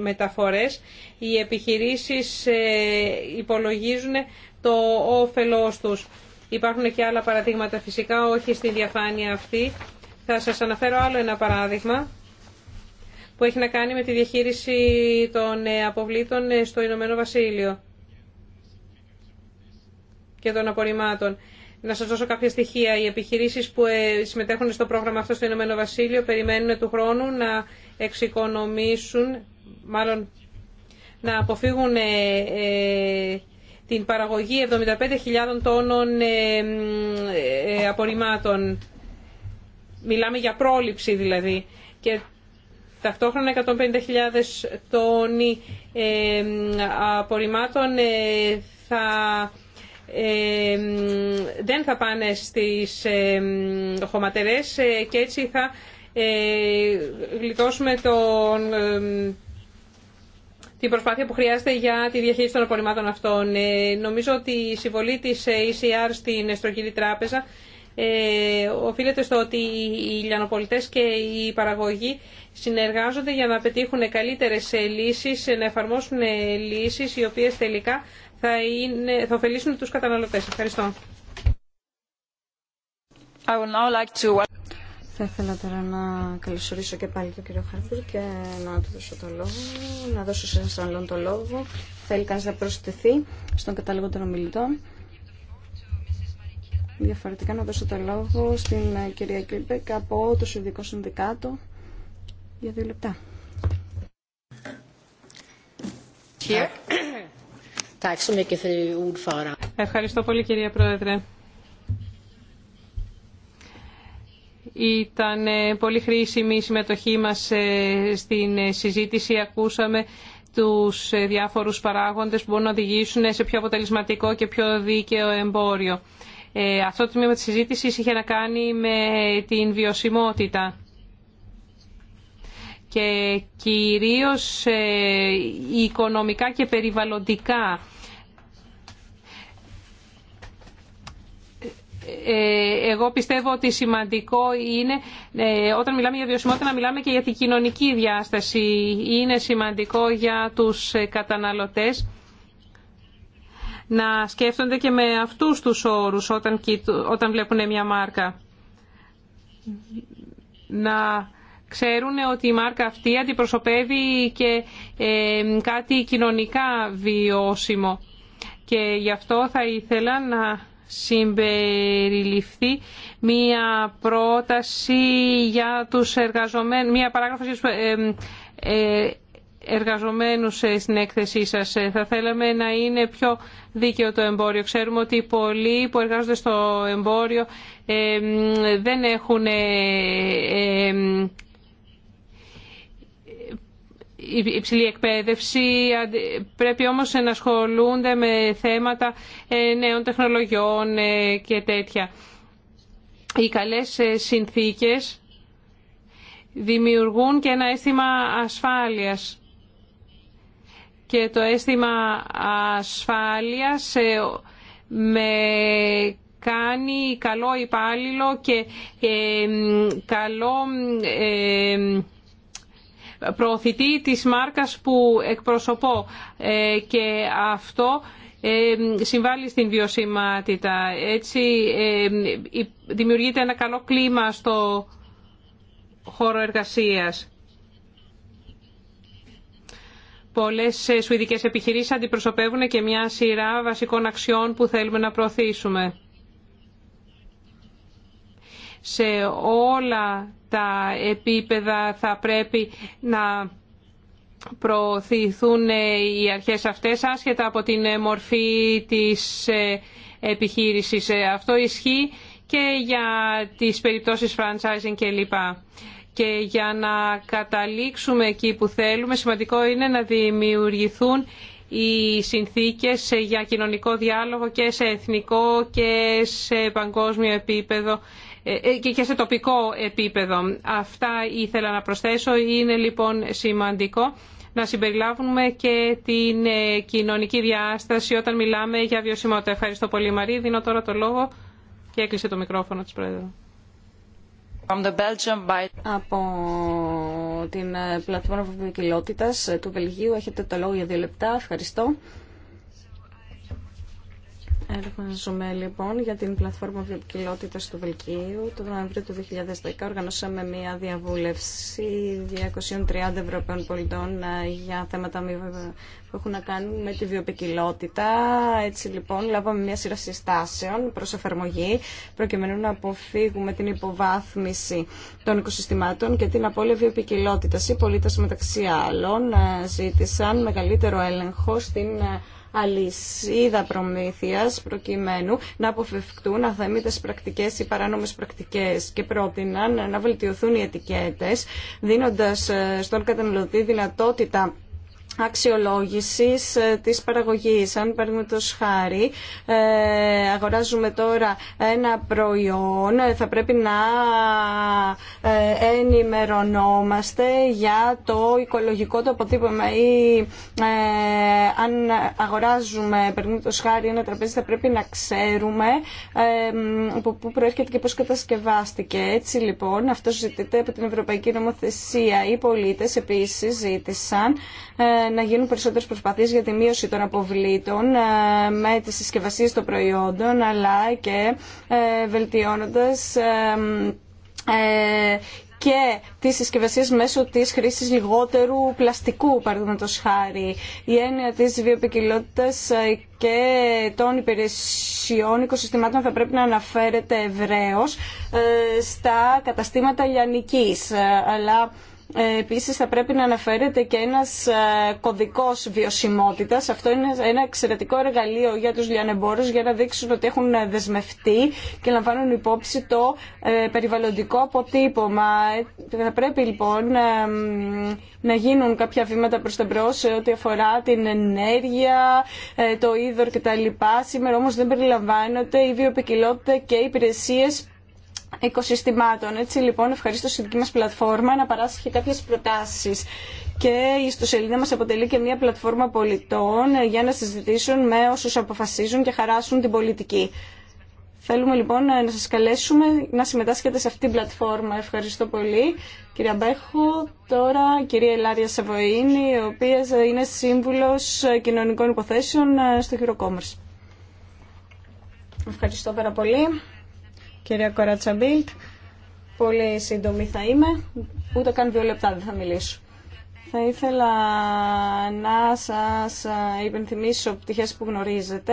μεταφορές, οι επιχειρήσεις υπολογίζουν το όφελός τους. Υπάρχουν και άλλα παραδείγματα φυσικά, όχι στη διαφάνεια αυτή. Θα σας αναφέρω άλλο ένα παράδειγμα που έχει να κάνει με τη διαχείριση των ε, αποβλήτων ε, στο Ηνωμένο Βασίλειο και των απορριμμάτων. Να σας δώσω κάποια στοιχεία. Οι επιχειρήσεις που ε, συμμετέχουν στο πρόγραμμα αυτό στο Ηνωμένο Βασίλειο περιμένουν του χρόνου να εξοικονομήσουν, μάλλον να αποφύγουν την παραγωγή 75.000 τόνων απορριμμάτων Μιλάμε για πρόληψη δηλαδή και ταυτόχρονα 150.000 τόνοι ε, απορριμμάτων ε, θα ε, δεν θα πάνε στις ε, χωματερές ε, και έτσι θα γλιτώσουμε τον, την προσπάθεια που χρειάζεται για τη διαχείριση των απορριμμάτων αυτών. Νομίζω ότι η συμβολή της ECR στην Εστρογγυλή Τράπεζα ε, οφείλεται στο ότι οι λιανοπολιτές και οι παραγωγοί συνεργάζονται για να πετύχουν καλύτερες λύσεις, να εφαρμόσουν λύσεις οι οποίες τελικά θα, είναι, θα ωφελήσουν τους καταναλωτές. Ευχαριστώ. Θα ήθελα τώρα να καλωσορίσω και πάλι τον κύριο Χάρμπουρ και να του δώσω το λόγο, να δώσω σε άλλον το λόγο. Θέλει κανείς να προσθεθεί στον κατάλογο των ομιλητών διαφορετικά να δώσω το λόγο στην ε, κυρία Κίλπεκ από το Σουηδικό Συνδικάτο για δύο λεπτά. Ευχαριστώ πολύ κυρία Πρόεδρε. Ήταν ε, πολύ χρήσιμη η συμμετοχή μας ε, στην συζήτηση. Ακούσαμε τους διάφορους παράγοντες που μπορούν να οδηγήσουν σε πιο αποτελεσματικό και πιο δίκαιο εμπόριο. Ε, αυτό το τμήμα της συζήτησης είχε να κάνει με την βιωσιμότητα και κυρίως ε, οικονομικά και περιβαλλοντικά. Ε, εγώ πιστεύω ότι σημαντικό είναι όταν μιλάμε για βιωσιμότητα να μιλάμε και για την κοινωνική διάσταση. Είναι σημαντικό για τους καταναλωτές να σκέφτονται και με αυτούς τους όρους όταν, όταν βλέπουν μια μάρκα. Να ξέρουν ότι η μάρκα αυτή αντιπροσωπεύει και ε, κάτι κοινωνικά βιώσιμο. Και γι' αυτό θα ήθελα να συμπεριληφθεί μία πρόταση για τους εργαζομένους, μία παράγραφος ε, ε, εργαζομένους ε, στην έκθεσή σας. Ε, θα θέλαμε να είναι πιο δίκαιο το εμπόριο. Ξέρουμε ότι πολλοί που εργάζονται στο εμπόριο ε, δεν έχουν υψηλή εκπαίδευση, πρέπει όμως να ασχολούνται με θέματα νέων τεχνολογιών και τέτοια. Οι καλές συνθήκες δημιουργούν και ένα αίσθημα ασφάλειας και το αίσθημα ασφάλειας ε, με κάνει καλό υπάλληλο και ε, καλό ε, προωθητή της μάρκας που εκπροσωπώ και αυτό συμβάλλει στην βιωσιμότητα. Έτσι δημιουργείται ένα καλό κλίμα στο χώρο εργασίας. Πολλές ε, σουηδικέ επιχειρήσεις αντιπροσωπεύουν και μια σειρά βασικών αξιών που θέλουμε να προωθήσουμε. Σε όλα τα επίπεδα θα πρέπει να προωθηθούν ε, οι αρχές αυτές άσχετα από την ε, μορφή της επιχείρησης. Αυτό ισχύει και για τις περιπτώσεις franchising κλπ και για να καταλήξουμε εκεί που θέλουμε σημαντικό είναι να δημιουργηθούν οι συνθήκες για κοινωνικό διάλογο και σε εθνικό και σε παγκόσμιο επίπεδο ε, ε, και σε τοπικό επίπεδο. Αυτά ήθελα να προσθέσω. Είναι λοιπόν σημαντικό να συμπεριλάβουμε και την ε, κοινωνική διάσταση όταν μιλάμε για βιωσιμότητα. Ευχαριστώ πολύ Μαρή. Δίνω τώρα το λόγο και έκλεισε το μικρόφωνο της από την πλατφόρμα βικιλότητας του Βελγίου έχετε το λόγο για δύο λεπτά. Ευχαριστώ. Ζούμε λοιπόν για την πλατφόρμα βιοπικιλότητας του Βελκίου. Το Νοέμβριο του 2010 οργανώσαμε μια διαβούλευση 230 Ευρωπαίων πολιτών ε, για θέματα που έχουν να κάνουν με τη βιοπικιλότητα. Έτσι λοιπόν λάβαμε μια σειρά συστάσεων προς εφαρμογή προκειμένου να αποφύγουμε την υποβάθμιση των οικοσυστημάτων και την απώλεια βιοπικιλότητας. Οι πολίτες μεταξύ άλλων ε, ζήτησαν μεγαλύτερο έλεγχο στην ε, αλυσίδα προμήθεια προκειμένου να αποφευκτούν αθέμητε πρακτικές ή παράνομες πρακτικές και πρότειναν να βελτιωθούν οι ετικέτε, δίνοντας ε, στον καταναλωτή δυνατότητα αξιολόγησης ε, της παραγωγής. Αν παίρνουμε το σχάρι, ε, αγοράζουμε τώρα ένα προϊόν, ε, θα πρέπει να ενημερωνόμαστε για το οικολογικό το αποτύπωμα ή αν αγοράζουμε, παίρνουμε το σχάρι ένα τραπέζι, θα πρέπει να ξέρουμε από πού προέρχεται και πώς κατασκευάστηκε. Έτσι λοιπόν, αυτό ζητείται από την Ευρωπαϊκή Νομοθεσία. Οι πολίτες επίσης ζήτησαν να γίνουν περισσότερες προσπαθίες για τη μείωση των αποβλήτων ε, με τις συσκευασίες των προϊόντων αλλά και ε, βελτιώνοντας ε, και τι συσκευασίε μέσω τη χρήση λιγότερου πλαστικού, παραδείγματο χάρη. Η έννοια τη βιοπικιλότητα και των υπηρεσιών οικοσυστημάτων θα πρέπει να αναφέρεται ευρέω στα καταστήματα λιανική. Αλλά ε, επίσης θα πρέπει να αναφέρεται και ένας ε, κωδικός βιωσιμότητας. Αυτό είναι ένα εξαιρετικό εργαλείο για τους λιανεμπόρους για να δείξουν ότι έχουν ε, δεσμευτεί και λαμβάνουν υπόψη το περιβαλλοντικό αποτύπωμα. Θα πρέπει λοιπόν να γίνουν κάποια βήματα προς τα μπρος ό,τι αφορά την ενέργεια, το είδωρ κτλ. Σήμερα όμως δεν περιλαμβάνονται η βιοπικιλότητα και οι υπηρεσίες οικοσυστημάτων. Έτσι λοιπόν ευχαριστώ στη δική μας πλατφόρμα να παράσχει κάποιες προτάσεις και η ιστοσελίδα μας αποτελεί και μια πλατφόρμα πολιτών για να συζητήσουν με όσους αποφασίζουν και χαράσουν την πολιτική. Θέλουμε λοιπόν να σας καλέσουμε να συμμετάσχετε σε αυτήν την πλατφόρμα. Ευχαριστώ πολύ. Κυρία Μπέχο, τώρα κυρία Ελάρια Σαβοίνη, η οποία είναι σύμβουλος κοινωνικών υποθέσεων στο Commerce. Ευχαριστώ πάρα πολύ. Κυρία Κορατσαμπίλτ, πολύ σύντομη θα είμαι, ούτε καν δύο λεπτά δεν θα μιλήσω. Θα ήθελα να σας υπενθυμίσω πτυχές που γνωρίζετε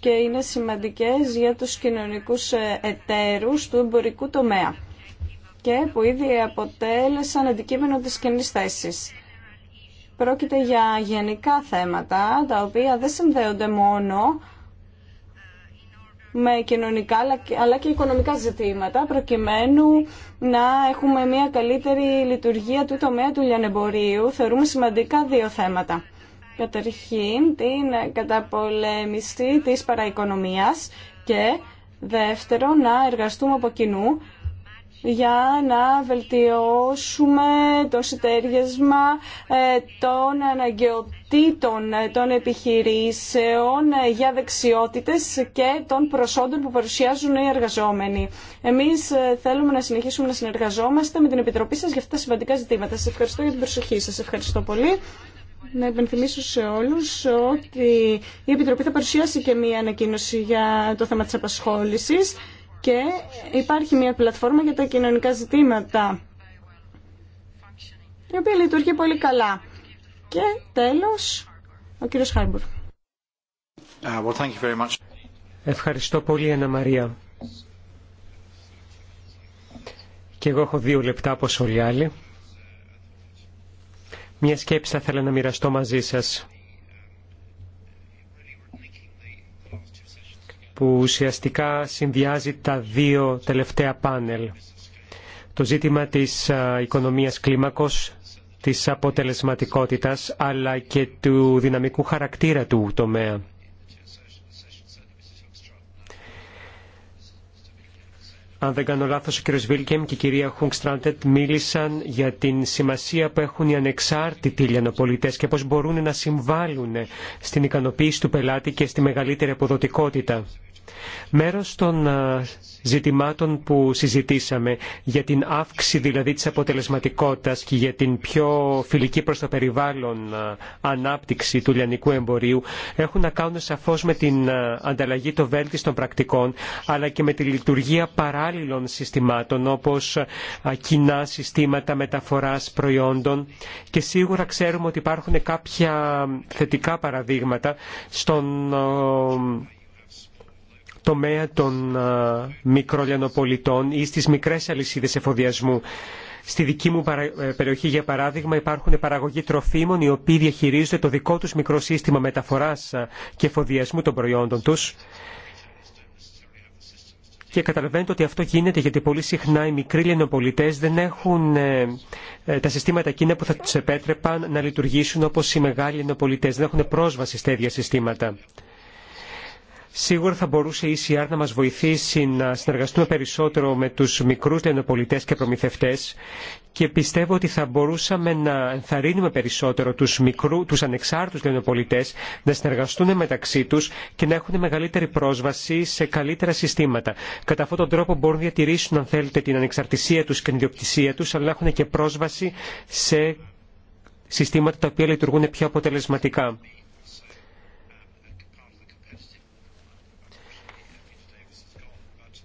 και είναι σημαντικές για τους κοινωνικούς εταίρους του εμπορικού τομέα και που ήδη αποτέλεσαν αντικείμενο της κοινή θέση. Πρόκειται για γενικά θέματα, τα οποία δεν συνδέονται μόνο με κοινωνικά αλλά και οικονομικά ζητήματα προκειμένου να έχουμε μια καλύτερη λειτουργία του τομέα του λιανεμπορίου. Θεωρούμε σημαντικά δύο θέματα. Καταρχήν την καταπολέμηση της παραοικονομίας και δεύτερο να εργαστούμε από κοινού για να βελτιώσουμε το συντέριασμα ε, των αναγκαιοτήτων ε, των επιχειρήσεων ε, για δεξιότητες και των προσόντων που παρουσιάζουν οι εργαζόμενοι. Εμείς θέλουμε να συνεχίσουμε να συνεργαζόμαστε με την Επιτροπή σας για αυτά τα σημαντικά ζητήματα. Σας ευχαριστώ για την προσοχή σας. Ευχαριστώ πολύ. Να υπενθυμίσω σε όλους ότι η Επιτροπή θα παρουσιάσει και μία ανακοίνωση για το θέμα της απασχόλησης και υπάρχει μια πλατφόρμα για τα κοινωνικά ζητήματα η οποία λειτουργεί πολύ καλά. Και τέλος, ο κύριος Χάρμπουρ. Uh, Ευχαριστώ πολύ, ένα Μαρία. Και εγώ έχω δύο λεπτά όπως όλοι άλλοι. Μια σκέψη θα ήθελα να μοιραστώ μαζί σας. που ουσιαστικά συνδυάζει τα δύο τελευταία πάνελ. Το ζήτημα της οικονομίας κλίμακος, της αποτελεσματικότητας, αλλά και του δυναμικού χαρακτήρα του τομέα. Αν δεν κάνω λάθος, ο κ. Βίλκεμ και η κυρία Χουγκστράντετ μίλησαν για την σημασία που έχουν οι ανεξάρτητοι λιανοπολιτές και πώς μπορούν να συμβάλλουν στην ικανοποίηση του πελάτη και στη μεγαλύτερη αποδοτικότητα. Μέρος των ε, ζητημάτων που συζητήσαμε για την αύξηση δηλαδή της αποτελεσματικότητας και για την πιο φιλική προς το περιβάλλον ε, ανάπτυξη του λιανικού εμπορίου έχουν να κάνουν σαφώς με την ε, ανταλλαγή των βέλτιστων πρακτικών αλλά και με τη λειτουργία παράλληλων συστημάτων όπως κοινά συστήματα μεταφοράς προϊόντων και σίγουρα ξέρουμε ότι υπάρχουν κάποια θετικά παραδείγματα στον τομέα των μικρολιανοπολιτών ή στις μικρές αλυσίδες εφοδιασμού. Στη δική μου ε, περιοχή, για παράδειγμα, υπάρχουν παραγωγοί τροφίμων οι οποίοι διαχειρίζονται το δικό τους μικρό σύστημα μεταφοράς και εφοδιασμού των προϊόντων τους. Και καταλαβαίνετε ότι αυτό γίνεται γιατί πολύ συχνά οι μικροί λιανοπολιτές δεν έχουν ε, ε, τα συστήματα εκείνα που θα του επέτρεπαν να λειτουργήσουν όπω οι μεγάλοι λιανοπολιτέ. Δεν έχουν πρόσβαση στα ίδια συστήματα. Σίγουρα θα μπορούσε η ECR να μας βοηθήσει να συνεργαστούμε περισσότερο με τους μικρούς λενοπολιτές και προμηθευτές και πιστεύω ότι θα μπορούσαμε να ενθαρρύνουμε περισσότερο τους, μικρού, τους ανεξάρτητους να συνεργαστούν μεταξύ τους και να έχουν μεγαλύτερη πρόσβαση σε καλύτερα συστήματα. Κατά αυτόν τον τρόπο μπορούν να διατηρήσουν αν θέλετε την ανεξαρτησία τους και την ιδιοκτησία τους αλλά έχουν και πρόσβαση σε συστήματα τα οποία λειτουργούν πιο αποτελεσματικά.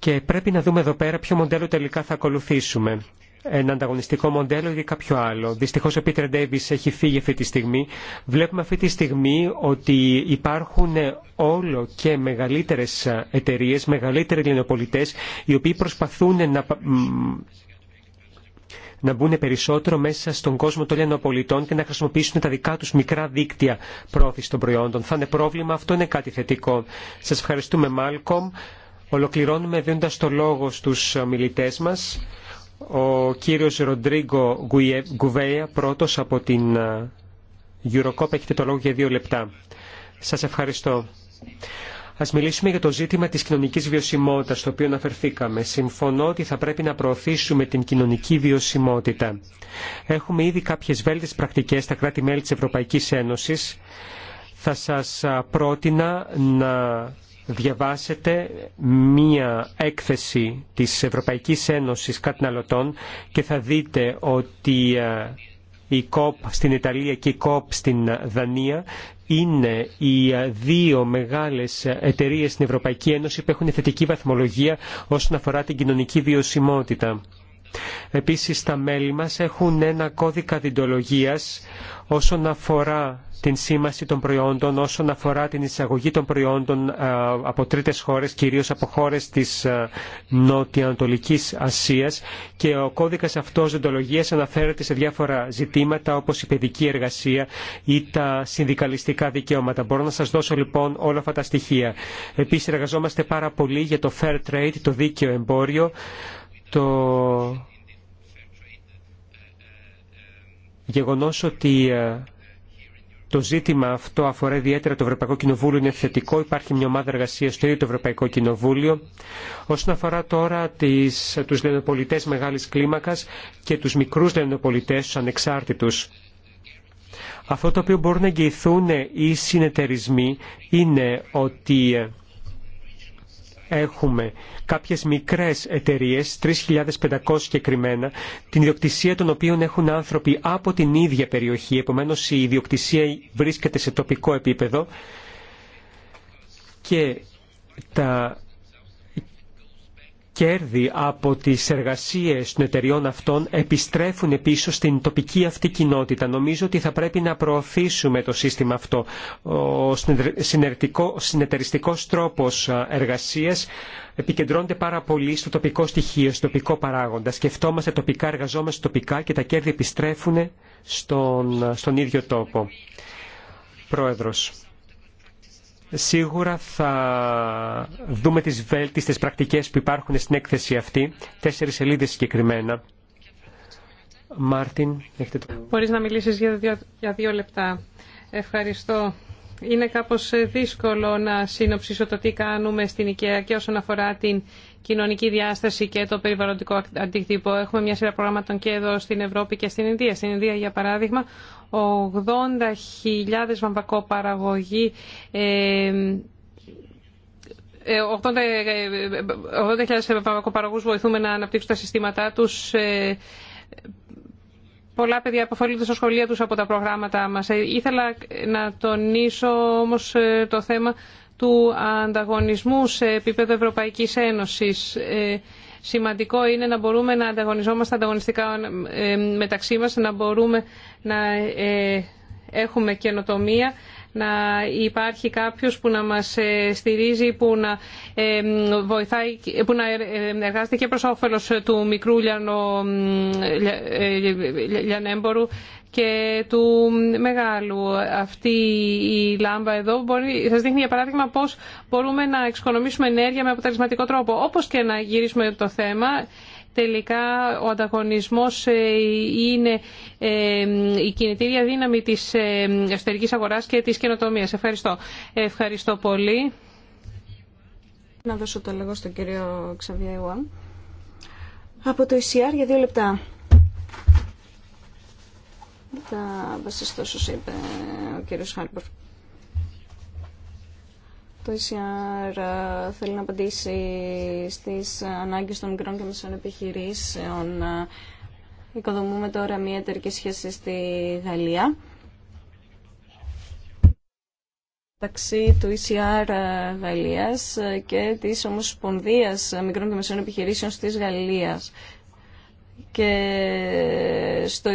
Και πρέπει να δούμε εδώ πέρα ποιο μοντέλο τελικά θα ακολουθήσουμε. Ένα ανταγωνιστικό μοντέλο ή κάποιο άλλο. Δυστυχώ ο Πίτερ Ντέβι έχει φύγει αυτή τη στιγμή. Βλέπουμε αυτή τη στιγμή ότι υπάρχουν όλο και μεγαλύτερε εταιρείε, μεγαλύτεροι ελληνοπολιτέ, οι οποίοι προσπαθούν να να μπουν περισσότερο μέσα στον κόσμο των λιανοπολιτών και να χρησιμοποιήσουν τα δικά τους μικρά δίκτυα πρόθεση των προϊόντων. Θα είναι πρόβλημα, αυτό είναι κάτι θετικό. Σας ευχαριστούμε Μάλκομ. Ολοκληρώνουμε δίνοντα το λόγο στου ομιλητέ μας. Ο κύριος Ροντρίγκο Γκουβέα, πρώτος από την ε, Eurocop, έχετε το λόγο για δύο λεπτά. Σας ευχαριστώ. Α μιλήσουμε για το ζήτημα της κοινωνικής βιωσιμότητα, στο οποίο αναφερθήκαμε. Συμφωνώ ότι θα πρέπει να προωθήσουμε την κοινωνική βιωσιμότητα. Έχουμε ήδη κάποιε βέλτιστες πρακτικέ στα κράτη-μέλη τη Ευρωπαϊκή Ένωση. Θα σας ε, πρότεινα να διαβάσετε μία έκθεση της Ευρωπαϊκής Ένωσης Καταναλωτών και θα δείτε ότι ε, η ΚΟΠ στην Ιταλία και η ΚΟΠ στην Δανία είναι οι ε, δύο μεγάλες εταιρείες στην Ευρωπαϊκή Ένωση που έχουν θετική βαθμολογία όσον αφορά την κοινωνική βιωσιμότητα. Επίσης, τα μέλη μας έχουν ένα κώδικα διντολογίας όσον αφορά την σήμαση των προϊόντων όσον αφορά την εισαγωγή των προϊόντων ε, από τρίτες χώρες, κυρίως από χώρες της ε, Νότια-Ανατολικής Ασίας και ο κώδικας αυτός δολογίες αναφέρεται σε διάφορα ζητήματα όπως η παιδική εργασία ή τα συνδικαλιστικά δικαιώματα. Μπορώ να σας δώσω λοιπόν όλα αυτά τα στοιχεία. Επίσης εργαζόμαστε πάρα πολύ για το fair trade, το δίκαιο εμπόριο, το γεγονός ότι ε, το ζήτημα αυτό αφορά ιδιαίτερα το Ευρωπαϊκό Κοινοβούλιο, είναι θετικό. Υπάρχει μια ομάδα εργασία στο ίδιο το Ευρωπαϊκό Κοινοβούλιο. Όσον αφορά τώρα του τους μεγάλη κλίμακα κλίμακας και τους μικρούς λενοπολιτέ, του ανεξάρτητους. Αυτό το οποίο μπορούν να εγγυηθούν οι συνεταιρισμοί είναι ότι έχουμε κάποιες μικρές εταιρείες, 3.500 συγκεκριμένα, την ιδιοκτησία των οποίων έχουν άνθρωποι από την ίδια περιοχή, επομένως η ιδιοκτησία βρίσκεται σε τοπικό επίπεδο και τα κέρδη από τις εργασίες των εταιριών αυτών επιστρέφουν πίσω στην τοπική αυτή κοινότητα. Νομίζω ότι θα πρέπει να προωθήσουμε το σύστημα αυτό. Ο συνεταιριστικός τρόπος εργασίας επικεντρώνεται πάρα πολύ στο τοπικό στοιχείο, στο τοπικό παράγοντα. Σκεφτόμαστε τοπικά, εργαζόμαστε τοπικά και τα κέρδη επιστρέφουν στον, στον ίδιο τόπο. Πρόεδρος. Σίγουρα θα δούμε τις βέλτιστες πρακτικές που υπάρχουν στην έκθεση αυτή, τέσσερις σελίδες συγκεκριμένα. Μάρτιν, έχετε το... Μπορείς να μιλήσεις για δύο, για δύο λεπτά. Ευχαριστώ. Είναι κάπως ε, δύσκολο να συνοψίσω το τι κάνουμε στην IKEA και όσον αφορά την κοινωνική διάσταση και το περιβαλλοντικό αντίκτυπο. Έχουμε μια σειρά προγραμμάτων και εδώ στην Ευρώπη και στην Ινδία. Στην Ινδία, για παράδειγμα, 80.000 βαμβακό παραγωγή 80.000 βαμβακοπαραγωγούς βοηθούμε να αναπτύξουν τα συστήματά τους. Ε, πολλά παιδιά αποφαλούνται στα σχολεία τους από τα προγράμματα μας. Ε, ήθελα να τονίσω όμως ε, το θέμα του ανταγωνισμού σε επίπεδο Ευρωπαϊκής Ένωσης. Σημαντικό είναι να μπορούμε να ανταγωνιζόμαστε ανταγωνιστικά μεταξύ μας, να μπορούμε να ε, έχουμε καινοτομία, να υπάρχει κάποιος που να μας ε, στηρίζει, που να, ε, βοηθάει, που να εργάζεται και προς όφελος του μικρού λιανο, λιανέμπορου και του μεγάλου. Αυτή η λάμπα εδώ μπορεί, σας δείχνει για παράδειγμα πώς μπορούμε να εξοικονομήσουμε ενέργεια με αποτελεσματικό τρόπο. Όπως και να γυρίσουμε το θέμα, τελικά ο ανταγωνισμός ε, είναι ε, η κινητήρια δύναμη της ε, εσωτερικής αγοράς και της καινοτομίας. Ευχαριστώ. Ευχαριστώ πολύ. Να δώσω το λόγο στον κύριο Ξαβιαϊουά. Από το ECR για δύο λεπτά. Θα βασιστώ, είπε ο κύριος Χάρμπορ. Το ECR ε, θέλει να απαντήσει στις ανάγκες των μικρών και μεσών επιχειρήσεων. Ε, οικοδομούμε τώρα μια εταιρική σχέση στη Γαλλία. Μεταξύ του ECR ε, Γαλλίας και της Ομοσπονδίας Μικρών και Μεσών Επιχειρήσεων της Γαλλίας και στο,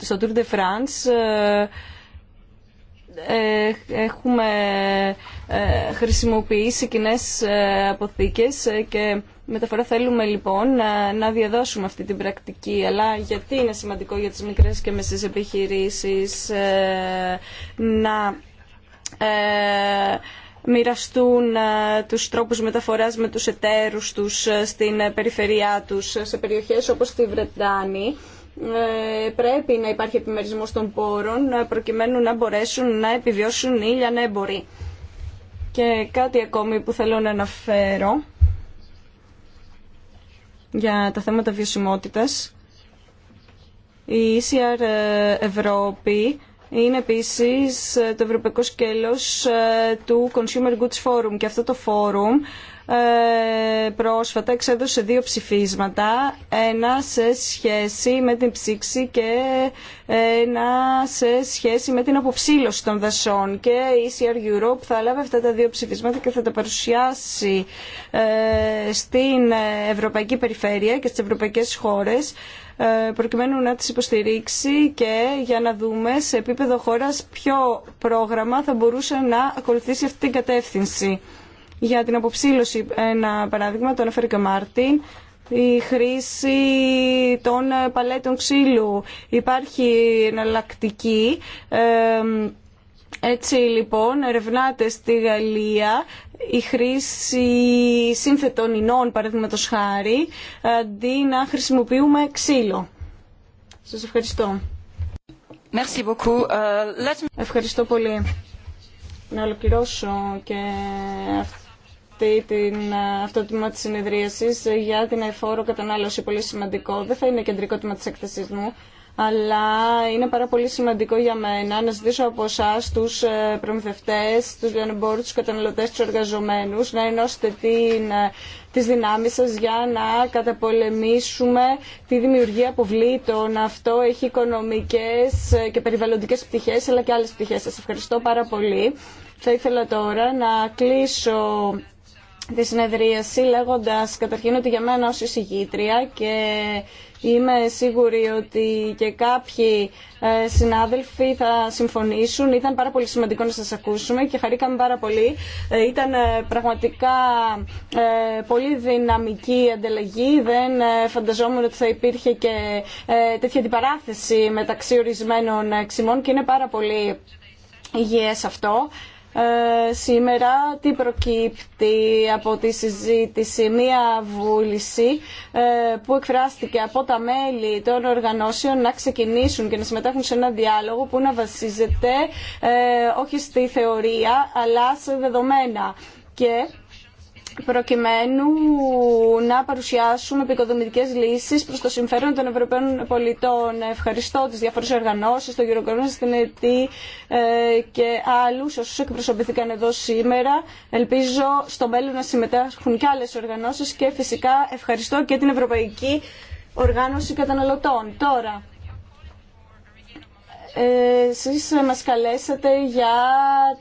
στο Tour de France ε, έχουμε ε, χρησιμοποιήσει κοινέ ε, αποθήκες και μεταφορά θέλουμε λοιπόν να διαδώσουμε αυτή την πρακτική. Αλλά γιατί είναι σημαντικό για τις μικρές και μεσές επιχειρήσεις να μοιραστούν τους τρόπους μεταφοράς με τους εταίρους τους στην περιφερειά τους, σε περιοχές όπως τη Βρετάνη ε, πρέπει να υπάρχει επιμερισμός των πόρων ε, προκειμένου να μπορέσουν να επιβιώσουν να εμπορεί. Και κάτι ακόμη που θέλω να αναφέρω για τα θέματα βιωσιμότητας. Η ECR ε, Ευρώπη είναι επίσης το ευρωπαϊκό σκέλος του Consumer Goods Forum και αυτό το φόρουμ ε, πρόσφατα εξέδωσε δύο ψηφίσματα, ένα σε σχέση με την ψήξη και ένα σε σχέση με την αποψήλωση των δασών. Και η ECR Europe θα λάβει αυτά τα δύο ψηφίσματα και θα τα παρουσιάσει ε, στην Ευρωπαϊκή Περιφέρεια και στις ευρωπαϊκές χώρες ε, προκειμένου να τις υποστηρίξει και για να δούμε σε επίπεδο χώρας ποιο πρόγραμμα θα μπορούσε να ακολουθήσει αυτή την κατεύθυνση για την αποψήλωση. Ένα παράδειγμα, το αναφέρει και ο Μάρτιν, η χρήση των παλέτων ξύλου. Υπάρχει εναλλακτική. έτσι λοιπόν ερευνάται στη Γαλλία η χρήση σύνθετων ινών παραδείγματο χάρη αντί να χρησιμοποιούμε ξύλο. Σας ευχαριστώ. Merci beaucoup. Ε, ευχαριστώ πολύ. Να ολοκληρώσω και αυτή την, αυτό το τμήμα της συνεδρίασης για την εφόρο κατανάλωση. Πολύ σημαντικό. Δεν θα είναι κεντρικό τμήμα της έκθεσης μου, αλλά είναι πάρα πολύ σημαντικό για μένα να ζητήσω από εσά του ε, προμηθευτέ, του λιανεμπόρους, του καταναλωτέ του εργαζομένου, να ενώσετε την, ε, δυνάμει σα για να καταπολεμήσουμε τη δημιουργία αποβλήτων. Αυτό έχει οικονομικές ε, και περιβαλλοντικές πτυχές αλλά και άλλες πτυχές. σα ευχαριστώ πάρα πολύ. Θα ήθελα τώρα να κλείσω τη συνεδρίαση λέγοντας καταρχήν ότι για μένα ως εισηγήτρια και είμαι σίγουρη ότι και κάποιοι ε, συνάδελφοι θα συμφωνήσουν. Ήταν πάρα πολύ σημαντικό να σας ακούσουμε και χαρήκαμε πάρα πολύ. Ε, ήταν ε, πραγματικά πολύ δυναμική η ανταλλαγή. Δεν φανταζόμουν ότι θα υπήρχε και τέτοια αντιπαράθεση μεταξύ ορισμένων ξημών και είναι πάρα πολύ υγιές αυτό. Ε, σήμερα τι προκύπτει από τη συζήτηση μία βούληση ε, που εκφράστηκε από τα μέλη των οργανώσεων να ξεκινήσουν και να συμμετέχουν σε ένα διάλογο που να βασίζεται ε, όχι στη θεωρία αλλά σε δεδομένα και προκειμένου να παρουσιάσουμε επικοδομητικέ λύσει προ το συμφέρον των Ευρωπαίων πολιτών. Ευχαριστώ τις διάφορες οργανώσεις, το Eurocorona την ΕΤΗ ε, και άλλους όσου εκπροσωπηθήκαν εδώ σήμερα. Ελπίζω στο μέλλον να συμμετέχουν και άλλε οργανώσει και φυσικά ευχαριστώ και την Ευρωπαϊκή Οργάνωση Καταναλωτών. Τώρα, ε, εσείς μας καλέσατε για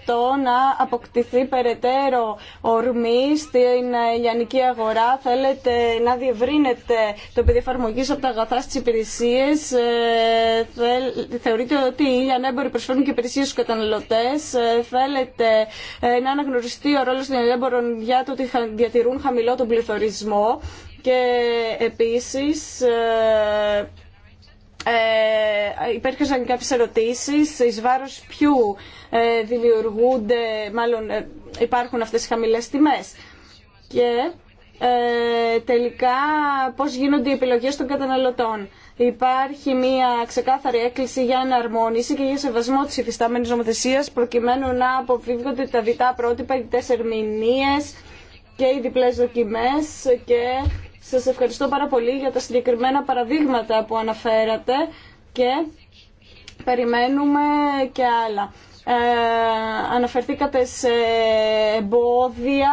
το να αποκτηθεί περαιτέρω ορμή στην ελληνική αγορά. Θέλετε να διευρύνετε το πεδίο εφαρμογή από τα αγαθά στις υπηρεσίες. Ε, θεωρείτε ότι οι ανέμποροι προσφέρουν και υπηρεσίες στους καταναλωτές. Ε, θέλετε να αναγνωριστεί ο ρόλος των ανέμπορων για το ότι διατηρούν χαμηλό τον πληθωρισμό. Και επίσης ε, υπήρχαν κάποιες ερωτήσεις εις βάρος ποιου ε, δημιουργούνται, μάλλον ε, υπάρχουν αυτές οι χαμηλές τιμές. Και ε, τελικά πώς γίνονται οι επιλογές των καταναλωτών. Υπάρχει μια ξεκάθαρη έκκληση για εναρμόνιση και για σεβασμό της υφιστάμενης νομοθεσίας προκειμένου να αποφύγονται τα διτά πρότυπα, οι διτές ερμηνείες και οι διπλές δοκιμές και σας ευχαριστώ πάρα πολύ για τα συγκεκριμένα παραδείγματα που αναφέρατε και περιμένουμε και άλλα. Ε, αναφερθήκατε σε εμπόδια,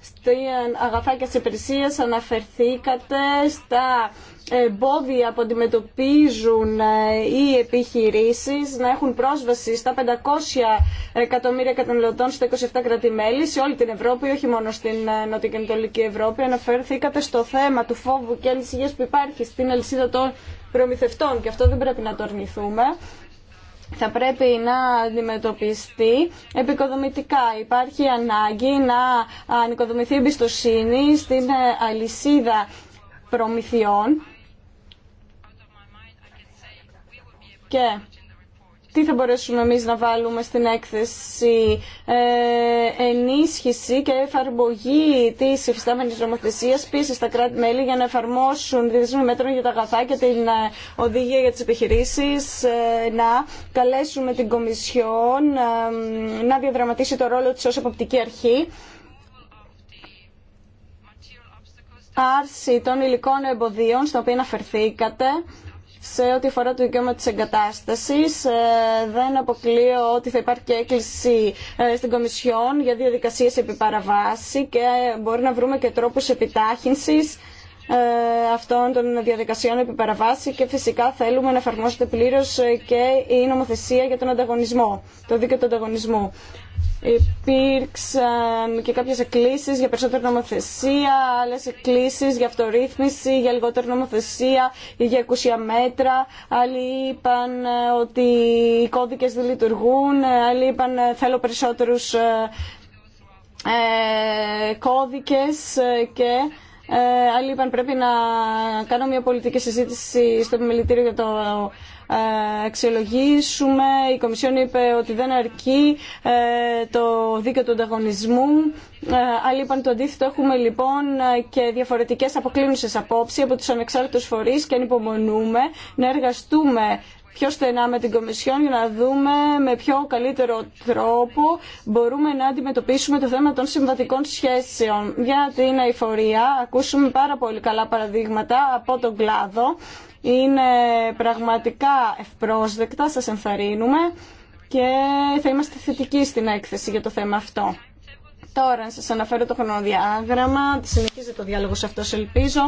στην αγαθά και στις αναφερθήκατε στα εμπόδια που αντιμετωπίζουν ε, οι επιχειρήσεις να έχουν πρόσβαση στα 500 εκατομμύρια καταναλωτών στα 27 κράτη-μέλη σε όλη την Ευρώπη, όχι μόνο στην ε, Νοτιοκεντρική Ευρώπη. Αναφερθήκατε στο θέμα του φόβου και ανησυχίας που υπάρχει στην αλυσίδα των προμηθευτών και αυτό δεν πρέπει να το αρνηθούμε θα πρέπει να αντιμετωπιστεί επικοδομητικά. Υπάρχει ανάγκη να ανοικοδομηθεί εμπιστοσύνη στην ε, αλυσίδα προμηθειών και τι θα μπορέσουμε εμείς να βάλουμε στην έκθεση ε, ενίσχυση και εφαρμογή της υφιστάμενης νομοθεσίας πίσω στα κράτη-μέλη για να εφαρμόσουν διδεσμοί μέτρων για τα αγαθά και την ε, οδηγία για τις επιχειρήσεις ε, να καλέσουμε την Κομισιόν να διαδραματίσει το ρόλο της ως εποπτική αρχή άρση των υλικών εμποδίων στα οποία αναφερθήκατε σε ό,τι αφορά το δικαίωμα της εγκατάστασης. Ε, δεν αποκλείω ότι θα υπάρχει και έκκληση ε, στην Κομισιόν για διαδικασίες επί και μπορεί να βρούμε και τρόπους επιτάχυνσης ε, αυτών των διαδικασιών επί παραβάση και φυσικά θέλουμε να εφαρμόσετε πλήρως ε, και η νομοθεσία για τον ανταγωνισμό, το δίκαιο του ανταγωνισμού. Υπήρξαν και κάποιες εκκλήσεις για περισσότερη νομοθεσία, άλλες εκκλήσεις για αυτορύθμιση, για λιγότερη νομοθεσία, για εκούσια μέτρα. Άλλοι είπαν ε, ότι οι κώδικες δεν λειτουργούν, άλλοι είπαν θέλω περισσότερους κώδικες και ε, άλλοι είπαν πρέπει να κάνω μια πολιτική συζήτηση στο επιμελητήριο για το ε, αξιολογήσουμε. Η Κομισιόν είπε ότι δεν αρκεί ε, το δίκαιο του ανταγωνισμού. Ε, άλλοι είπαν το αντίθετο. Έχουμε λοιπόν ε, και διαφορετικές αποκλίνουσες απόψεις από τους ανεξάρτητους φορείς και ανυπομονούμε να εργαστούμε πιο στενά με την Κομισιόν για να δούμε με πιο καλύτερο τρόπο μπορούμε να αντιμετωπίσουμε το θέμα των συμβατικών σχέσεων. Για την αηφορία ακούσουμε πάρα πολύ καλά παραδείγματα από τον κλάδο. Είναι πραγματικά ευπρόσδεκτα, σας ενθαρρύνουμε και θα είμαστε θετικοί στην έκθεση για το θέμα αυτό. Τώρα, σα αναφέρω το χρονοδιάγραμμα, συνεχίζεται το διάλογος αυτό ελπίζω.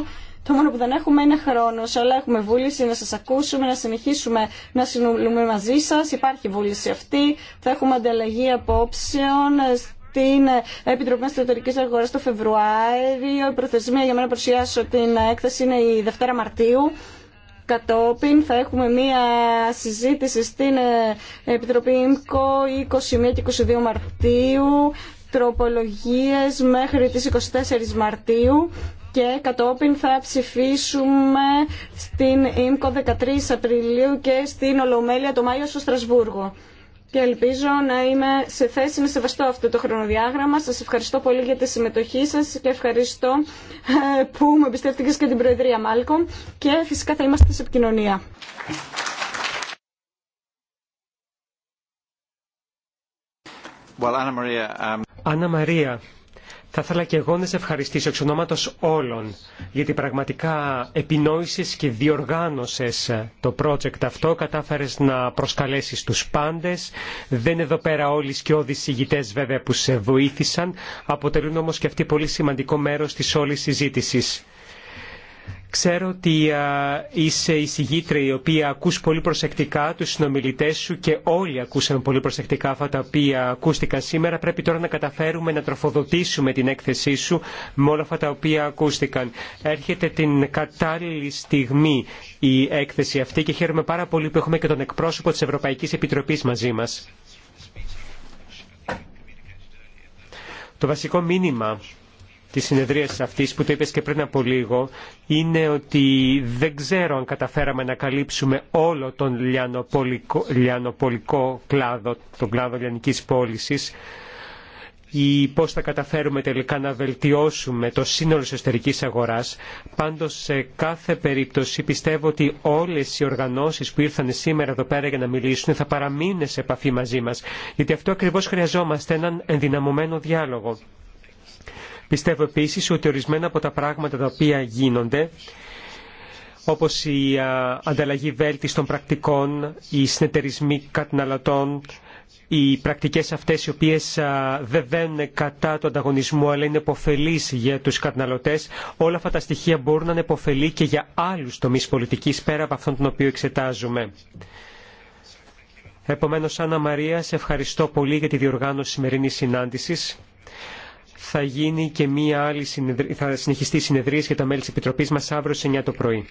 Το μόνο που δεν έχουμε είναι χρόνο, αλλά έχουμε βούληση να σα ακούσουμε, να συνεχίσουμε να συνομιλούμε μαζί σα. Υπάρχει βούληση αυτή, θα έχουμε ανταλλαγή απόψεων στην Επιτροπή Εσωτερική Αγορά το Φεβρουάριο. Η προθεσμία για μένα παρουσιάσω την έκθεση είναι η Δευτέρα Μαρτίου. Κατόπιν θα έχουμε μία συζήτηση στην ε, Επιτροπή ΙΜΚΟ 21 και 22 Μαρτίου τροπολογίες μέχρι τις 24 Μαρτίου και κατόπιν θα ψηφίσουμε στην ΙΜΚΟ 13 Απριλίου και στην Ολομέλεια το Μάιο στο Στρασβούργο. Και ελπίζω να είμαι σε θέση να σεβαστώ αυτό το χρονοδιάγραμμα. Σας ευχαριστώ πολύ για τη συμμετοχή σας και ευχαριστώ ε, που με εμπιστεύτηκες και την Προεδρία Μάλκο και φυσικά θα είμαστε σε επικοινωνία. Well, Anna um, Άννα Μαρία, θα ήθελα και εγώ να σε ευχαριστήσω εξ ονόματος όλων, γιατί πραγματικά επινόησες και διοργάνωσες το project αυτό, κατάφερες να προσκαλέσεις τους πάντες. Δεν είναι εδώ πέρα όλοι οι σκιώδεις βέβαια που σε βοήθησαν, αποτελούν όμως και αυτοί πολύ σημαντικό μέρος της όλης συζήτησης. Ξέρω ότι είσαι η συγγήτρια η οποία ακούς πολύ προσεκτικά τους συνομιλητές σου και όλοι ακούσαμε πολύ προσεκτικά αυτά τα οποία ακούστηκαν σήμερα. Πρέπει τώρα να καταφέρουμε να τροφοδοτήσουμε την έκθεσή σου με όλα αυτά τα οποία ακούστηκαν. Έρχεται την κατάλληλη στιγμή η έκθεση αυτή και χαίρομαι πάρα πολύ που έχουμε και τον εκπρόσωπο της Ευρωπαϊκής Επιτροπής μαζί μας. Το βασικό μήνυμα της συνεδρίας αυτής που το είπες και πριν από λίγο είναι ότι δεν ξέρω αν καταφέραμε να καλύψουμε όλο τον λιανοπολικό, λιανοπολικό κλάδο, τον κλάδο λιανικής πώληση ή πώς θα καταφέρουμε τελικά να βελτιώσουμε το σύνολο της εσωτερικής αγοράς. Πάντως σε κάθε περίπτωση πιστεύω ότι όλες οι οργανώσεις που ήρθαν σήμερα εδώ πέρα για να μιλήσουν θα παραμείνουν σε επαφή μαζί μας. Γιατί αυτό ακριβώς χρειαζόμαστε, έναν ενδυναμωμένο διάλογο. Πιστεύω επίσης ότι ορισμένα από τα πράγματα τα οποία γίνονται όπως η ανταλλαγή των πρακτικών, οι συνεταιρισμοί καταναλωτών, οι πρακτικές αυτές οι οποίες δεν βαίνουν κατά του ανταγωνισμού αλλά είναι επωφελείς για τους καταναλωτές, όλα αυτά τα στοιχεία μπορούν να είναι υποφελή και για άλλους τομείς πολιτικής πέρα από αυτόν τον οποίο εξετάζουμε. Επομένως, Άννα Μαρία, σε ευχαριστώ πολύ για τη διοργάνωση σημερινής συνάντησης θα γίνει και μία άλλη θα συνεδρία για τα μέλη της Επιτροπής μας αύριο σε 9 το πρωί.